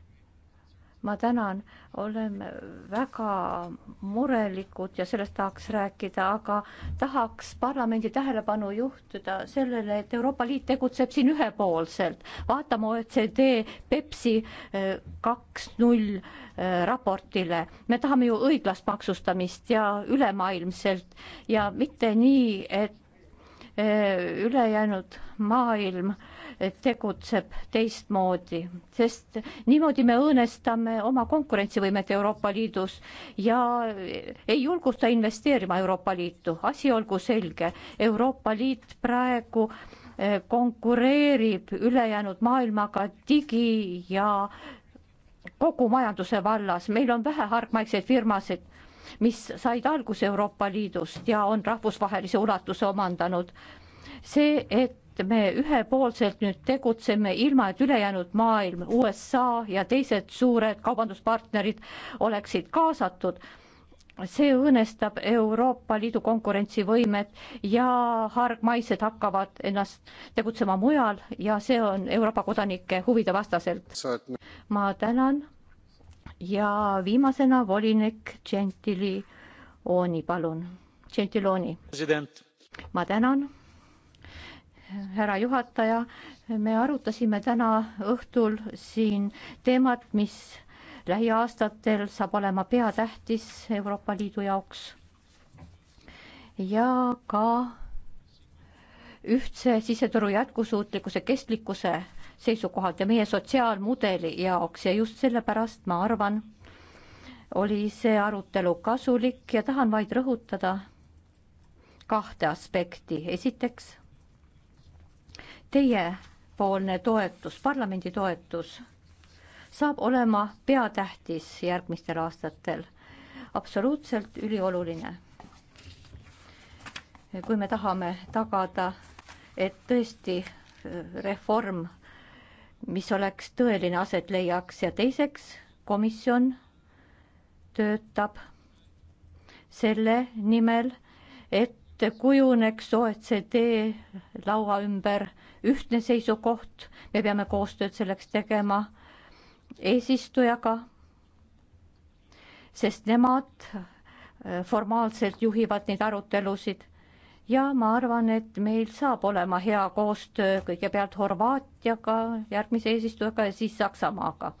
Speaker 8: ma tänan, oleme väga murelikud ja sellest tahaks rääkida, aga tahaks parlamendi tähelepanu juhtida sellele, et Euroopa Liit tegutseb siin ühepoolselt. vaatame OECD Pepsi eh, kaks null eh, raportile, me tahame ju õiglast maksustamist ja ülemaailmselt ja mitte nii, et eh, ülejäänud maailm äh, tegutseb teistmoodi, sest niimoodi me õõnestame oma konkurentsivõimet Euroopa Liidus ja ei julgusta investeerima Euroopa Liitu. asi olgu selge, Euroopa Liit praegu eh, konkureerib ülejäänud maailmaga digi ja kogu majanduse vallas, meil on vähe hargmaikseid firmasid, mis said alguse Euroopa Liidust ja on rahvusvahelise ulatuse omandanud. see, et me ühepoolselt nüüd tegutseme, ilma et ülejäänud maailm, USA ja teised suured kaubanduspartnerid oleksid kaasatud see õõnestab Euroopa Liidu konkurentsivõimet ja hargmaised hakkavad ennast tegutsema mujal ja see on Euroopa kodanike huvide vastaselt. ma tänan ja viimasena volinik Gentiloni, palun. Gentiloni. ma tänan härra juhataja, me arutasime täna õhtul siin teemat, mis lähiaastatel saab olema peatähtis Euroopa Liidu jaoks. ja ka ühtse siseturu jätkusuutlikkuse, kestlikkuse seisukohalt ja meie sotsiaalmudeli jaoks ja just sellepärast ma arvan, oli see arutelu kasulik ja tahan vaid rõhutada kahte aspekti. esiteks teiepoolne toetus, parlamendi toetus saab olema peatähtis järgmistel aastatel, absoluutselt ülioluline. kui me tahame tagada, et tõesti äh, reform, mis oleks tõeline, aset leiaks ja teiseks komisjon töötab selle nimel, et kujuneks OECD laua ümber ühtne seisukoht, me peame koostööd selleks tegema eesistujaga, sest nemad äh, formaalselt juhivad neid arutelusid ja ma arvan, et meil saab olema hea koostöö kõigepealt Horvaatiaga, järgmise eesistujaga ja siis Saksamaaga.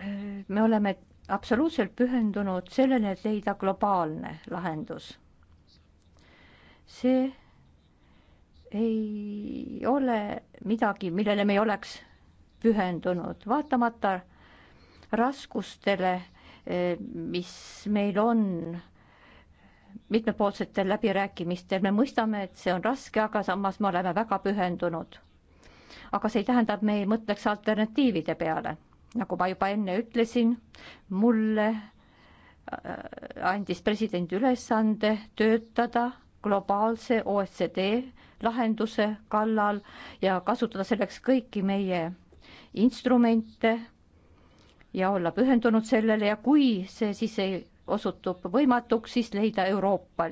Speaker 8: Äh, me oleme absoluutselt pühendunud sellele, et leida globaalne lahendus. see ei ole midagi, millele me ei oleks pühendunud, vaatamata raskustele, eh, mis meil on mitmepoolsetel läbirääkimistel, me mõistame, et see on raske, aga samas me oleme väga pühendunud. aga see ei tähenda, et me ei mõtleks alternatiivide peale. nagu ma juba enne ütlesin, mulle eh, andis president ülesande töötada globaalse OECD lahenduse kallal ja kasutada selleks kõiki meie instrumente ja olla pühendunud sellele ja kui see siis ei osutub võimatuks, siis leida Euroopa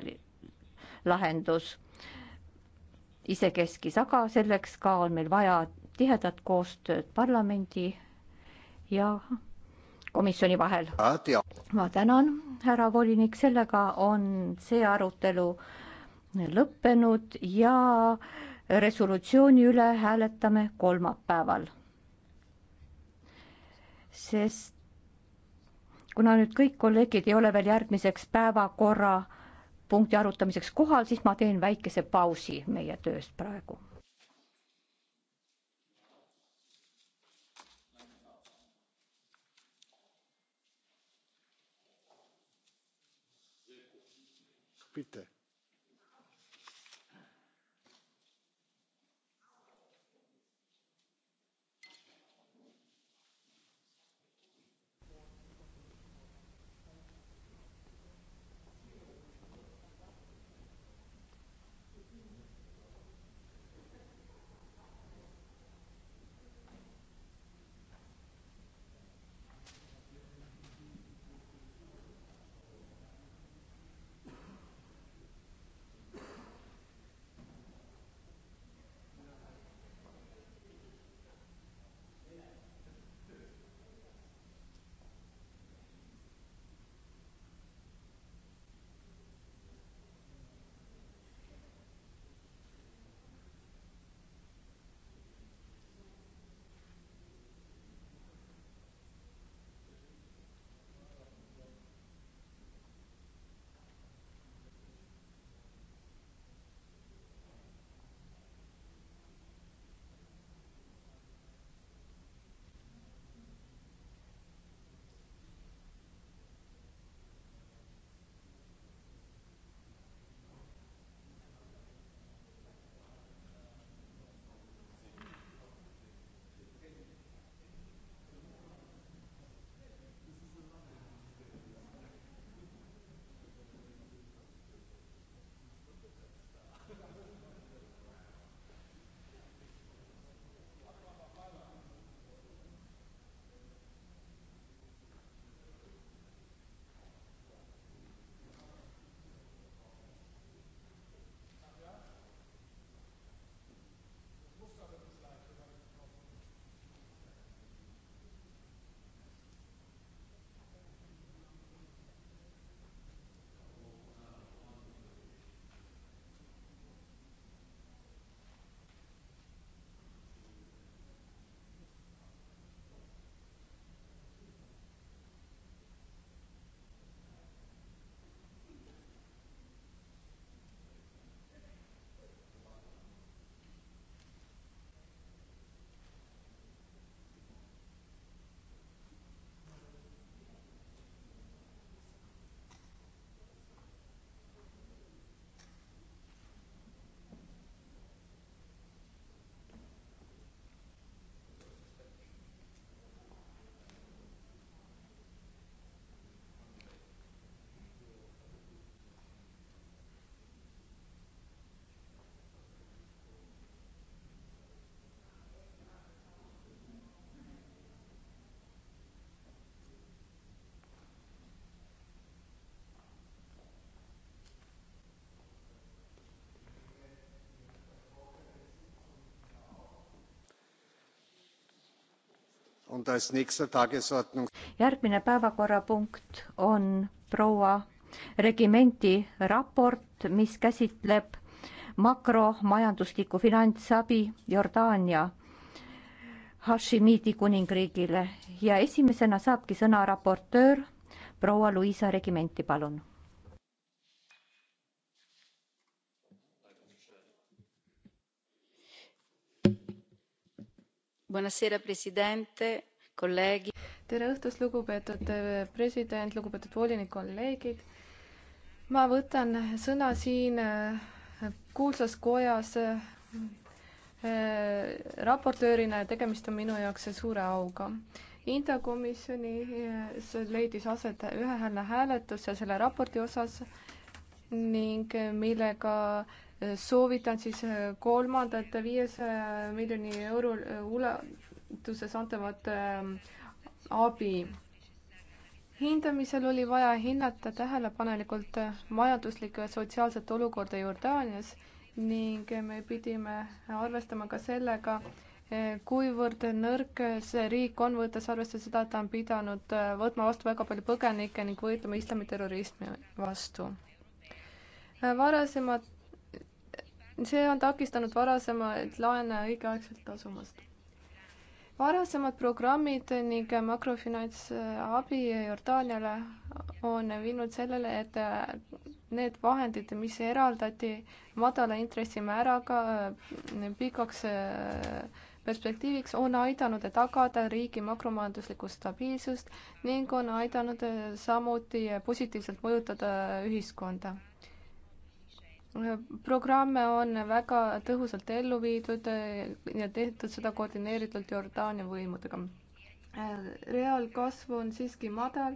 Speaker 8: lahendus isekeskis, aga selleks ka on meil vaja tihedat koostööd parlamendi ja komisjoni vahel. ma tänan, härra volinik, sellega on see arutelu lõppenud ja resolutsiooni üle hääletame kolmapäeval. sest kuna nüüd kõik kolleegid ei ole veel järgmiseks päevakorrapunkti arutamiseks kohal, siis ma teen väikese pausi meie tööst praegu bitte. järgmine päevakorrapunkt on proua Regimenti raport, mis käsitleb makromajanduslikku finantsabi Jordaania Hashimidi kuningriigile ja esimesena saabki sõna raportöör proua Luisa Regimenti, palun
Speaker 3: tere õhtust, lugupeetud eh, president, lugupeetud volinik, kolleegid. ma võtan sõna siin eh, kuulsas kojas eh, raportöörina ja tegemist on minu jaoks suure auga. Inta komisjonis leidis aset ühehäälne hääletus selle raporti osas ning millega soovitan siis äh, kolmandat viiesaja miljoni euro äh, ulatuses antavat äh, abi. hindamisel oli vaja hinnata tähelepanelikult majanduslikku ja sotsiaalset olukorda Jordaanias ning me pidime arvestama ka sellega, kuivõrd nõrk see riik on, võttes arvesse seda, et ta on pidanud võtma vastu väga palju põgenikke ning võitlema islamiterrorismi vastu. varasemad see on takistanud varasemaid laene õigeaegselt tasumast. varasemad programmid ning makrofinantsabi äh, Jordaaniale on viinud sellele, et äh, need vahendid, mis eraldati madala intressimääraga äh, pikaks perspektiiviks, on aidanud tagada riigi makromajanduslikku stabiilsust ning on aidanud samuti positiivselt mõjutada ühiskonda programme on väga tõhusalt ellu viidud ja tehtud seda koordineeritult Jordaania võimudega. reaalkasv on siiski madal.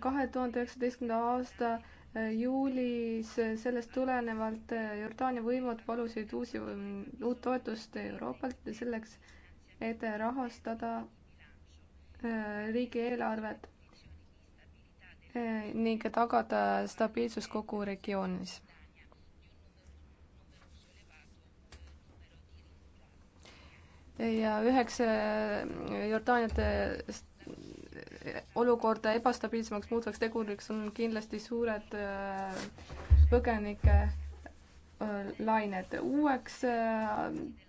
Speaker 3: kahe tuhande üheksateistkümnenda aasta juulis sellest tulenevalt Jordaania võimud palusid uusi, uut toetust Euroopalt selleks, et rahastada äh, riigieelarvet äh, ning tagada stabiilsus kogu regioonis ja üheks äh, Jordaaniat olukorda ebastabiilsemaks muutvaks teguriks on kindlasti suured äh, põgenike äh, lained. uueks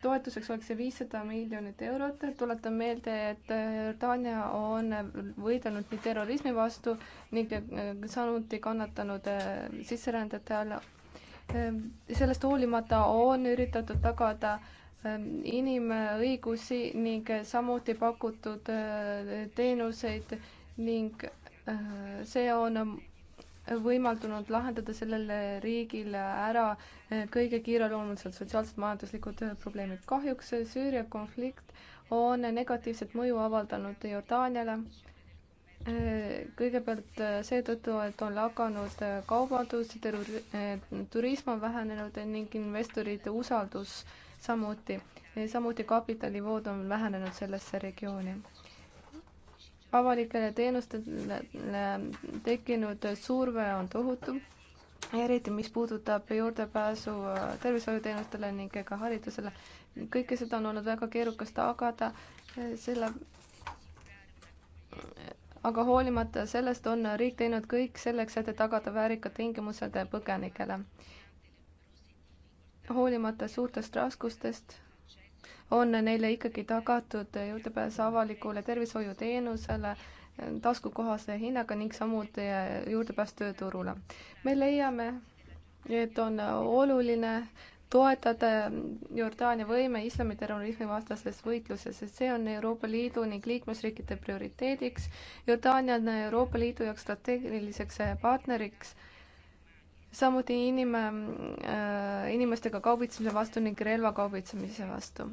Speaker 3: toetuseks oleks see viissada miljonit eurot. tuletan meelde, et Jordaania on võidelnud nii terrorismi vastu ning samuti kannatanud sisserändajate all. sellest hoolimata on üritatud tagada äh, Ähm, inimõigusi ning samuti pakutud äh, teenuseid ning äh, see on võimaldanud lahendada sellele riigile ära äh, kõige kiireloomuliselt sotsiaalsed majanduslikud probleemid. kahjuks Süüria konflikt on negatiivset mõju avaldanud Jordaaniale. kõigepealt seetõttu, et on lakanud kaubandus, turism on vähenenud ning investorite usaldus äh, samuti, samuti kapitalivood on vähenenud sellesse regiooni. avalikele teenustele tekkinud surve on tohutu, eriti mis puudutab juurdepääsu äh, tervishoiuteenustele ning ka haridusele. kõike seda on olnud väga keerukas tagada, äh, selle aga hoolimata sellest on riik teinud kõik selleks, et tagada väärikad tingimused põgenikele hoolimata suurtest raskustest on neile ikkagi tagatud juurdepääs avalikule tervishoiuteenusele taskukohase hinnaga ning samuti juurdepääs tööturule. me leiame, et on oluline toetada Jordaania võime islamiterrorismi vastases võitluses, et see on Euroopa Liidu ning liikmesriikide prioriteediks. Jordaania on Euroopa Liidu jaoks strateegiliseks partneriks samuti inim-, äh, inimestega kaubitsemise vastu ning relva kaubitsemise vastu.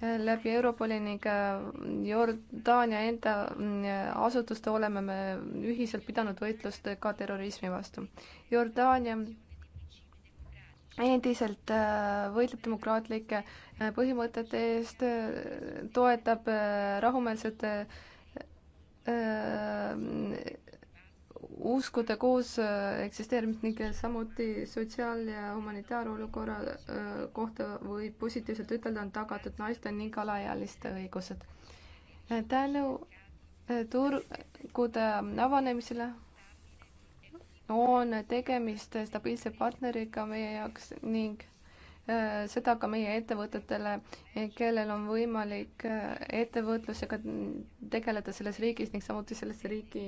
Speaker 3: Äh, läbi Europoli ning äh, Jordaania enda asutuste oleme me ühiselt pidanud võitlust ka terrorismi vastu. Jordaania endiselt võitleb demokraatlike põhimõtete eest, toetab rahumeelsete uskude koos äh, eksisteerimist ning samuti sotsiaal- ja humanitaarolukorra äh, kohta võib positiivselt ütelda, on tagatud naiste ning alaealiste õigused. tänu äh, turgude avanemisele on tegemist stabiilse partneriga meie jaoks ning seda ka meie ettevõtetele, kellel on võimalik ettevõtlusega tegeleda selles riigis ning samuti selles riigi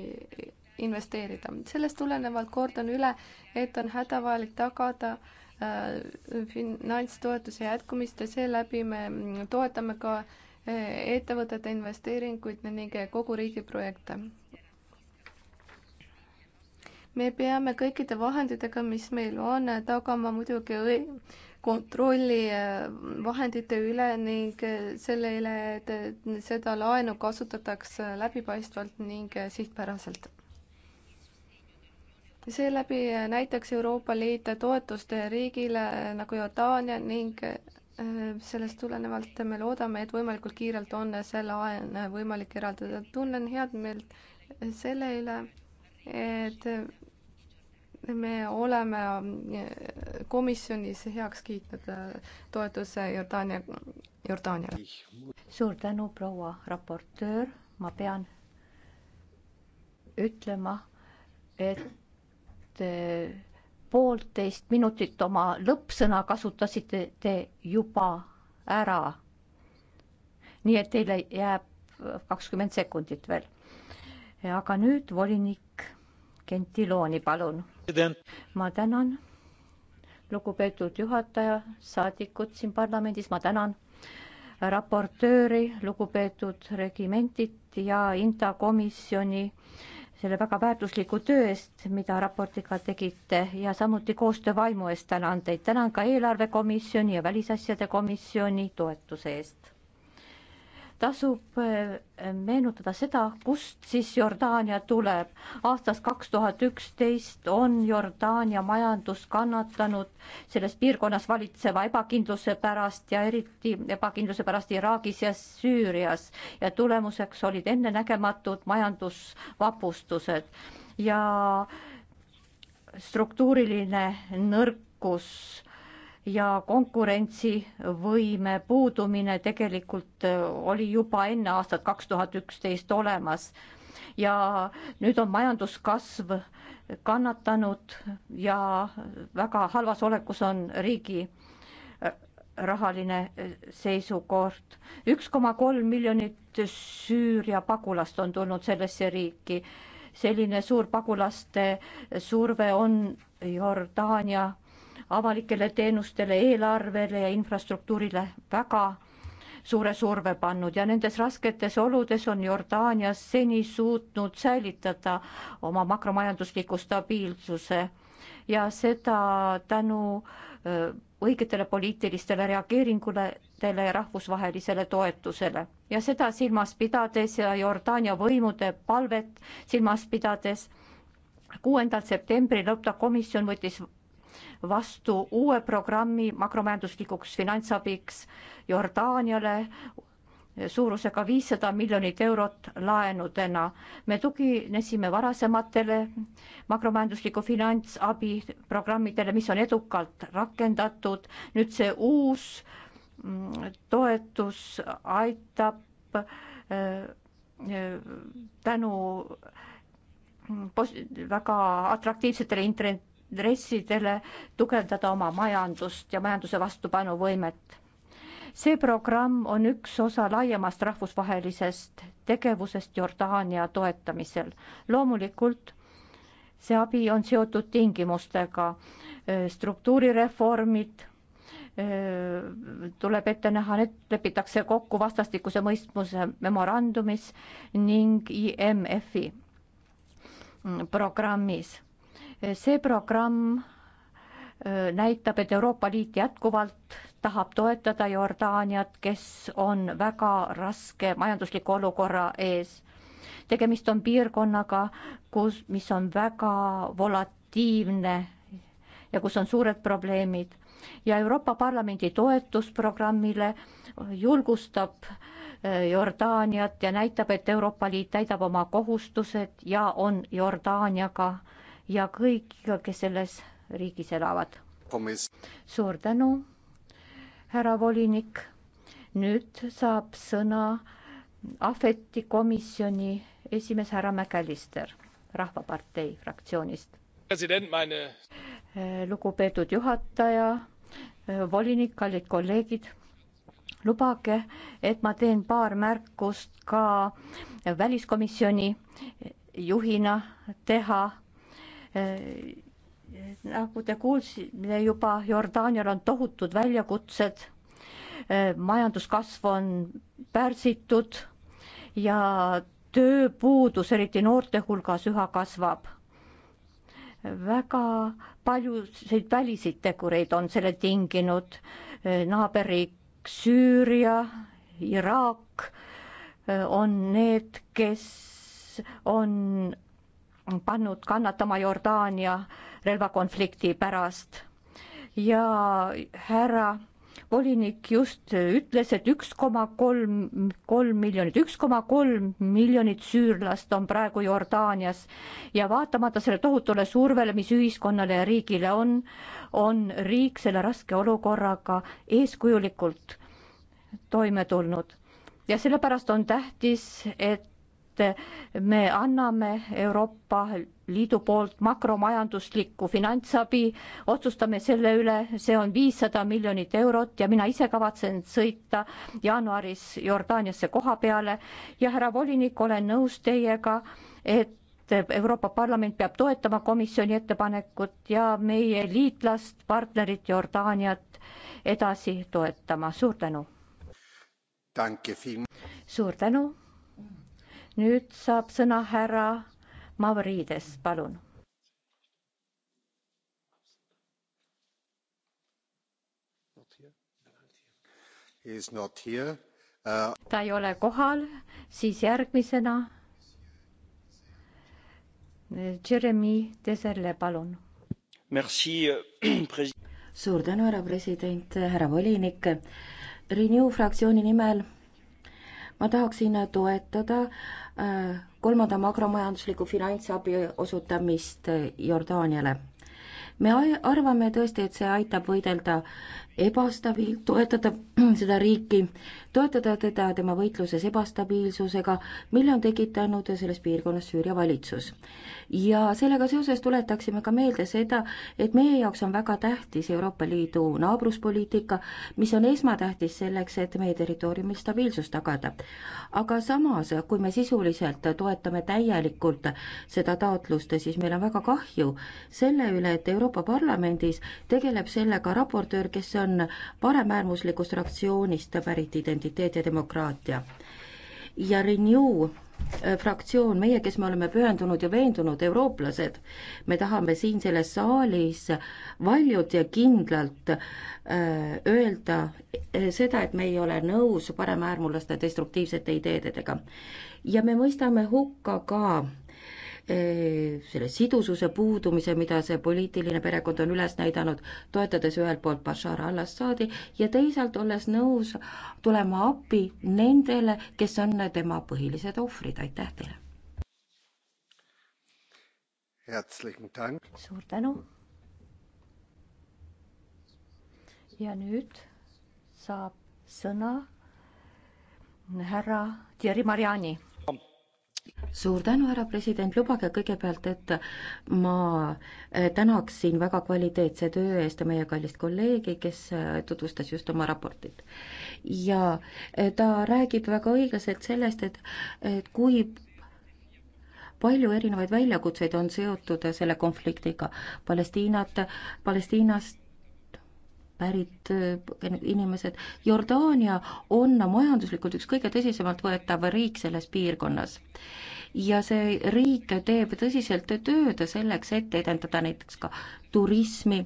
Speaker 3: investeerida. sellest tulenevalt kordan üle, et on hädavajalik tagada äh, finantstoetuse jätkumist ja seeläbi me toetame ka äh, ettevõtete investeeringuid ning kogu riigi projekte. me peame kõikide vahenditega, mis meil on, tagama muidugi kontrolli äh, vahendite üle ning selle üle, et seda laenu kasutatakse läbipaistvalt ning sihtpäraselt seeläbi näitaks Euroopa Liit toetust riigile nagu Jordaania ning äh, sellest tulenevalt me loodame, et võimalikult kiirelt on see laen võimalik eraldada. tunnen head meelt selle üle, et me oleme äh, komisjonis heaks kiitnud äh, toetuse Jordaania, Jordaaniale. suur tänu, proua raportöör, ma pean ütlema,
Speaker 8: et Eh, poolteist minutit oma lõppsõna kasutasite te juba ära. nii et teile jääb kakskümmend sekundit veel. aga nüüd volinik Gentilooni, palun. ma tänan, lugupeetud juhataja, saadikud siin parlamendis, ma tänan raportööri, lugupeetud regimentit ja Inta komisjoni selle väga väärtusliku töö eest, mida raportiga tegite ja samuti koostöövaimu eest tänan teid. tänan ka eelarvekomisjoni ja välisasjade komisjoni toetuse eest tasub eh, meenutada seda, kust siis Jordaania tuleb. aastast kaks tuhat üksteist on Jordaania majandus kannatanud selles piirkonnas valitseva ebakindluse pärast ja eriti ebakindluse pärast Iraagis ja Süürias ja tulemuseks olid ennenägematud majandusvapustused ja struktuuriline nõrkus ja konkurentsivõime puudumine tegelikult äh, oli juba enne aastat kaks tuhat üksteist olemas ja nüüd on majanduskasv kannatanud ja väga halvas olekus on riigi äh, rahaline äh, seisukord. üks koma kolm miljonit Süüria pagulast on tulnud sellesse riiki. selline suur pagulaste surve on Jordaania avalikele teenustele, eelarvele ja infrastruktuurile väga suure surve pannud ja nendes rasketes oludes on Jordaanias seni suutnud säilitada oma makromajandusliku stabiilsuse ja seda tänu äh, õigetele poliitilistele reageeringutele ja rahvusvahelisele toetusele ja seda silmas pidades ja Jordaania võimude palvet silmas pidades kuuendal septembril õppekomisjon võttis vastu uue programmi makromajanduslikuks finantsabiks Jordaaniale suurusega viissada miljonit eurot laenudena. me tuginesime varasematele makromajandusliku finantsabi programmidele, mis on edukalt rakendatud. nüüd see uus mm, toetus aitab äh, äh, tänu mm, väga atraktiivsetele intrent-, intressidele, tugevdada oma majandust ja majanduse vastupanuvõimet. see programm on üks osa laiemast rahvusvahelisest tegevusest Jordaania toetamisel. loomulikult see abi on seotud tingimustega, struktuurireformid tuleb ette näha, need lepitakse kokku vastastikuse mõistmuse memorandumis ning IMF-i programmis see programm äh, näitab, et Euroopa Liit jätkuvalt tahab toetada Jordaaniat, kes on väga raske majandusliku olukorra ees. tegemist on piirkonnaga, kus, mis on väga volatiivne ja kus on suured probleemid ja Euroopa Parlamendi toetusprogrammile julgustab äh, Jordaaniat ja näitab, et Euroopa Liit täidab oma kohustused ja on Jordaaniaga äh, ja kõik, kes selles riigis elavad. suur tänu, härra volinik. nüüd saab sõna Ahveti komisjoni esimees härra Mäkelister Rahvapartei fraktsioonist. Meine... Eh, lugupeetud juhataja, eh, volinik, kallid kolleegid lubage, et ma teen paar märkust ka väliskomisjoni juhina teha Äh, nagu te kuulsite juba, Jordaanial on tohutud väljakutsed, äh, majanduskasv on pärsitud ja tööpuudus, eriti noorte hulgas, üha kasvab. väga paljusid väliseid tegureid on selle tinginud, äh, naaberriik Süüria, Iraak on need, kes on pannud kannatama Jordaania relvakonflikti pärast ja härra volinik just ütles, et üks koma kolm, kolm miljonit, üks koma kolm miljonit süürlast on praegu Jordaanias ja vaatamata selle tohutule survele, mis ühiskonnale ja riigile on, on riik selle raske olukorraga eeskujulikult toime tulnud. ja sellepärast on tähtis, et et me anname Euroopa Liidu poolt makromajanduslikku finantsabi, otsustame selle üle, see on viissada miljonit eurot ja mina ise kavatsen sõita jaanuaris Jordaaniasse koha peale ja härra volinik, olen nõus teiega, et Euroopa Parlament peab toetama komisjoni ettepanekut ja meie liitlast, partnerit Jordaaniat edasi toetama, suur tänu. suur tänu nüüd saab sõna härra Mavrides, palun.
Speaker 9: Uh, ta ei ole
Speaker 8: kohal, siis järgmisena. Jeremy Deserle, palun.
Speaker 9: Euh, [clears throat]
Speaker 8: suur tänu, härra
Speaker 10: president, härra volinik. Renew fraktsiooni nimel ma tahaksin toetada äh, kolmanda makromajandusliku finantsabi osutamist äh, Jordaaniale. me arvame tõesti, et see aitab võidelda ebastabiil-, toetada [clears throat] seda riiki, toetada teda tema võitluses ebastabiilsusega, mille on tekitanud selles piirkonnas Süüria valitsus. ja sellega seoses tuletaksime ka meelde seda, et meie jaoks on väga tähtis Euroopa Liidu naabruspoliitika, mis on esmatähtis selleks, et meie territooriumil stabiilsus tagada. aga samas, kui me sisuliselt toetame täielikult seda taotlust, siis meil on väga kahju selle üle, et Euroopa Parlamendis tegeleb sellega raportöör, kes on paremäärmuslikust fraktsioonist pärit identiteet ja demokraatia. ja Renew äh, fraktsioon, meie, kes me oleme pühendunud ja veendunud eurooplased, me tahame siin selles saalis valjult ja kindlalt äh, öelda äh, seda, et me ei ole nõus paremäärmulaste destruktiivsete ideedega. ja me mõistame hukka ka selle sidususe puudumise, mida see poliitiline perekond on üles näidanud, toetades ühelt poolt Bashar al-Assadi ja teisalt olles nõus tulema appi nendele, kes on tema põhilised ohvrid, aitäh teile!
Speaker 9: suur tänu!
Speaker 8: ja nüüd saab sõna härra
Speaker 10: Thierry Mariani suur tänu, härra president, lubage kõigepealt, et ma eh, tänaksin väga kvaliteetse töö eest meie kallist kolleegi, kes eh, tutvustas just oma raportit. ja eh, ta räägib väga õiglaselt sellest, et, et kui palju erinevaid väljakutseid on seotud selle konfliktiga. Palestiinat, Palestiinast pärit äh, inimesed. Jordaania on majanduslikult üks kõige tõsisemalt võetav riik selles piirkonnas ja see riik teeb tõsiselt tööd selleks, et edendada näiteks ka turismi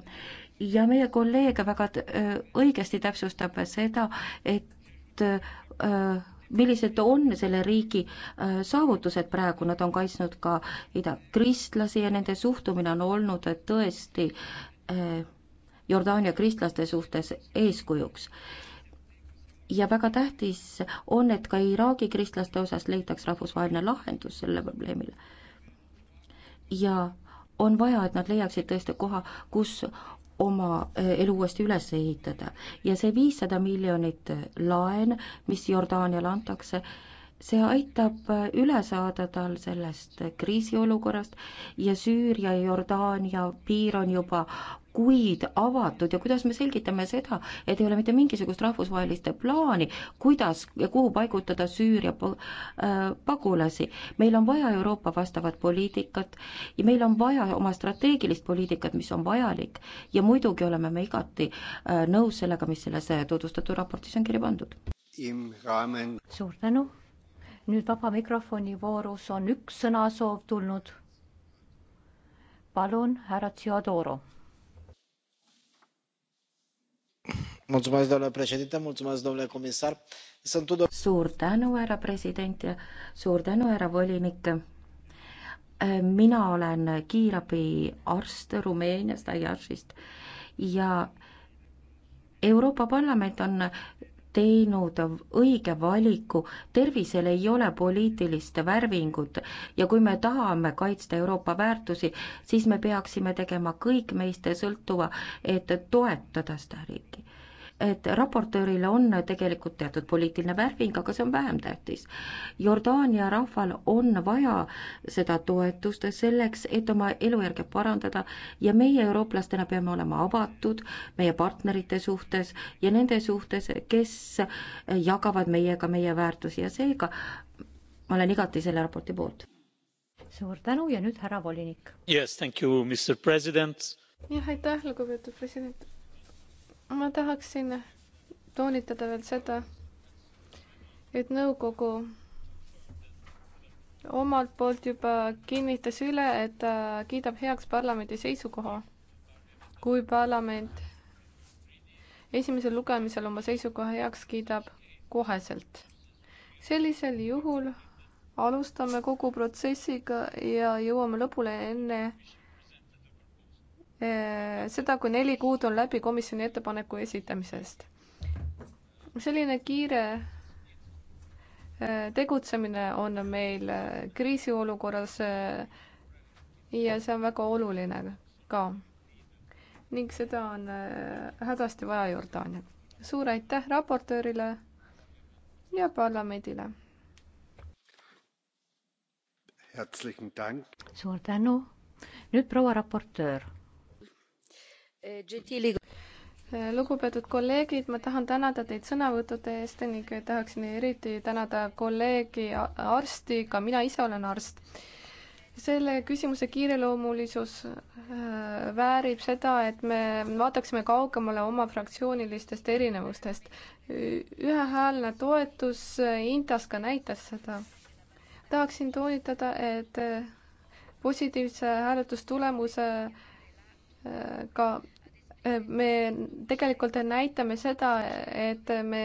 Speaker 10: ja meie kolleeg väga äh, õigesti täpsustab seda, et öö, äh, millised on selle riigi saavutused praegu, nad on kaitsnud ka idakristlasi ja nende suhtumine on olnud tõesti Jordaania kristlaste suhtes eeskujuks ja väga tähtis on, et ka Iraagi kristlaste osas leitaks rahvusvaheline lahendus sellele probleemile. ja on vaja, et nad leiaksid tõesti koha, kus oma eh, elu uuesti üles ehitada ja see viissada miljonit laen, mis Jordaaniale antakse, see aitab äh, üle saada tal sellest äh, kriisiolukorrast ja Süüria ja Jordaania piir on juba kuid avatud ja kuidas me selgitame seda, et ei ole mitte mingisugust rahvusvahelist plaani, kuidas ja kuhu paigutada Süüria äh, pagulasi. meil on vaja Euroopa vastavat poliitikat ja meil on vaja oma strateegilist poliitikat, mis on vajalik ja muidugi oleme me igati
Speaker 8: nõus sellega, mis selles tutvustatud raportis on kirja pandud. suur tänu nüüd vaba mikrofoni voorus on üks sõnasoov tulnud. palun, härra Tšiodoro.
Speaker 11: domnule președinte, mulțumesc domnule comisar. Sunt Tudor.
Speaker 10: suur
Speaker 8: tänu, härra
Speaker 10: president ja suur tänu, härra volinik mina olen kiirabiarst Rumeeniast, Aiašist ja Euroopa Parlament on teinud õige valiku, tervisel ei ole poliitilist värvingut ja kui me tahame kaitsta Euroopa väärtusi, siis me peaksime tegema kõik meist sõltuva, et toetada seda riiki et raportööril on tegelikult teatud poliitiline värving, aga see on vähem tähtis. Jordaania rahval on vaja seda toetust selleks, et oma elujärge parandada ja meie eurooplastena peame olema avatud meie partnerite suhtes ja nende suhtes, kes jagavad meiega meie väärtusi ja seega ma olen igati selle raporti poolt.
Speaker 8: suur tänu ja nüüd härra volinik.
Speaker 3: jah, aitäh, lugupeetud president ma tahaksin toonitada veel seda, et nõukogu omalt poolt juba kinnitas üle, et ta kiidab heaks parlamendi seisukoha. kui parlament esimesel lugemisel oma seisukoha heaks kiidab koheselt, sellisel juhul alustame kogu protsessiga ja jõuame lõpule enne Äh, seda, kui neli kuud on läbi komisjoni ettepaneku esitamisest. selline kiire äh, tegutsemine on meil äh, kriisiolukorras ja see on väga oluline ka. ning seda on hädasti vaja Jordaanial. suur aitäh raportöörile ja parlamendile. suur tänu.
Speaker 8: nüüd proua raportöör
Speaker 3: lugupeetud kolleegid, ma tahan tänada teid sõnavõttude eest ning tahaksin eriti tänada kolleegi arsti, ka mina ise olen arst. selle küsimuse kiireloomulisus äh, väärib seda, et me vaataksime kaugemale oma fraktsioonilistest erinevustest. ühehäälne toetus äh, Indias ka näitas seda. tahaksin toonitada, et äh, positiivse hääletustulemuse ka me tegelikult näitame seda, et me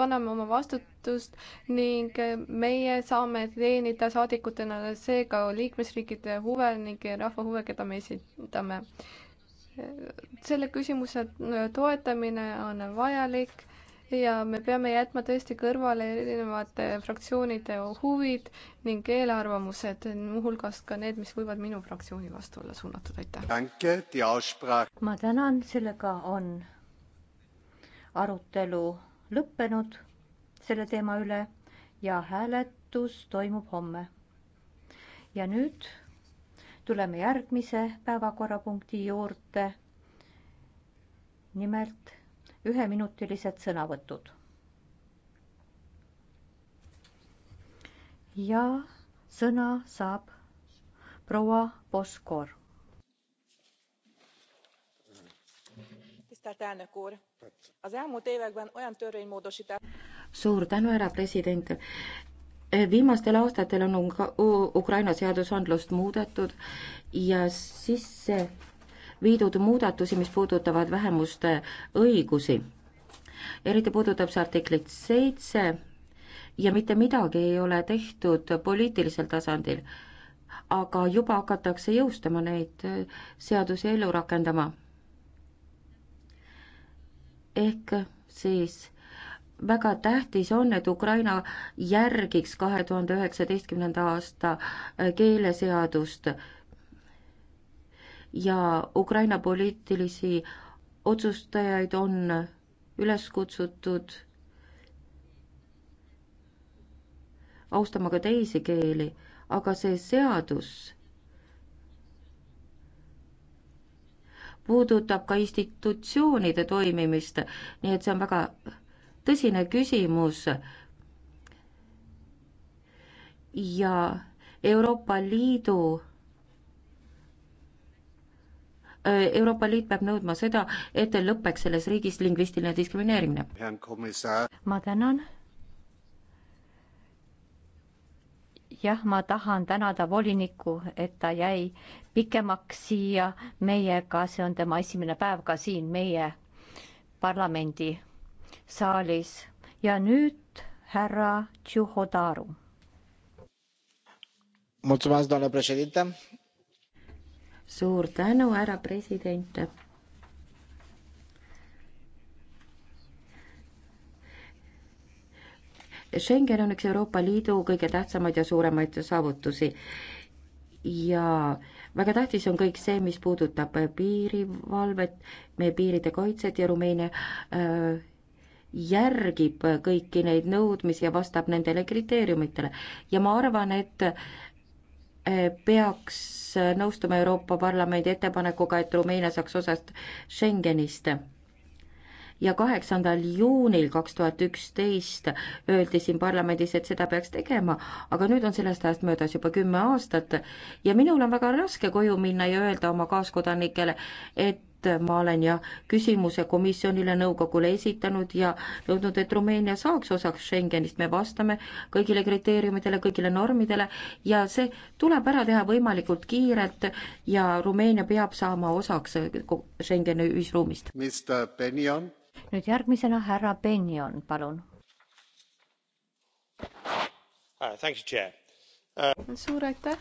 Speaker 3: kanname oma vastutust ning meie saame teenida saadikutena seega liikmesriikide huve ning rahva huve, keda me esindame. selle küsimuse toetamine on vajalik ja me peame jätma tõesti kõrvale erinevate fraktsioonide huvid ning eelarvamused, muuhulgas ka need, mis võivad minu fraktsiooni vastu olla suunatud,
Speaker 9: aitäh.
Speaker 3: ma tänan, sellega on
Speaker 8: arutelu lõppenud selle teema üle ja hääletus toimub homme. ja nüüd tuleme järgmise päevakorrapunkti juurde. nimelt üheminutilised sõnavõtud. ja sõna saab proua Poskor.
Speaker 10: suur tänu, härra president viimastel aastatel on Ukraina seadusandlust muudetud ja sisse viidud muudatusi, mis puudutavad vähemuste õigusi. eriti puudutab see artiklit seitse ja mitte midagi ei ole tehtud poliitilisel tasandil, aga juba hakatakse jõustama neid äh, seadusi ellu rakendama. ehk siis väga tähtis on, et Ukraina järgiks kahe tuhande üheksateistkümnenda aasta keeleseadust ja Ukraina poliitilisi otsustajaid on üles kutsutud austama ka teisi keeli, aga see seadus puudutab ka institutsioonide toimimist, nii et see on väga tõsine küsimus. ja Euroopa Liidu Euroopa Liit peab nõudma seda, et lõpeks selles riigis lingvistiline
Speaker 8: diskrimineerimine. ma tänan. jah, ma tahan tänada volinikku, et ta jäi pikemaks siia meiega, see on tema esimene päev ka siin meie parlamendi saalis ja nüüd härra Tšuhodaru.
Speaker 9: doamnă președintă
Speaker 10: suur tänu, härra president. Schengen on üks Euroopa Liidu kõige tähtsamaid ja suuremaid saavutusi ja väga tähtis on kõik see, mis puudutab piirivalvet, meie piiride kaitset ja Rumeenia äh, järgib kõiki neid nõudmisi ja vastab nendele kriteeriumitele. ja ma arvan, et peaks nõustuma Euroopa Parlamendi ettepanekuga, et Rumeenia saaks osast Schengenist ja kaheksandal juunil kaks tuhat üksteist öeldi siin parlamendis, et seda peaks tegema, aga nüüd on sellest ajast möödas juba kümme aastat ja minul on väga raske koju minna ja öelda oma kaaskodanikele, et et ma olen ja küsimuse komisjonile, nõukogule esitanud ja nõudnud, et Rumeenia saaks osaks Schengenist, me vastame kõigile kriteeriumidele, kõigile normidele ja see tuleb ära teha võimalikult kiirelt ja
Speaker 8: Rumeenia peab saama osaks Schengeni ühisruumist. nüüd järgmisena härra Benjon, palun.
Speaker 3: Uh, suur aitäh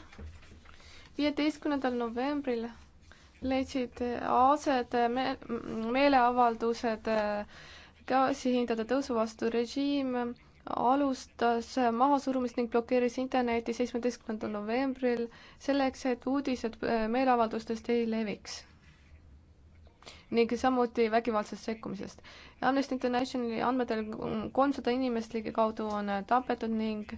Speaker 3: viieteistkümnendal novembril leidsid aset me meeleavaldused gaasihindade tõusu vastu. režiim alustas mahasurumist ning blokeeris interneti seitsmeteistkümnendal novembril selleks, et uudised meeleavaldustest ei leviks ning samuti vägivaldsest sekkumisest. Amnesty Internationali andmetel kolmsada inimest ligikaudu on tapetud ning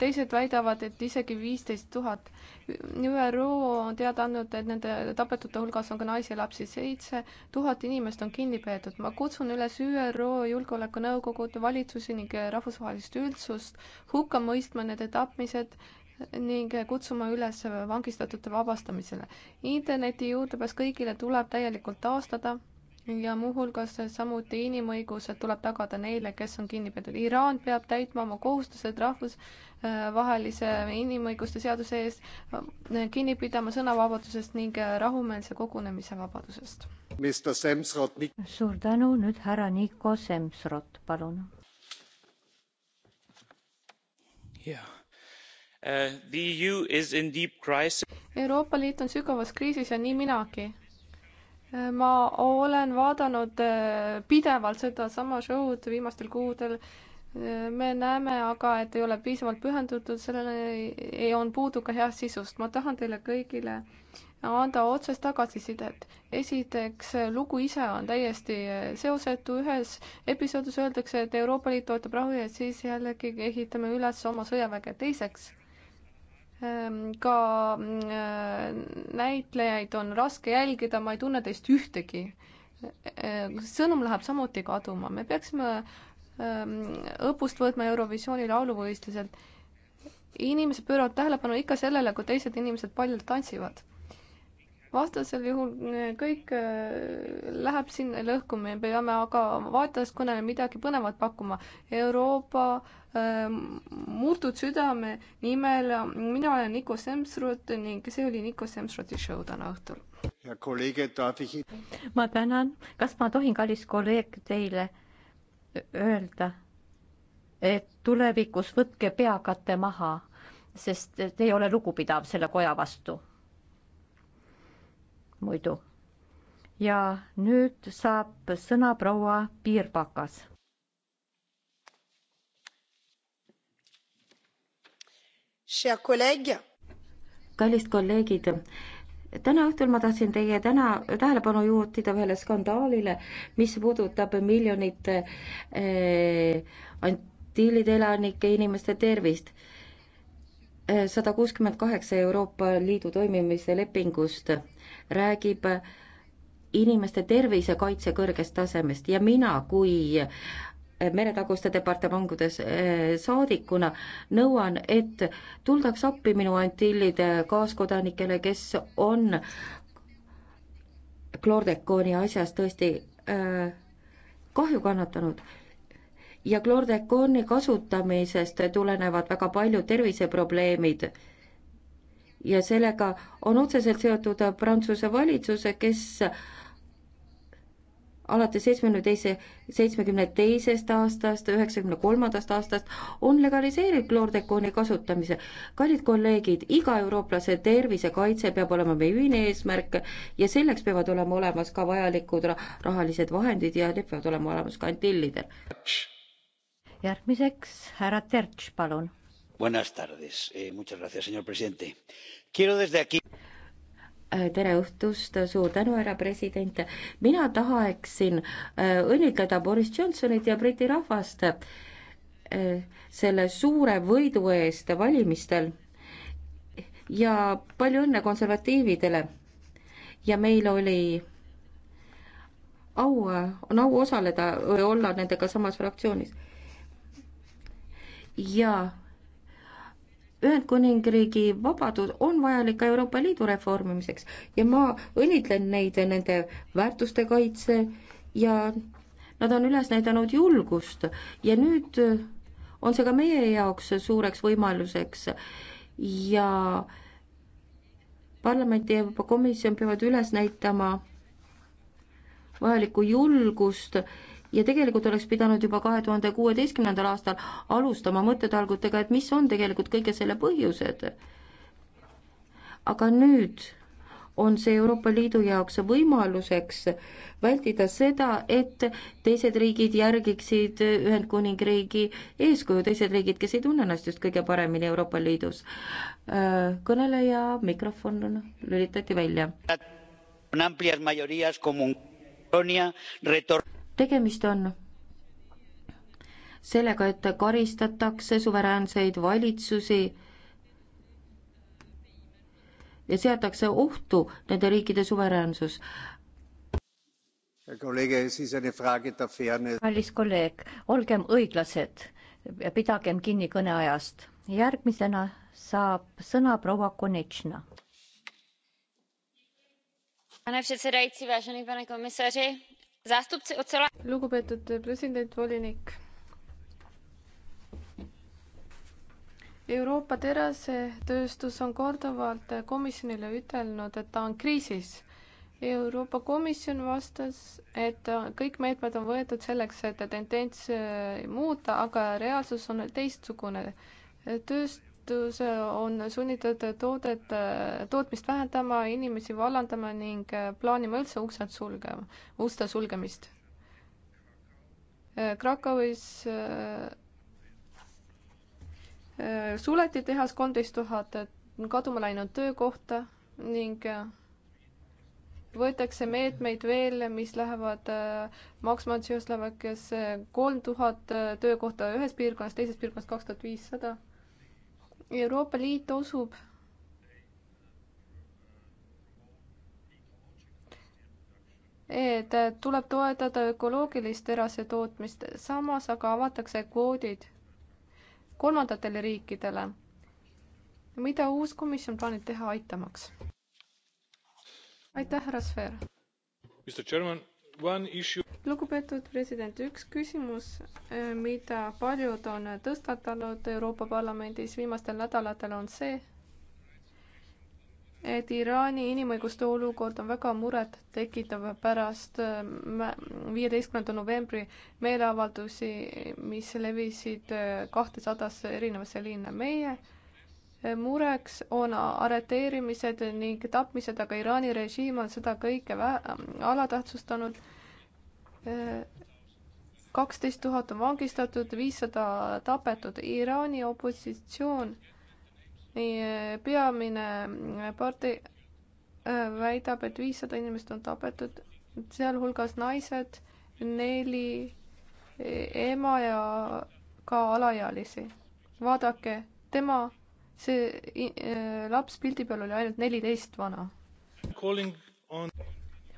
Speaker 3: teised väidavad, et isegi viisteist tuhat. ÜRO on teada andnud, et nende tapetute hulgas on ka naisi ja lapsi. seitse tuhat inimest on kinni peetud. ma kutsun üles ÜRO Julgeolekunõukogud, valitsusi ning rahvusvahelist üldsust hukka mõistma need tapmised ning kutsuma üles vangistatute vabastamisele. interneti juurdepääs kõigile tuleb täielikult taastada ja muuhulgas samuti inimõigused tuleb tagada neile, kes on kinni peetud. Iraan peab täitma oma kohustused rahvusvahelise inimõiguste seaduse ees, kinni pidama sõnavabadusest ning rahumeelse kogunemise vabadusest.
Speaker 8: suur tänu, nüüd härra Niko Semsrot, palun.
Speaker 9: jah yeah. uh,.
Speaker 3: E Euroopa Liit on sügavas kriisis ja nii minagi ma olen vaadanud äh, pidevalt sedasama show'd viimastel kuudel. Äh, me näeme aga, et ei ole piisavalt pühendutud, sellele on puudu ka heast sisust. ma tahan teile kõigile anda otsest tagasisidet. esiteks, äh, lugu ise on täiesti seosetu, ühes episoodis öeldakse, et Euroopa Liit toetab rahu ja siis jällegi ehitame üles oma sõjaväge. teiseks, Ehm, ka mm, äh, näitlejaid on raske jälgida, ma ei tunne teist ühtegi. Ehm, sõnum läheb samuti kaduma, me peaksime ehm, õppust võtma Eurovisiooni lauluvõistluselt. inimesed pööravad tähelepanu ikka sellele, kui teised inimesed paljalt tantsivad vastasel juhul eh, kõik eh, läheb sinna lõhku, me peame aga vaatajaskonnale midagi põnevat pakkuma. Euroopa äh, eh, murtud südame nimel, mina olen Niko Semsrud ning see oli Niko Semsrudi show täna õhtul. ma tänan, kas ma tohin,
Speaker 8: kallis kolleeg, teile öelda, et tulevikus võtke peakatte maha, sest te ei ole lugupidav selle koja vastu muidu. ja nüüd saab sõna proua Piirpakas. kallid kolleegid
Speaker 10: täna õhtul ma tahtsin teie täna tähelepanu juhtida ühele skandaalile, mis puudutab miljonite eh, antiilide elanike inimeste tervist. Eh, sada kuuskümmend kaheksa Euroopa Liidu toimimise lepingust eh, räägib inimeste tervisekaitse kõrgest tasemest ja mina kui meretaguste departamangudes eh, saadikuna nõuan, et tuldaks appi minu Antillide kaaskodanikele, kes on kloordekooni asjas tõesti eh, kahju kannatanud ja kloordekooni kasutamisest tulenevad väga paljud terviseprobleemid ja sellega on otseselt seotud Prantsuse valitsus, kes alates seitsmekümne teise, seitsmekümne teisest aastast, üheksakümne kolmandast aastast on legaliseerinud kloordekooni kasutamise. kallid kolleegid, iga eurooplase tervisekaitse peab olema meie ühine eesmärk ja selleks peavad olema olemas ka vajalikud rahalised vahendid
Speaker 8: ja need peavad olema olemas kantillidel. järgmiseks härra Terts, palun
Speaker 9: Eh,
Speaker 10: eh, tere õhtust, suur tänu, härra president. mina tahaksin eh, õnnitleda Boris Johnsonit ja Briti rahvast selle suure võidu eest valimistel ja palju õnne konservatiividele. ja meil oli au, on au osaleda, olla nendega samas fraktsioonis. ja Ühendkuningriigi vabadus on vajalik ka Euroopa Liidu reformimiseks ja ma õnnitlen neid nende väärtuste kaitse ja nad on üles näidanud julgust ja nüüd on see ka meie jaoks suureks võimaluseks ja parlament ja Euroopa Komisjon peavad üles näitama vajalikku julgust ja tegelikult oleks pidanud juba kahe tuhande kuueteistkümnendal aastal alustama mõttetalgutega, et mis on tegelikult kõige selle põhjused. aga nüüd on see Euroopa Liidu jaoks võimaluseks vältida seda, et teised riigid järgiksid Ühendkuningriigi eeskuju, teised riigid, kes ei tunne ennast just kõige paremini Euroopa Liidus. kõneleja mikrofon lülitati välja tegemist on sellega, et karistatakse suveräänseid valitsusi ja seatakse
Speaker 8: ohtu nende riikide suveräänsus. kallis kolleeg, olgem õiglased ja pidagem kinni kõneajast. järgmisena saab sõna proua Konechna.
Speaker 2: pane predsedaitsi, važeni pane komisari
Speaker 3: lugupeetud president, volinik. Euroopa terasetööstus on korduvalt komisjonile ütelnud, et ta on kriisis Euroopa Komisjon vastas, et kõik meetmed on võetud selleks, et tendents muuta, aga reaalsus on teistsugune. tööst-, tööstus on sunnitud toodet, tootmist vähendama, inimesi vallandama ning plaanima üldse uksed sulgema, uste sulgemist. Krakowis äh, suleti tehas kolmteist tuhat kaduma läinud töökohta ning äh, võetakse meetmeid veel, mis lähevad äh, maksma Tšehhoslovakkiasse kolm tuhat töökohta ühes piirkonnas, teises piirkonnas kaks tuhat viissada Euroopa Liit usub et tuleb toetada ökoloogilist terasetootmist, samas aga avatakse kvoodid kolmandatele riikidele. mida uus komisjon plaanib teha aitamaks? aitäh, härra Sver! lugupeetud president, üks küsimus, eh, mida paljud on tõstatanud Euroopa Parlamendis viimastel nädalatel, on see, et Iraani inimõiguste olukord on väga murettekitav pärast eh, viieteistkümnenda novembri meeleavaldusi, mis levisid eh, kahtesadasse erinevasse linna. meie mureks on arreteerimised ning tapmised, aga Iraani režiim on seda kõike ähm, alatähtsustanud. kaksteist tuhat on vangistatud, viissada tapetud. Iraani opositsioon, äh, peamine äh, partei äh, väidab, et viissada inimest on tapetud, sealhulgas naised, neli ema ja ka alaealisi. vaadake, tema see äh, laps pildi peal oli ainult neliteist vana.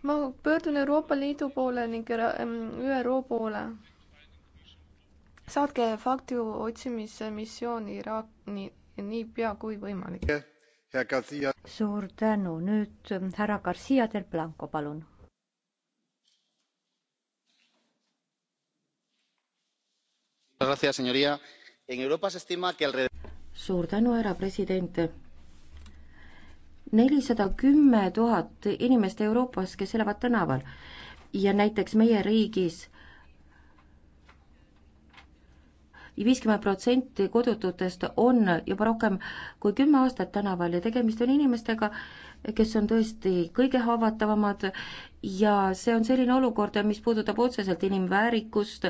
Speaker 3: ma pöördun Euroopa Liidu poole ning ähm, ÜRO poole. saatke fakti otsimise missioon Iraani niipea kui võimalik. suur tänu,
Speaker 8: nüüd ähm, härra Garcia del Blanco, palun
Speaker 9: señora presidenta señorías en europa se estima que alrededor
Speaker 10: suur tänu, härra president. nelisada kümme tuhat inimest Euroopas, kes elavad tänaval ja näiteks meie riigis viiskümmend protsenti kodututest on juba rohkem kui kümme aastat tänaval ja tegemist on inimestega, kes on tõesti kõige haavatavamad ja see on selline olukord, mis puudutab otseselt inimväärikust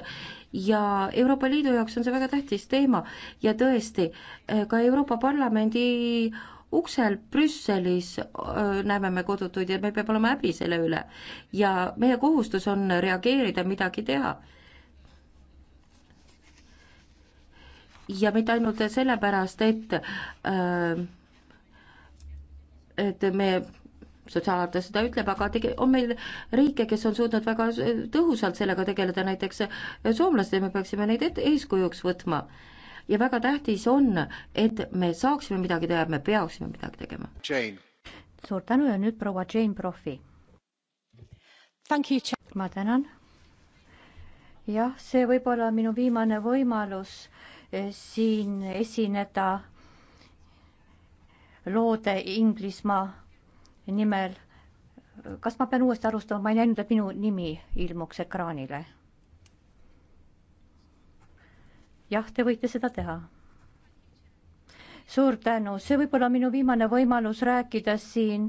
Speaker 10: ja Euroopa Liidu jaoks on see väga tähtis teema ja tõesti, eh, ka Euroopa Parlamendi uksel Brüsselis eh, näeme me kodutuid ja me peame olema häbi selle üle. ja meie kohustus on reageerida, midagi teha. ja mitte ainult sellepärast, et äh, et me sotsiaalaarte seda ütleb, aga tege-, on meil riike, kes on suutnud väga tõhusalt sellega tegeleda, näiteks soomlased ja me peaksime neid et-, eeskujuks võtma. ja väga tähtis
Speaker 8: on, et me saaksime midagi teha, me peaksime midagi tegema. suur tänu ja nüüd proua Jane Profi. ma tänan. jah, see võib olla minu viimane võimalus eh, siin esineda loode Inglismaa nimel. kas ma pean uuesti alustama, ma ei näinud, et minu nimi ilmuks ekraanile. jah, te võite seda teha suur tänu, see võib olla minu viimane võimalus rääkida siin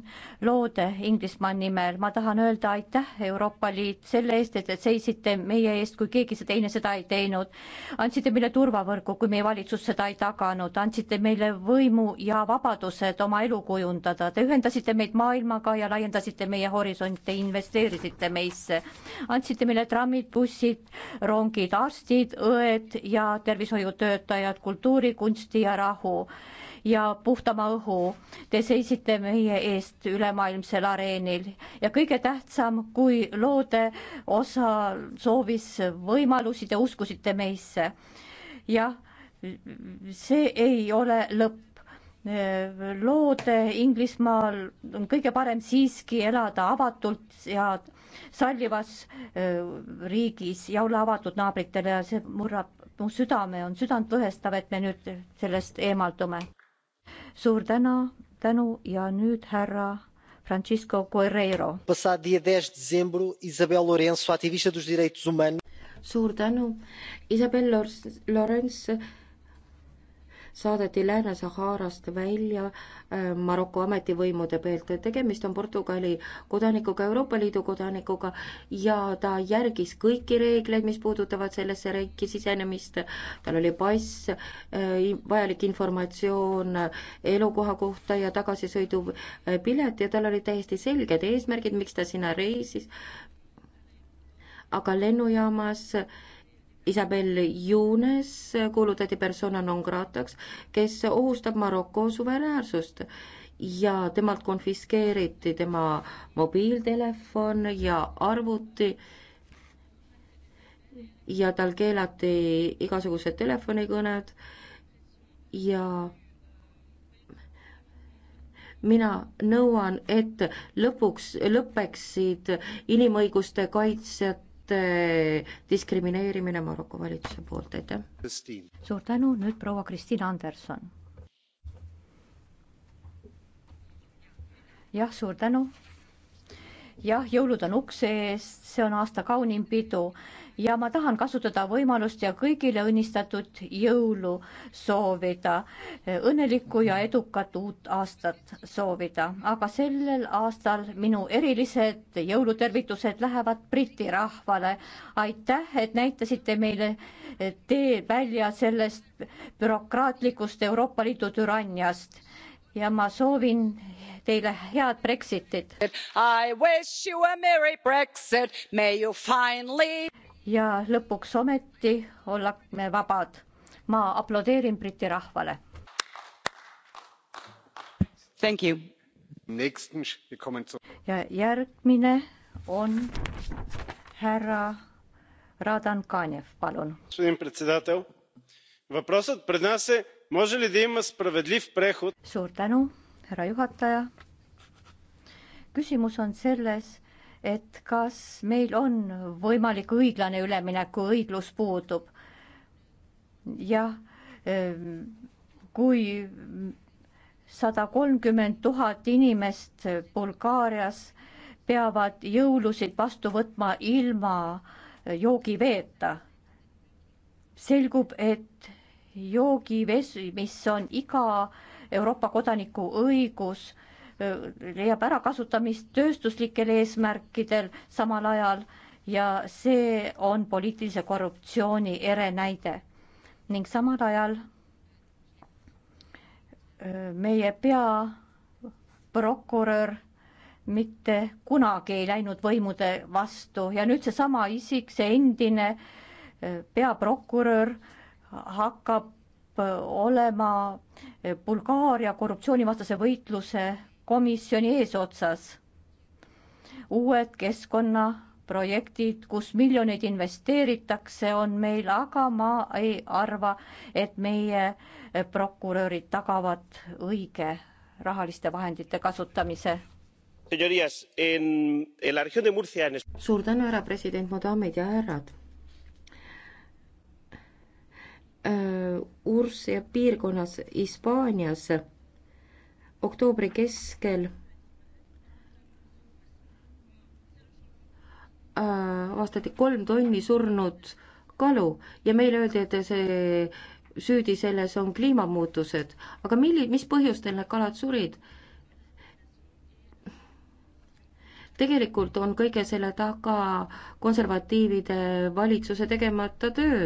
Speaker 8: loode Inglismaa nimel, ma tahan öelda aitäh, Euroopa Liit, selle eest, et te seisite meie eest, kui keegi see teine seda ei teinud. andsite meile turvavõrgu, kui meie valitsus seda ei taganud, andsite meile võimu ja vabadused oma elu kujundada, te ühendasite meid maailmaga ja laiendasite meie horisonte, investeerisite meisse. andsite meile trammid, bussid, rongid, arstid, õed ja tervishoiutöötajad, kultuuri, kunsti ja rahu ja puhtama õhu. Te seisite meie eest ülemaailmsel areenil ja kõige tähtsam, kui loode osa soovis võimalusi, te uskusite meisse. jah, see ei ole lõpp lood Inglismaal on kõige parem siiski elada avatult ja sallivas riigis ja olla avatud naabritele ja see murrab mu südame, on südantlõhestav, et me nüüd sellest eemaldume suur täna, tänu ja nüüd härra Francisco Guerreiro.
Speaker 10: Passado dia dez de dezembro, Isabel Lourenço, ativista dos direitos humanos. suur tänu, Isabel Lors-, Lorents, saadeti Lääne-Saharast välja äh, Maroko ametivõimude peelt. tegemist on Portugali kodanikuga, Euroopa Liidu kodanikuga ja ta järgis kõiki reegleid, mis puudutavad sellesse riiki sisenemist. tal oli pass, äh, vajalik informatsioon elukoha kohta ja tagasisõidupilet äh, ja tal olid täiesti selged eesmärgid, miks ta sinna reisis. aga lennujaamas Isabel Younes kuulutati persona non grataks, kes ohustab Maroko suveräärsust ja temalt konfiskeeriti tema mobiiltelefon ja arvuti ja tal keelati igasugused telefonikõned ja mina nõuan, et lõpuks, lõpeksid inimõiguste kaitsjad naiste diskrimineerimine Maroko valitsuse poolt, aitäh. suur tänu, nüüd proua Kristiin
Speaker 8: Anderson. jah, suur tänu. jah, jõulud on ukse ees, see on aasta kaunim pidu ja ma tahan kasutada võimalust ja kõigile õnnistatud jõulu soovida, õnnelikku ja edukat uut aastat soovida, aga sellel aastal minu erilised jõulutervitused lähevad Briti rahvale. aitäh, et näitasite meile tee välja sellest bürokraatlikust Euroopa Liidu türanniast ja ma soovin teile head Brexitit. Finally ja lõpuks ometi ollame vabad. ma aplodeerin Briti rahvale. ja järgmine on härra Radan Kanev, palun. suur tänu, härra juhataja. küsimus on selles et kas meil on võimalik õiglane üleminek, kui õiglus puudub. jah, ehm, kui sada kolmkümmend tuhat inimest Bulgaarias peavad jõulusid vastu võtma ilma joogiveeta, selgub, et joogivesi, mis on iga Euroopa kodaniku õigus, leiab ärakasutamist tööstuslikel eesmärkidel samal ajal ja see on poliitilise korruptsiooni ere näide. ning samal ajal meie peaprokurör mitte kunagi ei läinud võimude vastu ja nüüd seesama isik, see endine peaprokurör hakkab olema Bulgaaria korruptsioonivastase võitluse komisjoni eesotsas. uued keskkonnaprojektid, kus miljoneid investeeritakse, on meil, aga ma ei arva, et meie prokurörid tagavad õige rahaliste vahendite kasutamise. suur tänu, härra president, mu daamid ja härrad
Speaker 10: äh, Ursia piirkonnas Hispaanias oktoobri keskel avastati äh, kolm tonni surnud kalu ja meile öeldi, et see süüdi selles on kliimamuutused, aga milli-, mis põhjustel need kalad surid? tegelikult on kõige selle taga konservatiivide valitsuse tegemata töö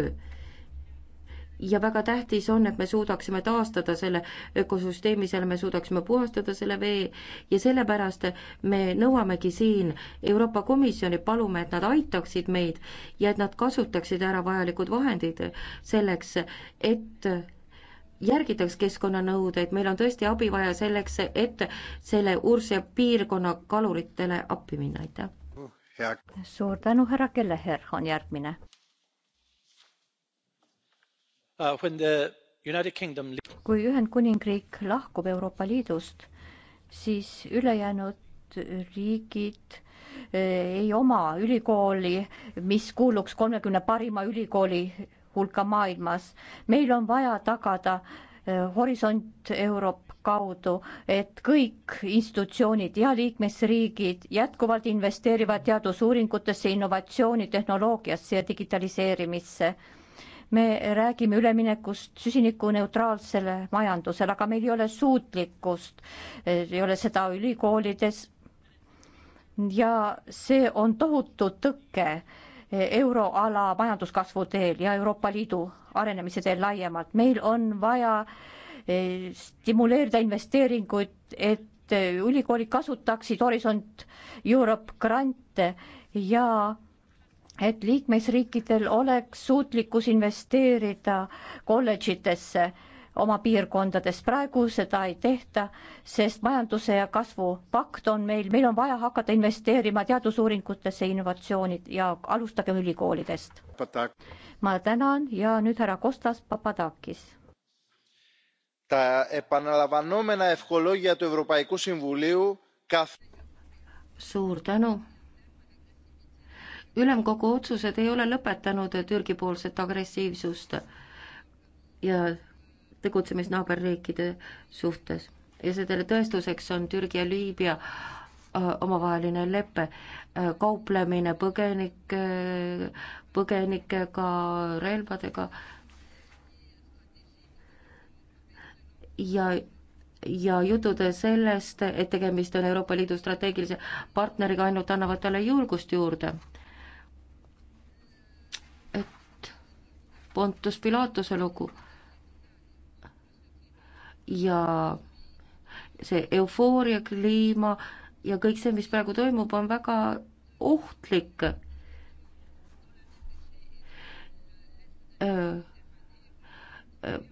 Speaker 10: ja väga tähtis on, et me suudaksime taastada selle ökosüsteemi, seal me suudaksime puhastada selle vee ja sellepärast me nõuamegi siin Euroopa Komisjoni, palume, et nad aitaksid meid ja et nad kasutaksid ära vajalikud vahendid selleks, et järgitaks keskkonnanõudeid, meil on tõesti abi vaja selleks, et selle Ursia piirkonna
Speaker 8: kaluritele appi minna, aitäh! suur tänu, härra Kelleher on järgmine Uh, kui Ühendkuningriik lahkub Euroopa Liidust, siis ülejäänud riigid eh, ei oma ülikooli, mis kuuluks kolmekümne parima ülikooli hulka maailmas. meil on vaja tagada eh, Horisont Euroop kaudu, et kõik institutsioonid ja liikmesriigid jätkuvalt investeerivad teadusuuringutesse, innovatsiooni, tehnoloogiasse ja digitaliseerimisse me räägime üleminekust süsinikuneutraalsele majandusele, aga meil ei ole suutlikkust, ei ole seda ülikoolides. ja see on tohutu tõke euroala majanduskasvu teel ja Euroopa Liidu arenemise teel laiemalt. meil on vaja eh, stimuleerida investeeringuid, et eh, ülikoolid kasutaksid Horisont Europe grante ja et liikmesriikidel oleks suutlikkus investeerida kolledžitesse oma piirkondades, praegu seda ei tehta, sest majanduse ja kasvu pakt on meil, meil on vaja hakata investeerima teadusuuringutesse, innovatsioonid ja alustagem ülikoolidest. ma tänan ja nüüd härra Kostas Papadakis
Speaker 4: τα επαναλαμβανόμενα ευχολόγια του Ευρωπαϊκού Συμβουλίου καθ...
Speaker 10: Suur tänu ülemkogu otsused ei ole lõpetanud Türgi-poolset agressiivsust ja tegutsemist naaberriikide suhtes. ja selle tõestuseks on Türgi ja Liibüa äh, omavaheline lepe, äh, kauplemine põgenike, äh, põgenikega, relvadega ja ja jutud sellest, et tegemist on Euroopa Liidu strateegilise partneriga, ainult annavad talle julgust juurde Pontus Pilatuse lugu. ja see eufooria kliima ja kõik see, mis praegu toimub, on väga ohtlik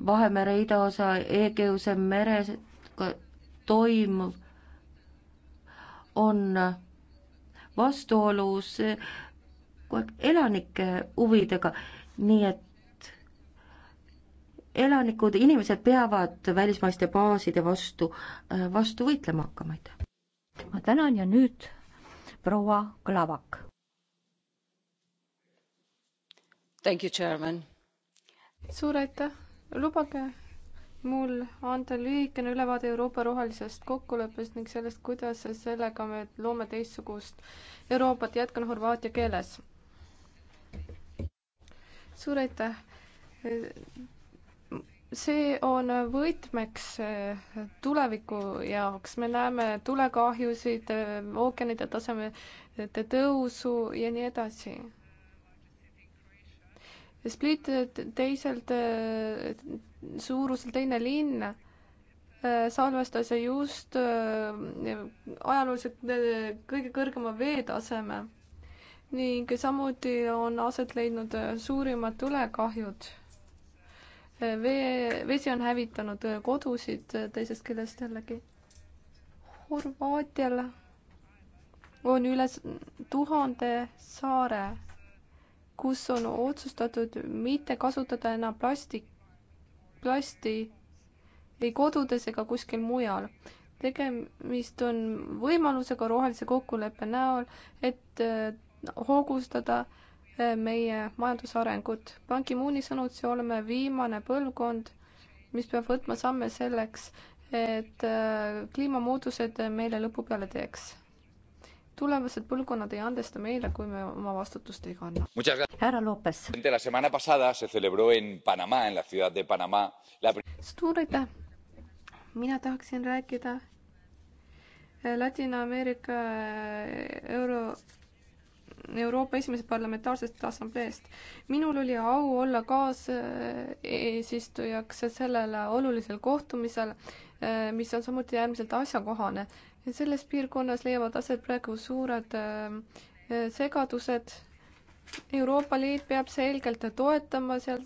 Speaker 10: Vahemere idaosa Egeuse meres toimuv on vastuolus äh, elanike huvidega, nii et elanikud, inimesed peavad välismaiste baaside vastu, äh, vastu võitlema hakkama, aitäh. ma tänan
Speaker 8: ja nüüd proua Klavak.
Speaker 3: suur aitäh, lubage mul anda lühikene ülevaade Euroopa rohelisest kokkuleppest ning sellest, kuidas sellega me loome teistsugust Euroopat, jätkan horvaatia keeles. suur aitäh! see on võtmeks eh, tuleviku jaoks, me näeme tulekahjusid, eh, ookeanide tasemete eh, tõusu ja nii edasi. Split teiselt suuruselt teine linn salvestas just ajalooliselt kõige kõrgema veetaseme ning samuti on aset leidnud suurimad tulekahjud vee, vesi on hävitanud kodusid, teisest küljest jällegi Horvaatial on üle tuhande saare, kus on otsustatud mitte kasutada enam plasti, plasti ei kodudes ega kuskil mujal. tegemist on võimalusega rohelise kokkuleppe näol, et äh, hoogustada äh, meie majandusarengut. Ban Ki-mooni sõnutsi oleme viimane põlvkond, mis peab võtma samme selleks, et äh, kliimamuutused meile lõpu peale teeks. tulevased põlvkonnad ei andesta meile, kui me oma vastutust ei kanna.
Speaker 9: härra Lopes.
Speaker 3: suur aitäh. mina tahaksin rääkida äh, Ladina-Ameerika äh, euro Euroopa Esimesest Parlamentaarsest Assambleest. minul oli au olla kaaseesistujaks sellel olulisel kohtumisel, mis on samuti äärmiselt asjakohane. selles piirkonnas leiavad aset praegu suured äh, segadused. Euroopa Liit peab selgelt toetama seal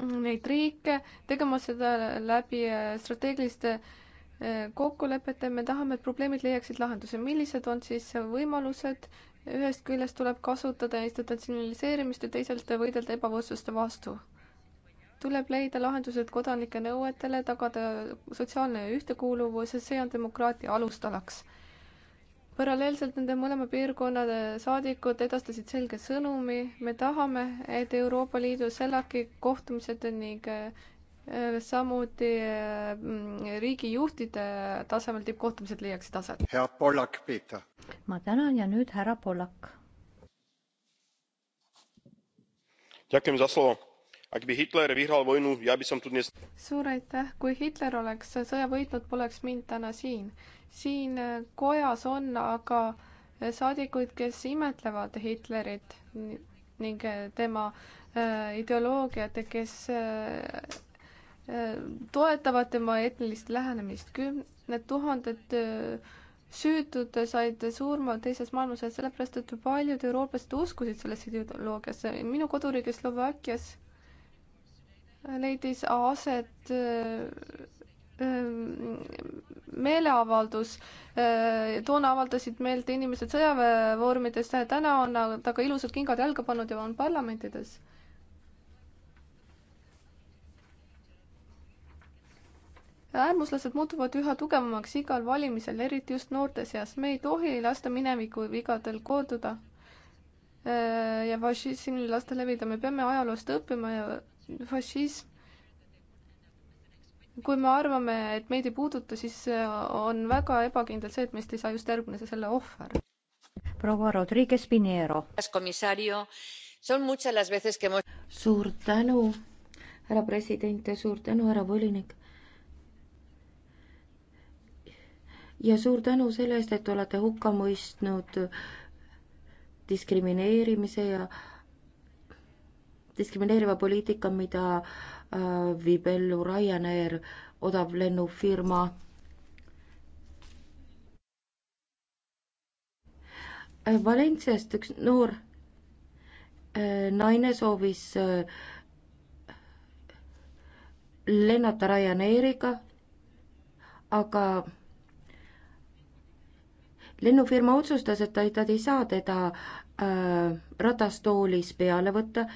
Speaker 3: neid riike, tegema seda läbi äh, strateegiliste äh, kokkulepete, me tahame, et probleemid leiaksid lahenduse. millised on siis võimalused? ühest küljest tuleb kasutada institutsionaliseerimist ja teisalt võidelda ebavõrdsuste vastu. tuleb leida lahendused kodanike nõuetele, tagada sotsiaalne ühtekuuluvus ja see on demokraatia alustalaks paralleelselt nende mõlema piirkonna saadikud edastasid selge sõnumi, me tahame, et Euroopa Liidu CELAC-i kohtumised ning Äh, samuti äh, riigijuhtide tasemel tippkohtumised leiaksid aset.
Speaker 9: hea Pollak, Pieta.
Speaker 3: ma tänan ja nüüd härra Pollak. suur aitäh, kui Hitler oleks sõja võitnud, poleks mind täna siin. siin äh, kojas on aga saadikuid, kes imetlevad Hitlerit ning tema ideoloogiat, kes toetavad tema etnilist lähenemist. kümned tuhanded äh, süütud said surma teises maailmasõjas sellepärast, et paljud eurooplased uskusid sellesse ideoloogiasse. minu koduriigis Slovakkias leidis aset äh, äh, meeleavaldus. toona avaldasid meelt inimesed sõjaväevormides, täna on nad aga ilusad kingad jalga pannud ja on parlamentides äärmuslased muutuvad üha tugevamaks igal valimisel, eriti just noorte seas. me ei tohi lasta mineviku vigadel korduda äh, ja fašismi lasta levida. me peame ajaloost õppima ja fašism, kui me arvame, et meid ei puuduta, siis äh, on väga ebakindel see, et meist ei saa just järgmine selle ohver.
Speaker 8: proua Rodriguez Pinheiro. suur tänu,
Speaker 10: härra president ja suur tänu, härra volinik ja suur tänu selle eest, et olete hukka mõistnud diskrimineerimise ja diskrimineeriva poliitika, mida äh, viib ellu Ryanair, odavlennufirma. Äh, Valentsiast üks noor äh, naine soovis lennata Ryanairiga, aga lennufirma otsustas, et ta, nad ei saa teda äh, ratastoolis peale võtta.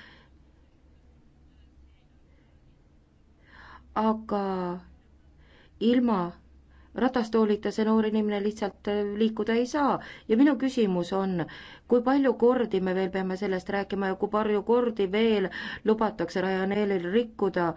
Speaker 10: aga ilma ratastoolita see noor inimene lihtsalt äh, liikuda ei saa ja minu küsimus on, kui palju kordi me veel peame sellest rääkima ja kui palju kordi veel lubatakse Ryanairil rikkuda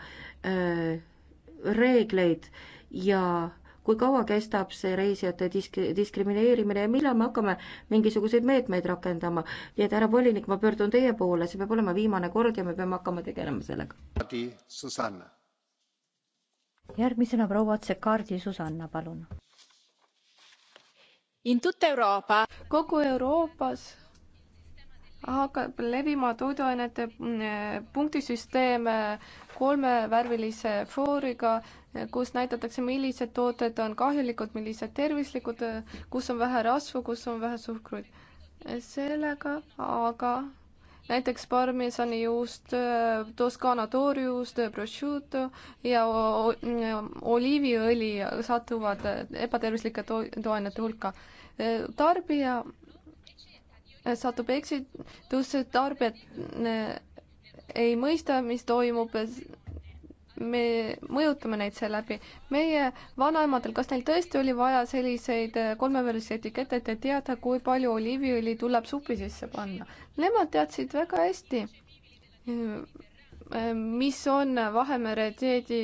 Speaker 10: öö, äh, reegleid ja öö, kui kaua kestab see reisijate disk-, diskrimineerimine ja millal me hakkame mingisuguseid meetmeid rakendama. nii et härra volinik, ma pöördun teie poole, see peab olema viimane kord ja me peame hakkama tegelema sellega.
Speaker 8: järgmisena proua Tsekardi Susanna, palun.
Speaker 3: kogu Euroopas hakkab levima toiduainete mm, eh, punktisüsteem eh, kolmevärvilise fooriga, eh, kus näidatakse, millised tooted on kahjulikud, millised tervislikud, kus on vähe rasvu, kus on vähe suhkruid. sellega aga näiteks parmesani juust, Toscana toorjuust, prosciutto ja mm, oliiviõli satuvad ebatervislike toiduainete hulka. tarbija satub eksitusse, tarbijad ei mõista, mis toimub, me mõjutame neid seeläbi. meie vanaemadel, kas neil tõesti oli vaja selliseid kolmevärvilisi etikette, et teada, kui palju oliiviõli tuleb supi sisse panna? Nemad teadsid väga hästi, mis on Vahemere dieedi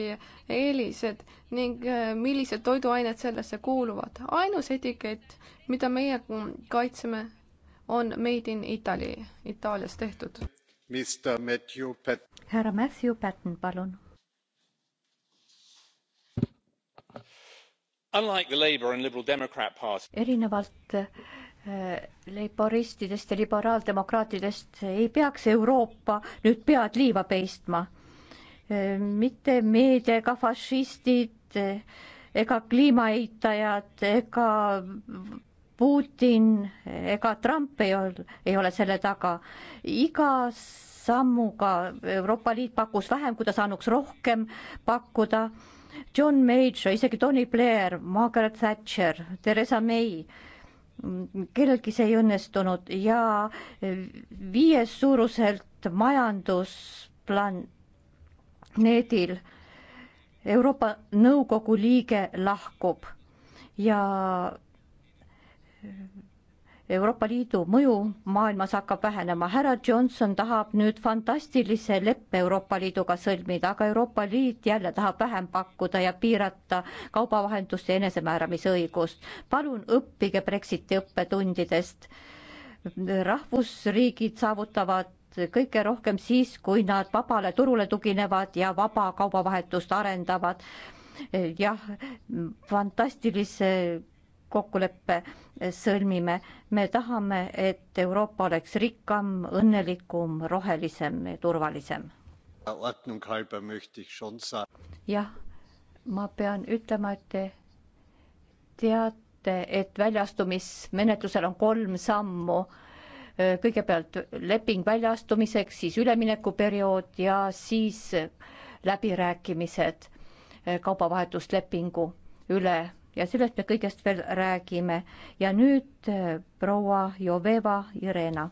Speaker 3: eelised ning millised toiduained sellesse kuuluvad. ainus etikett, mida meie kaitseme on Made in Italy, Itaalias tehtud. härra Matthew Patten, palun.
Speaker 8: erinevalt äh, leiboristidest ja liberaaldemokraatidest ei peaks Euroopa nüüd pead liiva peistma. Äh, mitte meedia ega fašistid äh, ega kliimaeitajad ega Putin ega Trump ei ole, ei ole selle taga. iga sammuga Euroopa Liit pakkus vähem, kui ta saanuks rohkem pakkuda. John Major, isegi Tony Blair, Margaret Thatcher, Theresa May, kellelgi see ei õnnestunud ja viies suuruselt majandusplaneedil Euroopa Nõukogu liige lahkub ja Euroopa Liidu mõju maailmas hakkab vähenema. härra Johnson tahab nüüd fantastilise leppe Euroopa Liiduga sõlmida, aga Euroopa Liit jälle tahab vähem pakkuda ja piirata kaubavahendust ja enesemääramisõigust. palun õppige Brexiti õppetundidest. rahvusriigid saavutavad kõige rohkem siis, kui nad vabale turule tuginevad ja vaba kaubavahetust arendavad. jah, fantastilise kokkuleppe sõlmime. me tahame, et Euroopa oleks rikkam, õnnelikum, rohelisem ja turvalisem. jah, ma pean ütlema, et te teate, et väljaastumismenetlusel on kolm sammu. kõigepealt leping väljaastumiseks, siis üleminekuperiood ja siis läbirääkimised kaubavahetuslepingu üle ja sellest me kõigest veel räägime. ja nüüd äh, proua Joveva Irena.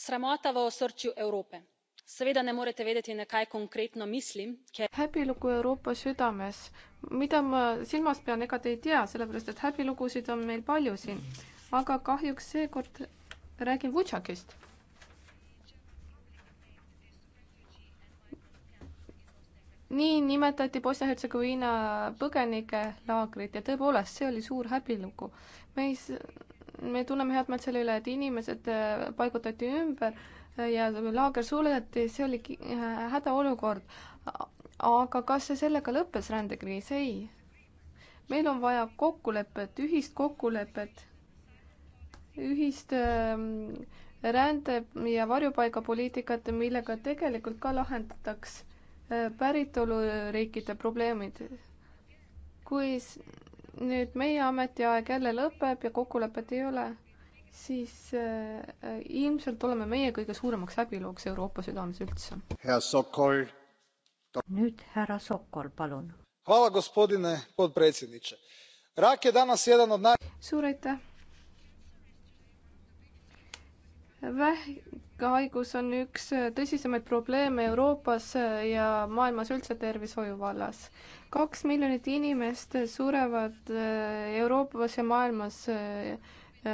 Speaker 5: sramotava osrčju Euroopa. Seveda ne morete vedeti, na kaj
Speaker 3: konkretno mislim ke.... häbilugu Euroopa südames, mida ma silmas pean, ega te ei tea, sellepärast et häbilugusid on meil palju siin, aga kahjuks seekord räägin Vutšakist nii nimetati Bosnia-Hertsegoviina põgenikelaagrit ja tõepoolest, see oli suur häbilugu. me ei, me tunneme head meelt selle üle, et inimesed äh, paigutati ümber äh, ja laager suleti, see oli äh, hädaolukord. aga kas see sellega lõppes, rändekriis? ei. meil on vaja kokkulepet, ühist kokkulepet, ühist ähm, rände- ja varjupaigapoliitikat, millega tegelikult ka lahendataks päritoluriikide probleemid. kui nüüd meie ametiaeg jälle lõpeb ja kokkulepet ei ole, siis äh, ilmselt oleme meie kõige suuremaks häbilooks Euroopa südames üldse.
Speaker 9: hea Sokol.
Speaker 3: nüüd härra Sokol, palun. suur aitäh vähkihaigus on üks tõsisemaid probleeme Euroopas ja maailmas üldse tervishoiu vallas. kaks miljonit inimest surevad eh, Euroopas ja maailmas eh,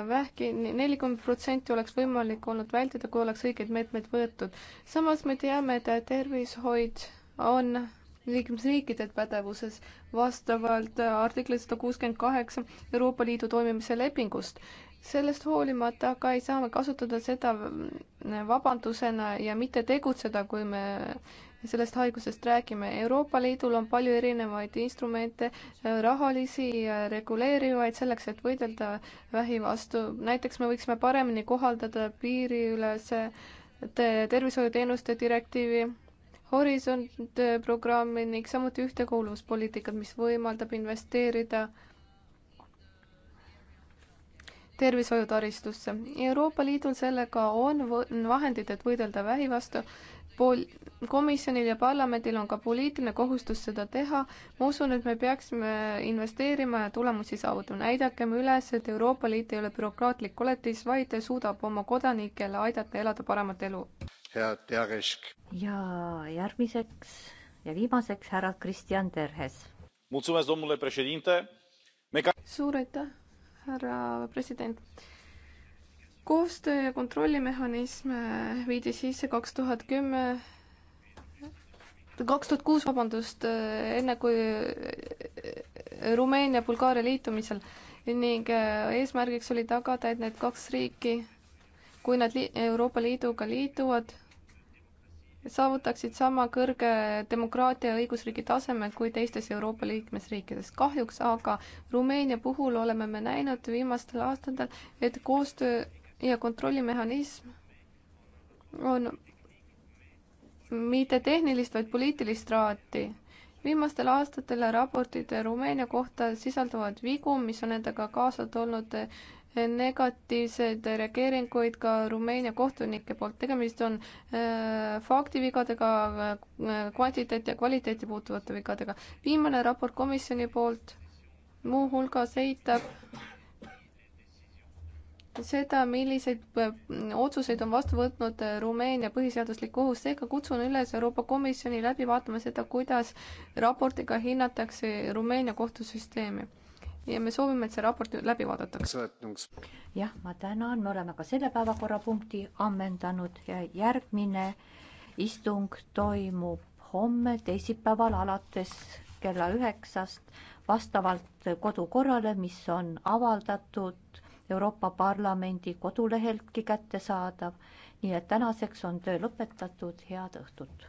Speaker 3: vähki, nelikümmend protsenti oleks võimalik olnud vältida, kui oleks õigeid meetmeid võetud. samas me teame, et tervishoid on liikmesriikide pädevuses vastavalt artiklile sada kuuskümmend kaheksa Euroopa Liidu toimimise lepingust sellest hoolimata aga ei saa me kasutada seda mm, vabandusena ja mitte tegutseda, kui me sellest haigusest räägime. Euroopa Liidul on palju erinevaid instrumente, äh, rahalisi ja reguleerivaid selleks, et võidelda vähi vastu. näiteks me võiksime paremini kohaldada piiriülese tervishoiuteenuste direktiivi Horisont programmi ning samuti ühtekuuluvuspoliitikat, mis võimaldab investeerida tervishoiutaristusse. Euroopa Liidul sellega on vahendid, et võidelda vähi vastu. Pool-, komisjonil ja parlamendil on ka poliitiline kohustus seda teha. ma usun, et me peaksime investeerima ja tulemusi saavutama. näidakem üles, et Euroopa Liit ei ole bürokraatlik koletis, vaid suudab oma kodanikele aidata elada paremat elu. ja
Speaker 8: järgmiseks ja viimaseks härra Kristjan Terhes.
Speaker 3: suur aitäh härra president. koostöö ja kontrollimehhanism viidi sisse kaks tuhat kümme, kaks tuhat kuus, vabandust, enne kui Rumeenia, Bulgaaria liitumisel ning eesmärgiks oli tagada, et need kaks riiki, kui nad Euroopa Liiduga liituvad saavutaksid sama kõrge demokraatia ja õigusriigi taseme kui teistes Euroopa liikmesriikides. kahjuks aga Rumeenia puhul oleme me näinud viimastel aastatel, et koostöö ja kontrollimehhanism on mitte tehnilist, vaid poliitilist raati. viimastel aastatel raportid Rumeenia kohta sisaldavad vigu, mis on endaga kaasa toonud negatiivseid reageeringuid ka Rumeenia kohtunike poolt. tegemist on äh, faktivigadega, äh, kvantiteeti ja kvaliteeti puutuvate vigadega. viimane raport komisjoni poolt muuhulgas eitab seda, milliseid äh, otsuseid on vastu võtnud Rumeenia põhiseaduslik kohus, seega kutsun üles Euroopa Komisjoni läbi vaatama seda, kuidas raportiga hinnatakse Rumeenia kohtusüsteemi ja me soovime, et see raport nüüd läbi vaadatakse. jah, ma tänan, me oleme ka selle
Speaker 8: päevakorrapunkti ammendanud ja järgmine istung toimub homme teisipäeval alates kella üheksast vastavalt kodukorrale, mis on avaldatud Euroopa Parlamendi kodulehelt kättesaadav. nii et tänaseks on töö lõpetatud, head õhtut.